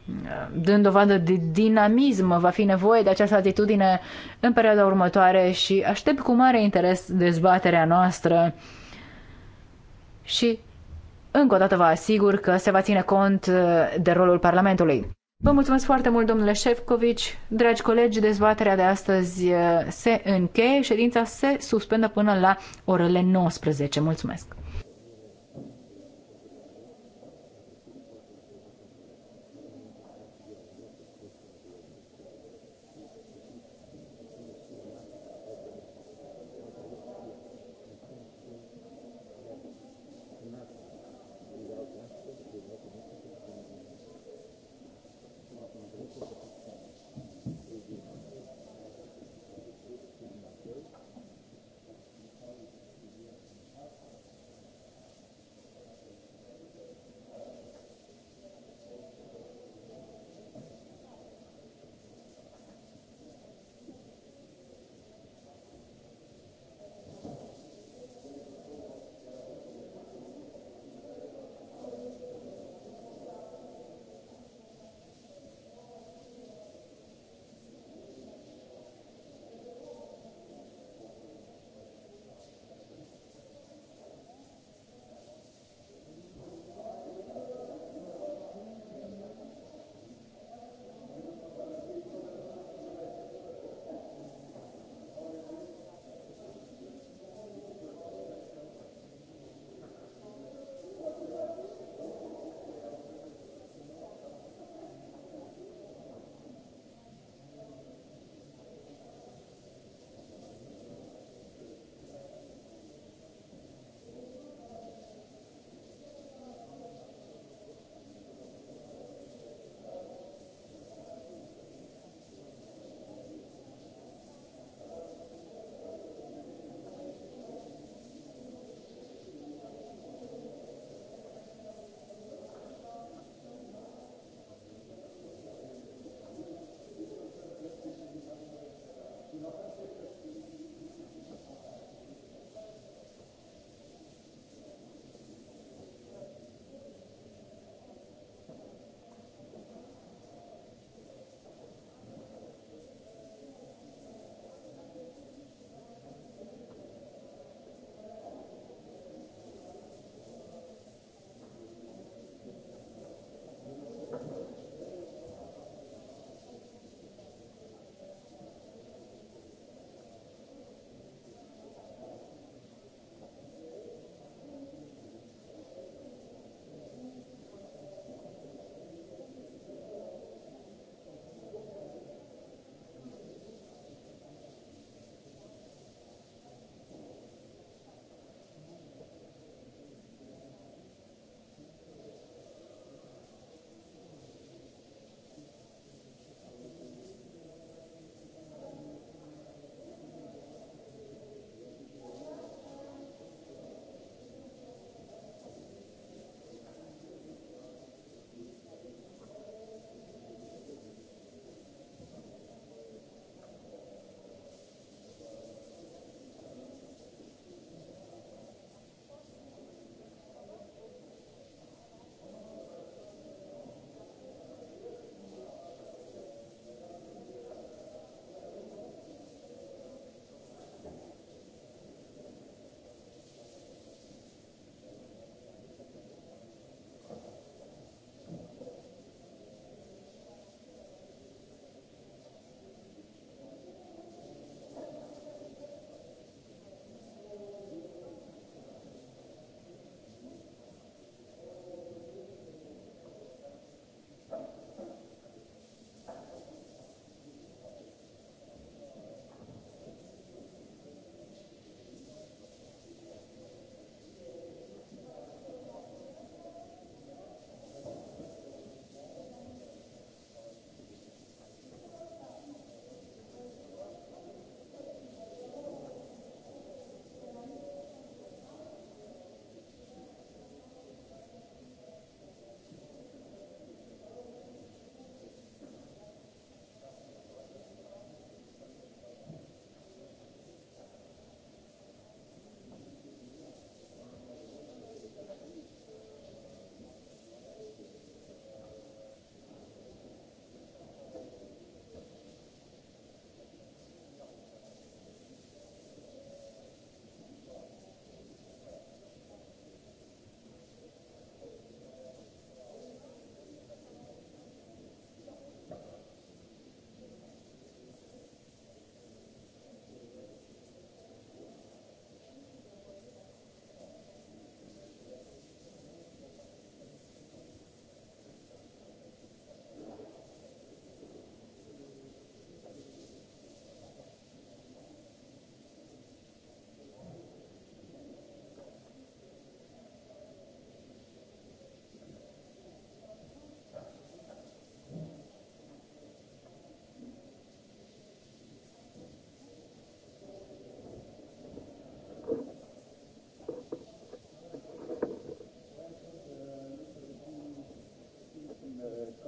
dând dovadă de dinamism. Va fi nevoie de această atitudine în perioada următoare și aștept cu mare interes dezbaterea noastră și încă o dată vă asigur că se va ține cont uh, de rolul Parlamentului. Vă mulțumesc foarte mult, domnule Șefcovic. Dragi colegi, dezbaterea de astăzi uh, se încheie. Ședința se suspendă până la orele 19. Mulțumesc!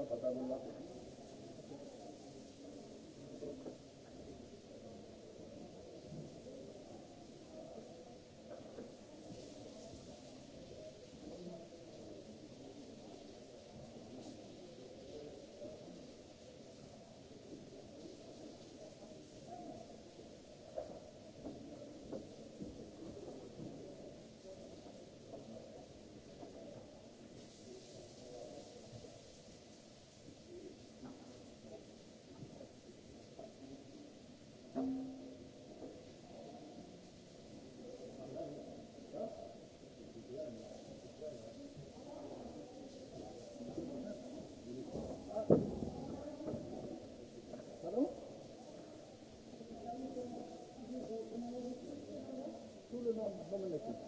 Kata Allah domnule Cucu.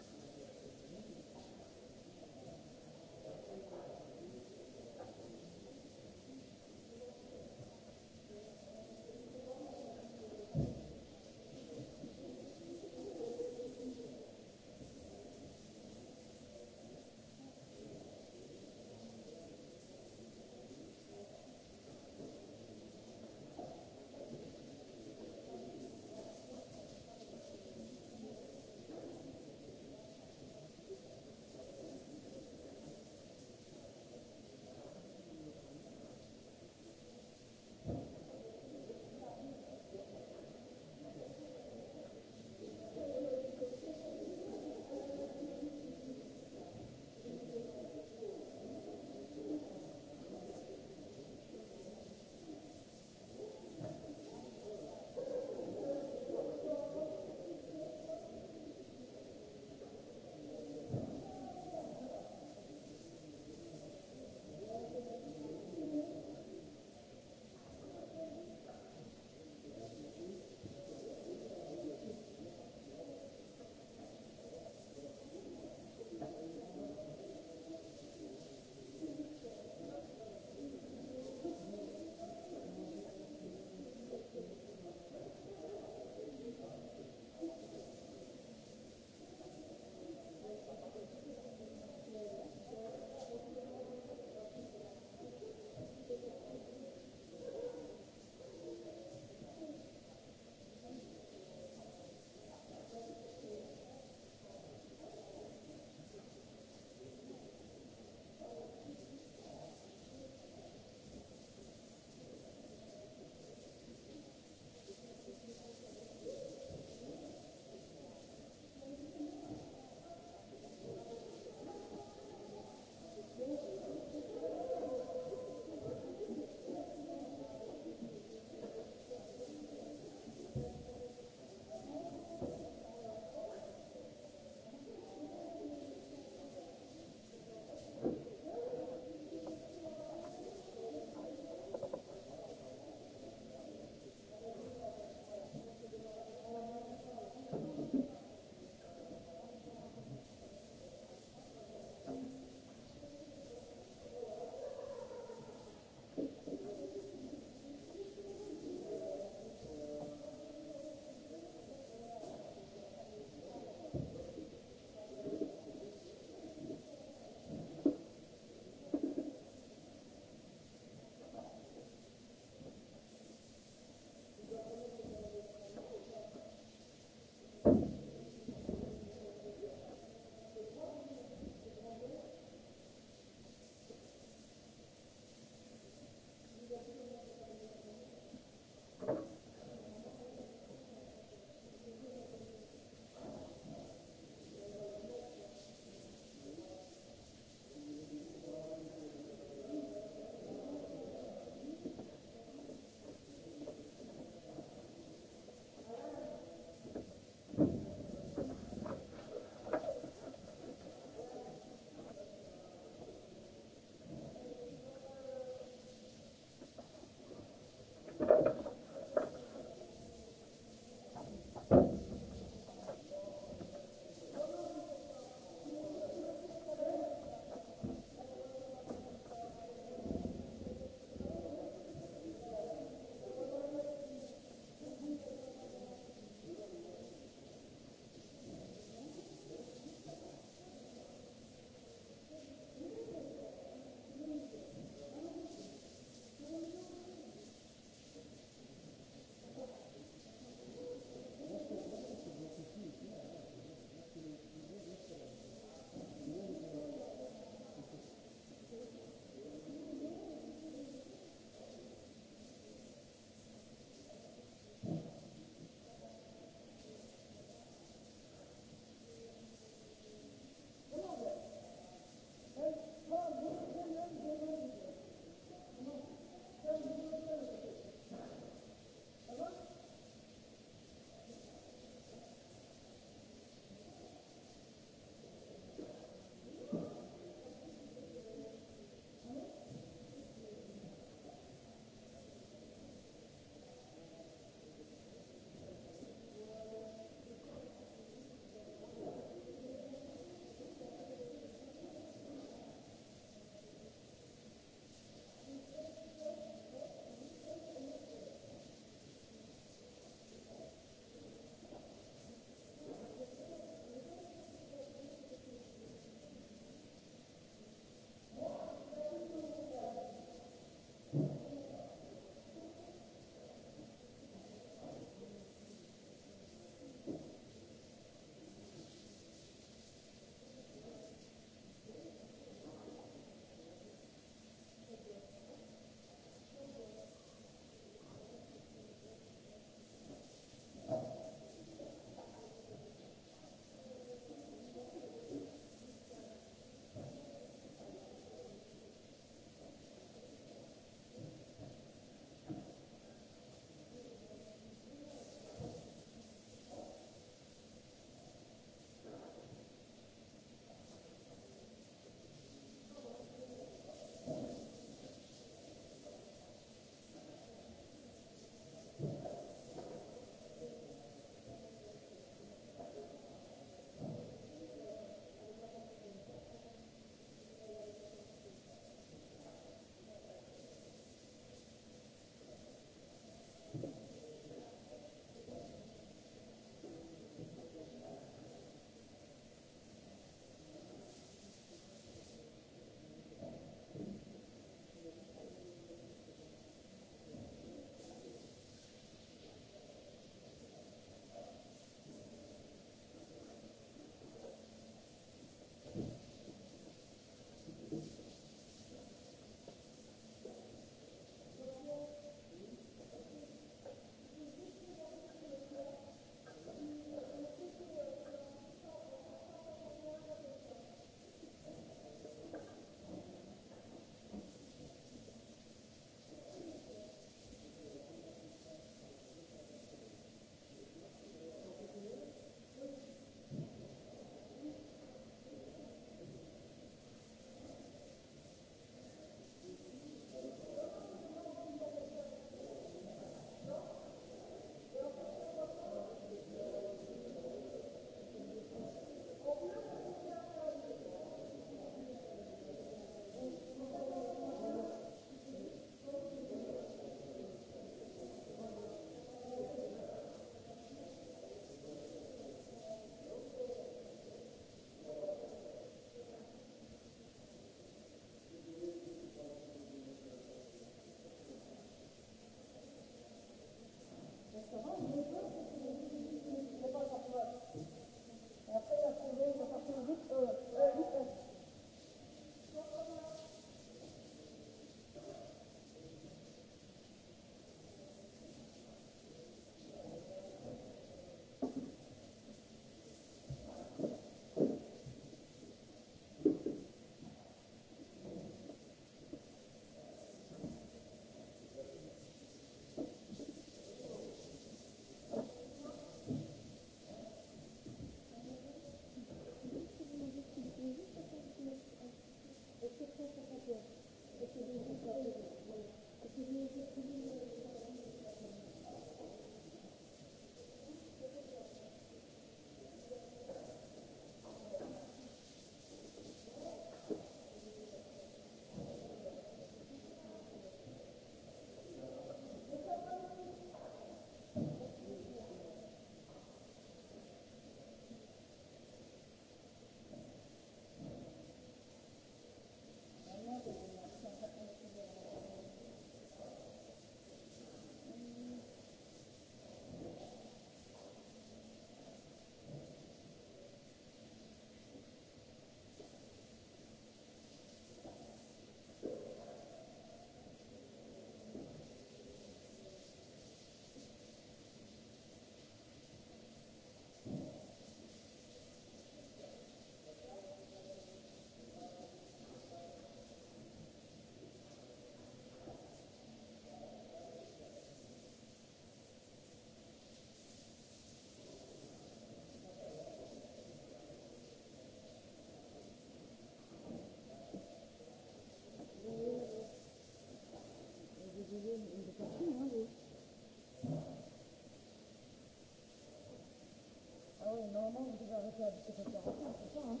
Demain, ils vont ouvrir les téléphones,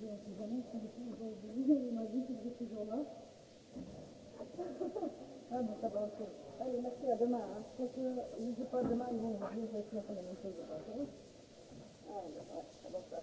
ils vont ouvrir les téléphones. Ah, ça va faire.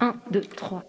1, 2, 3.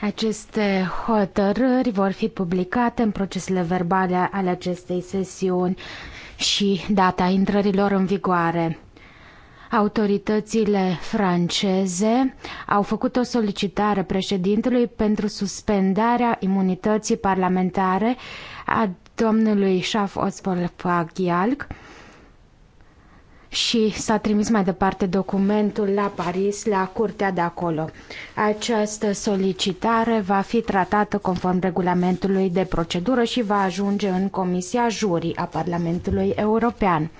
Aceste hotărâri vor fi publicate în procesele verbale ale acestei sesiuni și data intrărilor în vigoare. Autoritățile franceze au făcut o solicitare președintelui pentru suspendarea imunității parlamentare a domnului Șaf Osvald Fagialc și s-a trimis mai departe documentul la Paris, la curtea de acolo. Această solicitare va fi tratată conform regulamentului de procedură și va ajunge în Comisia Jurii a Parlamentului European.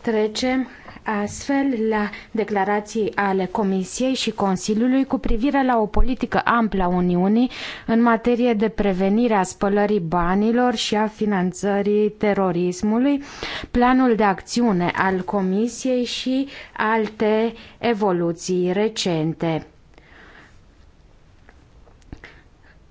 Trecem astfel la declarații ale Comisiei și Consiliului cu privire la o politică amplă a Uniunii în materie de prevenire a spălării banilor și a finanțării terorismului, planul de acțiune al Comisiei și alte evoluții recente.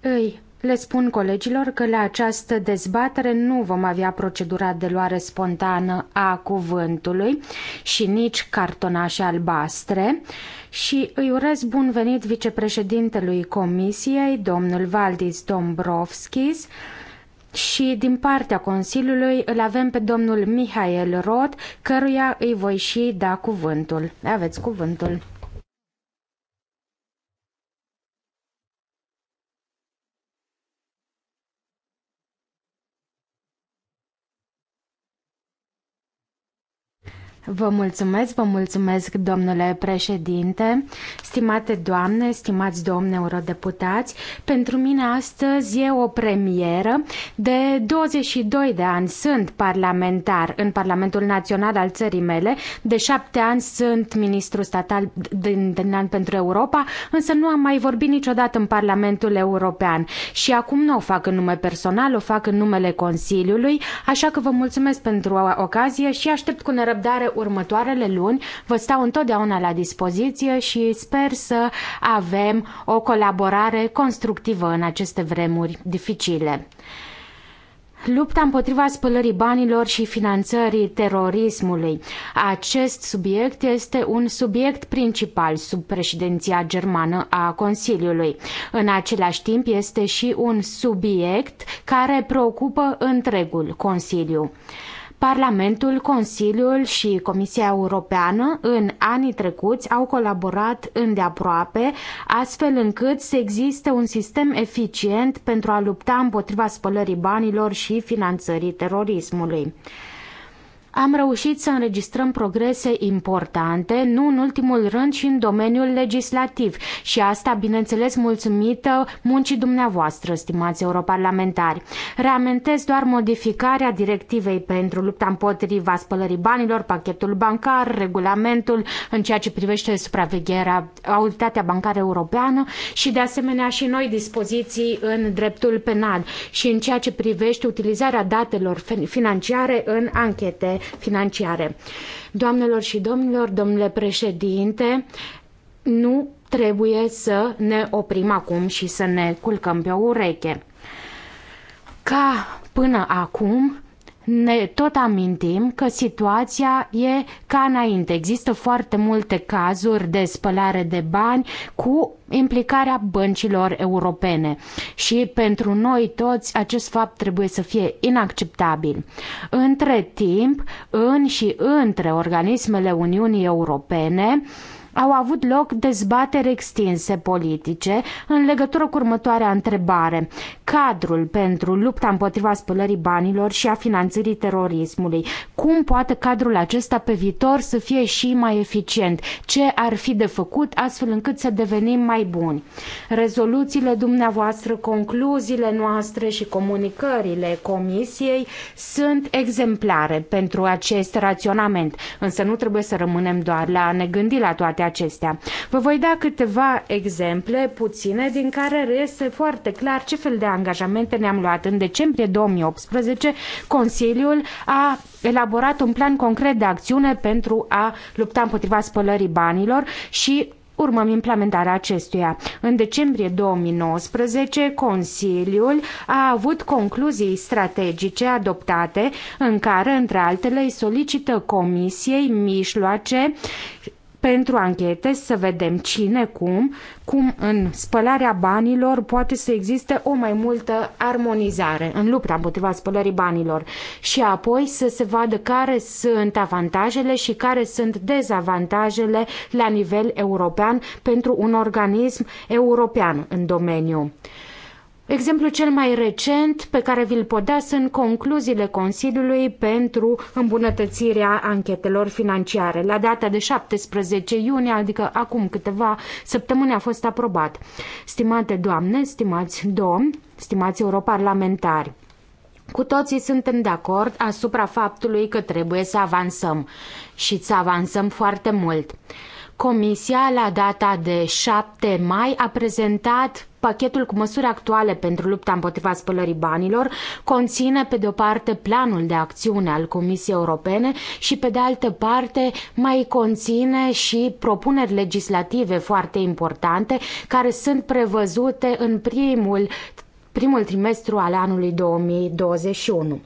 Îi le spun colegilor că la această dezbatere nu vom avea procedura de luare spontană a cuvântului și nici cartonașe albastre și îi urez bun venit vicepreședintelui Comisiei, domnul Valdis Dombrovskis, și din partea Consiliului îl avem pe domnul Mihail Rod, căruia îi voi și da cuvântul. Aveți cuvântul. Vă mulțumesc, vă mulțumesc, domnule președinte, stimate doamne, stimați domne eurodeputați. Pentru mine astăzi e o premieră. De 22 de ani sunt parlamentar în Parlamentul Național al țării mele, de șapte ani sunt ministru statal din, din an pentru Europa, însă nu am mai vorbit niciodată în Parlamentul European și acum nu o fac în nume personal, o fac în numele Consiliului, așa că vă mulțumesc pentru ocazie și aștept cu nerăbdare următoarele luni. Vă stau întotdeauna la dispoziție și sper să avem o colaborare constructivă în aceste vremuri dificile. Lupta împotriva spălării banilor și finanțării terorismului. Acest subiect este un subiect principal sub președinția germană a Consiliului. În același timp este și un subiect care preocupă întregul Consiliu. Parlamentul, Consiliul și Comisia Europeană în anii trecuți au colaborat îndeaproape, astfel încât să existe un sistem eficient pentru a lupta împotriva spălării banilor și finanțării terorismului. Am reușit să înregistrăm progrese importante, nu în ultimul rând și în domeniul legislativ și asta, bineînțeles, mulțumită muncii dumneavoastră, stimați europarlamentari. Reamintesc doar modificarea directivei pentru lupta împotriva spălării banilor, pachetul bancar, regulamentul în ceea ce privește supravegherea, autoritatea bancară europeană și de asemenea și noi dispoziții în dreptul penal și în ceea ce privește utilizarea datelor financiare în anchete financiare. Doamnelor și domnilor, domnule președinte, nu trebuie să ne oprim acum și să ne culcăm pe o ureche. Ca până acum, ne tot amintim că situația e ca înainte. Există foarte multe cazuri de spălare de bani cu implicarea băncilor europene și pentru noi toți acest fapt trebuie să fie inacceptabil. Între timp, în și între organismele Uniunii Europene, uh, au avut loc dezbateri extinse politice în legătură cu următoarea întrebare. Cadrul pentru lupta împotriva spălării banilor și a finanțării terorismului. Cum poate cadrul acesta pe viitor să fie și mai eficient? Ce ar fi de făcut astfel încât să devenim mai buni? Rezoluțiile dumneavoastră, concluziile noastre și comunicările Comisiei sunt exemplare pentru acest raționament, însă nu trebuie să rămânem doar la a ne gândi la toate acestea. Vă voi da câteva exemple puține din care reiese foarte clar ce fel de angajamente ne-am luat. În decembrie 2018, Consiliul a elaborat un plan concret de acțiune pentru a lupta împotriva spălării banilor și urmăm implementarea acestuia. În decembrie 2019, Consiliul a avut concluzii strategice adoptate în care, între altele, îi solicită Comisiei mijloace pentru anchete, să vedem cine, cum, cum în spălarea banilor poate să existe o mai multă armonizare în lupta împotriva spălării banilor și apoi să se vadă care sunt avantajele și care sunt dezavantajele la nivel european pentru un organism european în domeniu. Exemplul cel mai recent pe care vi-l pot da sunt concluziile Consiliului pentru îmbunătățirea anchetelor financiare. La data de 17 iunie, adică acum câteva săptămâni, a fost aprobat. Stimate doamne, stimați domni, stimați europarlamentari, cu toții suntem de acord asupra faptului că trebuie să avansăm și să avansăm foarte mult. Comisia, la data de 7 mai, a prezentat pachetul cu măsuri actuale pentru lupta împotriva spălării banilor conține, pe de o parte, planul de acțiune al Comisiei Europene și, pe de altă parte, mai conține și propuneri legislative foarte importante care sunt prevăzute în primul, primul trimestru al anului 2021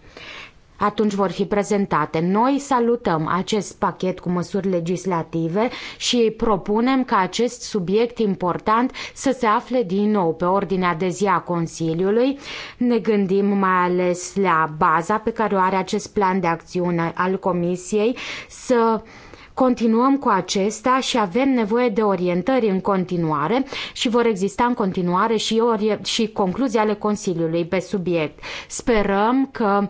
atunci vor fi prezentate. Noi salutăm acest pachet cu măsuri legislative și propunem ca acest subiect important să se afle din nou pe ordinea de zi a Consiliului. Ne gândim mai ales la baza pe care o are acest plan de acțiune al Comisiei să Continuăm cu acesta și avem nevoie de orientări în continuare și vor exista în continuare și, ori, și concluzii ale Consiliului pe subiect. Sperăm că uh,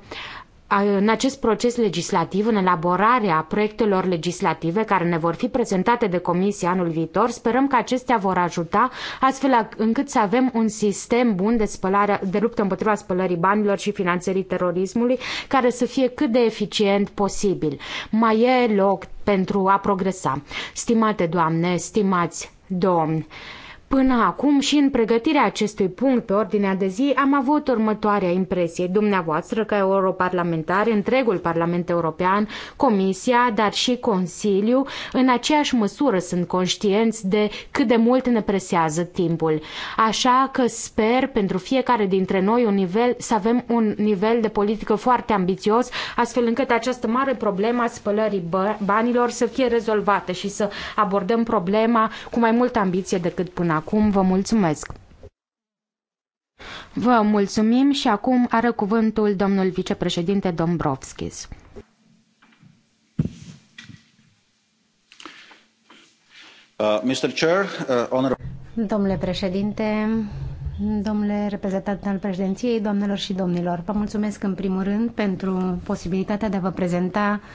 în acest proces legislativ, în elaborarea proiectelor legislative care ne vor fi prezentate de Comisie anul viitor, sperăm că acestea vor ajuta astfel încât să avem un sistem bun de, spălare, de luptă împotriva spălării banilor și finanțării terorismului care să fie cât de eficient posibil. Mai e loc pentru a progresa. Stimate doamne, stimați domni, Până acum și în pregătirea acestui punct pe ordinea de zi am avut următoarea impresie. Dumneavoastră, ca europarlamentari, întregul Parlament European, Comisia, dar și Consiliu, în aceeași măsură sunt conștienți de cât de mult ne presează timpul. Așa că sper pentru fiecare dintre noi un nivel, să avem un nivel de politică foarte ambițios, astfel încât această mare problemă a spălării banilor să fie rezolvată și să abordăm problema cu mai multă ambiție decât până acum, vă mulțumesc! Vă mulțumim și acum are cuvântul domnul vicepreședinte Dombrovskis. Uh, Mr. Chair, uh, honor... Domnule președinte, domnule reprezentant al președinției, doamnelor și domnilor, vă mulțumesc în primul rând pentru posibilitatea de a vă prezenta uh,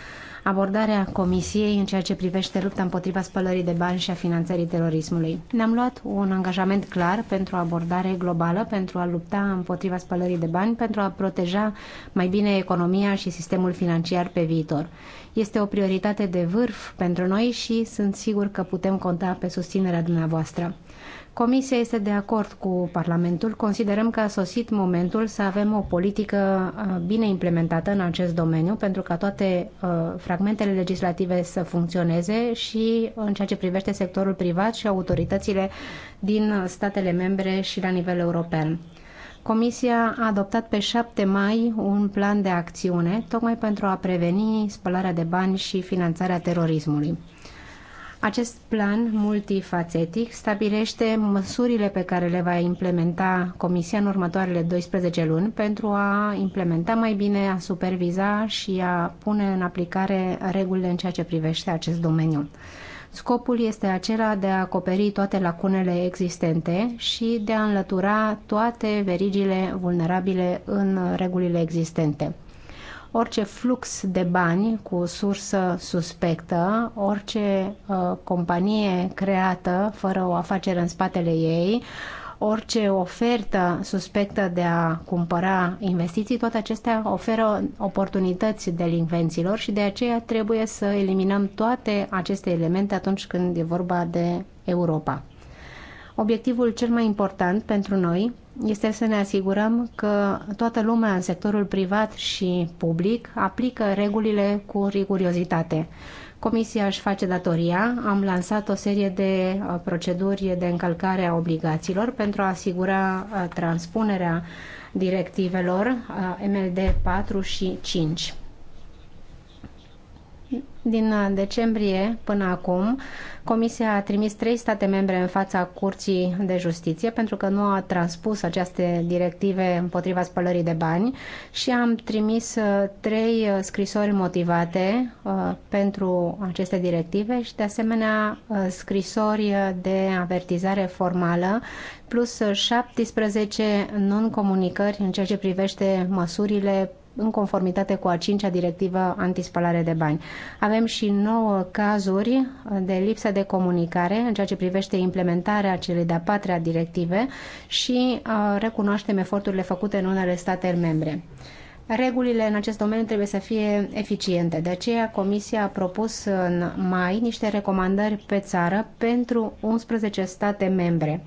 abordarea Comisiei în ceea ce privește lupta împotriva spălării de bani și a finanțării terorismului. Ne-am luat un angajament clar pentru o abordare globală, pentru a lupta împotriva spălării de bani, pentru a proteja mai bine economia și sistemul financiar pe viitor. Este o prioritate de vârf pentru noi și sunt sigur că putem conta pe susținerea dumneavoastră. Comisia este de acord cu Parlamentul. Considerăm că a sosit momentul să avem o politică uh, bine implementată în acest domeniu pentru ca toate uh, fragmentele legislative să funcționeze și în ceea ce privește sectorul privat și autoritățile din statele membre și la nivel european. Comisia a adoptat pe 7 mai un plan de acțiune tocmai pentru a preveni spălarea de bani și finanțarea terorismului. Acest plan multifacetic stabilește măsurile pe care le va implementa Comisia în următoarele 12 luni pentru a implementa mai bine, a superviza și a pune în aplicare regulile în ceea ce privește acest domeniu. Scopul este acela de a acoperi toate lacunele existente și de a înlătura toate verigile vulnerabile în regulile existente orice flux de bani cu o sursă suspectă, orice uh, companie creată fără o afacere în spatele ei, orice ofertă suspectă de a cumpăra investiții, toate acestea oferă oportunități delinvenților și de aceea trebuie să eliminăm toate aceste elemente atunci când e vorba de Europa. Obiectivul cel mai important pentru noi este să ne asigurăm că toată lumea în sectorul privat și public aplică regulile cu rigurozitate. Comisia își face datoria, am lansat o serie de uh, proceduri de încălcare a obligațiilor pentru a asigura uh, transpunerea directivelor uh, MLD 4 și 5. Din uh, decembrie până acum, Comisia a trimis trei state membre în fața Curții de Justiție pentru că nu a transpus aceste directive împotriva spălării de bani și am trimis uh, trei uh, scrisori motivate pentru aceste directive și de asemenea scrisori de avertizare formală plus 17 non-comunicări în ceea ce privește măsurile în conformitate cu a cincea directivă antispălare de bani. Avem și nouă cazuri de lipsă de comunicare în ceea ce privește implementarea celei de-a patra directive și uh, recunoaștem eforturile făcute în unele state membre. Regulile în acest domeniu trebuie să fie eficiente, de aceea Comisia a propus în mai niște recomandări pe țară pentru 11 state membre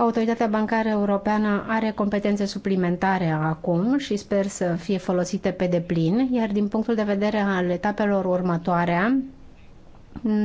Autoritatea Bancară Europeană are competențe suplimentare acum și sper să fie folosite pe deplin, iar din punctul de vedere al etapelor următoare,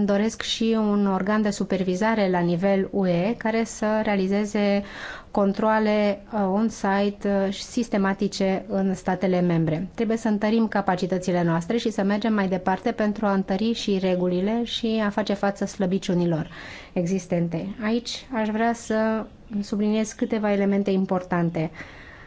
doresc și un organ de supervizare la nivel UE care să realizeze controle uh, on-site uh, sistematice în statele membre. Trebuie să întărim capacitățile noastre și să mergem mai departe pentru a întări și regulile și a face față slăbiciunilor existente. Aici aș vrea să subliniez câteva elemente importante.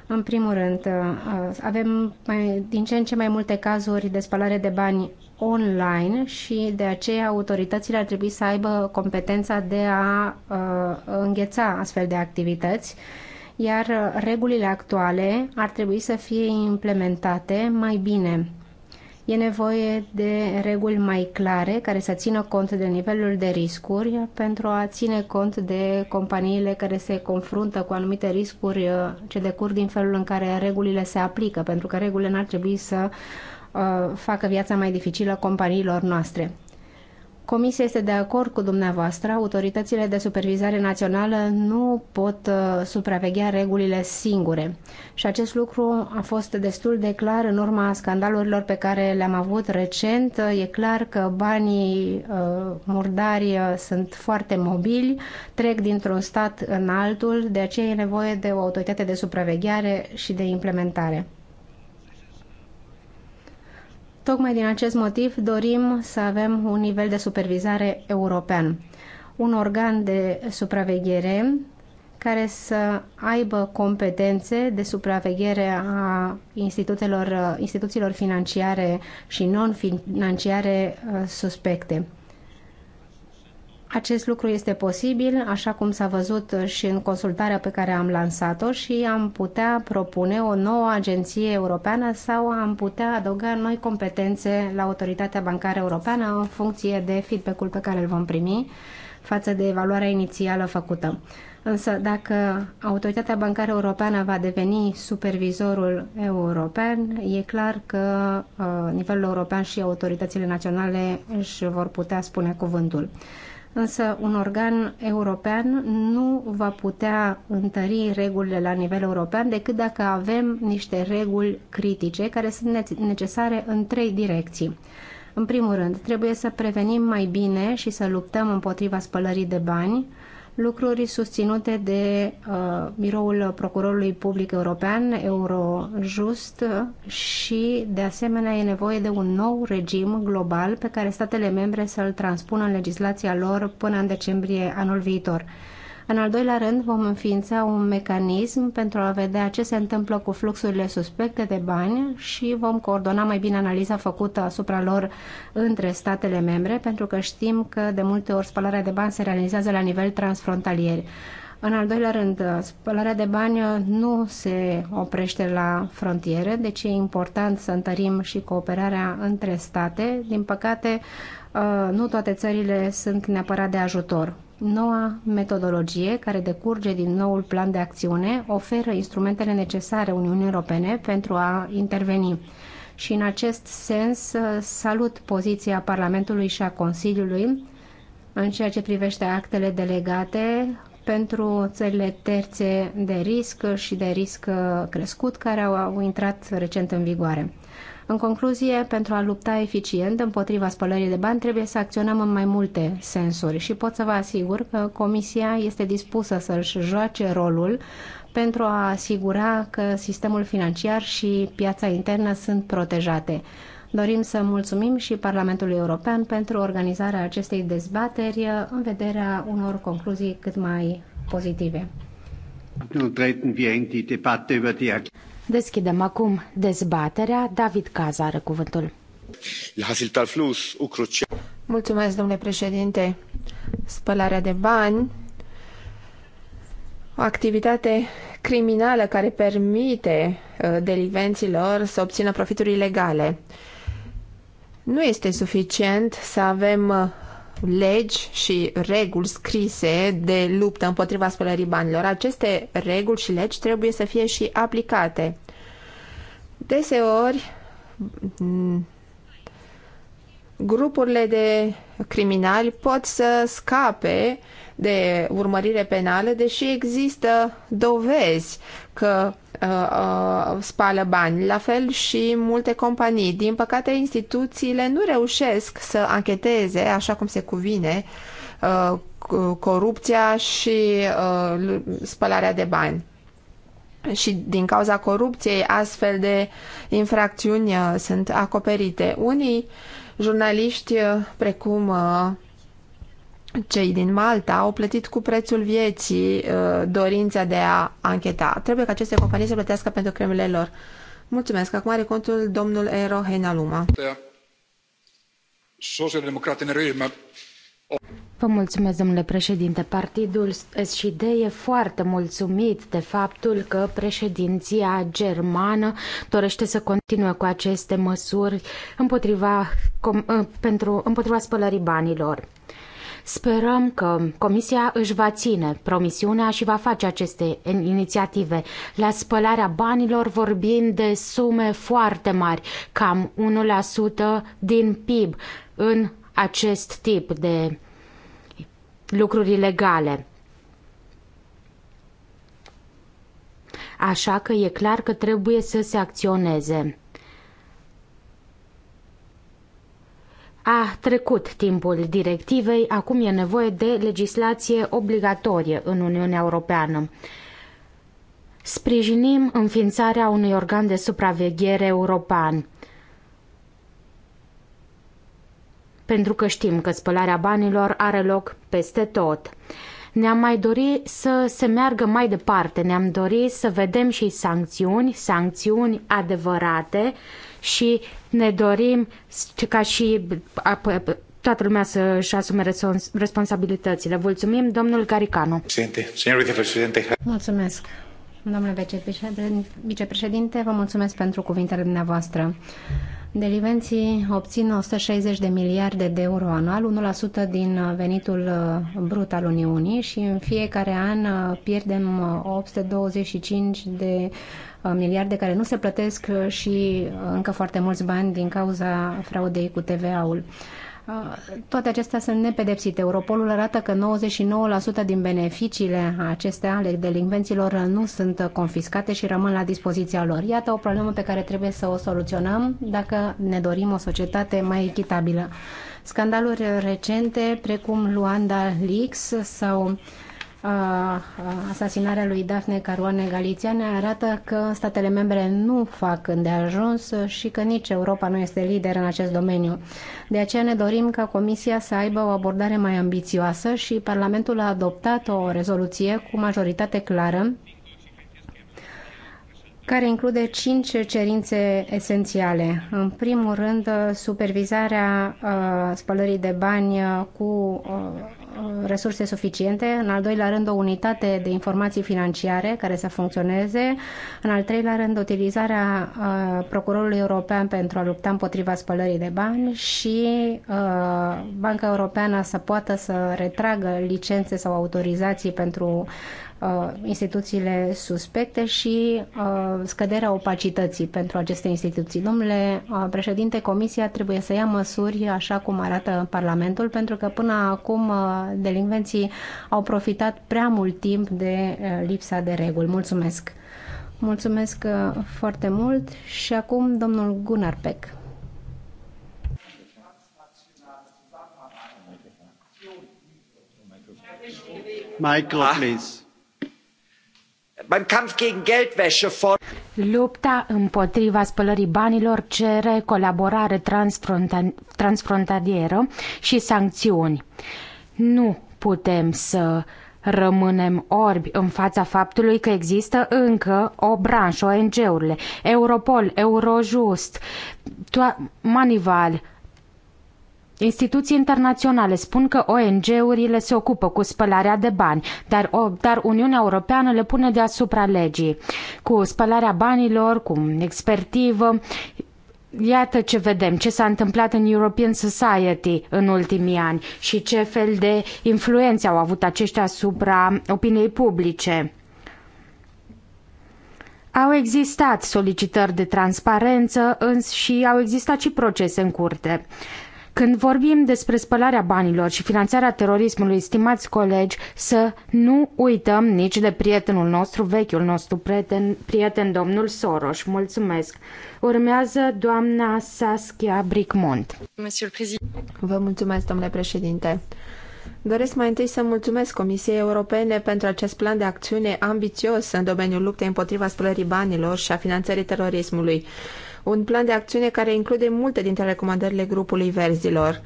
În primul rând, uh, avem mai, din ce în ce mai multe cazuri de spălare de bani online și de aceea autoritățile ar trebui să aibă competența de a uh, îngheța astfel de activități, iar regulile actuale ar trebui să fie implementate mai bine. E nevoie de reguli mai clare care să țină cont de nivelul de riscuri pentru a ține cont de companiile care se confruntă cu anumite riscuri uh, ce decur din felul în care regulile se aplică, pentru că regulile n-ar trebui să Uh, facă viața mai dificilă companiilor noastre. Comisia este de acord cu dumneavoastră, autoritățile de supervizare națională nu pot uh, supraveghea regulile singure. Și acest lucru a fost destul de clar în urma scandalurilor pe care le-am avut recent. E clar că banii uh, murdari uh, sunt foarte mobili, trec dintr-un stat în altul, de aceea e nevoie de o autoritate de supraveghere și de implementare. Tocmai din acest motiv dorim să avem un nivel de supervizare european, un organ de supraveghere care să aibă competențe de supraveghere a instituțiilor financiare și non-financiare uh, suspecte. Acest lucru este posibil, așa cum s-a văzut și în consultarea pe care am lansat-o și am putea propune o nouă agenție europeană sau am putea adăuga noi competențe la Autoritatea Bancară Europeană în funcție de feedback-ul pe care îl vom primi față de evaluarea inițială făcută. Însă, dacă Autoritatea Bancară Europeană va deveni supervizorul european, e clar că uh, nivelul european și autoritățile naționale își vor putea spune cuvântul însă un organ european nu va putea întări regulile la nivel european decât dacă avem niște reguli critice care sunt necesare în trei direcții. În primul rând, trebuie să prevenim mai bine și să luptăm împotriva spălării de bani, lucruri susținute de uh, Biroul Procurorului Public European, Eurojust, și de asemenea e nevoie de un nou regim global pe care statele membre să-l transpună în legislația lor până în decembrie anul viitor. În al doilea rând, vom înființa un mecanism pentru a vedea ce se întâmplă cu fluxurile suspecte de bani și vom coordona mai bine analiza făcută asupra lor între statele membre, pentru că știm că de multe ori spălarea de bani se realizează la nivel transfrontalier. În al doilea rând, spălarea de bani nu se oprește la frontiere, deci e important să întărim și cooperarea între state. Din păcate, uh, nu toate țările sunt neapărat de ajutor. Noua metodologie, care decurge din noul plan de acțiune, oferă instrumentele necesare Uniunii Europene pentru a interveni. Și în acest sens uh, salut poziția Parlamentului și a Consiliului în ceea ce privește actele delegate pentru țările terțe de risc și de risc uh, crescut care au, intrat recent în vigoare. În concluzie, pentru a lupta eficient împotriva spălării de bani, trebuie să acționăm în mai multe sensuri și pot să vă asigur că Comisia este dispusă să-și joace rolul pentru a asigura că sistemul financiar și piața internă sunt protejate. Dorim să mulțumim și Parlamentului European pentru organizarea acestei dezbateri în vederea unor concluzii cât mai pozitive. Deschidem acum dezbaterea. David Caza are cuvântul. Mulțumesc, domnule președinte. Spălarea de bani, o activitate criminală care permite uh, delivenților să obțină profituri ilegale. Nu este suficient să avem uh, legi și reguli scrise de luptă împotriva spălării banilor. Aceste reguli și legi trebuie să fie și aplicate. Deseori, grupurile de criminali pot să scape de urmărire penală, deși există dovezi că uh, uh, spală bani. La fel și multe companii. Din păcate, instituțiile nu reușesc să ancheteze, așa cum se cuvine, uh, corupția și uh, spălarea de bani. Și din cauza corupției, astfel de infracțiuni uh, sunt acoperite. Unii jurnaliști, uh, precum uh, cei din Malta au plătit cu prețul vieții uh, dorința de a ancheta. Trebuie ca aceste companii să plătească pentru cremele lor. Mulțumesc. Acum are contul domnul Ero Heinaluma. Vă mulțumesc, domnule președinte. Partidul SCD e foarte mulțumit de faptul că președinția germană dorește să continue cu aceste măsuri împotriva, pentru, împotriva spălării banilor. Sperăm că Comisia își va ține promisiunea și va face aceste inițiative. La spălarea banilor vorbim de sume foarte mari, cam 1% din PIB în acest tip de lucruri ilegale. Așa că e clar că trebuie să se acționeze. A trecut timpul directivei, acum e nevoie de legislație obligatorie în Uniunea Europeană. Sprijinim înființarea unui organ de supraveghere european. Pentru că știm că spălarea banilor are loc peste tot. Ne-am mai dori să se meargă mai departe, ne-am dori să vedem și sancțiuni, sancțiuni adevărate, și ne dorim ca și toată lumea să-și asume responsabilitățile. Mulțumim, domnul Caricanu. Mulțumesc. Domnule vicepreședinte, vă mulțumesc pentru cuvintele dumneavoastră. Delivenții obțin 160 de miliarde de euro anual, 1% din venitul uh, brut al Uniunii și în fiecare an uh, pierdem 825 uh, de Uh, miliarde care nu se plătesc uh, și uh, încă foarte mulți bani din cauza fraudei cu TVA-ul. Toate acestea sunt nepedepsite. Europolul arată că 99% din beneficiile acestea ale delinvenților nu sunt confiscate și rămân la dispoziția lor. Iată o problemă pe care trebuie să o soluționăm dacă ne dorim o societate mai echitabilă. Scandaluri recente, precum Luanda Leaks sau uh, asasinarea lui Daphne Caruana Galițiane arată că statele membre nu fac îndeajuns și că nici Europa nu este lider în acest domeniu. De aceea ne dorim ca Comisia să aibă o abordare mai ambițioasă și Parlamentul a adoptat o rezoluție cu majoritate clară care include cinci cerințe esențiale. În primul rând, supervizarea uh, spălării de bani cu uh, resurse suficiente, în al doilea rând o unitate de informații financiare care să funcționeze, în al treilea rând utilizarea uh, Procurorului European pentru a lupta împotriva spălării de bani și uh, Banca Europeană să poată să retragă licențe sau autorizații pentru Uh, instituțiile suspecte și uh, scăderea opacității pentru aceste instituții. Domnule uh, președinte, Comisia trebuie să ia măsuri așa cum arată Parlamentul, pentru că până acum delinvenții au profitat prea mult timp de lipsa de reguli. Mulțumesc! Mulțumesc foarte mult și acum domnul Gunnar Peck. Michael, please. Beim Kampf gegen Geldwäsche Lupta împotriva spălării banilor cere colaborare transfrontalieră și sancțiuni. Nu putem să rămânem orbi în fața faptului că există încă o branșă, ONG-urile, Europol, Eurojust, Manival, Instituții internaționale spun că ONG-urile se ocupă cu spălarea de bani, dar, o, dar Uniunea Europeană le pune deasupra legii. Cu spălarea banilor, cu expertivă, Iată ce vedem, ce s-a întâmplat în European Society în ultimii ani și ce fel de influențe au avut aceștia asupra opiniei publice. Au existat solicitări de transparență însă și au existat și procese în curte. Când vorbim despre spălarea banilor și finanțarea terorismului, stimați colegi, să nu uităm nici de prietenul nostru, vechiul nostru prieten, prieten domnul Soros. Mulțumesc. Urmează doamna Saskia Bricmont. Vă mulțumesc, domnule președinte. Doresc mai întâi să mulțumesc Comisiei Europene pentru acest plan de acțiune ambițios în domeniul luptei împotriva spălării banilor și a finanțării terorismului un plan de acțiune care include multe dintre recomandările grupului verzilor.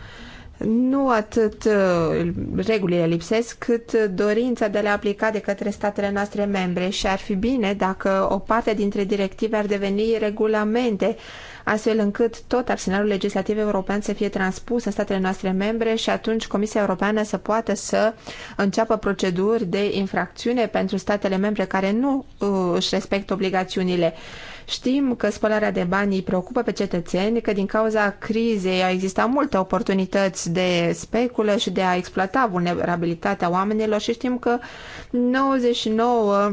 Nu atât uh, regulile lipsesc, cât dorința de a le aplica de către statele noastre membre și ar fi bine dacă o parte dintre directive ar deveni regulamente, astfel încât tot arsenalul legislativ european să fie transpus în statele noastre membre și atunci Comisia Europeană să poată să înceapă proceduri de infracțiune pentru statele membre care nu uh, își respectă obligațiunile Știm că spălarea de bani îi preocupă pe cetățeni, că din cauza crizei au existat multe oportunități de speculă și de a exploata vulnerabilitatea oamenilor și știm că 99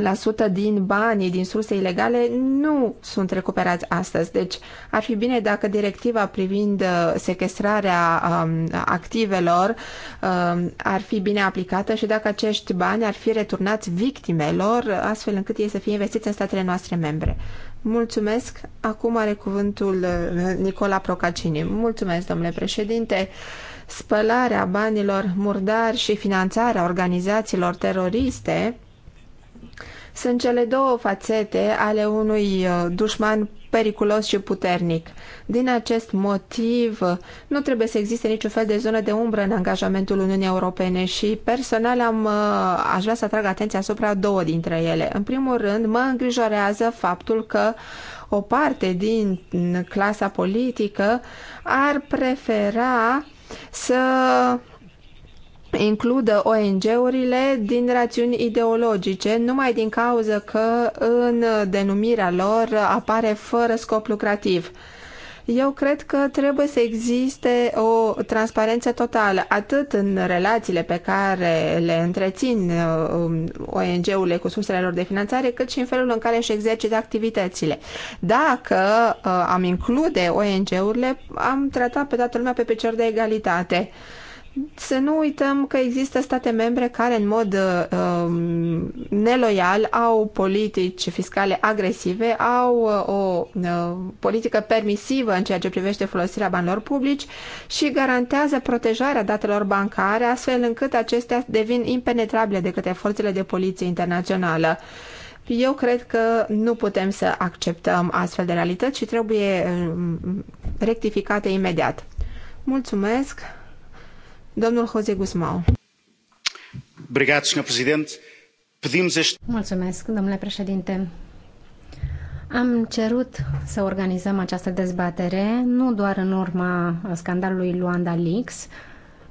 90% din banii din surse ilegale nu sunt recuperați astăzi. Deci ar fi bine dacă directiva privind uh, sequestrarea um, activelor um, ar fi bine aplicată și dacă acești bani ar fi returnați victimelor astfel încât ei să fie investiți în statele noastre membre. Mulțumesc. Acum are cuvântul uh, Nicola Procacini. Mulțumesc, domnule președinte spălarea banilor murdari și finanțarea organizațiilor teroriste sunt cele două fațete ale unui uh, dușman periculos și puternic. Din acest motiv, uh, nu trebuie să existe niciun fel de zonă de umbră în angajamentul Uniunii Europene și personal am, uh, aș vrea să atrag atenția asupra două dintre ele. În primul rând, mă îngrijorează faptul că o parte din clasa politică ar prefera să includă ONG-urile din rațiuni ideologice, numai din cauză că în denumirea lor apare fără scop lucrativ. Eu cred că trebuie să existe o transparență totală, atât în relațiile pe care le întrețin um, ONG-urile cu sursele lor de finanțare, cât și în felul în care își exercită activitățile. Dacă uh, am include ONG-urile, am tratat pe toată lumea pe picior de egalitate să nu uităm că există state membre care în mod uh, neloial au politici fiscale agresive, au uh, o uh, politică permisivă în ceea ce privește folosirea banilor publici și garantează protejarea datelor bancare astfel încât acestea devin impenetrabile de către forțele de poliție internațională. Eu cred că nu putem să acceptăm astfel de realități și trebuie um, rectificate imediat. Mulțumesc! Domnul Mulțumesc, domnule președinte. Am cerut să organizăm această dezbatere nu doar în urma scandalului Luanda Leaks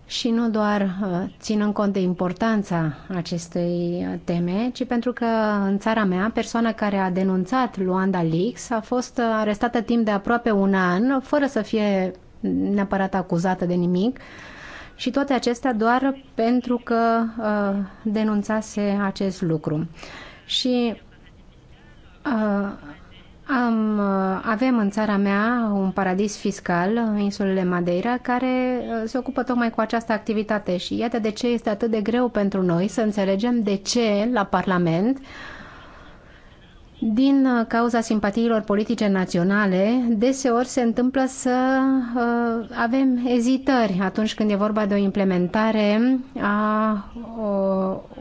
și nu doar uh, ținând cont de importanța acestei uh, teme, ci pentru că în țara mea persoana care a denunțat Luanda Leaks a fost uh, arestată timp de aproape un an, fără să fie neapărat acuzată de nimic, și toate acestea doar pentru că uh, denunțase acest lucru. Și uh, am, uh, avem în țara mea un paradis fiscal, insulele Madeira, care uh, se ocupă tocmai cu această activitate și iată de ce este atât de greu pentru noi să înțelegem de ce la Parlament uh, din uh, cauza simpatiilor politice naționale, deseori se întâmplă să uh, avem ezitări atunci când e vorba de o implementare a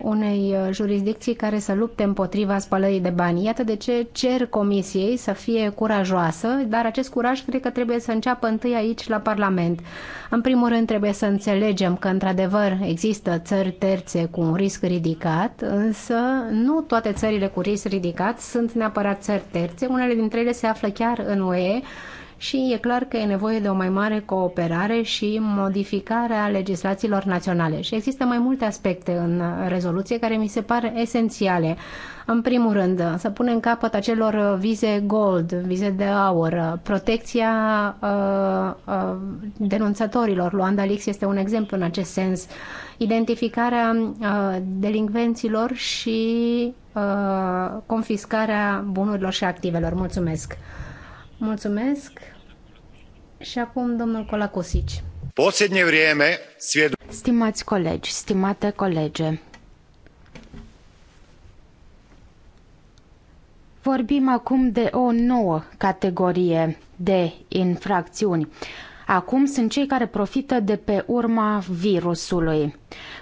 unei uh, jurisdicții care să lupte împotriva spălării de bani. Iată de ce cer comisiei să fie curajoasă, dar acest curaj cred că trebuie să înceapă întâi aici la Parlament. În primul rând trebuie să înțelegem că într-adevăr există țări terțe cu un risc ridicat, însă nu toate țările cu risc ridicat sunt neapărat țări terțe, unele dintre ele se află chiar în UE, și e clar că e nevoie de o mai mare cooperare și modificare a legislațiilor naționale. Și există mai multe aspecte în rezoluție care mi se par esențiale. În primul rând, să punem capăt acelor vize gold, vize de aur, protecția uh, uh, denunțătorilor. Luanda Lix este un exemplu în acest sens. Identificarea uh, delinvenților și uh, confiscarea bunurilor și activelor. Mulțumesc! Mulțumesc! Și acum domnul Colacosici. Posljednje vrijeme svijedu... Stimați colegi, stimate colege, vorbim acum de o nouă categorie de infracțiuni. Acum sunt cei care profită de pe urma virusului.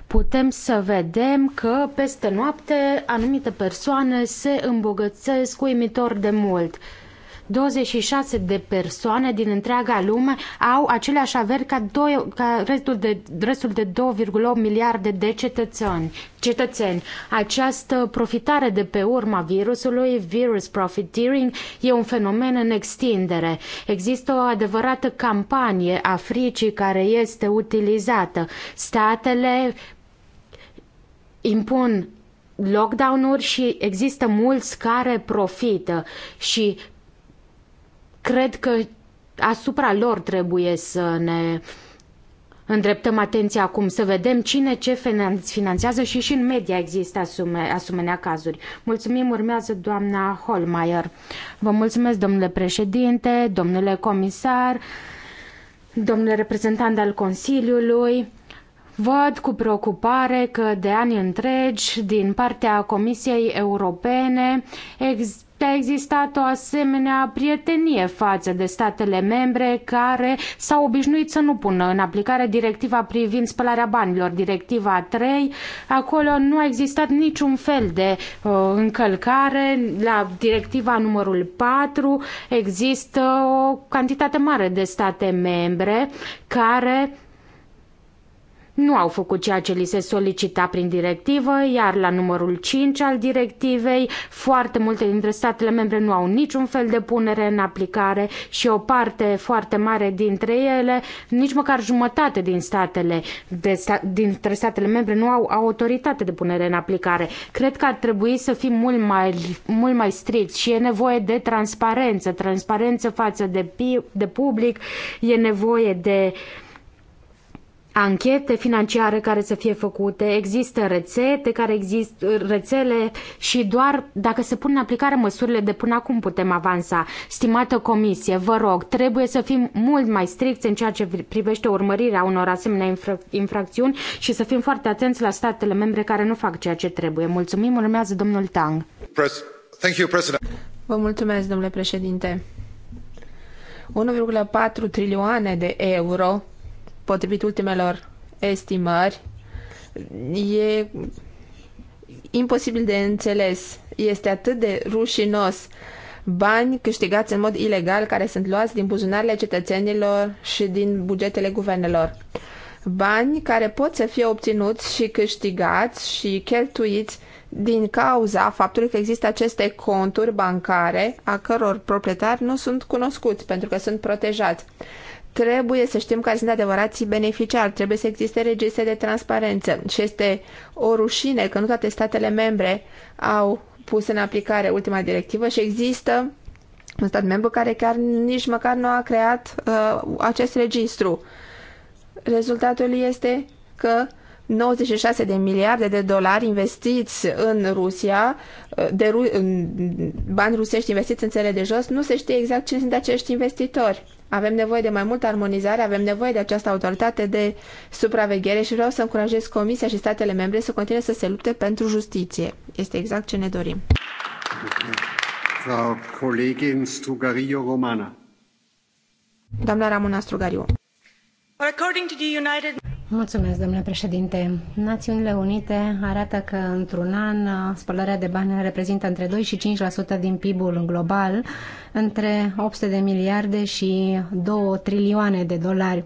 Putem să vedem că peste noapte anumite persoane se îmbogățesc uimitor de mult – 26 de persoane din întreaga lume au aceleași averi ca, doi, ca restul de, restul de 2,8 miliarde de cetățeni. cetățeni. Această profitare de pe urma virusului, virus profiteering, e un fenomen în extindere. Există o adevărată campanie a fricii care este utilizată. Statele impun lockdown-uri și există mulți care profită și Cred că asupra lor trebuie să ne îndreptăm atenția acum, să vedem cine ce finanțează și și în media există asume, asumenea cazuri. Mulțumim, urmează doamna Holmeier. Vă mulțumesc, domnule președinte, domnule comisar, domnule reprezentant al Consiliului. Văd cu preocupare că de ani întregi, din partea Comisiei Europene, există că a existat o asemenea prietenie față de statele membre care s-au obișnuit să nu pună în aplicare directiva privind spălarea banilor, directiva 3. Acolo nu a existat niciun fel de uh, încălcare. La directiva numărul 4 există o cantitate mare de state membre care nu au făcut ceea ce li se solicita prin directivă, iar la numărul 5 al directivei, foarte multe dintre statele membre nu au niciun fel de punere în aplicare și o parte foarte mare dintre ele, nici măcar jumătate din statele, de sta, dintre statele membre nu au autoritate de punere în aplicare. Cred că ar trebui să fim mult mai, mult mai strict și e nevoie de transparență, transparență față de, de public, e nevoie de anchete financiare care să fie făcute, există rețete care există, rețele și doar dacă se pun în aplicare măsurile de până acum putem avansa. Stimată comisie, vă rog, trebuie să fim mult mai stricți în ceea ce privește urmărirea unor asemenea infra infracțiuni și să fim foarte atenți la statele membre care nu fac ceea ce trebuie. Mulțumim, urmează domnul Tang. Thank you, President. Vă mulțumesc, domnule președinte. 1,4 trilioane de euro potrivit ultimelor estimări, e imposibil de înțeles. Este atât de rușinos bani câștigați în mod ilegal care sunt luați din buzunarele cetățenilor și din bugetele guvernelor. Bani care pot să fie obținuți și câștigați și cheltuiți din cauza faptului că există aceste conturi bancare a căror proprietari nu sunt cunoscuți pentru că sunt protejați trebuie să știm care sunt adevărații beneficiari, trebuie să existe registre de transparență și este o rușine că nu toate statele membre au pus în aplicare ultima directivă și există un stat membru care chiar nici măcar nu a creat uh, acest registru. Rezultatul este că 96 de miliarde de dolari investiți în Rusia, uh, de ru- bani rusești investiți în țările de jos, nu se știe exact cine sunt acești investitori. Avem nevoie de mai multă armonizare, avem nevoie de această autoritate de supraveghere și vreau să încurajez Comisia și statele membre să continue să se lupte pentru justiție. Este exact ce ne dorim. Doamna Ramona Strugariu. According to the United Mulțumesc, domnule președinte. Națiunile Unite arată că într-un an spălarea de bani reprezintă între 2 și 5% din PIB-ul global, între 800 de miliarde și 2 trilioane de dolari.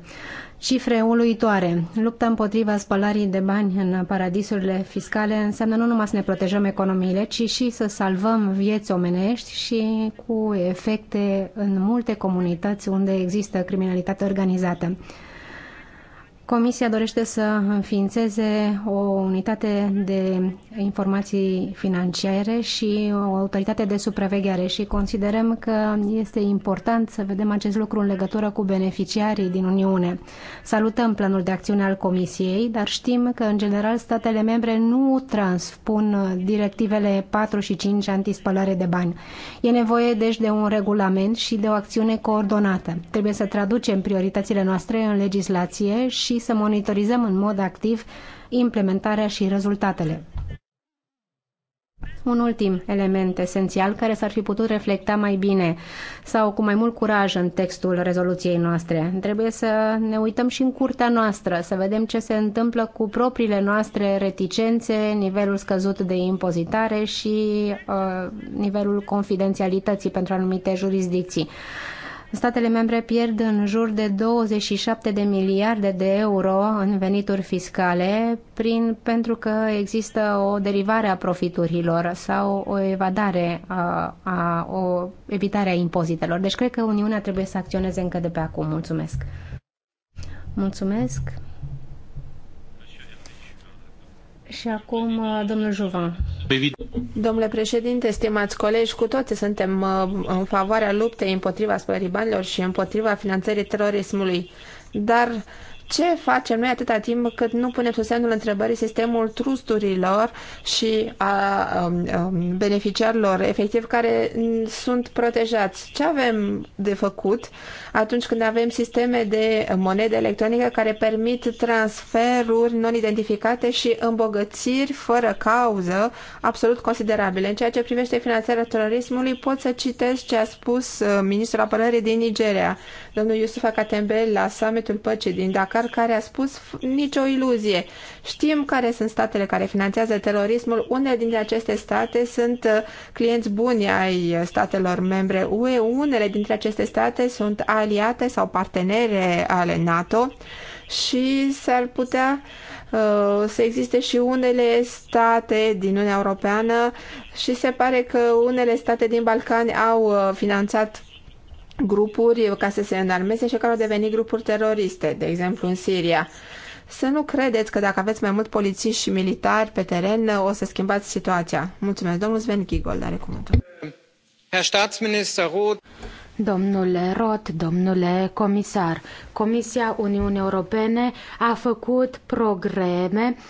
Cifre uluitoare. Lupta împotriva spălării de bani în paradisurile fiscale înseamnă nu numai să ne protejăm economiile, ci și să salvăm vieți omenești și cu efecte în multe comunități unde există criminalitate organizată. Comisia dorește să înființeze o unitate de informații financiare și o autoritate de supraveghere și considerăm că este important să vedem acest lucru în legătură cu beneficiarii din Uniune. Salutăm planul de acțiune al Comisiei, dar știm că, în general, statele membre nu transpun directivele 4 și 5 antispălare de bani. E nevoie, deci, de un regulament și de o acțiune coordonată. Trebuie să traducem prioritățile noastre în legislație și și să monitorizăm în mod activ implementarea și rezultatele. Un ultim element esențial care s-ar fi putut reflecta mai bine sau cu mai mult curaj în textul rezoluției noastre. Trebuie să ne uităm și în curtea noastră, să vedem ce se întâmplă cu propriile noastre reticențe, nivelul scăzut de impozitare și uh, nivelul confidențialității pentru anumite jurisdicții. Statele membre pierd în jur de 27 de miliarde de euro în venituri fiscale prin, pentru că există o derivare a profiturilor sau o evadare, a, a, o evitare a impozitelor. Deci cred că Uniunea trebuie să acționeze încă de pe acum. Mulțumesc! Mulțumesc! Și acum, uh, domnul Juvan. Domnule președinte, stimați colegi, cu toții suntem uh, în favoarea luptei împotriva spălării banilor și împotriva finanțării terorismului. Dar ce facem noi atâta timp cât nu punem sub semnul întrebării sistemul trusturilor și a, a, um, a um, beneficiarilor efectiv care sunt protejați? Ce avem de făcut atunci când avem sisteme de monedă electronică care permit transferuri non-identificate și îmbogățiri fără cauză absolut considerabile? În ceea ce privește finanțarea terorismului, pot să citesc ce a spus uh, ministrul apărării din Nigeria, domnul Yusuf Akatembe, la summitul păcii din Dakar, Juncker, care a spus nicio iluzie. Știm care sunt statele care finanțează terorismul. Unele dintre aceste state sunt uh, clienți buni ai statelor membre UE. Unele dintre aceste state sunt aliate sau partenere ale NATO și s-ar putea uh, să existe și unele state din Uniunea Europeană și se pare că unele state din Balcani au uh, finanțat grupuri ca să se înarmeze și care au devenit grupuri teroriste, de exemplu în Siria. Să nu credeți că dacă aveți mai mult polițiști și militari pe teren, o să schimbați situația. Mulțumesc. Domnul Sven Giegold are cuvântul. Domnule Roth, domnule comisar, Comisia Uniunii Europene a făcut programe uh,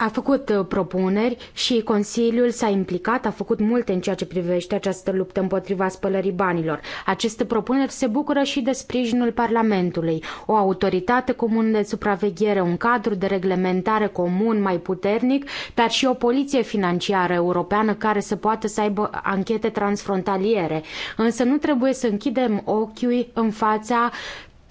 a făcut uh, propuneri și Consiliul s-a implicat, a făcut multe în ceea ce privește această luptă împotriva spălării banilor. Aceste propuneri se bucură și de sprijinul Parlamentului, o autoritate comună de supraveghere, un cadru de reglementare comun mai puternic, dar și o poliție financiară europeană care să poată să aibă anchete transfrontaliere. Însă nu trebuie să închidem ochii în fața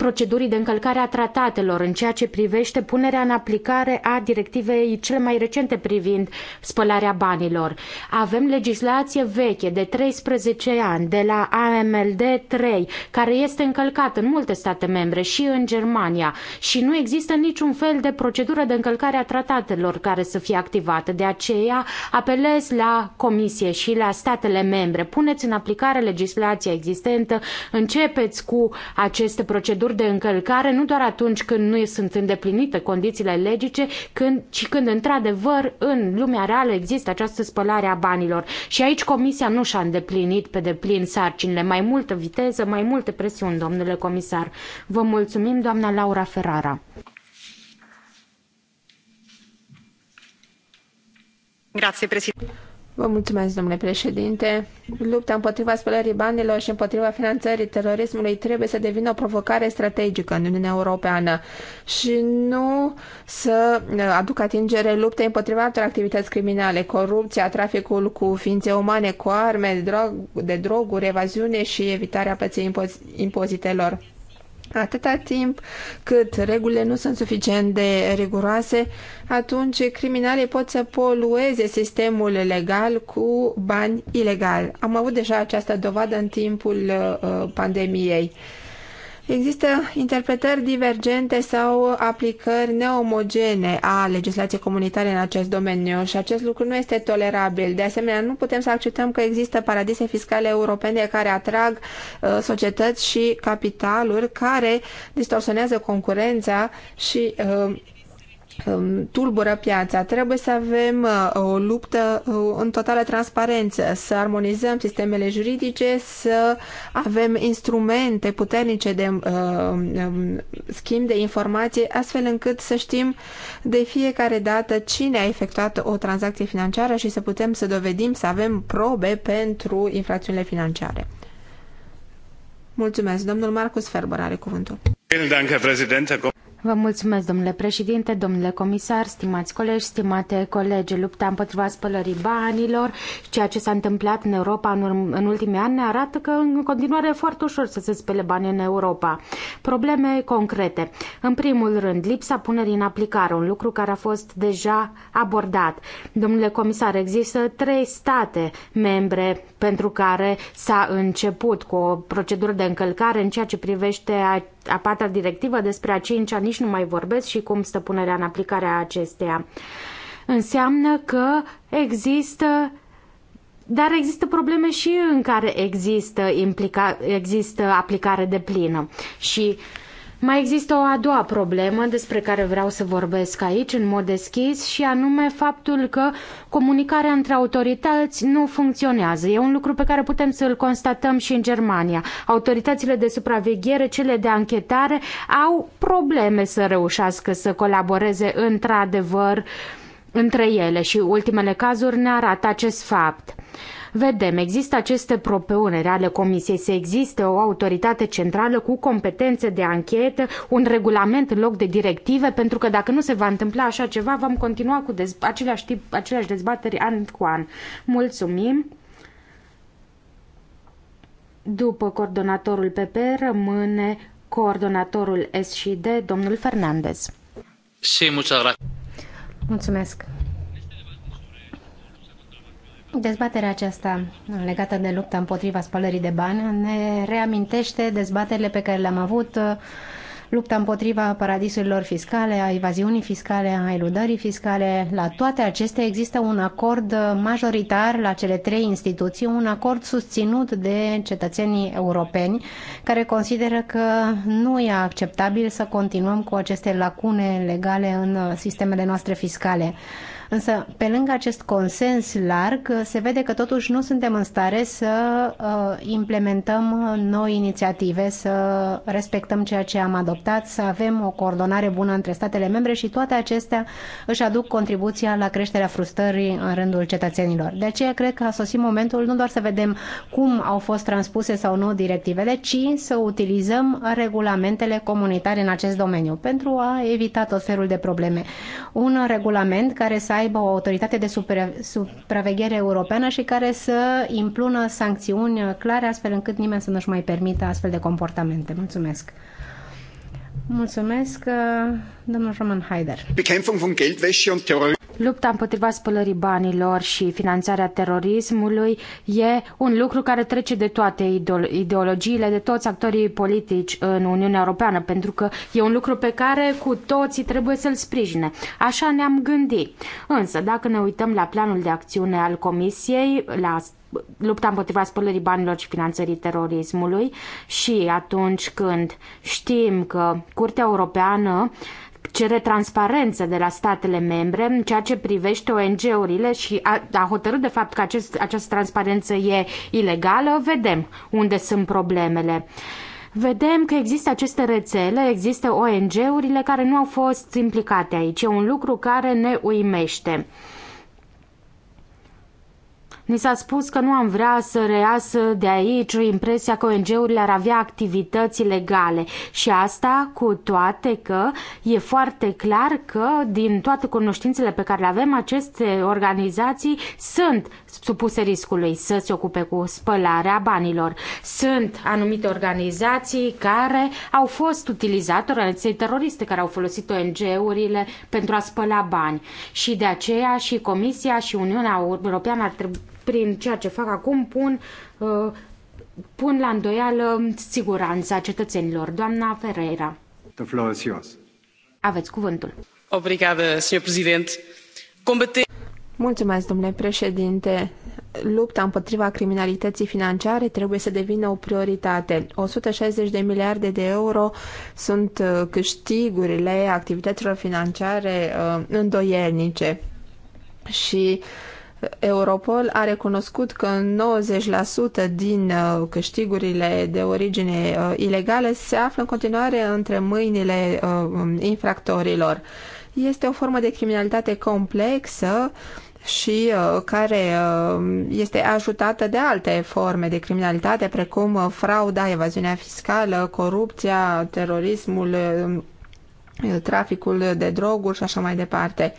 procedurii de încălcare a tratatelor în ceea ce privește punerea în aplicare a directivei cele mai recente privind spălarea banilor. Avem legislație veche de 13 ani de la AMLD 3 care este încălcată în multe state membre și în Germania și nu există niciun fel de procedură de încălcare a tratatelor care să fie activată. De aceea apelez la Comisie și la statele membre. Puneți în aplicare legislația existentă, începeți cu aceste proceduri proceduri de încălcare nu doar atunci când nu sunt îndeplinite condițiile legice, când, ci când într-adevăr în lumea reală există această spălare a banilor. Și aici Comisia nu și-a îndeplinit pe deplin sarcinile. Mai multă viteză, mai multe presiuni, domnule comisar. Vă mulțumim, doamna Laura Ferrara. Grazie, Vă mulțumesc, domnule președinte. Lupta împotriva spălării banilor și împotriva finanțării terorismului trebuie să devină o provocare strategică în Uniunea Europeană și nu să aducă atingere luptei împotriva altor activități criminale, corupția, traficul cu ființe umane, cu arme, de, drog, de droguri, evaziune și evitarea plății impozitelor. Atâta timp cât regulile nu sunt suficient de riguroase, atunci criminalii pot să polueze sistemul legal cu bani ilegali. Am avut deja această dovadă în timpul uh, pandemiei. Există interpretări divergente sau aplicări neomogene a legislației comunitare în acest domeniu și acest lucru nu este tolerabil. De asemenea, nu putem să acceptăm că există paradise fiscale europene care atrag uh, societăți și capitaluri care distorsionează concurența și uh, Um, tulbură piața. Trebuie să avem uh, o luptă uh, în totală transparență, să armonizăm sistemele juridice, să avem instrumente puternice de uh, um, schimb de informații, astfel încât să știm de fiecare dată cine a efectuat o tranzacție financiară și să putem să dovedim, să avem probe pentru infracțiunile financiare. Mulțumesc. Domnul Marcus Ferber are cuvântul. Mulțumesc, Vă mulțumesc, domnule președinte, domnule comisar, stimați colegi, stimate colegi. Lupta împotriva spălării banilor, ceea ce s-a întâmplat în Europa în, în ultimii ani ne arată că în continuare e foarte ușor să se spele bani în Europa. Probleme concrete. În primul rând, lipsa punerii în aplicare, un lucru care a fost deja abordat. Domnule comisar, există trei state membre pentru care s-a început cu o procedură de încălcare în ceea ce privește a, a patra directivă despre a cincea nici nu mai vorbesc și cum stă punerea în aplicare a acesteia. Înseamnă că există dar există probleme și în care există, implica, există aplicare de plină. Și uh, mai există o a doua problemă despre care vreau să vorbesc aici în mod deschis și anume faptul că comunicarea între autorități nu funcționează. E un lucru pe care putem să-l constatăm și în Germania. Autoritățile de supraveghere, cele de anchetare au probleme să reușească să colaboreze într-adevăr între ele și ultimele cazuri ne arată acest fapt. Vedem, există aceste propuneri ale Comisiei să existe o autoritate centrală cu competențe de anchetă, un regulament în loc de directive, pentru că dacă nu se va întâmpla așa ceva, vom continua cu dez- aceleași, tip, aceleași dezbateri an cu an. Mulțumim! După coordonatorul PP rămâne coordonatorul S și D, domnul Fernandez. Sí, Mulțumesc. Dezbaterea aceasta legată de lupta împotriva spălării de bani ne reamintește dezbaterile pe care le-am avut, uh, lupta împotriva paradisurilor fiscale, a evaziunii fiscale, a eludării fiscale. La toate acestea există un acord uh, majoritar la cele trei instituții, un acord susținut de cetățenii europeni care consideră că nu e acceptabil să continuăm cu aceste lacune legale în uh, sistemele noastre fiscale. Însă, pe lângă acest consens larg, se vede că totuși nu suntem în stare să uh, implementăm noi inițiative, să respectăm ceea ce am adoptat, să avem o coordonare bună între statele membre și toate acestea își aduc contribuția la creșterea frustrării în rândul cetățenilor. De aceea cred că a sosit momentul nu doar să vedem cum au fost transpuse sau nu directivele, ci să utilizăm regulamentele comunitare în acest domeniu pentru a evita tot felul de probleme. Un regulament care să aibă o autoritate de supraveghere europeană și care să implună sancțiuni clare, astfel încât nimeni să nu-și mai permită astfel de comportamente. Mulțumesc! Mulțumesc, uh, domnul Roman Haider. Lupta împotriva spălării banilor și finanțarea terorismului e un lucru care trece de toate ideologiile, de toți actorii politici în Uniunea Europeană, pentru că e un lucru pe care cu toții trebuie să-l sprijine. Așa ne-am gândit. Însă, dacă ne uităm la planul de acțiune al Comisiei, la lupta împotriva spălării banilor și finanțării terorismului și atunci când știm că Curtea Europeană cere transparență de la statele membre în ceea ce privește ONG-urile și a, a hotărât de fapt că acest, această transparență e ilegală, vedem unde sunt problemele vedem că există aceste rețele, există ONG-urile care nu au fost implicate aici. E un lucru care ne uimește. Ni s-a spus că nu am vrea să reiasă de aici o impresia că ONG-urile ar avea activități legale și asta cu toate că e foarte clar că din toate cunoștințele pe care le avem, aceste organizații sunt supuse riscului să se ocupe cu spălarea banilor. Sunt anumite organizații care au fost utilizate, organizații teroriste care au folosit ONG-urile pentru a spăla bani și de aceea și Comisia și Uniunea Europeană ar trebui prin ceea ce fac acum, pun, uh, pun la îndoială siguranța cetățenilor. Doamna Ferreira. The floor is yours. Aveți cuvântul. Obrigada, senhor presidente. Combate... Mulțumesc, domnule președinte. Lupta împotriva criminalității financiare trebuie să devină o prioritate. 160 de miliarde de euro sunt uh, câștigurile activităților financiare uh, îndoielnice și uh, Europol a recunoscut că 90% din uh, câștigurile de origine uh, ilegale se află în continuare între mâinile uh, infractorilor. Este o formă de criminalitate complexă și care este ajutată de alte forme de criminalitate, precum frauda, evaziunea fiscală, corupția, terorismul, traficul de droguri și așa mai departe.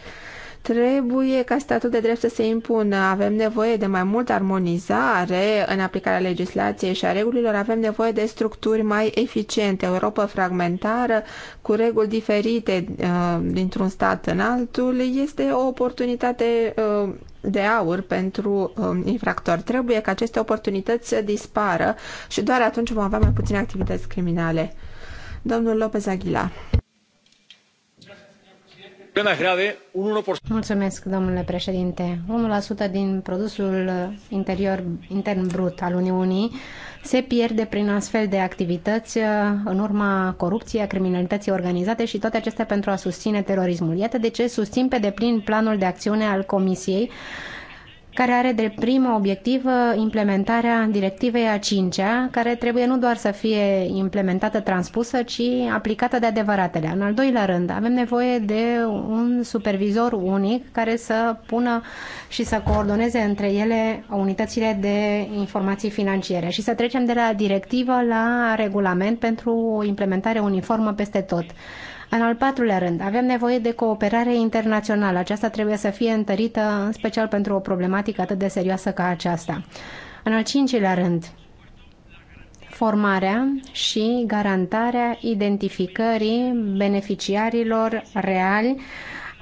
Trebuie ca statul de drept să se impună. Avem nevoie de mai multă armonizare în aplicarea legislației și a regulilor. Avem nevoie de structuri mai eficiente. Europa fragmentară, cu reguli diferite uh, dintr-un stat în altul, este o oportunitate uh, de aur pentru um, infractori. Trebuie ca aceste oportunități să dispară și doar atunci vom avea mai puține activități criminale. Domnul Lopez Aguilar. Mulțumesc, domnule președinte. 1% din produsul interior intern brut al Uniunii se pierde prin astfel de activități uh, în urma corupției, a criminalității organizate și toate acestea pentru a susține terorismul. Iată de ce susțin pe deplin planul de acțiune al Comisiei care are de prim obiectiv uh, implementarea directivei a cincea, care trebuie nu doar să fie implementată, transpusă, ci aplicată de adevăratele. În al doilea rând, avem nevoie de un supervizor unic care să pună și să coordoneze între ele unitățile de informații financiare și să trecem de la directivă la regulament pentru o implementare uniformă peste tot. În al patrulea rând, avem nevoie de cooperare internațională. Aceasta trebuie să fie întărită, în special pentru o problematică atât de serioasă ca aceasta. În al cincilea rând, formarea și garantarea identificării beneficiarilor reali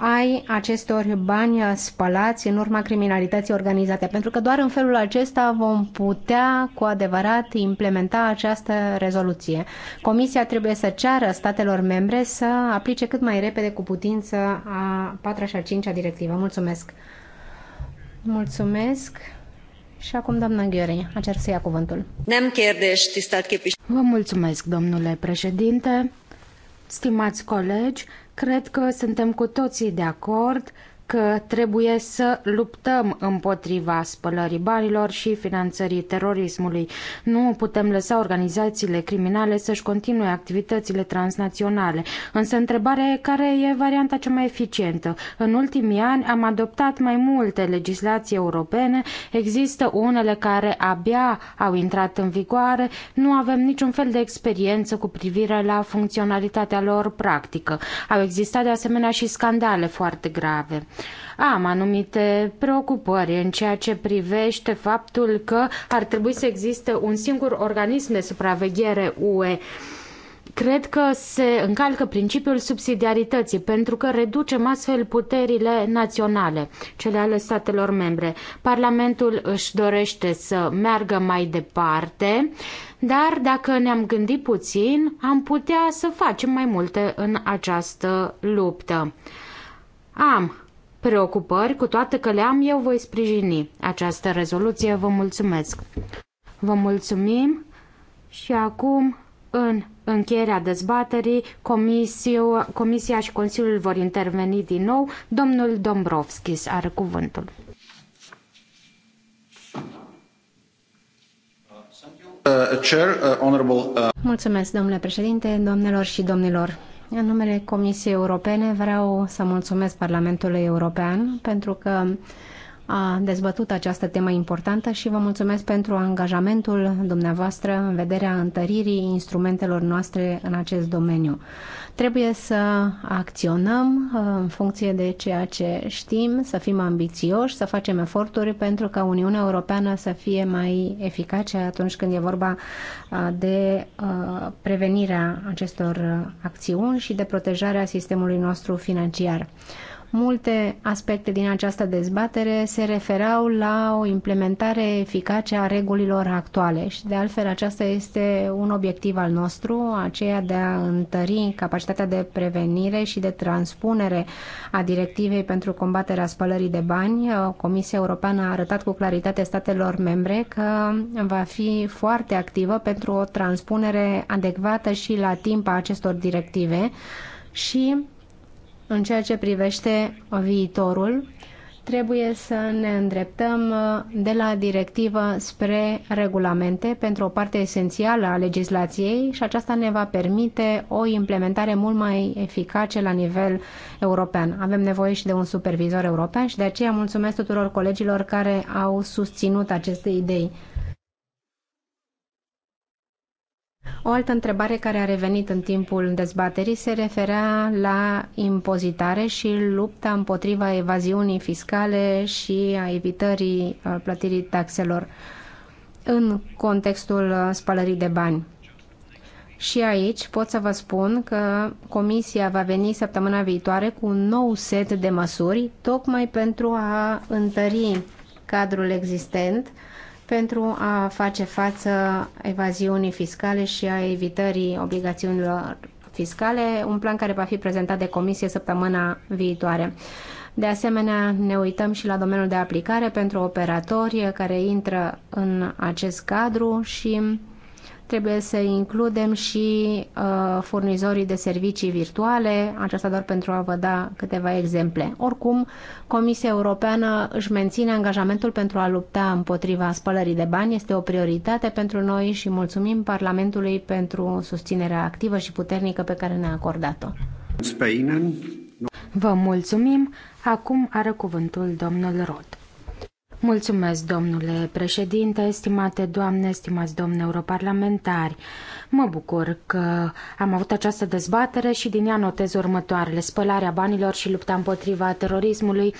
ai acestor bani spălați în urma criminalității organizate, pentru că doar în felul acesta vom putea cu adevărat implementa această rezoluție. Comisia trebuie să ceară statelor membre să aplice cât mai repede cu putință a 4 și a 5 -a directivă. Mulțumesc! Mulțumesc! Și acum, doamna Gheorghe, a cer să ia cuvântul. Vă mulțumesc, domnule președinte. Stimați colegi, Cred că suntem cu toții de acord că trebuie să luptăm împotriva spălării banilor și finanțării terorismului. Nu putem lăsa organizațiile criminale să-și continue activitățile transnaționale. Însă întrebarea e care e varianta cea mai eficientă. În ultimii ani am adoptat mai multe legislații europene, există unele care abia au intrat în vigoare, nu avem niciun fel de experiență cu privire la funcționalitatea lor practică. Au existat de asemenea și scandale foarte grave. Am anumite preocupări în ceea ce privește faptul că ar trebui să existe un singur organism de supraveghere UE cred că se încalcă principiul subsidiarității, pentru că reducem astfel puterile naționale, cele ale statelor membre. Parlamentul își dorește să meargă mai departe, dar dacă ne-am gândit puțin, am putea să facem mai multe în această luptă. Am preocupări, cu toate că le am, eu voi sprijini această rezoluție. Vă mulțumesc! Vă mulțumim și acum, în încheierea dezbaterii, Comisia, Comisia și Consiliul vor interveni din nou. Domnul Dombrovskis are cuvântul. Uh, uh, uh, mulțumesc, domnule președinte, domnilor și domnilor în numele Comisiei Europene vreau să mulțumesc Parlamentului European pentru că a dezbătut această temă importantă și vă mulțumesc pentru angajamentul dumneavoastră în vederea întăririi instrumentelor noastre în acest domeniu. Trebuie să acționăm uh, în funcție de ceea ce știm, să fim ambițioși, să facem eforturi pentru ca Uniunea Europeană să fie mai eficace atunci când e vorba uh, de uh, prevenirea acestor acțiuni și de protejarea sistemului nostru financiar. Multe aspecte din această dezbatere se referau la o implementare eficace a regulilor actuale și de altfel aceasta este un obiectiv al nostru, aceea de a întări capacitatea de prevenire și de transpunere a directivei pentru combaterea spălării de bani. Comisia Europeană a arătat cu claritate statelor membre că va fi foarte activă pentru o transpunere adecvată și la timp a acestor directive și în ceea ce privește viitorul, trebuie să ne îndreptăm uh, de la directivă spre regulamente pentru o parte esențială a legislației și aceasta ne va permite o implementare mult mai eficace la nivel european. Avem nevoie și de un supervizor european și de aceea mulțumesc tuturor colegilor care au susținut aceste idei. O altă întrebare care a revenit în timpul dezbaterii se referea la impozitare și lupta împotriva evaziunii fiscale și a evitării uh, plătirii taxelor în contextul uh, spălării de bani. Și aici pot să vă spun că Comisia va veni săptămâna viitoare cu un nou set de măsuri, tocmai pentru a întări cadrul existent pentru a face față evaziunii fiscale și a evitării obligațiunilor fiscale, un plan care va fi prezentat de comisie săptămâna viitoare. De asemenea, ne uităm și la domeniul de aplicare pentru operatori care intră în acest cadru și Trebuie să includem și uh, furnizorii de servicii virtuale, aceasta doar pentru a vă da câteva exemple. Oricum, Comisia Europeană își menține angajamentul pentru a lupta împotriva spălării de bani. Este o prioritate pentru noi și mulțumim Parlamentului pentru susținerea activă și puternică pe care ne-a acordat-o. Vă mulțumim. Acum are cuvântul domnul Rod. Mulțumesc, domnule președinte, estimate doamne, estimați domni europarlamentari. Mă bucur că am avut această dezbatere și din ea notez următoarele. Spălarea banilor și lupta împotriva terorismului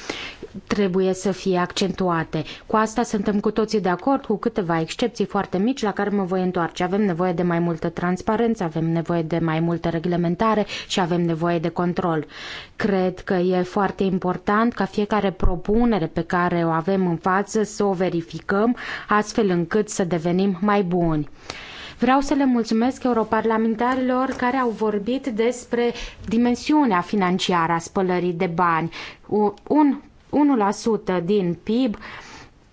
trebuie să fie accentuate. Cu asta suntem cu toții de acord, cu câteva excepții foarte mici la care mă voi întoarce. Avem nevoie de mai multă transparență, avem nevoie de mai multă reglementare și avem nevoie de control. Cred că e foarte important ca fiecare propunere pe care o avem în față să o verificăm, astfel încât să devenim mai buni. Vreau să le mulțumesc europarlamentarilor care au vorbit despre dimensiunea financiară a spălării de bani. Un, 1% din PIB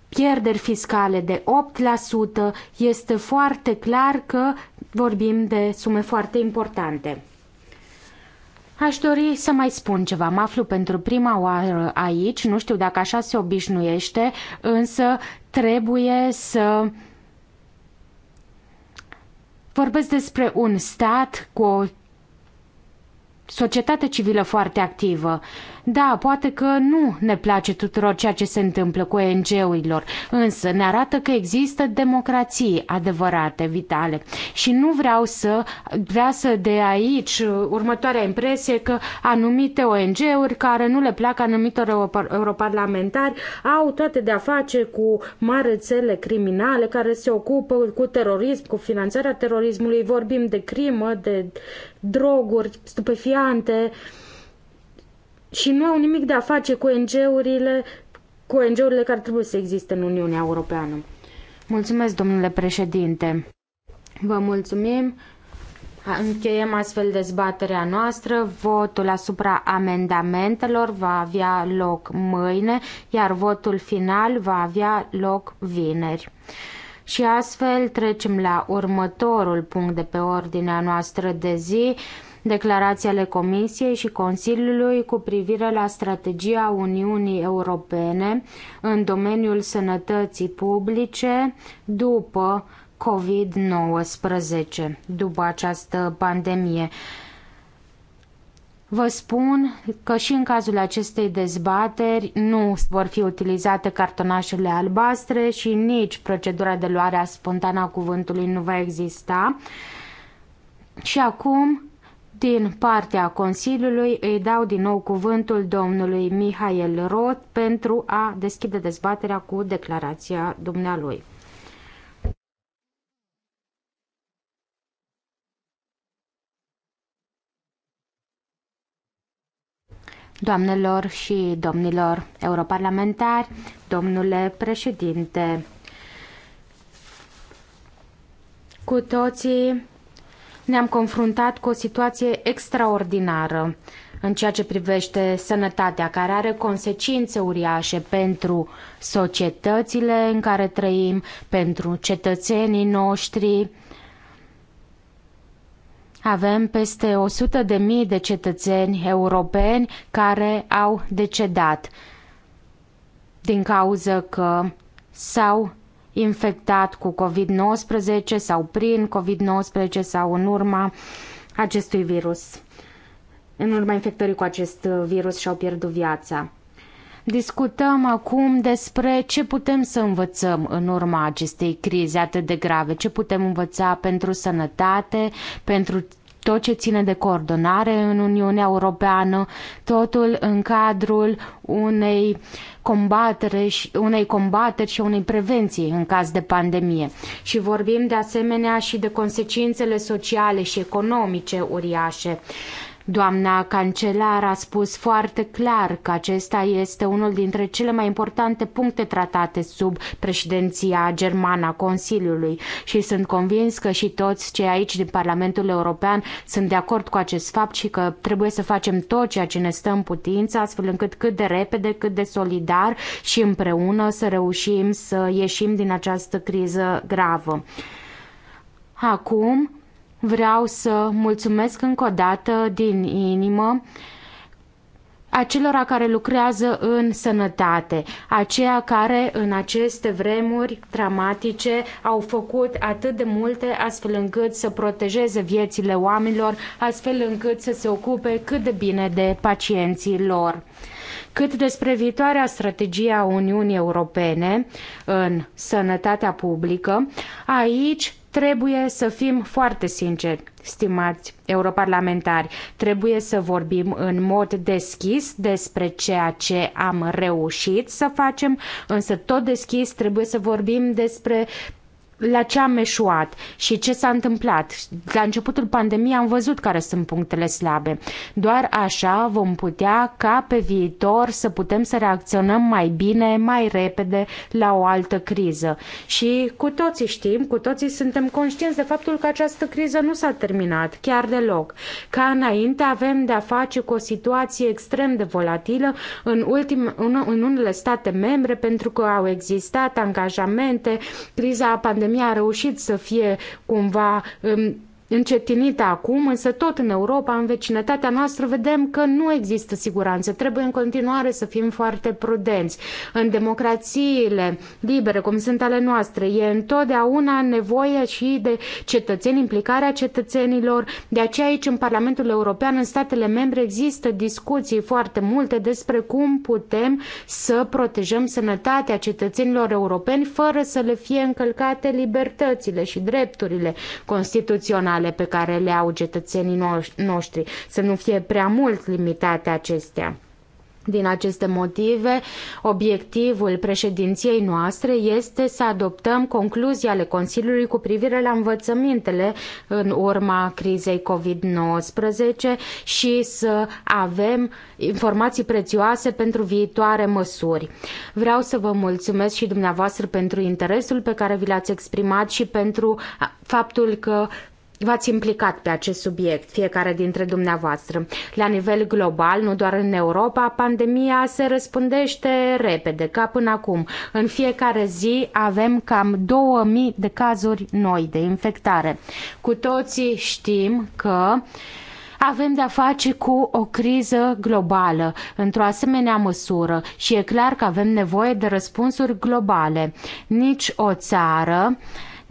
pierderi fiscale de 8%, este foarte clar că vorbim de sume foarte importante. Aș dori să mai spun ceva. Mă aflu pentru prima oară aici, nu știu dacă așa se obișnuiește, însă trebuie să Vorbesc despre un stat cu o societate civilă foarte activă. Da, poate că nu ne place tuturor ceea ce se întâmplă cu ONG-urilor, însă ne arată că există democrații adevărate, vitale. Și nu vreau să să de aici uh, următoarea impresie că anumite ONG-uri care nu le plac anumitor europarlamentari au toate de a face cu mari rețele criminale care se ocupă cu terorism, cu finanțarea terorismului, vorbim de crimă, de droguri stupefiante, uh, și nu au nimic de a face cu ONG-urile cu ONG-urile care trebuie să existe în Uniunea Europeană. Mulțumesc, domnule președinte. Vă mulțumim. Încheiem astfel dezbaterea noastră. Votul asupra amendamentelor va avea loc mâine, iar votul final va avea loc vineri. Și astfel trecem la următorul punct de pe ordinea noastră de zi, declarații ale Comisiei și Consiliului cu privire la strategia Uniunii Europene în domeniul sănătății publice după COVID-19, după această pandemie. Vă spun că și în cazul acestei dezbateri nu vor fi utilizate cartonașele albastre și nici procedura de luare a spontană a cuvântului nu va exista. Și acum din partea Consiliului îi dau din nou cuvântul domnului Mihail Roth pentru a deschide dezbaterea cu declarația dumnealui. Doamnelor și domnilor europarlamentari, domnule președinte, cu toții ne-am confruntat cu o situație extraordinară în ceea ce privește sănătatea, care are consecințe uriașe pentru societățile în care trăim, pentru cetățenii noștri. Avem peste 100 de mii de cetățeni europeni care au decedat din cauza că s-au infectat cu COVID-19 sau prin COVID-19 sau în urma acestui virus. În urma infectării cu acest uh, virus și-au pierdut viața. Discutăm acum despre ce putem să învățăm în urma acestei crize atât de grave, ce putem învăța pentru sănătate, pentru tot ce ține de coordonare în Uniunea Europeană, totul în cadrul unei uh, combatere și, unei combateri și unei prevenții în caz de pandemie. Și vorbim de asemenea și de consecințele sociale și economice uriașe. Uh, Doamna cancelar a spus foarte clar că acesta este unul dintre cele mai importante puncte tratate sub președinția germană a Consiliului și sunt convins că și toți cei aici din Parlamentul European sunt de acord cu acest fapt și că trebuie să facem tot ceea ce ne stă în putință, astfel încât cât de repede, cât de solidar și împreună să reușim să ieșim din această criză gravă. Acum, Vreau să mulțumesc încă o dată din inimă acelora care lucrează în sănătate, aceia care în aceste vremuri dramatice au făcut atât de multe astfel încât să protejeze viețile oamenilor, astfel încât să se ocupe cât de bine de pacienții lor. Cât despre viitoarea strategie a Uniunii Europene în sănătatea publică, aici Trebuie să fim foarte sinceri, stimați europarlamentari. Trebuie să vorbim în mod deschis despre ceea ce am reușit să facem, însă tot deschis trebuie să vorbim despre la ce am eșuat și ce s-a întâmplat. La începutul pandemiei am văzut care sunt punctele slabe. Doar așa vom putea ca pe viitor să putem să reacționăm mai bine, mai repede la o altă criză. Și cu toții știm, cu toții suntem conștienți de faptul că această criză nu s-a terminat, chiar deloc. Ca înainte avem de-a face cu o situație extrem de volatilă în, ultim, în, în unele state membre pentru că au existat angajamente, criza pandemiei pandemia a reușit să fie cumva um, încetinită acum, însă tot în Europa, în vecinătatea noastră, vedem că nu există siguranță. Trebuie în continuare să fim foarte prudenți. În democrațiile libere, cum sunt ale noastre, e întotdeauna nevoie și de cetățeni, implicarea cetățenilor. De aceea aici, în Parlamentul European, în statele membre, există discuții foarte multe despre cum putem să protejăm sănătatea cetățenilor europeni fără să le fie încălcate libertățile și drepturile constituționale drepturile pe care le au cetățenii noștri, să nu fie prea mult limitate acestea. Din aceste motive, obiectivul președinției noastre este să adoptăm concluzii ale Consiliului cu privire la învățămintele în urma crizei COVID-19 și să avem informații prețioase pentru viitoare măsuri. Vreau să vă mulțumesc și dumneavoastră pentru interesul pe care vi l-ați exprimat și pentru faptul că v-ați implicat pe acest subiect, fiecare dintre dumneavoastră. La nivel global, nu doar în Europa, pandemia se răspândește repede, ca până acum. În fiecare zi avem cam 2000 de cazuri noi de infectare. Cu toții știm că avem de-a face cu o criză globală, într-o asemenea măsură și e clar că avem nevoie de răspunsuri globale. Nici o țară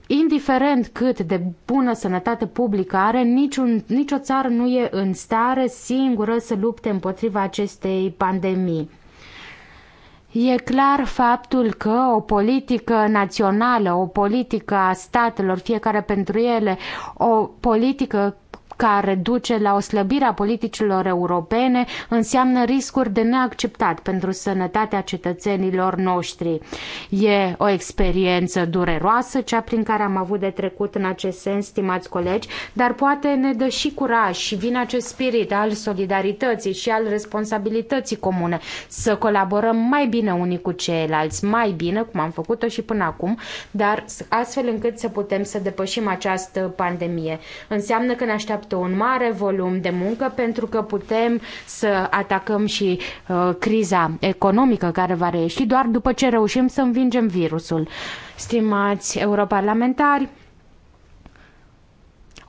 indiferent cât de bună sănătate publică are, niciun, nicio țară nu e în stare singură să lupte împotriva acestei pandemii. E clar faptul că o politică națională, o politică a statelor, fiecare pentru ele, o politică care duce la o slăbire a politicilor europene înseamnă riscuri de neacceptat pentru sănătatea cetățenilor noștri. E o experiență dureroasă, cea prin care am avut de trecut în acest sens, stimați colegi, dar poate ne dă și curaj și vine acest spirit al solidarității și al responsabilității comune să colaborăm mai bine unii cu ceilalți, mai bine, cum am făcut-o și până acum, dar astfel încât să putem să depășim această pandemie. Înseamnă că ne așteaptă așteaptă un mare volum de muncă pentru că putem să atacăm și uh, criza economică care va reieși doar după ce reușim să învingem virusul. Stimați europarlamentari,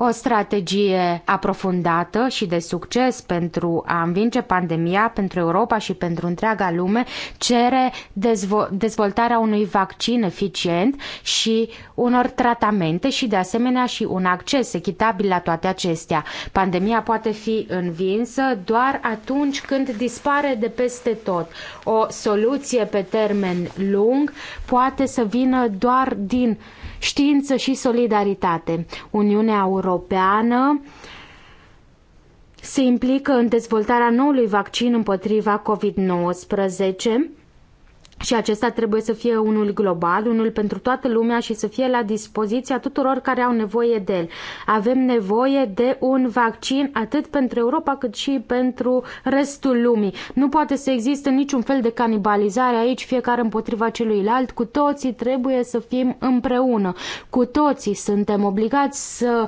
o strategie aprofundată și de succes pentru a învinge pandemia pentru Europa și pentru întreaga lume cere dezvo- dezvoltarea unui vaccin eficient și unor tratamente și de asemenea și un acces echitabil la toate acestea. Pandemia poate fi învinsă doar atunci când dispare de peste tot. O soluție pe termen lung poate să vină doar din știință și solidaritate. Uniunea Europeană se implică în dezvoltarea noului vaccin împotriva COVID-19 și acesta trebuie să fie unul global, unul pentru toată lumea și să fie la dispoziția tuturor care au nevoie de el. Avem nevoie de un vaccin atât pentru Europa cât și pentru restul lumii. Nu poate să existe niciun fel de canibalizare aici, fiecare împotriva celuilalt. Cu toții trebuie să fim împreună. Cu toții suntem obligați să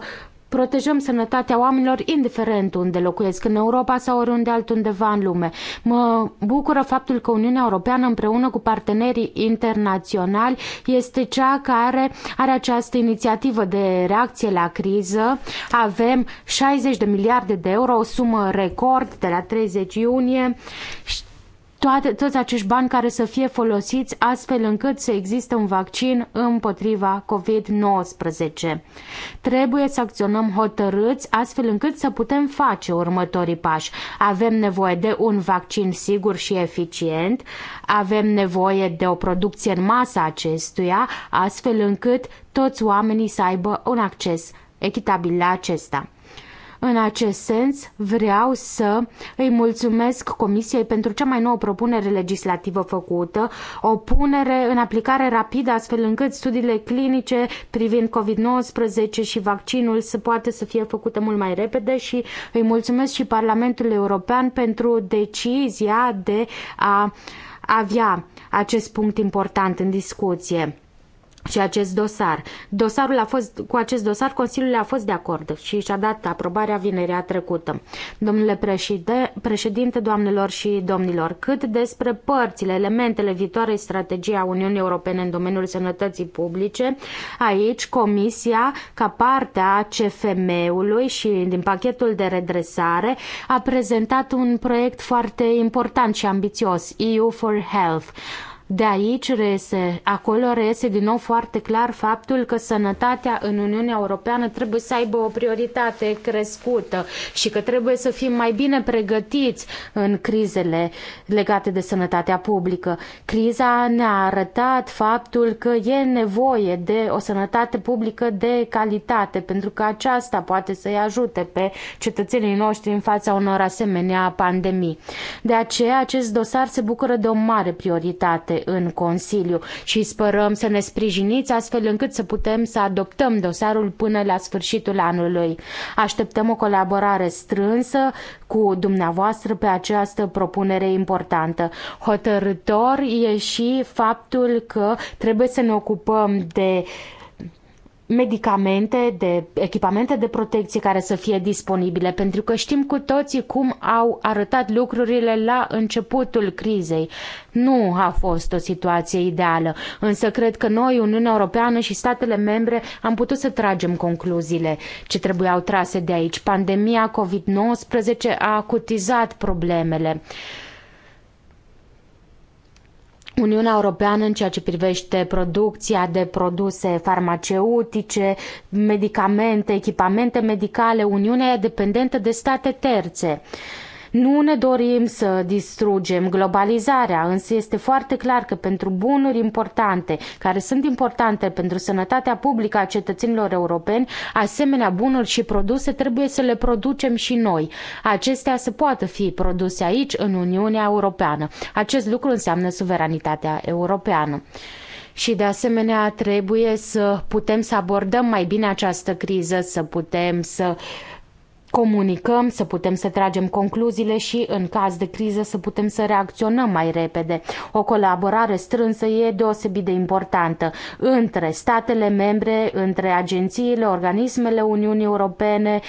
protejăm sănătatea oamenilor indiferent unde locuiesc, în Europa sau oriunde altundeva în lume. Mă bucură faptul că Uniunea Europeană împreună cu partenerii internaționali este cea care are această inițiativă de reacție la criză. Avem 60 de miliarde de euro, o sumă record de la 30 iunie toate, toți acești bani care să fie folosiți astfel încât să existe un vaccin împotriva COVID-19. Trebuie să acționăm hotărâți astfel încât să putem face următorii pași. Avem nevoie de un vaccin sigur și eficient, avem nevoie de o producție în masă acestuia, astfel încât toți oamenii să aibă un acces echitabil la acesta. În acest sens, vreau să îi mulțumesc Comisiei pentru cea mai nouă propunere legislativă făcută, o punere în aplicare rapidă, astfel încât studiile clinice privind COVID-19 și vaccinul să poată să fie făcute mult mai repede și îi mulțumesc și Parlamentului European pentru decizia de a avea acest punct important în discuție și acest dosar. Dosarul a fost, cu acest dosar Consiliul a fost de acord și și-a dat aprobarea vinerea trecută. Domnule președinte, președinte, doamnelor și domnilor, cât despre părțile, elementele viitoarei strategii a Uniunii Europene în domeniul sănătății publice, aici Comisia, ca parte a CFM-ului și din pachetul de redresare, a prezentat un proiect foarte important și ambițios, EU for Health de aici reiese, acolo reiese din nou foarte clar faptul că sănătatea în Uniunea Europeană trebuie să aibă o prioritate crescută și că trebuie să fim mai bine pregătiți în crizele legate de sănătatea publică. Criza ne-a arătat faptul că e nevoie de o sănătate publică de calitate, pentru că aceasta poate să-i ajute pe cetățenii noștri în fața unor asemenea pandemii. De aceea, acest dosar se bucură de o mare prioritate în Consiliu și sperăm să ne sprijiniți astfel încât să putem să adoptăm dosarul până la sfârșitul anului. Așteptăm o colaborare strânsă cu dumneavoastră pe această propunere importantă. Hotărător e și faptul că trebuie să ne ocupăm de medicamente, de echipamente de protecție care să fie disponibile, pentru că știm cu toții cum au arătat lucrurile la începutul crizei. Nu a fost o situație ideală, însă cred că noi, Uniunea Europeană și statele membre, am putut să tragem concluziile ce trebuiau trase de aici. Pandemia COVID-19 a acutizat problemele. Uniunea Europeană în ceea ce privește producția de produse farmaceutice, medicamente, echipamente medicale, Uniunea e dependentă de state terțe. Nu ne dorim să distrugem globalizarea, însă este foarte clar că pentru bunuri importante, care sunt importante pentru sănătatea publică a cetățenilor europeni, asemenea bunuri și produse trebuie să le producem și noi. Acestea să poată fi produse aici, în Uniunea Europeană. Acest lucru înseamnă suveranitatea europeană și de asemenea trebuie să putem să abordăm mai bine această criză, să putem să comunicăm, să putem să tragem concluziile și, în caz de criză, să putem să reacționăm mai repede. O colaborare strânsă e deosebit de importantă între statele membre, între agențiile, organismele Uniunii Europene,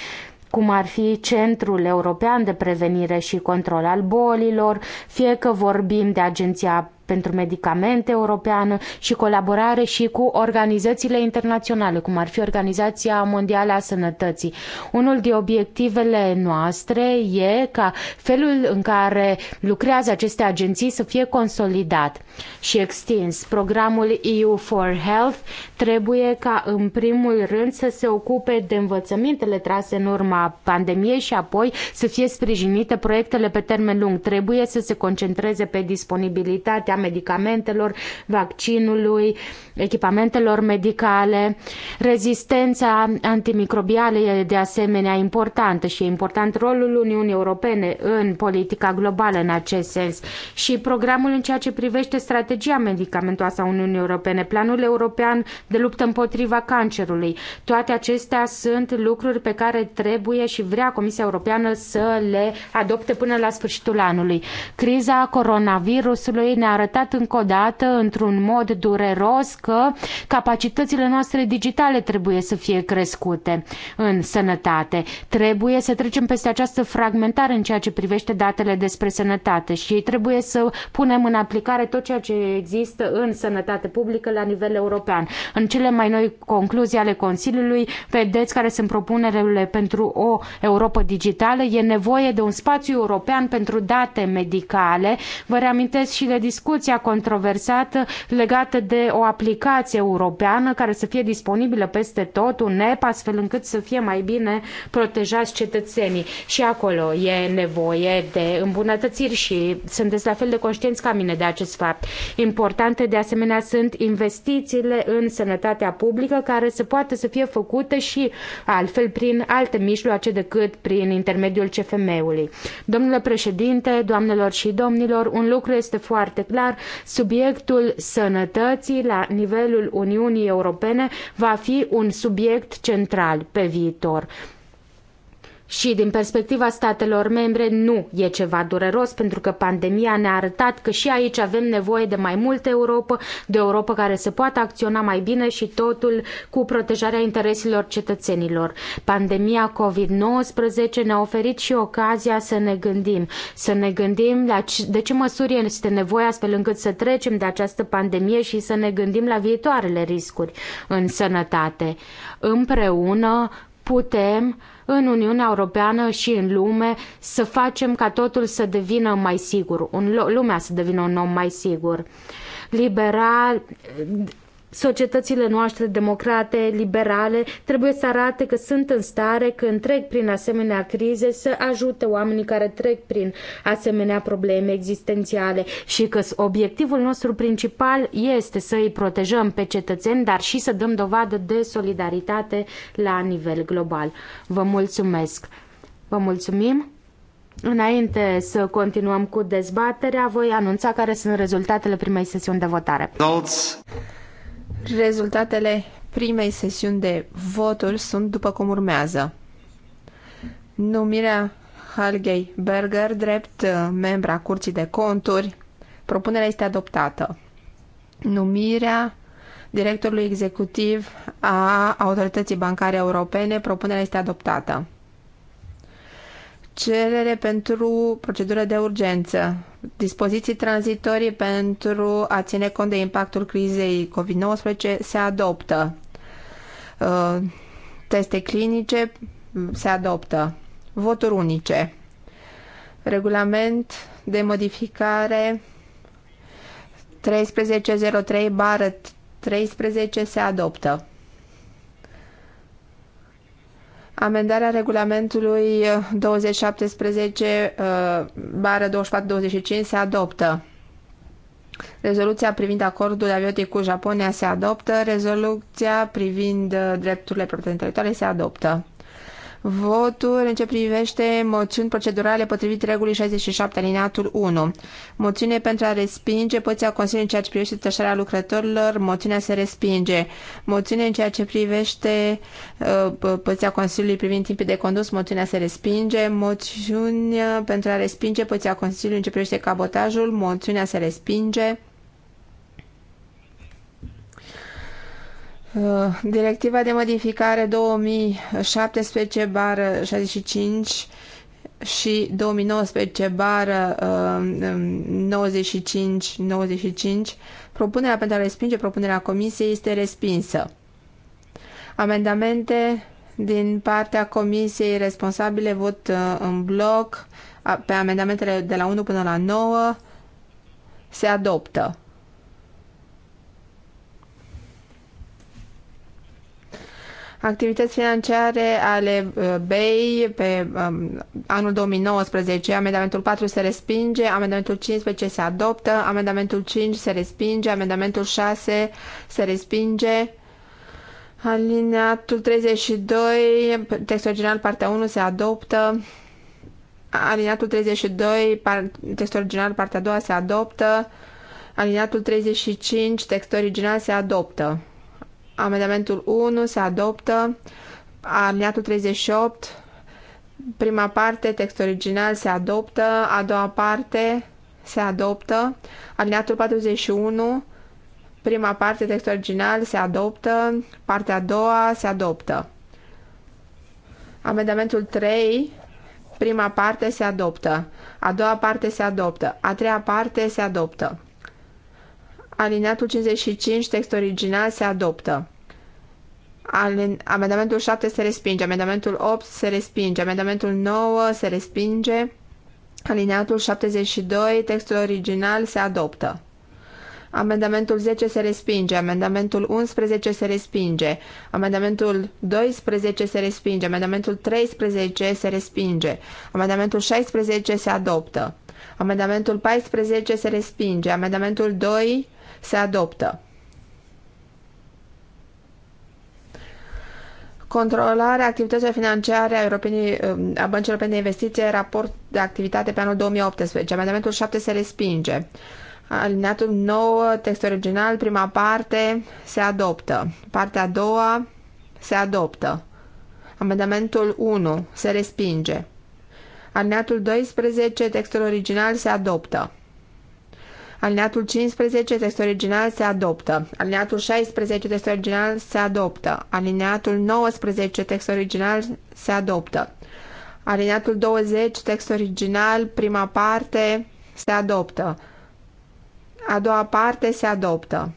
cum ar fi Centrul European de Prevenire și Control al Bolilor, fie că vorbim de Agenția pentru medicamente europeană și colaborare și cu organizațiile internaționale, cum ar fi Organizația Mondială a Sănătății. Unul din obiectivele noastre e ca felul în care lucrează aceste agenții să fie consolidat și extins. Programul EU for Health trebuie ca în primul rând să se ocupe de învățămintele trase în urma pandemiei și apoi să fie sprijinite proiectele pe termen lung. Trebuie să se concentreze pe disponibilitatea medicamentelor, vaccinului, echipamentelor medicale. Rezistența antimicrobială e de asemenea importantă și e important rolul Uniunii Europene în politica globală în acest sens și programul în ceea ce privește strategia medicamentoasă a Uniunii Europene, planul european de luptă împotriva cancerului. Toate acestea sunt lucruri pe care trebuie și vrea Comisia Europeană să le adopte până la sfârșitul anului. Criza coronavirusului ne-a arătat încă o dată, într-un mod dureros, că capacitățile noastre digitale trebuie să fie crescute în sănătate. Trebuie să trecem peste această fragmentare în ceea ce privește datele despre sănătate și trebuie să punem în aplicare tot ceea ce există în sănătate publică la nivel european. În cele mai noi concluzii ale Consiliului, vedeți care sunt propunerile pentru o Europa digitală. E nevoie de un spațiu european pentru date medicale. Vă reamintesc și de discuția controversată legată de o aplicare aplicație europeană care să fie disponibilă peste tot, un app, astfel încât să fie mai bine protejați cetățenii. Și acolo e nevoie de îmbunătățiri și sunteți la fel de conștienți ca mine de acest fapt. Importante de asemenea sunt investițiile în sănătatea publică care să poată să fie făcute și altfel prin alte mijloace decât prin intermediul CFM-ului. Domnule președinte, doamnelor și domnilor, un lucru este foarte clar, subiectul sănătății la nivelul Uniunii Europene va fi un subiect central pe viitor. Și din perspectiva statelor membre nu e ceva dureros pentru că pandemia ne-a arătat că și aici avem nevoie de mai multă Europa, de Europa care să poată acționa mai bine și totul cu protejarea intereselor cetățenilor. Pandemia COVID-19 ne-a oferit și ocazia să ne gândim, să ne gândim la de ce măsuri este nevoie astfel încât să trecem de această pandemie și să ne gândim la viitoarele riscuri în sănătate. Împreună putem în Uniunea Europeană și în lume să facem ca totul să devină mai sigur, un, lumea să devină un om mai sigur. Liberal, Societățile noastre democrate, liberale, trebuie să arate că sunt în stare, că întreg, prin asemenea crize, să ajute oamenii care trec prin asemenea probleme existențiale și că obiectivul nostru principal este să îi protejăm pe cetățeni, dar și să dăm dovadă de solidaritate la nivel global. Vă mulțumesc! Vă mulțumim! Înainte să continuăm cu dezbaterea, voi anunța care sunt rezultatele primei sesiuni de votare. Rezultatele primei sesiuni de voturi sunt după cum urmează. Numirea Halgei Berger drept uh, membra Curții de Conturi. Propunerea este adoptată. Numirea directorului executiv a Autorității Bancare Europene. Propunerea este adoptată cerere pentru procedură de urgență, dispoziții tranzitorii pentru a ține cont de impactul crizei COVID-19 se adoptă, uh, teste clinice se adoptă, voturi unice, regulament de modificare 1303 bară 13 se adoptă amendarea regulamentului 2017 uh, uh, bară 24-25 se adoptă. Rezoluția privind acordul aviotic cu Japonia se adoptă. Rezoluția privind uh, drepturile proprietății intelectuale se adoptă. Votul în ce privește moțiuni procedurale potrivit regulii 67 alineatul 1. Moțiune pentru a respinge poziția Consiliului în ceea ce privește tășarea lucrătorilor, moțiunea se respinge. Moțiune în ceea ce privește uh, poziția Consiliului privind timpii de condus, moțiunea se respinge. Moțiune uh, pentru a respinge poziția Consiliului în ce privește cabotajul, moțiunea se respinge. Uh, directiva de modificare 2017 bară 65 și 2019 bară 95-95 uh, um, propunerea pentru a respinge propunerea comisiei este respinsă. Amendamente din partea comisiei responsabile vot uh, în bloc pe amendamentele de la 1 până la 9 se adoptă. activități financiare ale uh, BEI pe um, anul 2019. Amendamentul 4 se respinge, amendamentul 15 se adoptă, amendamentul 5 se respinge, amendamentul 6 se respinge. Alineatul 32, text original, partea 1, se adoptă. Alineatul 32, text original, partea 2, se adoptă. Alineatul 35, text original, se adoptă. Amendamentul 1 se adoptă. Aliniatul 38. Prima parte, text original, se adoptă. A doua parte se adoptă. Aliniatul 41. Prima parte, text original, se adoptă. Partea a doua se adoptă. Amendamentul 3. Prima parte se adoptă. A doua parte se adoptă. A treia parte se adoptă alineatul 55, text original, se adoptă. amendamentul 7 se respinge, amendamentul 8 se respinge, amendamentul 9 se respinge, alineatul 72, textul original, se adoptă. Amendamentul 10 se respinge, amendamentul 11 se respinge, amendamentul 12 se respinge, amendamentul 13 se respinge, amendamentul 16 se adoptă, amendamentul 14 se respinge, amendamentul 2 se respinge. Se adoptă. Controlarea activităților financiare a, um, a Băncii Europene de Investiție, raport de activitate pe anul 2018. Amendamentul 7 se respinge. Alineatul 9, text original, prima parte, se adoptă. Partea a doua, se adoptă. Amendamentul 1, se respinge. Alineatul 12, textul original, se adoptă. Alineatul 15, text original, se adoptă. Alineatul 16, text original, se adoptă. Alineatul 19, text original, se adoptă. Alineatul 20, text original, prima parte, se adoptă. A doua parte se adoptă.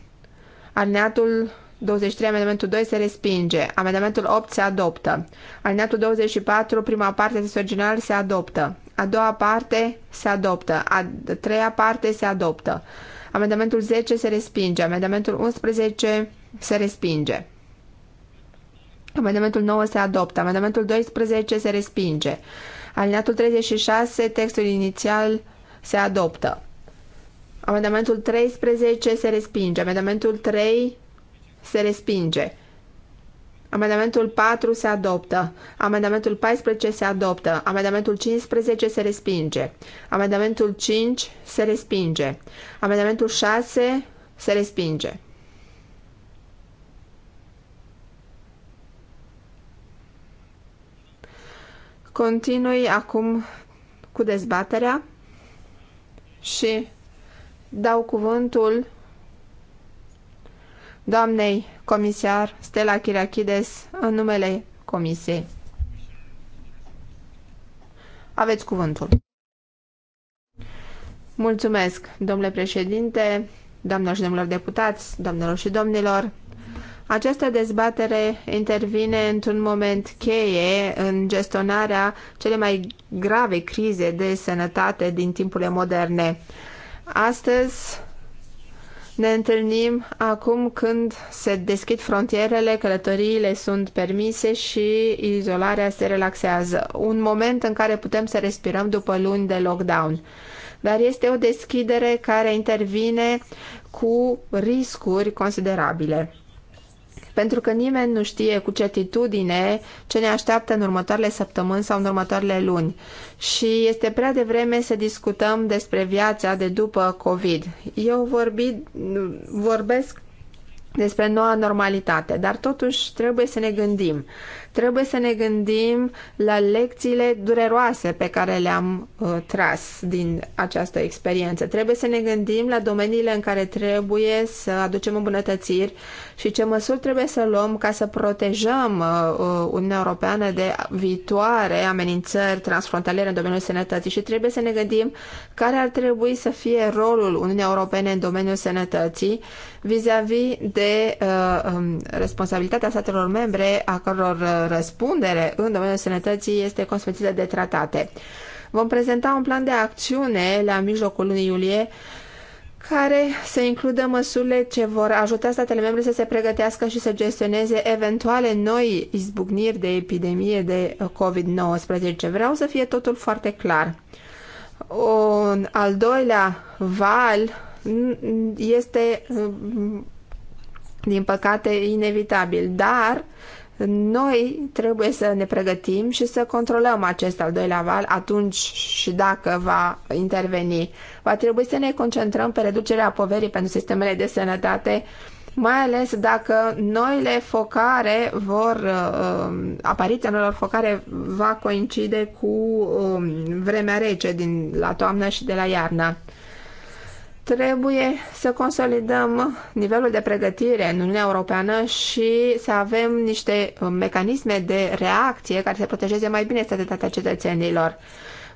Alineatul 23, amendamentul 2 se respinge. Amendamentul 8 se adoptă. Alineatul 24, prima parte, de original, se adoptă. A doua parte se adoptă. A treia parte se adoptă. Amendamentul 10 se respinge. Amendamentul 11 se respinge. Amendamentul 9 se adoptă. Amendamentul 12 se respinge. Alineatul 36, textul inițial se adoptă. Amendamentul 13 se respinge. Amendamentul 3 se respinge. Amendamentul 4 se adoptă. Amendamentul 14 se adoptă. Amendamentul 15 se respinge. Amendamentul 5 se respinge. Amendamentul 6 se respinge. Continui acum cu dezbaterea și dau cuvântul doamnei comisar Stella Kyriakides în numele comisiei. Aveți cuvântul. Mulțumesc, domnule președinte, doamnelor și domnilor deputați, doamnelor și domnilor. Această dezbatere intervine într-un moment cheie în gestionarea cele mai grave crize de sănătate din timpurile moderne. Astăzi, ne întâlnim acum când se deschid frontierele, călătoriile sunt permise și izolarea se relaxează. Un moment în care putem să respirăm după luni de lockdown. Dar este o deschidere care intervine cu riscuri considerabile pentru că nimeni nu știe cu certitudine ce ne așteaptă în următoarele săptămâni sau în următoarele luni. Și este prea devreme să discutăm despre viața de după COVID. Eu vorbi, vorbesc despre noua normalitate, dar totuși trebuie să ne gândim. Trebuie să ne gândim la lecțiile dureroase pe care le-am uh, tras din această experiență. Trebuie să ne gândim la domeniile în care trebuie să aducem îmbunătățiri și ce măsuri trebuie să luăm ca să protejăm uh, uh, Uniunea Europeană de viitoare amenințări transfrontaliere în domeniul sănătății și trebuie să ne gândim care ar trebui să fie rolul Uniunii Europene în domeniul sănătății vis-a-vis -vis de uh, um, responsabilitatea statelor membre a căror uh, răspundere în domeniul sănătății este consfințită de tratate. Vom prezenta un plan de acțiune la mijlocul lunii iulie care să includă măsurile ce vor ajuta statele membre să se pregătească și să gestioneze eventuale noi izbucniri de epidemie de COVID-19. Vreau să fie totul foarte clar. Un al doilea val este, mm, din păcate, inevitabil, dar noi trebuie să ne pregătim și să controlăm acest al doilea val atunci și dacă va interveni. Va trebui să ne concentrăm pe reducerea poverii pentru sistemele de sănătate, mai ales dacă noile focare vor, um, apariția noilor focare va coincide cu um, vremea rece din la toamnă și de la iarnă. Trebuie să consolidăm nivelul de pregătire în Uniunea Europeană și să avem niște uh, mecanisme de reacție care să protejeze mai bine statutatea cetățenilor.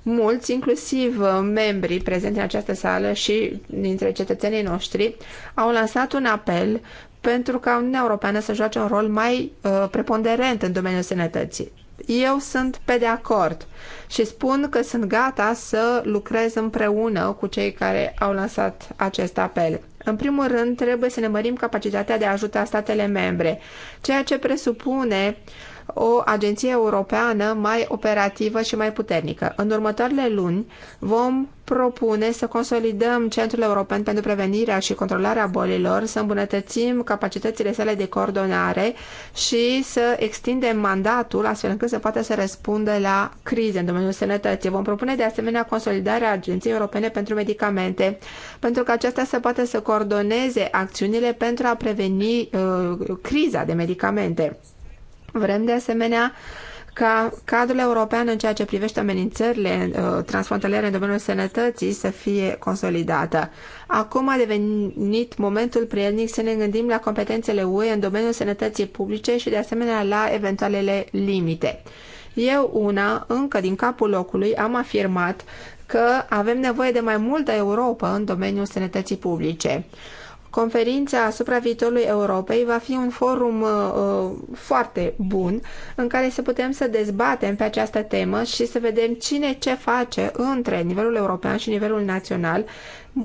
Mulți, inclusiv uh, membrii prezenți în această sală și dintre cetățenii noștri, au lansat un apel pentru ca Uniunea Europeană să joace un rol mai uh, preponderent în domeniul sănătății eu sunt pe de acord și spun că sunt gata să lucrez împreună cu cei care au lansat acest apel. În primul rând, trebuie să ne mărim capacitatea de a ajuta statele membre, ceea ce presupune uh, o agenție europeană mai operativă și mai puternică. În următoarele luni vom propune să consolidăm Centrul European pentru Prevenirea și Controlarea Bolilor, să îmbunătățim capacitățile sale de coordonare și să extindem mandatul astfel încât să poată să răspundă la crize în domeniul sănătății. Vom propune de asemenea consolidarea Agenției Europene pentru Medicamente, pentru că aceasta să poată să coordoneze acțiunile pentru a preveni uh, criza de medicamente. Vrem de asemenea ca cadrul european în ceea ce privește amenințările uh, transfrontaliere în domeniul sănătății să fie consolidată. Acum a devenit momentul prielnic să ne gândim la competențele UE în domeniul sănătății publice și de asemenea la eventualele limite. Eu una, încă din capul locului, am afirmat că avem nevoie de mai multă Europa în domeniul sănătății publice. Conferința asupra viitorului Europei va fi un forum uh, uh, foarte bun în care să putem să dezbatem pe această temă și să vedem cine ce face între nivelul european și nivelul național,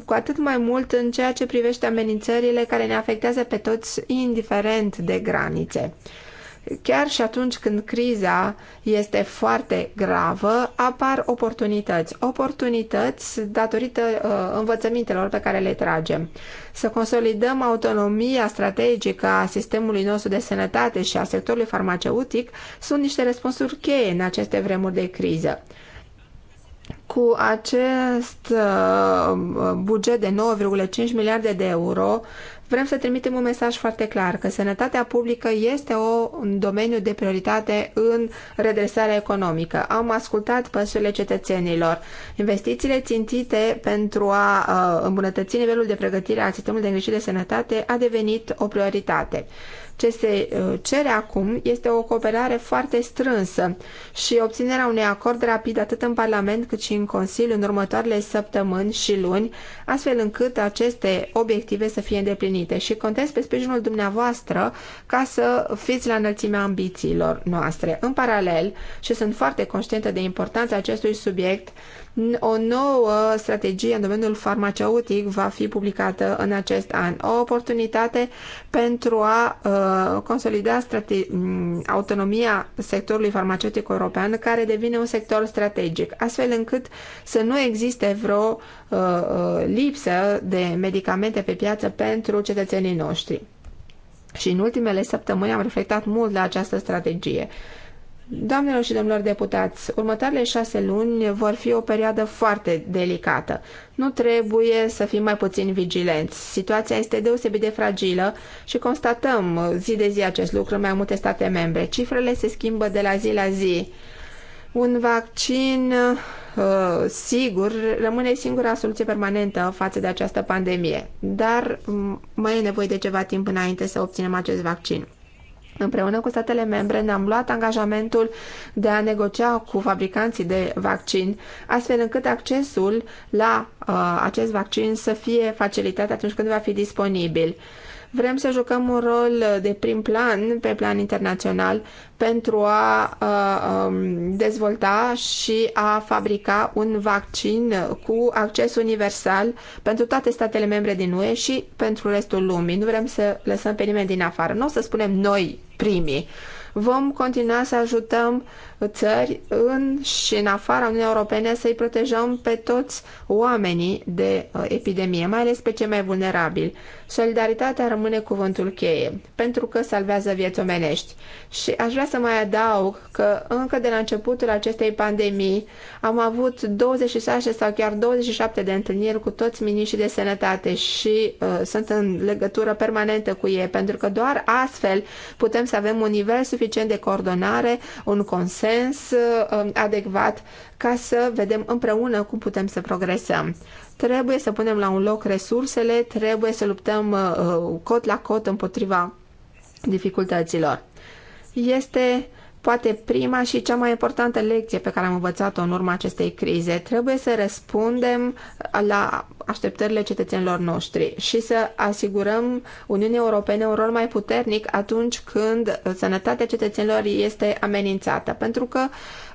cu atât mai mult în ceea ce privește amenințările care ne afectează pe toți, indiferent de granițe. Chiar și atunci când criza este foarte gravă, apar oportunități. Oportunități datorită uh, învățămintelor pe care le tragem. Să consolidăm autonomia strategică a sistemului nostru de sănătate și a sectorului farmaceutic sunt niște răspunsuri cheie în aceste vremuri de criză cu acest uh, buget de 9,5 miliarde de euro Vrem să trimitem un mesaj foarte clar că sănătatea publică este o, un domeniu de prioritate în redresarea economică. Am ascultat păsurile cetățenilor. Investițiile țintite pentru a uh, îmbunătăți nivelul de pregătire al sistemului de îngrijire de sănătate a devenit o prioritate. Ce se uh, cere acum este o cooperare foarte strânsă și obținerea unui acord rapid atât în Parlament cât și în Consiliu în următoarele săptămâni și luni, astfel încât aceste obiective să fie îndeplinite și contez pe sprijinul dumneavoastră ca să fiți la înălțimea ambițiilor noastre. În paralel, și sunt foarte conștientă de importanța acestui subiect, o nouă strategie în domeniul farmaceutic va fi publicată în acest an. O oportunitate pentru a uh, consolida autonomia sectorului farmaceutic european, care devine un sector strategic, astfel încât să nu existe vreo uh, uh, lipsă de medicamente pe piață pentru cetățenii noștri. Și în ultimele săptămâni am reflectat mult la această strategie. Doamnelor și domnilor deputați, următoarele șase luni vor fi o perioadă foarte delicată. Nu trebuie să fim mai puțin vigilenți. Situația este deosebit de fragilă și constatăm zi de zi acest lucru în mai multe state membre. Cifrele se schimbă de la zi la zi. Un vaccin uh, sigur rămâne singura soluție permanentă față de această pandemie, dar mai e nevoie de ceva timp înainte să obținem acest vaccin. Împreună cu statele membre ne-am luat angajamentul de a negocia cu fabricanții de vaccin, astfel încât accesul la uh, acest vaccin să fie facilitat atunci când va fi disponibil. Vrem să jucăm un rol uh, de prim plan pe plan internațional pentru a uh, um, dezvolta și a fabrica un vaccin cu acces universal pentru toate statele membre din UE și pentru restul lumii. Nu vrem să lăsăm pe nimeni din afară. Nu o să spunem noi primii. Vom continua să ajutăm uh, țări în și în afara Uniunii Europene să-i protejăm pe toți oamenii de uh, epidemie, mai ales pe cei mai vulnerabili. Solidaritatea rămâne cuvântul cheie, pentru că salvează vieți omenești. Și aș vrea să mai adaug că încă de la începutul acestei pandemii am avut 26 sau chiar 27 de întâlniri cu toți miniștrii de sănătate și uh, sunt în legătură permanentă cu ei, pentru că doar astfel putem să avem un nivel suficient de coordonare, un consens sens uh, um, adecvat ca să vedem împreună cum putem să progresăm. Trebuie să punem la un loc resursele, trebuie să luptăm uh, uh, cot la cot împotriva dificultăților. Este Poate prima și cea mai importantă lecție pe care am învățat-o în urma acestei crize trebuie să răspundem la așteptările cetățenilor noștri și să asigurăm Uniunii Europene un rol mai puternic atunci când sănătatea cetățenilor este amenințată, pentru că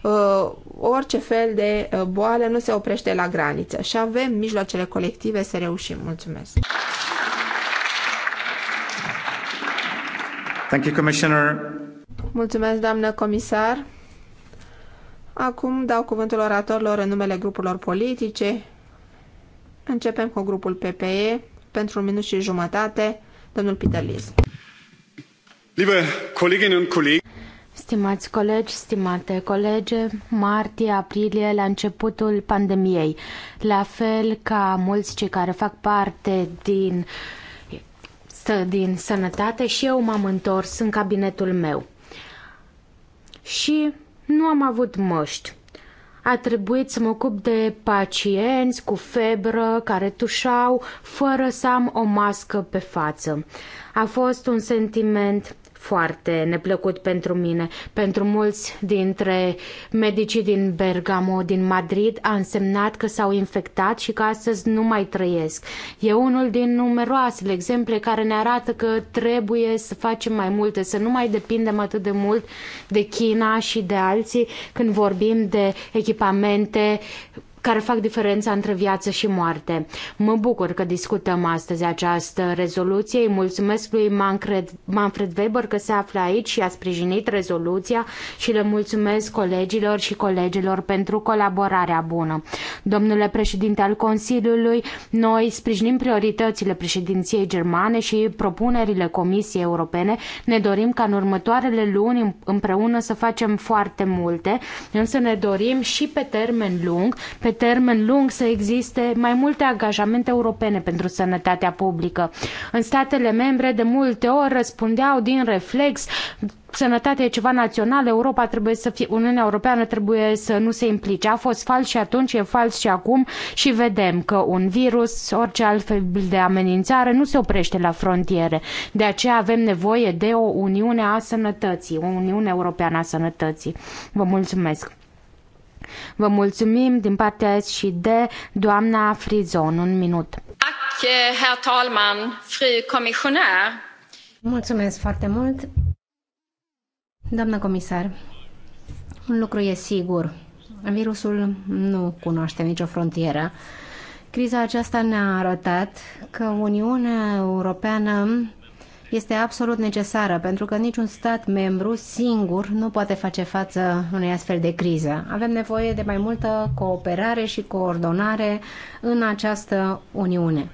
uh, orice fel de uh, boală nu se oprește la graniță și avem mijloacele colective să reușim. Mulțumesc! Thank you, Commissioner. Mulțumesc, doamnă comisar. Acum dau cuvântul oratorilor în numele grupurilor politice. Începem cu grupul PPE. Pentru un minut și jumătate, domnul Peter Liz. Liebe Kolleginnen und Kollegen, Stimați colegi, stimate colege, martie, aprilie, la începutul pandemiei, la fel ca mulți cei care fac parte din, din sănătate și eu m-am întors în cabinetul meu și nu am avut măști. A trebuit să mă ocup de pacienți cu febră care tușau fără să am o mască pe față. A fost un sentiment foarte neplăcut pentru mine. Pentru mulți dintre medicii din Bergamo, din Madrid, a însemnat că s-au infectat și că astăzi nu mai trăiesc. E unul din numeroasele exemple care ne arată că trebuie să facem mai multe, să nu mai depindem atât de mult de China și de alții când vorbim de echipamente care fac diferența între viață și moarte. Mă bucur că discutăm astăzi această rezoluție. Îi mulțumesc lui Manfred, Manfred Weber că se află aici și a sprijinit rezoluția și le mulțumesc colegilor și colegilor pentru colaborarea bună. Domnule președinte al Consiliului, noi sprijinim prioritățile președinției germane și propunerile Comisiei Europene. Ne dorim ca în următoarele luni împreună să facem foarte multe, însă ne dorim și pe termen lung, pe termen lung să existe mai multe angajamente europene pentru sănătatea publică. În statele membre de multe ori răspundeau din reflex sănătatea e ceva național, Europa trebuie să fie, Uniunea Europeană trebuie să nu se implice. A fost fals și atunci, e fals și acum și vedem că un virus, orice altfel de amenințare, nu se oprește la frontiere. De aceea avem nevoie de o Uniune a Sănătății, o Uniune Europeană a Sănătății. Vă mulțumesc! Vă mulțumim din partea S și de doamna Frizon, un minut. Herr talman, fru comisionär. Mulțumesc foarte mult. doamna comisar, un lucru e sigur. Virusul nu cunoaște nicio frontieră. Criza aceasta ne-a arătat că Uniunea Europeană este absolut necesară, pentru că niciun stat membru singur nu poate face față unei astfel de criză. Avem nevoie de mai multă cooperare și coordonare în această Uniune.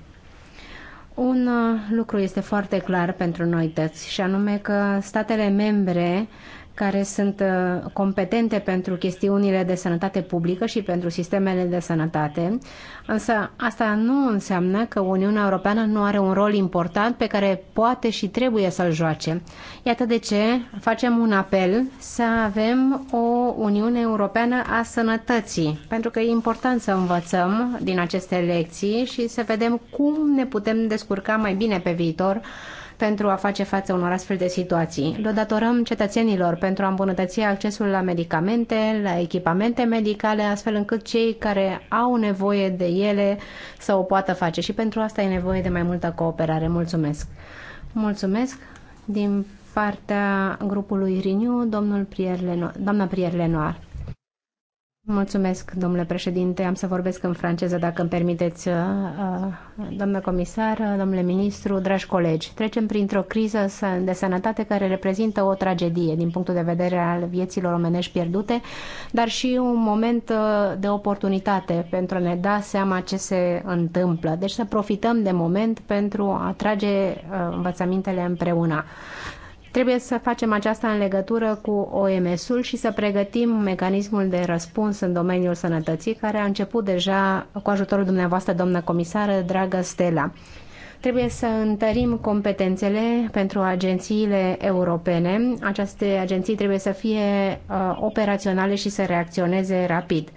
Un uh, lucru este foarte clar pentru noi toți, și anume că statele membre uh, care sunt uh, competente pentru chestiunile de sănătate publică și pentru sistemele de sănătate, însă asta nu înseamnă că Uniunea Europeană nu are un rol important pe care poate și trebuie să-l joace. Iată de ce facem un apel să avem o Uniune Europeană a sănătății, pentru că e important să învățăm din aceste lecții și să vedem cum ne putem descurca mai bine pe viitor pentru a face față unor astfel de situații. Le datorăm cetățenilor pentru a îmbunătăți accesul la medicamente, la echipamente medicale, astfel încât cei care au nevoie de ele să o poată face și pentru asta e nevoie de mai multă cooperare. Mulțumesc! Mulțumesc din partea grupului Renew, domnul Prier Lenoir, doamna Prier Lenoir. Mulțumesc, domnule președinte. Am să vorbesc în franceză, dacă îmi permiteți, uh, uh, domnule comisar, uh, domnule ministru, dragi colegi. Trecem printr-o criză de sănătate care reprezintă o tragedie din punctul de vedere al vieților omenești pierdute, dar și un moment de oportunitate pentru a ne da seama ce se întâmplă. Deci să profităm de moment pentru a trage învățămintele împreună. Trebuie să facem aceasta în legătură cu OMS-ul și să pregătim mecanismul de răspuns în domeniul sănătății, care a început deja cu ajutorul dumneavoastră, doamnă comisară, dragă Stella trebuie să întărim competențele pentru agențiile europene. Aceste agenții trebuie să fie uh, operaționale și să reacționeze rapid. Uh,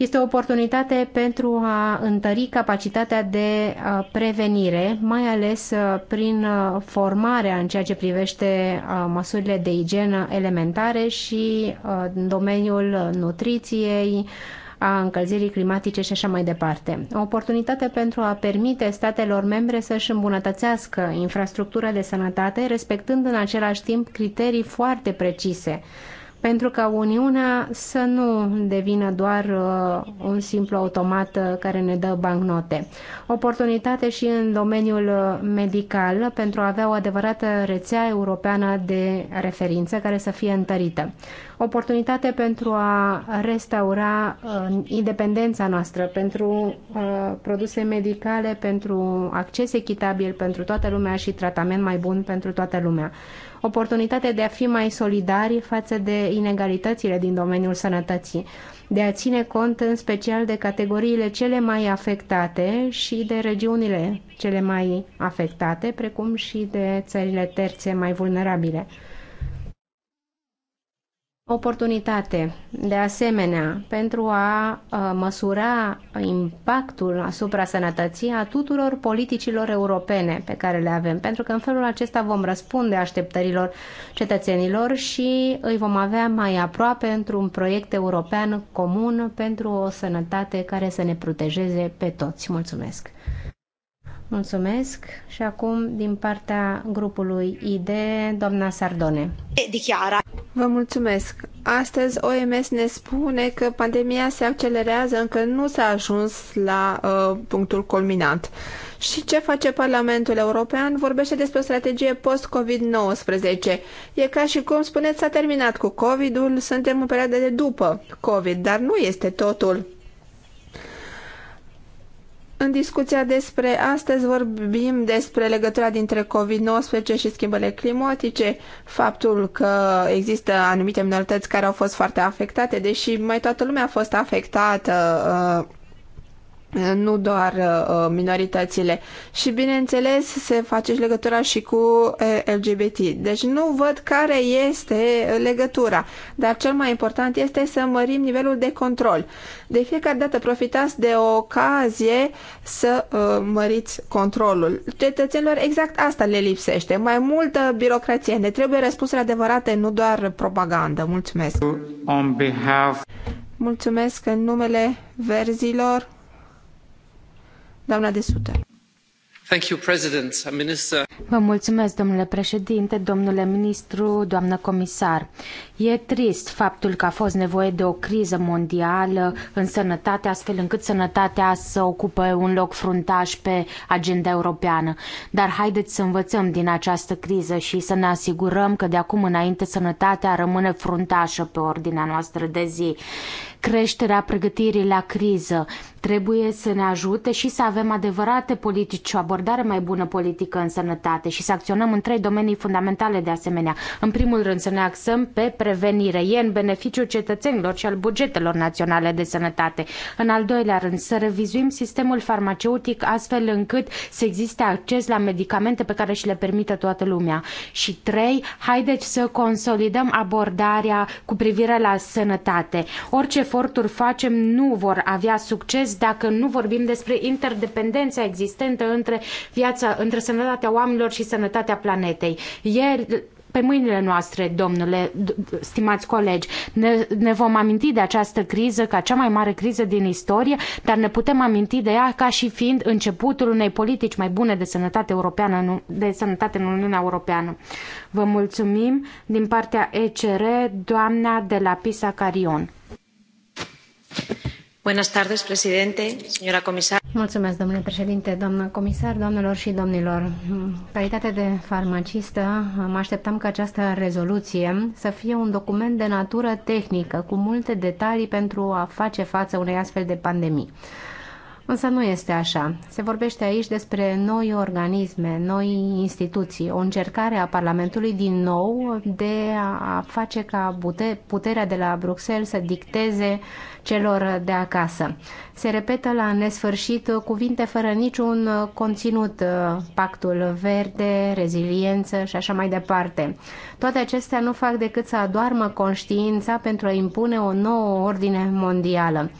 este o oportunitate pentru a întări capacitatea de uh, prevenire, mai ales uh, prin uh, formarea în ceea ce privește măsurile de igienă elementare și în domeniul nutriției, a încălzirii climatice și așa mai departe. O oportunitate pentru a permite statelor membre să-și îmbunătățească infrastructura de sănătate, respectând în același timp criterii foarte precise pentru ca Uniunea să nu devină doar uh, un simplu automat uh, care ne dă bancnote. Oportunitate și în domeniul uh, medical pentru a avea o adevărată rețea europeană de referință care să fie întărită. Oportunitate pentru a restaura independența noastră pentru produse medicale, pentru acces echitabil pentru toată lumea și tratament mai bun pentru toată lumea oportunitatea de a fi mai solidari față de inegalitățile din domeniul sănătății, de a ține cont în special de categoriile cele mai afectate și de regiunile cele mai afectate, precum și de țările terțe mai vulnerabile oportunitate, de asemenea, pentru a măsura impactul asupra sănătății a tuturor politicilor europene pe care le avem, pentru că în felul acesta vom răspunde așteptărilor cetățenilor și îi vom avea mai aproape într-un proiect european comun pentru o sănătate care să ne protejeze pe toți. Mulțumesc! Mulțumesc. Și acum, din partea grupului ID, doamna Sardone. Dichiara. Vă mulțumesc. Astăzi OMS ne spune că pandemia se accelerează, încă nu s-a ajuns la uh, punctul culminant. Și ce face Parlamentul European? Vorbește despre o strategie post-COVID-19. E ca și cum spuneți s-a terminat cu COVID-ul, suntem în perioada de după COVID, dar nu este totul în discuția despre astăzi vorbim despre legătura dintre COVID-19 și schimbările climatice, faptul că există anumite minorități care au fost foarte afectate, deși mai toată lumea a fost afectată uh, nu doar uh, uh, minoritățile. Și, bineînțeles, se face și legătura și cu uh, LGBT. Deci nu văd care este legătura, dar cel mai important este să mărim nivelul de control. De fiecare dată profitați de o ocazie să măriți controlul. Cetățenilor exact asta le lipsește. Mai multă birocrație. Ne trebuie răspunsuri adevărate, nu doar propagandă. Mulțumesc! On behalf... Mulțumesc în numele verzilor. Vă mulțumesc, domnule președinte, domnule ministru, doamnă comisar. E trist faptul că a fost nevoie de o criză mondială în sănătate, astfel încât sănătatea să ocupe un loc fruntaș pe agenda europeană. Dar haideți să învățăm din această criză și să ne asigurăm că de acum înainte sănătatea rămâne fruntașă pe ordinea noastră de zi. Creșterea pregătirii la criză trebuie să ne ajute și să avem adevărate politici, o abordare mai bună politică în sănătate și să acționăm în trei domenii fundamentale de asemenea. În primul rând să ne axăm pe prevenire. E în beneficiul cetățenilor și al bugetelor naționale de sănătate. În al doilea rând să revizuim sistemul farmaceutic astfel încât să existe acces la medicamente pe care și le permite toată lumea. Și trei, haideți să consolidăm abordarea cu privire la sănătate. Orice eforturi facem nu vor avea succes dacă nu vorbim despre interdependența existentă între viața, între sănătatea oamenilor și sănătatea planetei. E pe mâinile noastre, domnule, stimați colegi. Ne, ne vom aminti de această criză ca cea mai mare criză din istorie, dar ne putem aminti de ea ca și fiind începutul unei politici mai bune de sănătate, europeană, de sănătate în Uniunea Europeană. Vă mulțumim din partea ECR, doamna de la Pisa Carion. Buenas tardes, presidente, señora comisar. Mulțumesc, domnule președinte, doamnă comisar, doamnelor și domnilor. În calitate de farmacistă, mă așteptam ca această rezoluție să fie un document de natură tehnică, cu multe detalii pentru a face față unei astfel de pandemii. Însă nu este așa. Se vorbește aici despre noi organisme, noi instituții, o încercare a Parlamentului din nou de a face ca puterea de la Bruxelles să dicteze celor de acasă. Se repetă la nesfârșit cuvinte fără niciun conținut, pactul verde, reziliență și așa mai departe. Toate acestea nu fac decât să adoarmă conștiința pentru a impune o nouă ordine mondială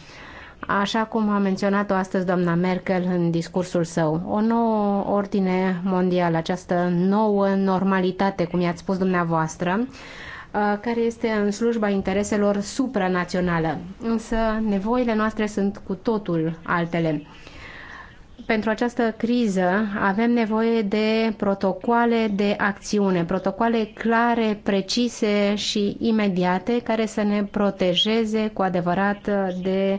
așa cum a menționat-o astăzi doamna Merkel în discursul său. O nouă ordine mondială, această nouă normalitate, cum i-ați spus dumneavoastră, uh, care este în slujba intereselor supranaționale. Însă nevoile noastre sunt cu totul altele pentru această criză avem nevoie de protocoale de acțiune, protocoale clare, precise și imediate care să ne protejeze cu adevărat de uh,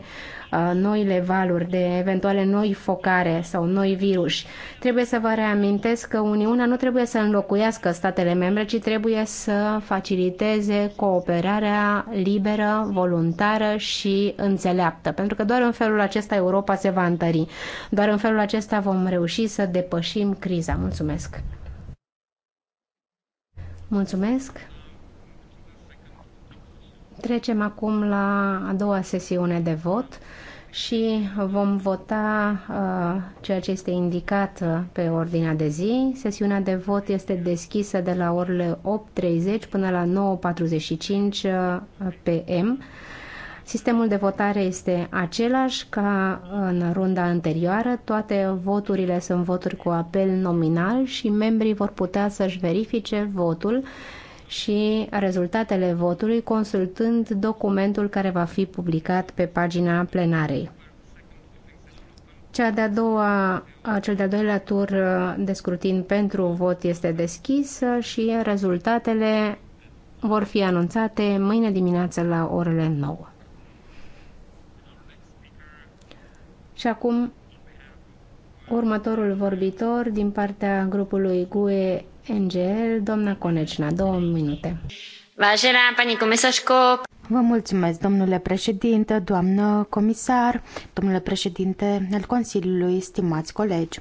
Uh, noile valuri, de eventuale noi focare sau noi virus. Trebuie să vă reamintesc că Uniunea nu trebuie să înlocuiască statele membre, ci trebuie să faciliteze cooperarea liberă, voluntară și înțeleaptă, pentru că doar în felul acesta Europa se va întări. Doar în felul acesta vom reuși să depășim criza. Mulțumesc! Mulțumesc! Trecem acum la a doua sesiune de vot și vom vota uh, ceea ce este indicat uh, pe ordinea de zi. Sesiunea de vot este deschisă de la orele 8.30 până la 9.45 PM. Uh, Sistemul de votare este același ca în runda anterioară. Toate voturile sunt voturi cu apel nominal și membrii vor putea să-și verifice votul și rezultatele votului consultând documentul care va fi publicat pe pagina plenarei. Cea de-a doua, cel de-al doilea tur de scrutin pentru vot este deschis și rezultatele vor fi anunțate mâine dimineață la orele 9. Și acum următorul vorbitor din partea grupului GUE NGL, doamna Conecina, două minute. Vă pani komisařko. Vă mulțumesc, domnule președinte, doamnă comisar, domnule președinte al Consiliului, stimați colegi.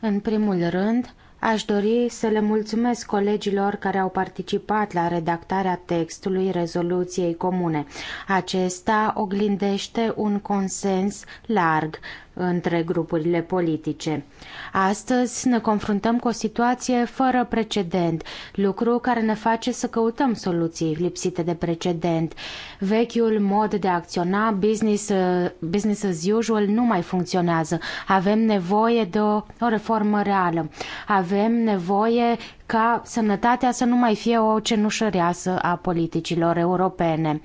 În primul rând, Aș dori să le mulțumesc colegilor care au participat la redactarea textului rezoluției comune. Acesta oglindește un consens larg între grupurile politice. Astăzi ne confruntăm cu o situație fără precedent, lucru care ne face să căutăm soluții lipsite de precedent. Vechiul mod de a acționa, business, business as usual, nu mai funcționează. Avem nevoie de o, o reformă reală. Avem nevoie ca sănătatea să nu mai fie o cenușăreasă a politicilor europene.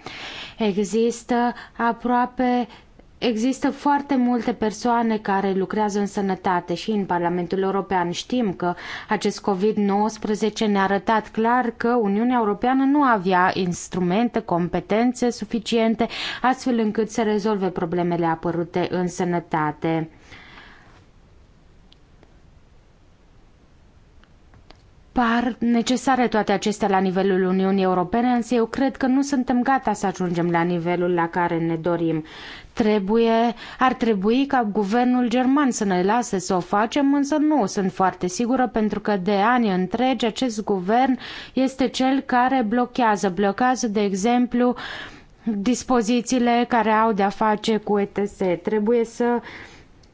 Există aproape Există foarte multe persoane care lucrează în sănătate și în Parlamentul European. Știm că acest COVID-19 ne-a arătat clar că Uniunea Europeană nu avea instrumente, competențe suficiente, astfel încât să rezolve problemele apărute în sănătate. par necesare toate acestea la nivelul Uniunii Europene, însă eu cred că nu suntem gata să ajungem la nivelul la care ne dorim. Trebuie, ar trebui ca guvernul german să ne lase să o facem, însă nu sunt foarte sigură pentru că de ani întregi acest guvern este cel care blochează. Blochează, de exemplu, dispozițiile care au de-a face cu ETS. Trebuie să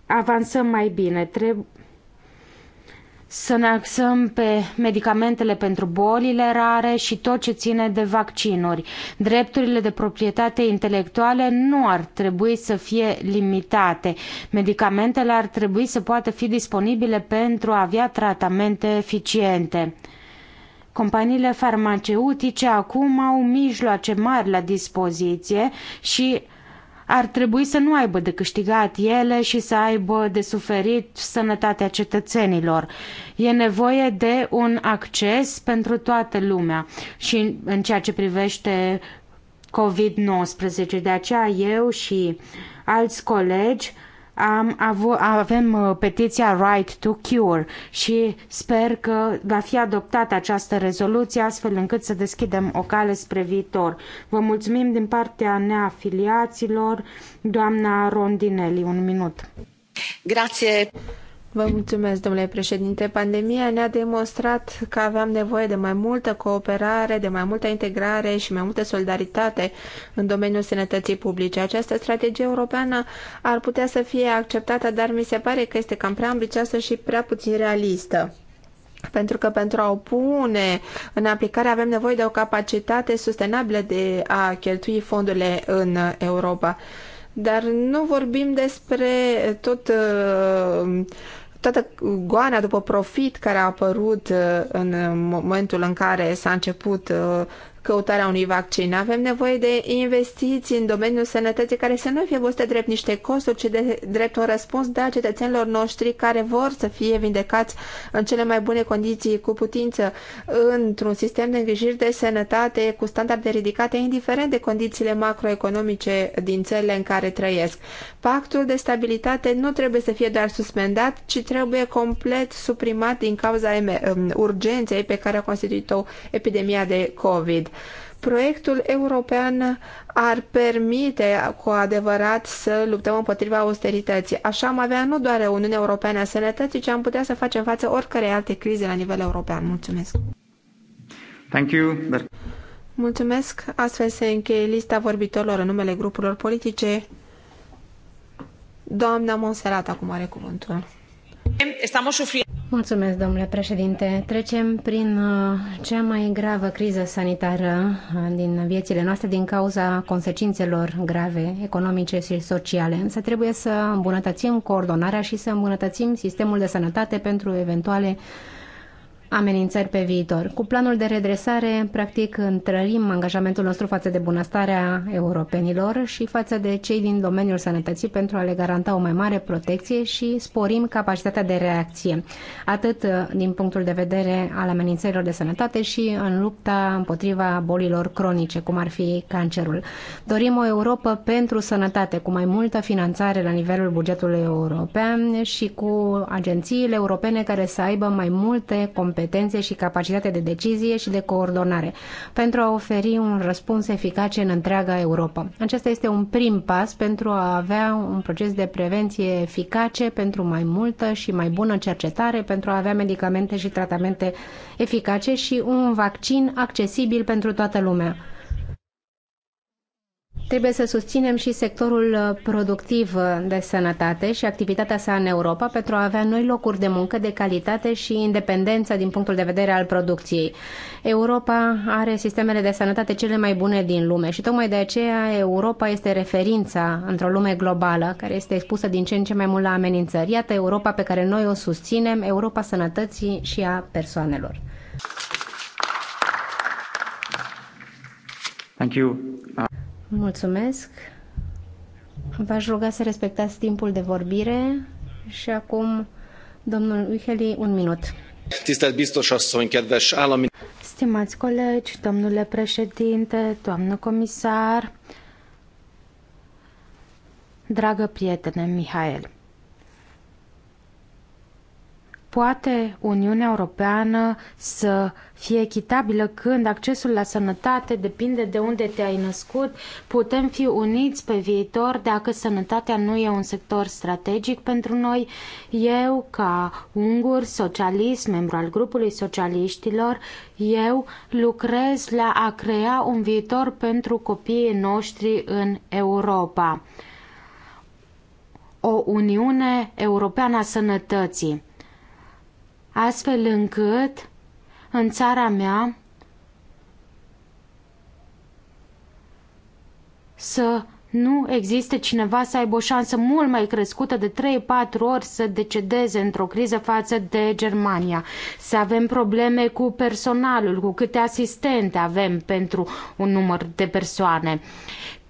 avansăm mai bine. Trebuie să ne axăm pe medicamentele pentru bolile rare și tot ce ține de vaccinuri. Drepturile de proprietate intelectuale nu ar trebui să fie limitate. Medicamentele ar trebui să poată fi disponibile pentru a avea tratamente eficiente. Companiile farmaceutice acum au mijloace mari la dispoziție și ar trebui să nu aibă de câștigat ele și să aibă de suferit sănătatea cetățenilor. E nevoie de un acces pentru toată lumea și în ceea ce privește COVID-19. De aceea eu și alți colegi am avem uh, petiția Right to Cure și sper că va fi adoptată această rezoluție astfel încât să deschidem o cale spre viitor. Vă mulțumim din partea neafiliaților, doamna Rondinelli, un minut. Grație. Vă mulțumesc, domnule președinte. Pandemia ne-a demonstrat că aveam nevoie de mai multă cooperare, de mai multă integrare și mai multă solidaritate în domeniul sănătății publice. Această strategie europeană ar putea să fie acceptată, dar mi se pare că este cam prea ambicioasă și prea puțin realistă. Pentru că pentru a o pune în aplicare avem nevoie de o capacitate sustenabilă de a cheltui fondurile în Europa dar nu vorbim despre tot uh, toată goana după profit care a apărut uh, în uh, momentul în care s-a început uh, căutarea unui vaccin. Avem nevoie de investiții în domeniul sănătății care să nu fie văzute drept niște costuri, ci de, drept un răspuns a cetățenilor noștri care vor să fie vindecați în cele mai bune condiții cu putință într-un sistem de îngrijiri de sănătate cu standarde ridicate, indiferent de condițiile macroeconomice din țările în care trăiesc. Pactul de stabilitate nu trebuie să fie doar suspendat, ci trebuie complet suprimat din cauza urgenței pe care a constituit-o epidemia de COVID. Proiectul european ar permite cu adevărat să luptăm împotriva austerității. Așa am avea nu doar o Europeană a Sănătății, ci am putea să facem față oricărei alte crize la nivel european. Mulțumesc! Thank you. Mulțumesc! Astfel se încheie lista vorbitorilor în numele grupurilor politice. Doamna Monserat acum are cuvântul. Mulțumesc, domnule președinte. Trecem prin uh, cea mai gravă criză sanitară uh, din viețile noastre din cauza consecințelor grave economice și sociale. Însă trebuie să îmbunătățim coordonarea și să îmbunătățim sistemul de sănătate pentru eventuale amenințări pe viitor. Cu planul de redresare, practic, întrărim angajamentul nostru față de bunăstarea europenilor și față de cei din domeniul sănătății pentru a le garanta o mai mare protecție și sporim capacitatea de reacție, atât din punctul de vedere al amenințărilor de sănătate și în lupta împotriva bolilor cronice, cum ar fi cancerul. Dorim o Europa pentru sănătate, cu mai multă finanțare la nivelul bugetului european și cu agențiile europene care să aibă mai multe competențe competențe și capacitate de decizie și de coordonare pentru a oferi un răspuns eficace în întreaga Europa. Acesta este un prim pas pentru a avea un proces de prevenție eficace pentru mai multă și mai bună cercetare, pentru a avea medicamente și tratamente eficace și un vaccin accesibil pentru toată lumea. Trebuie să susținem și sectorul uh, productiv uh, de sănătate și activitatea sa în Europa pentru a avea noi locuri de muncă de calitate și independență din punctul de vedere al producției. Europa are sistemele de sănătate cele mai bune din lume și tocmai de aceea Europa este referința într-o lume globală care este expusă din ce în ce mai mult la amenințări. Iată Europa pe care noi o susținem, Europa sănătății și a persoanelor. Thank you. Mulțumesc. V-aș ruga să respectați timpul de vorbire și acum domnul Uiheli, un minut. Stimați colegi, domnule președinte, doamnă comisar, dragă prietene Mihael, Poate Uniunea Europeană să fie echitabilă când accesul la sănătate depinde de unde te-ai născut? Putem fi uniți pe viitor dacă sănătatea nu e un sector strategic pentru noi? Eu, ca ungur socialist, membru al grupului socialiștilor, eu lucrez la a crea un viitor pentru copiii noștri în Europa o Uniune Europeană a Sănătății astfel încât în țara mea să nu existe cineva să aibă o șansă mult mai crescută de 3-4 ori să decedeze într-o criză față de Germania. Să avem probleme cu personalul, cu câte asistente avem pentru un număr de persoane.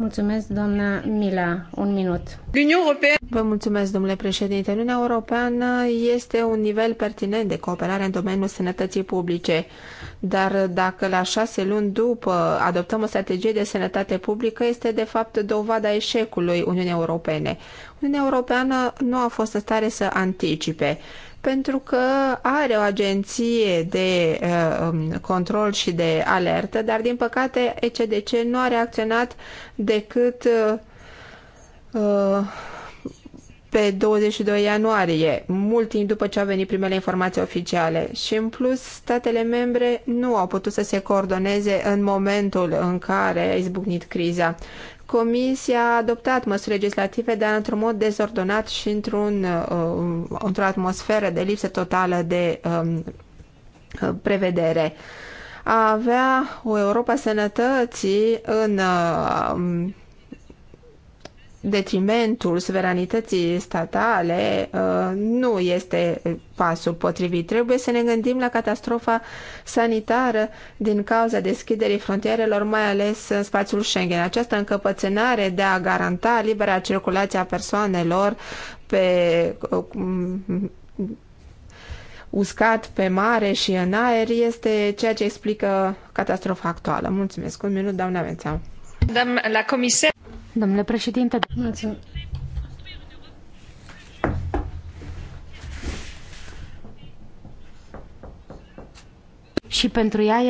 Mulțumesc, doamna Mila. Un minut. Vă mulțumesc, domnule președinte. Uniunea Europeană este un nivel pertinent de cooperare în domeniul sănătății publice, dar dacă la șase luni după adoptăm o strategie de sănătate publică, este de fapt dovada eșecului Uniunii Europene. Uniunea Europeană nu a fost în stare să anticipe pentru că are o agenție de uh, um, control și de alertă, dar din păcate ECDC nu a reacționat decât uh, pe 22 ianuarie, mult timp după ce au venit primele informații oficiale. Și în plus, statele membre nu au putut să se coordoneze în momentul în care a izbucnit criza. Comisia a adoptat măsuri legislative, dar într-un mod dezordonat și într-un, uh, uh, într-o atmosferă de lipsă totală de um, prevedere. A avea o Europa sănătății în uh, detrimentul suveranității statale uh, nu este pasul potrivit. Trebuie să ne gândim la catastrofa sanitară din cauza deschiderii frontierelor, mai ales în spațiul Schengen. Această încăpățânare de a garanta libera circulație a persoanelor pe uh, uscat pe mare și în aer este ceea ce explică catastrofa actuală. Mulțumesc. Un minut, doamna Mențeau. Doamna la comisar. Domnule președinte, mulțumesc. și pentru ea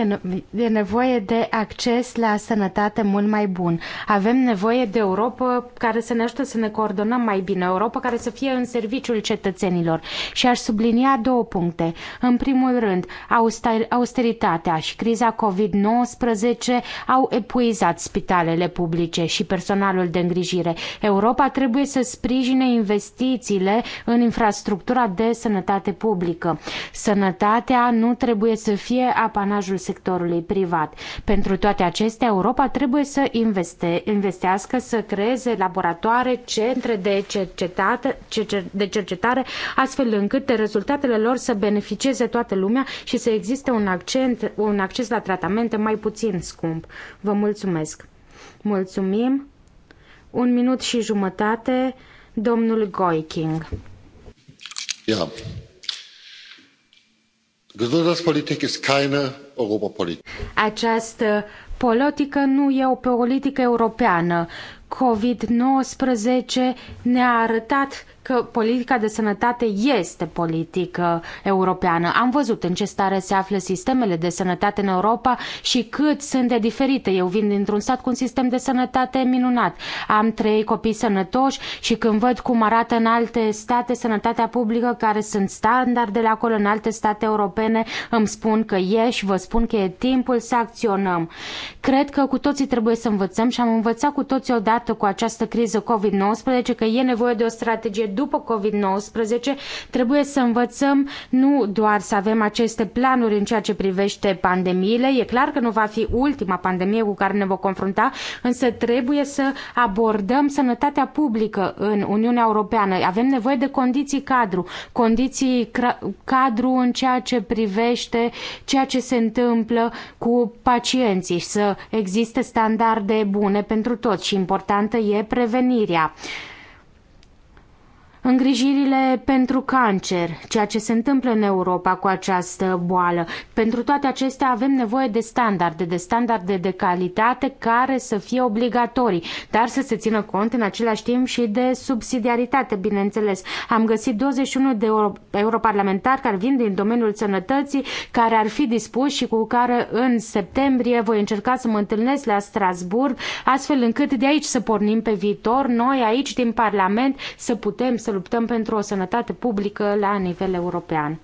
e nevoie de acces la sănătate mult mai bun. Avem nevoie de Europa care să ne ajute să ne coordonăm mai bine, Europa care să fie în serviciul cetățenilor. Și aș sublinia două puncte. În primul rând, austeritatea și criza COVID-19 au epuizat spitalele publice și personalul de îngrijire. Europa trebuie să sprijine investițiile în infrastructura de sănătate publică. Sănătatea nu trebuie să fie apanajul sectorului privat. Pentru toate acestea, Europa trebuie să investe, investească, să creeze laboratoare, centre de cercetare, de cercetare, astfel încât rezultatele lor să beneficieze toată lumea și să existe un, accent, un acces la tratamente mai puțin scump. Vă mulțumesc! Mulțumim! Un minut și jumătate, domnul Goiking. Yeah. Gesundheitspolitik ist keine Europapolitik. Această politică nu e o politică europeană. COVID-19 ne-a arătat că politica de sănătate este politică europeană. Am văzut în ce stare se află sistemele de sănătate în Europa și cât sunt de diferite. Eu vin dintr-un stat cu un sistem de sănătate minunat. Am trei copii sănătoși și când văd cum arată în alte state sănătatea publică, care sunt standardele acolo în alte state europene, îmi spun că e și vă spun că e timpul să acționăm. Cred că cu toții trebuie să învățăm și am învățat cu toții odată cu această criză COVID-19 că e nevoie de o strategie după COVID-19, trebuie să învățăm nu doar să avem aceste planuri în ceea ce privește pandemiile, e clar că nu va fi ultima pandemie cu care ne vom confrunta, însă trebuie să abordăm sănătatea publică în Uniunea Europeană. Avem nevoie de condiții cadru, condiții cadru în ceea ce privește ceea ce se întâmplă cu pacienții, să existe standarde bune pentru toți și importantă e prevenirea îngrijirile pentru cancer, ceea ce se întâmplă în Europa cu această boală. Pentru toate acestea avem nevoie de standarde, de standarde de calitate care să fie obligatorii, dar să se țină cont în același timp și de subsidiaritate, bineînțeles. Am găsit 21 de europarlamentari care vin din domeniul sănătății, care ar fi dispuși și cu care în septembrie voi încerca să mă întâlnesc la Strasburg, astfel încât de aici să pornim pe viitor, noi aici din Parlament să putem să luptăm pentru o sănătate publică la nivel european.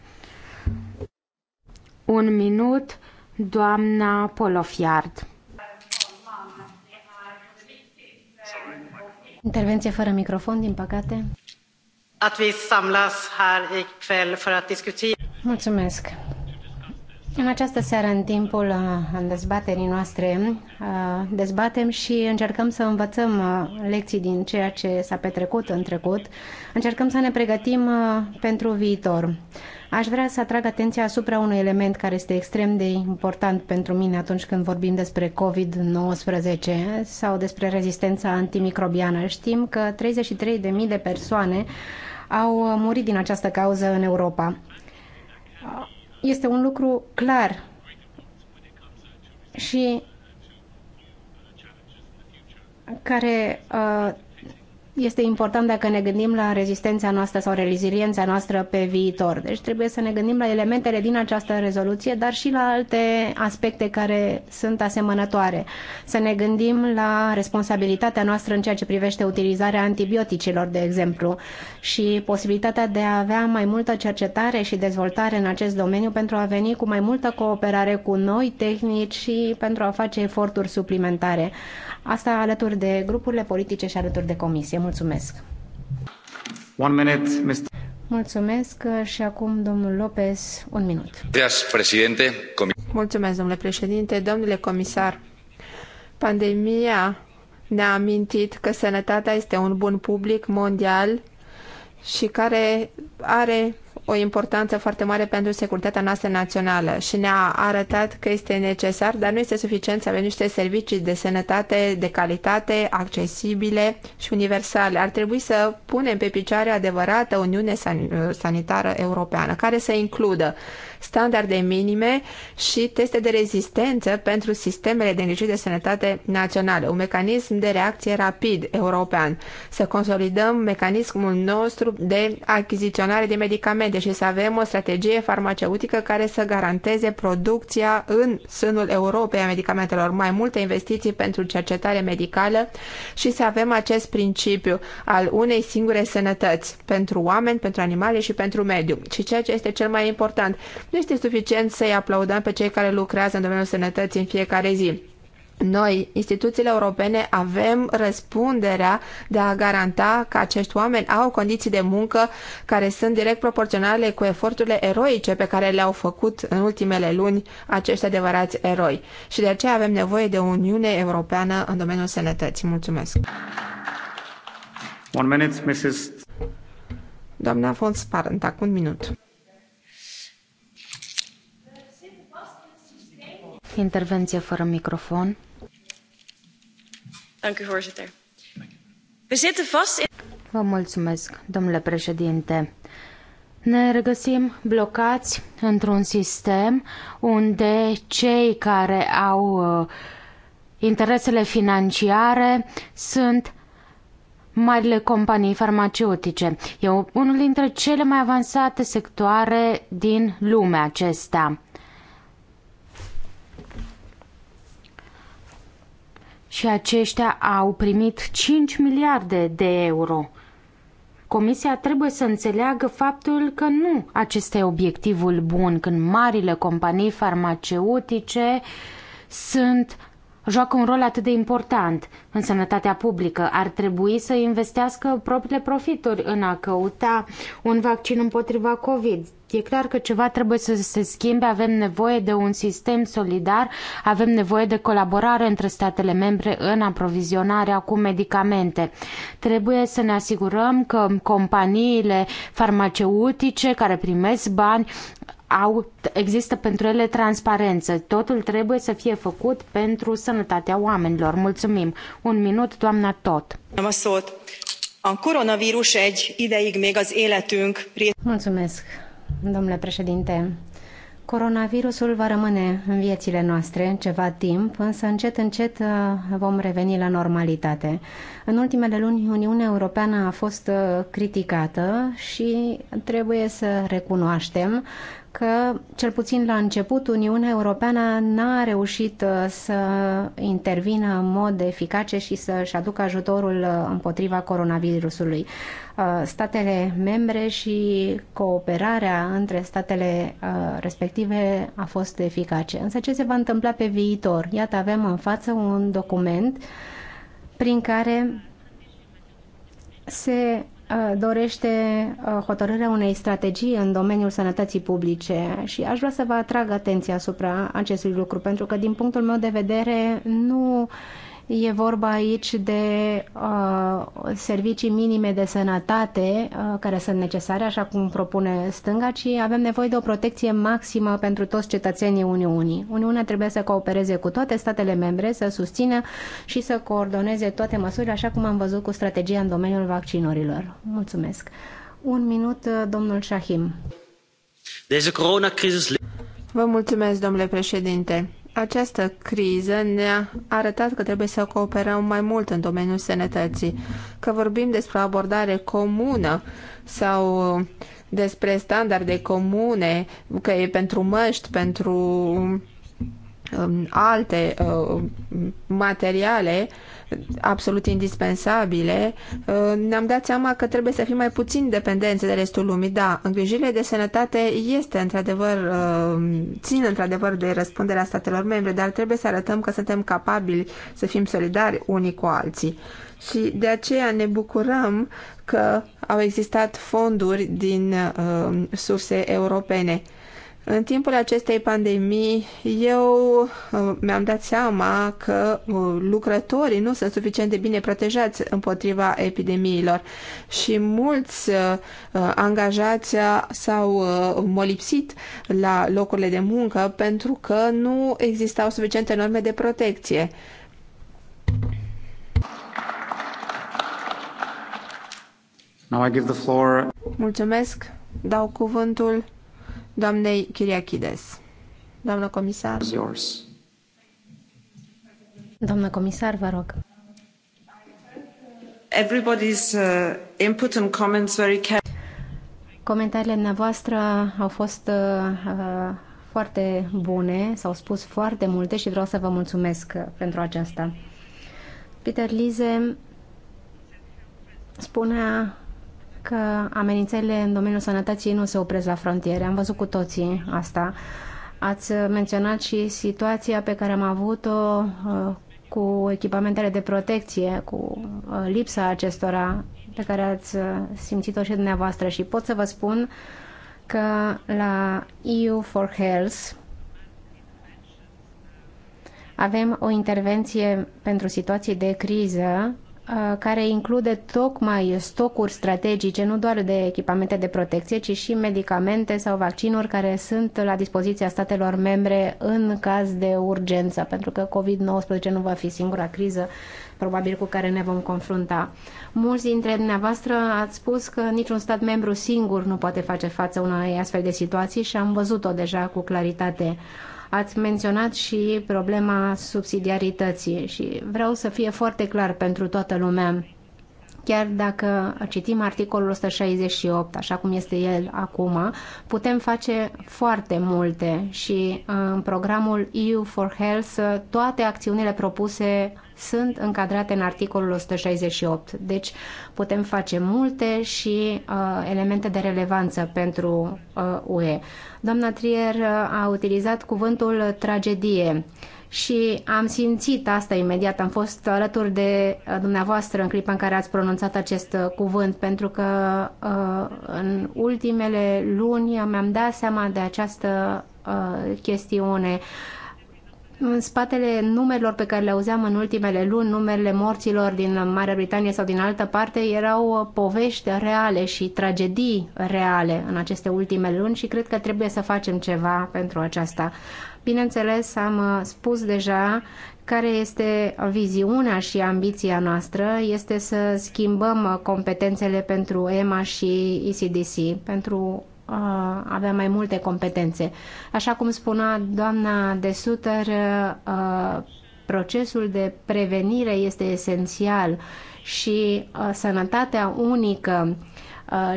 Un minut, doamna Polofiard. Intervenție fără microfon, din păcate. Mulțumesc. În această seară, în timpul uh, în dezbaterii noastre, uh, dezbatem și încercăm să învățăm uh, lecții din ceea ce s-a petrecut în trecut. Încercăm să ne pregătim pentru viitor. Aș vrea să atrag atenția asupra unui element care este extrem de important pentru mine atunci când vorbim despre COVID-19 sau despre rezistența antimicrobiană. Știm că 33.000 de persoane au murit din această cauză în Europa este un lucru clar și care uh, este important dacă ne gândim la rezistența noastră sau reziliența noastră pe viitor. Deci trebuie să ne gândim la elementele din această rezoluție, dar și la alte aspecte care sunt asemănătoare. Să ne gândim la responsabilitatea noastră în ceea ce privește utilizarea antibioticelor, de exemplu, și posibilitatea de a avea mai multă cercetare și dezvoltare în acest domeniu pentru a veni cu mai multă cooperare cu noi tehnici și pentru a face eforturi suplimentare. Asta alături de grupurile politice și alături de comisie. Mulțumesc! One minute, Mr. Mulțumesc și acum domnul Lopez, un minut. Mulțumesc, domnule președinte, domnule comisar. Pandemia ne-a amintit că sănătatea este un bun public mondial și care are o importanță foarte mare pentru securitatea noastră națională și ne-a arătat că este necesar, dar nu este suficient să avem niște servicii de sănătate de calitate, accesibile și universale. Ar trebui să punem pe picioare adevărată Uniune San Sanitară Europeană, care să includă standarde minime și teste de rezistență pentru sistemele de îngrijire de sănătate națională, un mecanism de reacție rapid european, să consolidăm mecanismul nostru de achiziționare de medicamente și să avem o strategie farmaceutică care să garanteze producția în sânul Europei a medicamentelor, mai multe investiții pentru cercetare medicală și să avem acest principiu al unei singure sănătăți pentru oameni, pentru animale și pentru mediu. Și ceea ce este cel mai important, nu este suficient să-i aplaudăm pe cei care lucrează în domeniul sănătății în fiecare zi. Noi, instituțiile europene, avem răspunderea de a garanta că acești oameni au condiții de muncă care sunt direct proporționale cu eforturile eroice pe care le-au făcut în ultimele luni acești adevărați eroi. Și de aceea avem nevoie de o Uniune Europeană în domeniul sănătății. Mulțumesc! One minute, Mrs. Doamna Fons Parent, acum un minut. Intervenție fără microfon. Dank u, voorzitter. We zitten vast in... Vă mulțumesc, domnule președinte. Ne regăsim blocați într-un sistem unde cei care au uh, interesele financiare sunt marile companii farmaceutice. E unul dintre cele mai avansate sectoare din lume acesta. și aceștia au primit 5 miliarde de euro. Comisia trebuie să înțeleagă faptul că nu acesta e obiectivul bun când marile companii farmaceutice sunt joacă un rol atât de important în sănătatea publică. Ar trebui să investească propriile profituri în a căuta un vaccin împotriva COVID. E clar că ceva trebuie să se schimbe, avem nevoie de un sistem solidar, avem nevoie de colaborare între statele membre în aprovizionarea cu medicamente. Trebuie să ne asigurăm că companiile farmaceutice care primesc bani au, există pentru ele transparență. Totul trebuie să fie făcut pentru sănătatea oamenilor. Mulțumim. Un minut, doamna Tot. Mulțumesc. A egy ideig még az életünk... Mulțumesc domnule președinte. Coronavirusul va rămâne în viețile noastre ceva timp, însă încet, încet uh, vom reveni la normalitate. În ultimele luni, Uniunea Europeană a fost uh, criticată și trebuie să recunoaștem că, cel puțin la început, Uniunea Europeană n-a reușit uh, să intervină în mod eficace și să-și aducă ajutorul uh, împotriva coronavirusului. Uh, statele membre și cooperarea între statele respective a fost eficace. Însă ce se va întâmpla pe viitor? Iată, avem în față un document prin care se dorește hotărârea unei strategii în domeniul sănătății publice și aș vrea să vă atrag atenția asupra acestui lucru, pentru că din punctul meu de vedere nu E vorba aici de uh, servicii minime de sănătate uh, care sunt necesare, așa cum propune stânga, ci avem nevoie de o protecție maximă pentru toți cetățenii Uniunii. Uniunea trebuie să coopereze cu toate statele membre, să susțină și să coordoneze toate măsurile, așa cum am văzut cu strategia în domeniul vaccinurilor. Mulțumesc. Un minut, uh, domnul Shahim. Vă mulțumesc, domnule președinte. Această criză ne-a arătat că trebuie să cooperăm mai mult în domeniul sănătății, că vorbim despre abordare comună sau despre standarde comune, că e pentru măști, pentru um, alte uh, materiale, absolut indispensabile, uh, ne-am dat seama că trebuie să fim mai puțin dependenți de restul lumii. Da, îngrijirile de sănătate este într-adevăr, uh, țin într-adevăr de răspunderea statelor membre, dar trebuie să arătăm că suntem capabili să fim solidari unii cu alții. Și de aceea ne bucurăm că au existat fonduri din uh, surse europene în timpul acestei pandemii, eu uh, mi-am dat seama că uh, lucrătorii nu sunt suficient de bine protejați împotriva epidemiilor și mulți uh, angajați s-au molipsit la locurile de muncă pentru că nu existau suficiente norme de protecție. Now I give the floor. Mulțumesc. Dau cuvântul doamnei Chiriachides. Doamnă comisar. Yours. Doamnă comisar, vă rog. Everybody's uh, input and comments very carefully. Comentariile dumneavoastră au fost uh, uh, foarte bune, s-au spus foarte multe și vreau să vă mulțumesc uh, pentru aceasta. Peter Lize spunea că amenințările în domeniul sănătății nu se opresc la frontiere. Am văzut cu toții asta. Ați menționat și situația pe care am avut-o uh, cu echipamentele de protecție, cu uh, lipsa acestora pe care ați uh, simțit-o și dumneavoastră și pot să vă spun că la EU for Health avem o intervenție pentru situații de criză care include tocmai stocuri strategice, nu doar de echipamente de protecție, ci și medicamente sau vaccinuri care sunt la dispoziția statelor membre în caz de urgență, pentru că COVID-19 nu va fi singura criză probabil cu care ne vom confrunta. Mulți dintre dumneavoastră ați spus că niciun stat membru singur nu poate face față unei astfel de situații și am văzut-o deja cu claritate. Uh, Ați menționat și problema subsidiarității și vreau să fie foarte clar pentru toată lumea chiar dacă citim articolul 168, așa cum este el acum, putem face foarte multe și uh, în programul EU for Health uh, toate acțiunile propuse sunt încadrate în articolul 168. Deci putem face multe și uh, elemente de relevanță pentru uh, UE. Doamna Trier uh, a utilizat cuvântul tragedie și am simțit asta imediat. Am fost alături de uh, dumneavoastră în clipa în care ați pronunțat acest uh, cuvânt, pentru că în ultimele luni mi-am dat seama de această chestiune în spatele numerelor pe care le auzeam în ultimele luni, numerele morților din Marea Britanie sau din altă parte, erau uh, povești reale și tragedii reale în aceste ultime luni și cred că trebuie să facem ceva pentru aceasta. Bineînțeles, am uh, spus deja care este viziunea și ambiția noastră, este să schimbăm uh, competențele pentru EMA și ECDC, pentru avea mai multe competențe. Așa cum spunea doamna de Suter, procesul de prevenire este esențial și sănătatea unică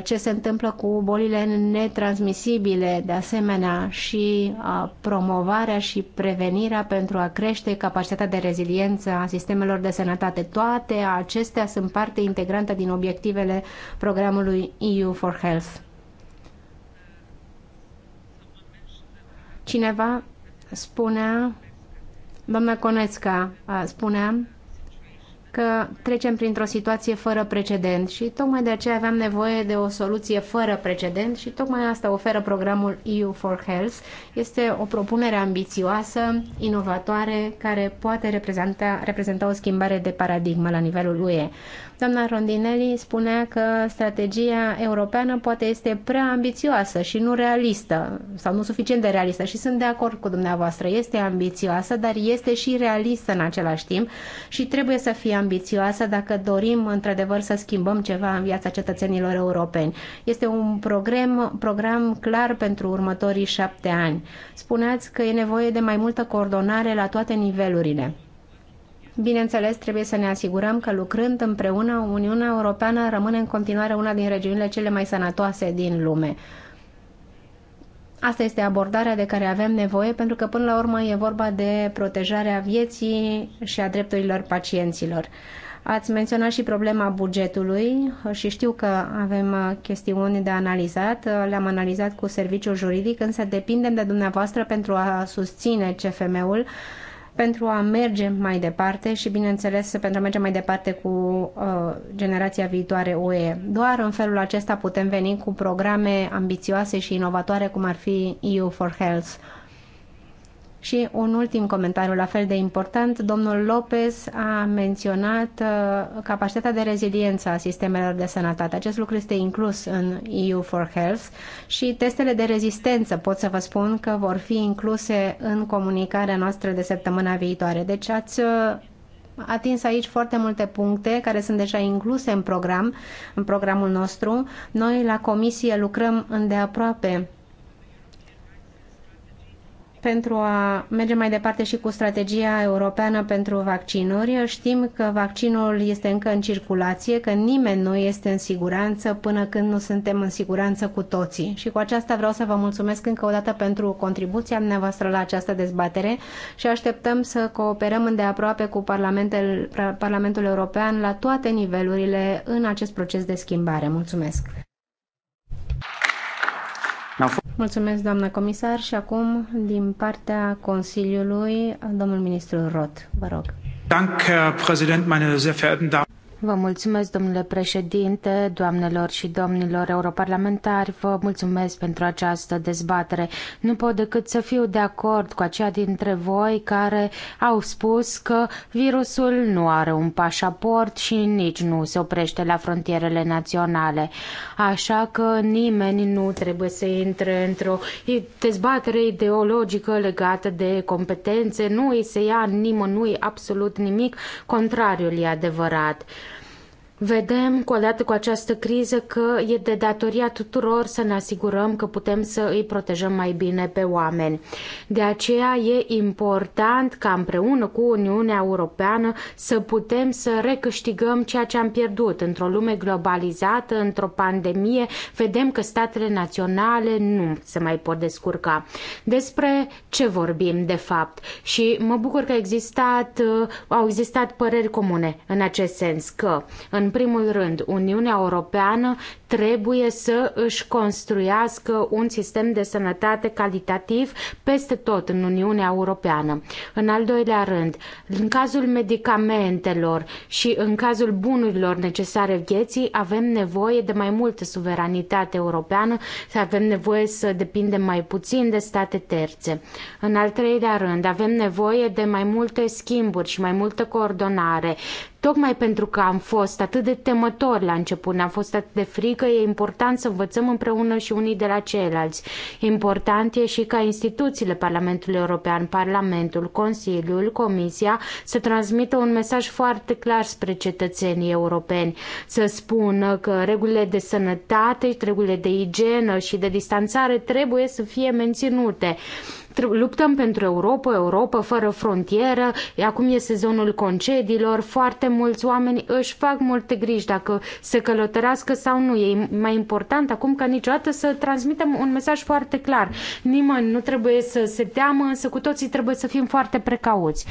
ce se întâmplă cu bolile netransmisibile, de asemenea, și promovarea și prevenirea pentru a crește capacitatea de reziliență a sistemelor de sănătate. Toate acestea sunt parte integrantă din obiectivele programului EU for Health. Cineva spunea, doamna Conețca spunea, că trecem printr-o situație fără precedent și tocmai de aceea aveam nevoie de o soluție fără precedent și tocmai asta oferă programul EU for Health. Este o propunere ambițioasă, inovatoare, care poate reprezenta, reprezenta o schimbare de paradigmă la nivelul UE. Doamna Rondinelli spunea că strategia europeană poate este prea ambițioasă și nu realistă sau nu suficient de realistă și sunt de acord cu dumneavoastră. Este ambițioasă, dar este și realistă în același timp și trebuie să fie ambițioasă dacă dorim într-adevăr să schimbăm ceva în viața cetățenilor europeni. Este un program, program clar pentru următorii șapte ani. Spuneați că e nevoie de mai multă coordonare la toate nivelurile. Bineînțeles, trebuie să ne asigurăm că lucrând împreună, Uniunea Europeană rămâne în continuare una din regiunile cele mai sănătoase din lume. Asta este abordarea de care avem nevoie pentru că până la urmă e vorba de protejarea vieții și a drepturilor pacienților. Ați menționat și problema bugetului și știu că avem chestiuni de analizat, le-am analizat cu serviciul juridic, însă depindem de dumneavoastră pentru a susține CFM-ul pentru a merge mai departe și, bineînțeles, pentru a merge mai departe cu uh, generația viitoare UE. Doar în felul acesta putem veni cu programe ambițioase și inovatoare, cum ar fi EU for Health. Și un ultim comentariu la fel de important, domnul Lopez a menționat uh, capacitatea de reziliență a sistemelor de sănătate. Acest lucru este inclus în EU for Health și testele de rezistență pot să vă spun că vor fi incluse în comunicarea noastră de săptămâna viitoare. Deci ați uh, atins aici foarte multe puncte care sunt deja incluse în program, în programul nostru. Noi la comisie lucrăm îndeaproape pentru a merge mai departe și cu strategia europeană pentru vaccinuri. Știm că vaccinul este încă în circulație, că nimeni nu este în siguranță până când nu suntem în siguranță cu toții. Și cu aceasta vreau să vă mulțumesc încă o dată pentru contribuția dumneavoastră la această dezbatere și așteptăm să cooperăm îndeaproape cu Parlamentul, Parlamentul European la toate nivelurile în acest proces de schimbare. Mulțumesc! Mulțumesc, doamnă comisar. Și acum, din partea Consiliului, domnul ministru Rot, vă rog. Dank, Herr Präsident, meine sehr verehrten Damen Vă mulțumesc, domnule președinte, doamnelor și domnilor europarlamentari, vă mulțumesc pentru această dezbatere. Nu pot decât să fiu de acord cu aceia dintre voi care au spus că virusul nu are un pașaport și nici nu se oprește la frontierele naționale. Așa că nimeni nu trebuie să intre într-o dezbatere ideologică legată de competențe, nu îi se ia nimănui absolut nimic, contrariul e adevărat. Vedem cu odată cu această criză că e de datoria tuturor să ne asigurăm că putem să îi protejăm mai bine pe oameni. De aceea e important ca împreună cu Uniunea Europeană să putem să recâștigăm ceea ce am pierdut. Într-o lume globalizată, într-o pandemie, vedem că statele naționale nu se mai pot descurca. Despre ce vorbim de fapt? Și mă bucur că existat, uh, au existat păreri comune în acest sens că în în primul rând, Uniunea Europeană trebuie să își construiască un sistem de sănătate calitativ peste tot în Uniunea Europeană. În al doilea rând, în cazul medicamentelor și în cazul bunurilor necesare vieții, avem nevoie de mai multă suveranitate europeană, avem nevoie să depindem mai puțin de state terțe. În al treilea rând, avem nevoie de mai multe schimburi și mai multă coordonare Tocmai pentru că am fost atât de temători la început, ne am fost atât de frică, e important să învățăm împreună și unii de la ceilalți. Important e și ca instituțiile Parlamentului European, Parlamentul, Consiliul, Comisia să transmită un mesaj foarte clar spre cetățenii europeni, să spună că regulile de sănătate, regulile de igienă și de distanțare trebuie să fie menținute luptăm pentru Europa, Europa fără frontieră, acum e sezonul concediilor, foarte mulți oameni își fac multe griji dacă se călătorească sau nu. E mai important acum ca niciodată să transmitem un mesaj foarte clar. Nimeni nu trebuie să se teamă, însă cu toții trebuie să fim foarte precauți.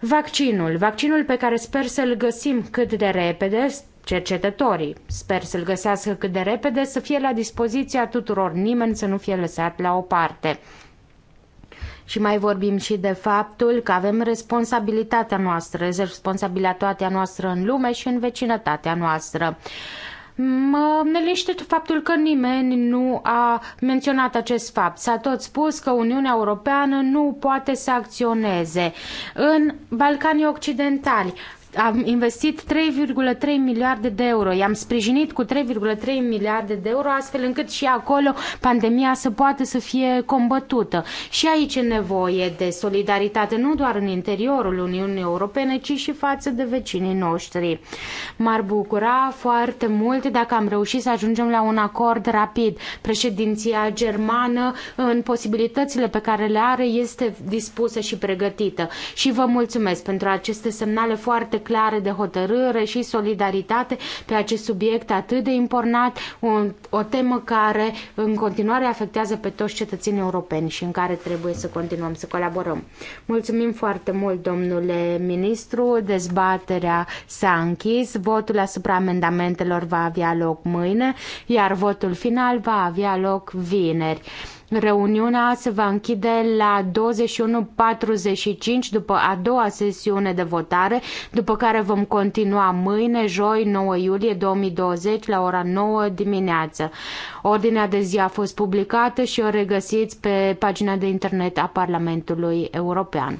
Vaccinul, vaccinul pe care sper să-l găsim cât de repede, cercetătorii. Sper să-l găsească cât de repede, să fie la dispoziția tuturor, nimeni să nu fie lăsat la o parte. Și mai vorbim și de faptul că avem responsabilitatea noastră, responsabilitatea noastră în lume și în vecinătatea noastră. Mă neliniștește faptul că nimeni nu a menționat acest fapt. S-a tot spus că Uniunea Europeană nu poate să acționeze. În Balcanii Occidentali am investit 3,3 miliarde de euro, i-am sprijinit cu 3,3 miliarde de euro, astfel încât și acolo pandemia să poată să fie combătută. Și aici e nevoie de solidaritate, nu doar în interiorul Uniunii Europene, ci și față de vecinii noștri. M-ar bucura foarte mult dacă am reușit să ajungem la un acord rapid. Președinția germană, în posibilitățile pe care le are, este dispusă și pregătită. Și vă mulțumesc pentru aceste semnale foarte clare de hotărâre și solidaritate pe acest subiect atât de important, o, o temă care în continuare afectează pe toți cetățenii europeni și în care trebuie să continuăm să colaborăm. Mulțumim foarte mult, domnule ministru. Dezbaterea s-a închis. Votul asupra amendamentelor va avea loc mâine, iar votul final va avea loc vineri. Reuniunea se va închide la 21.45 după a doua sesiune de votare, după care vom continua mâine, joi, 9 iulie 2020, la ora 9 dimineață. Ordinea de zi a fost publicată și o regăsiți pe pagina de internet a Parlamentului European.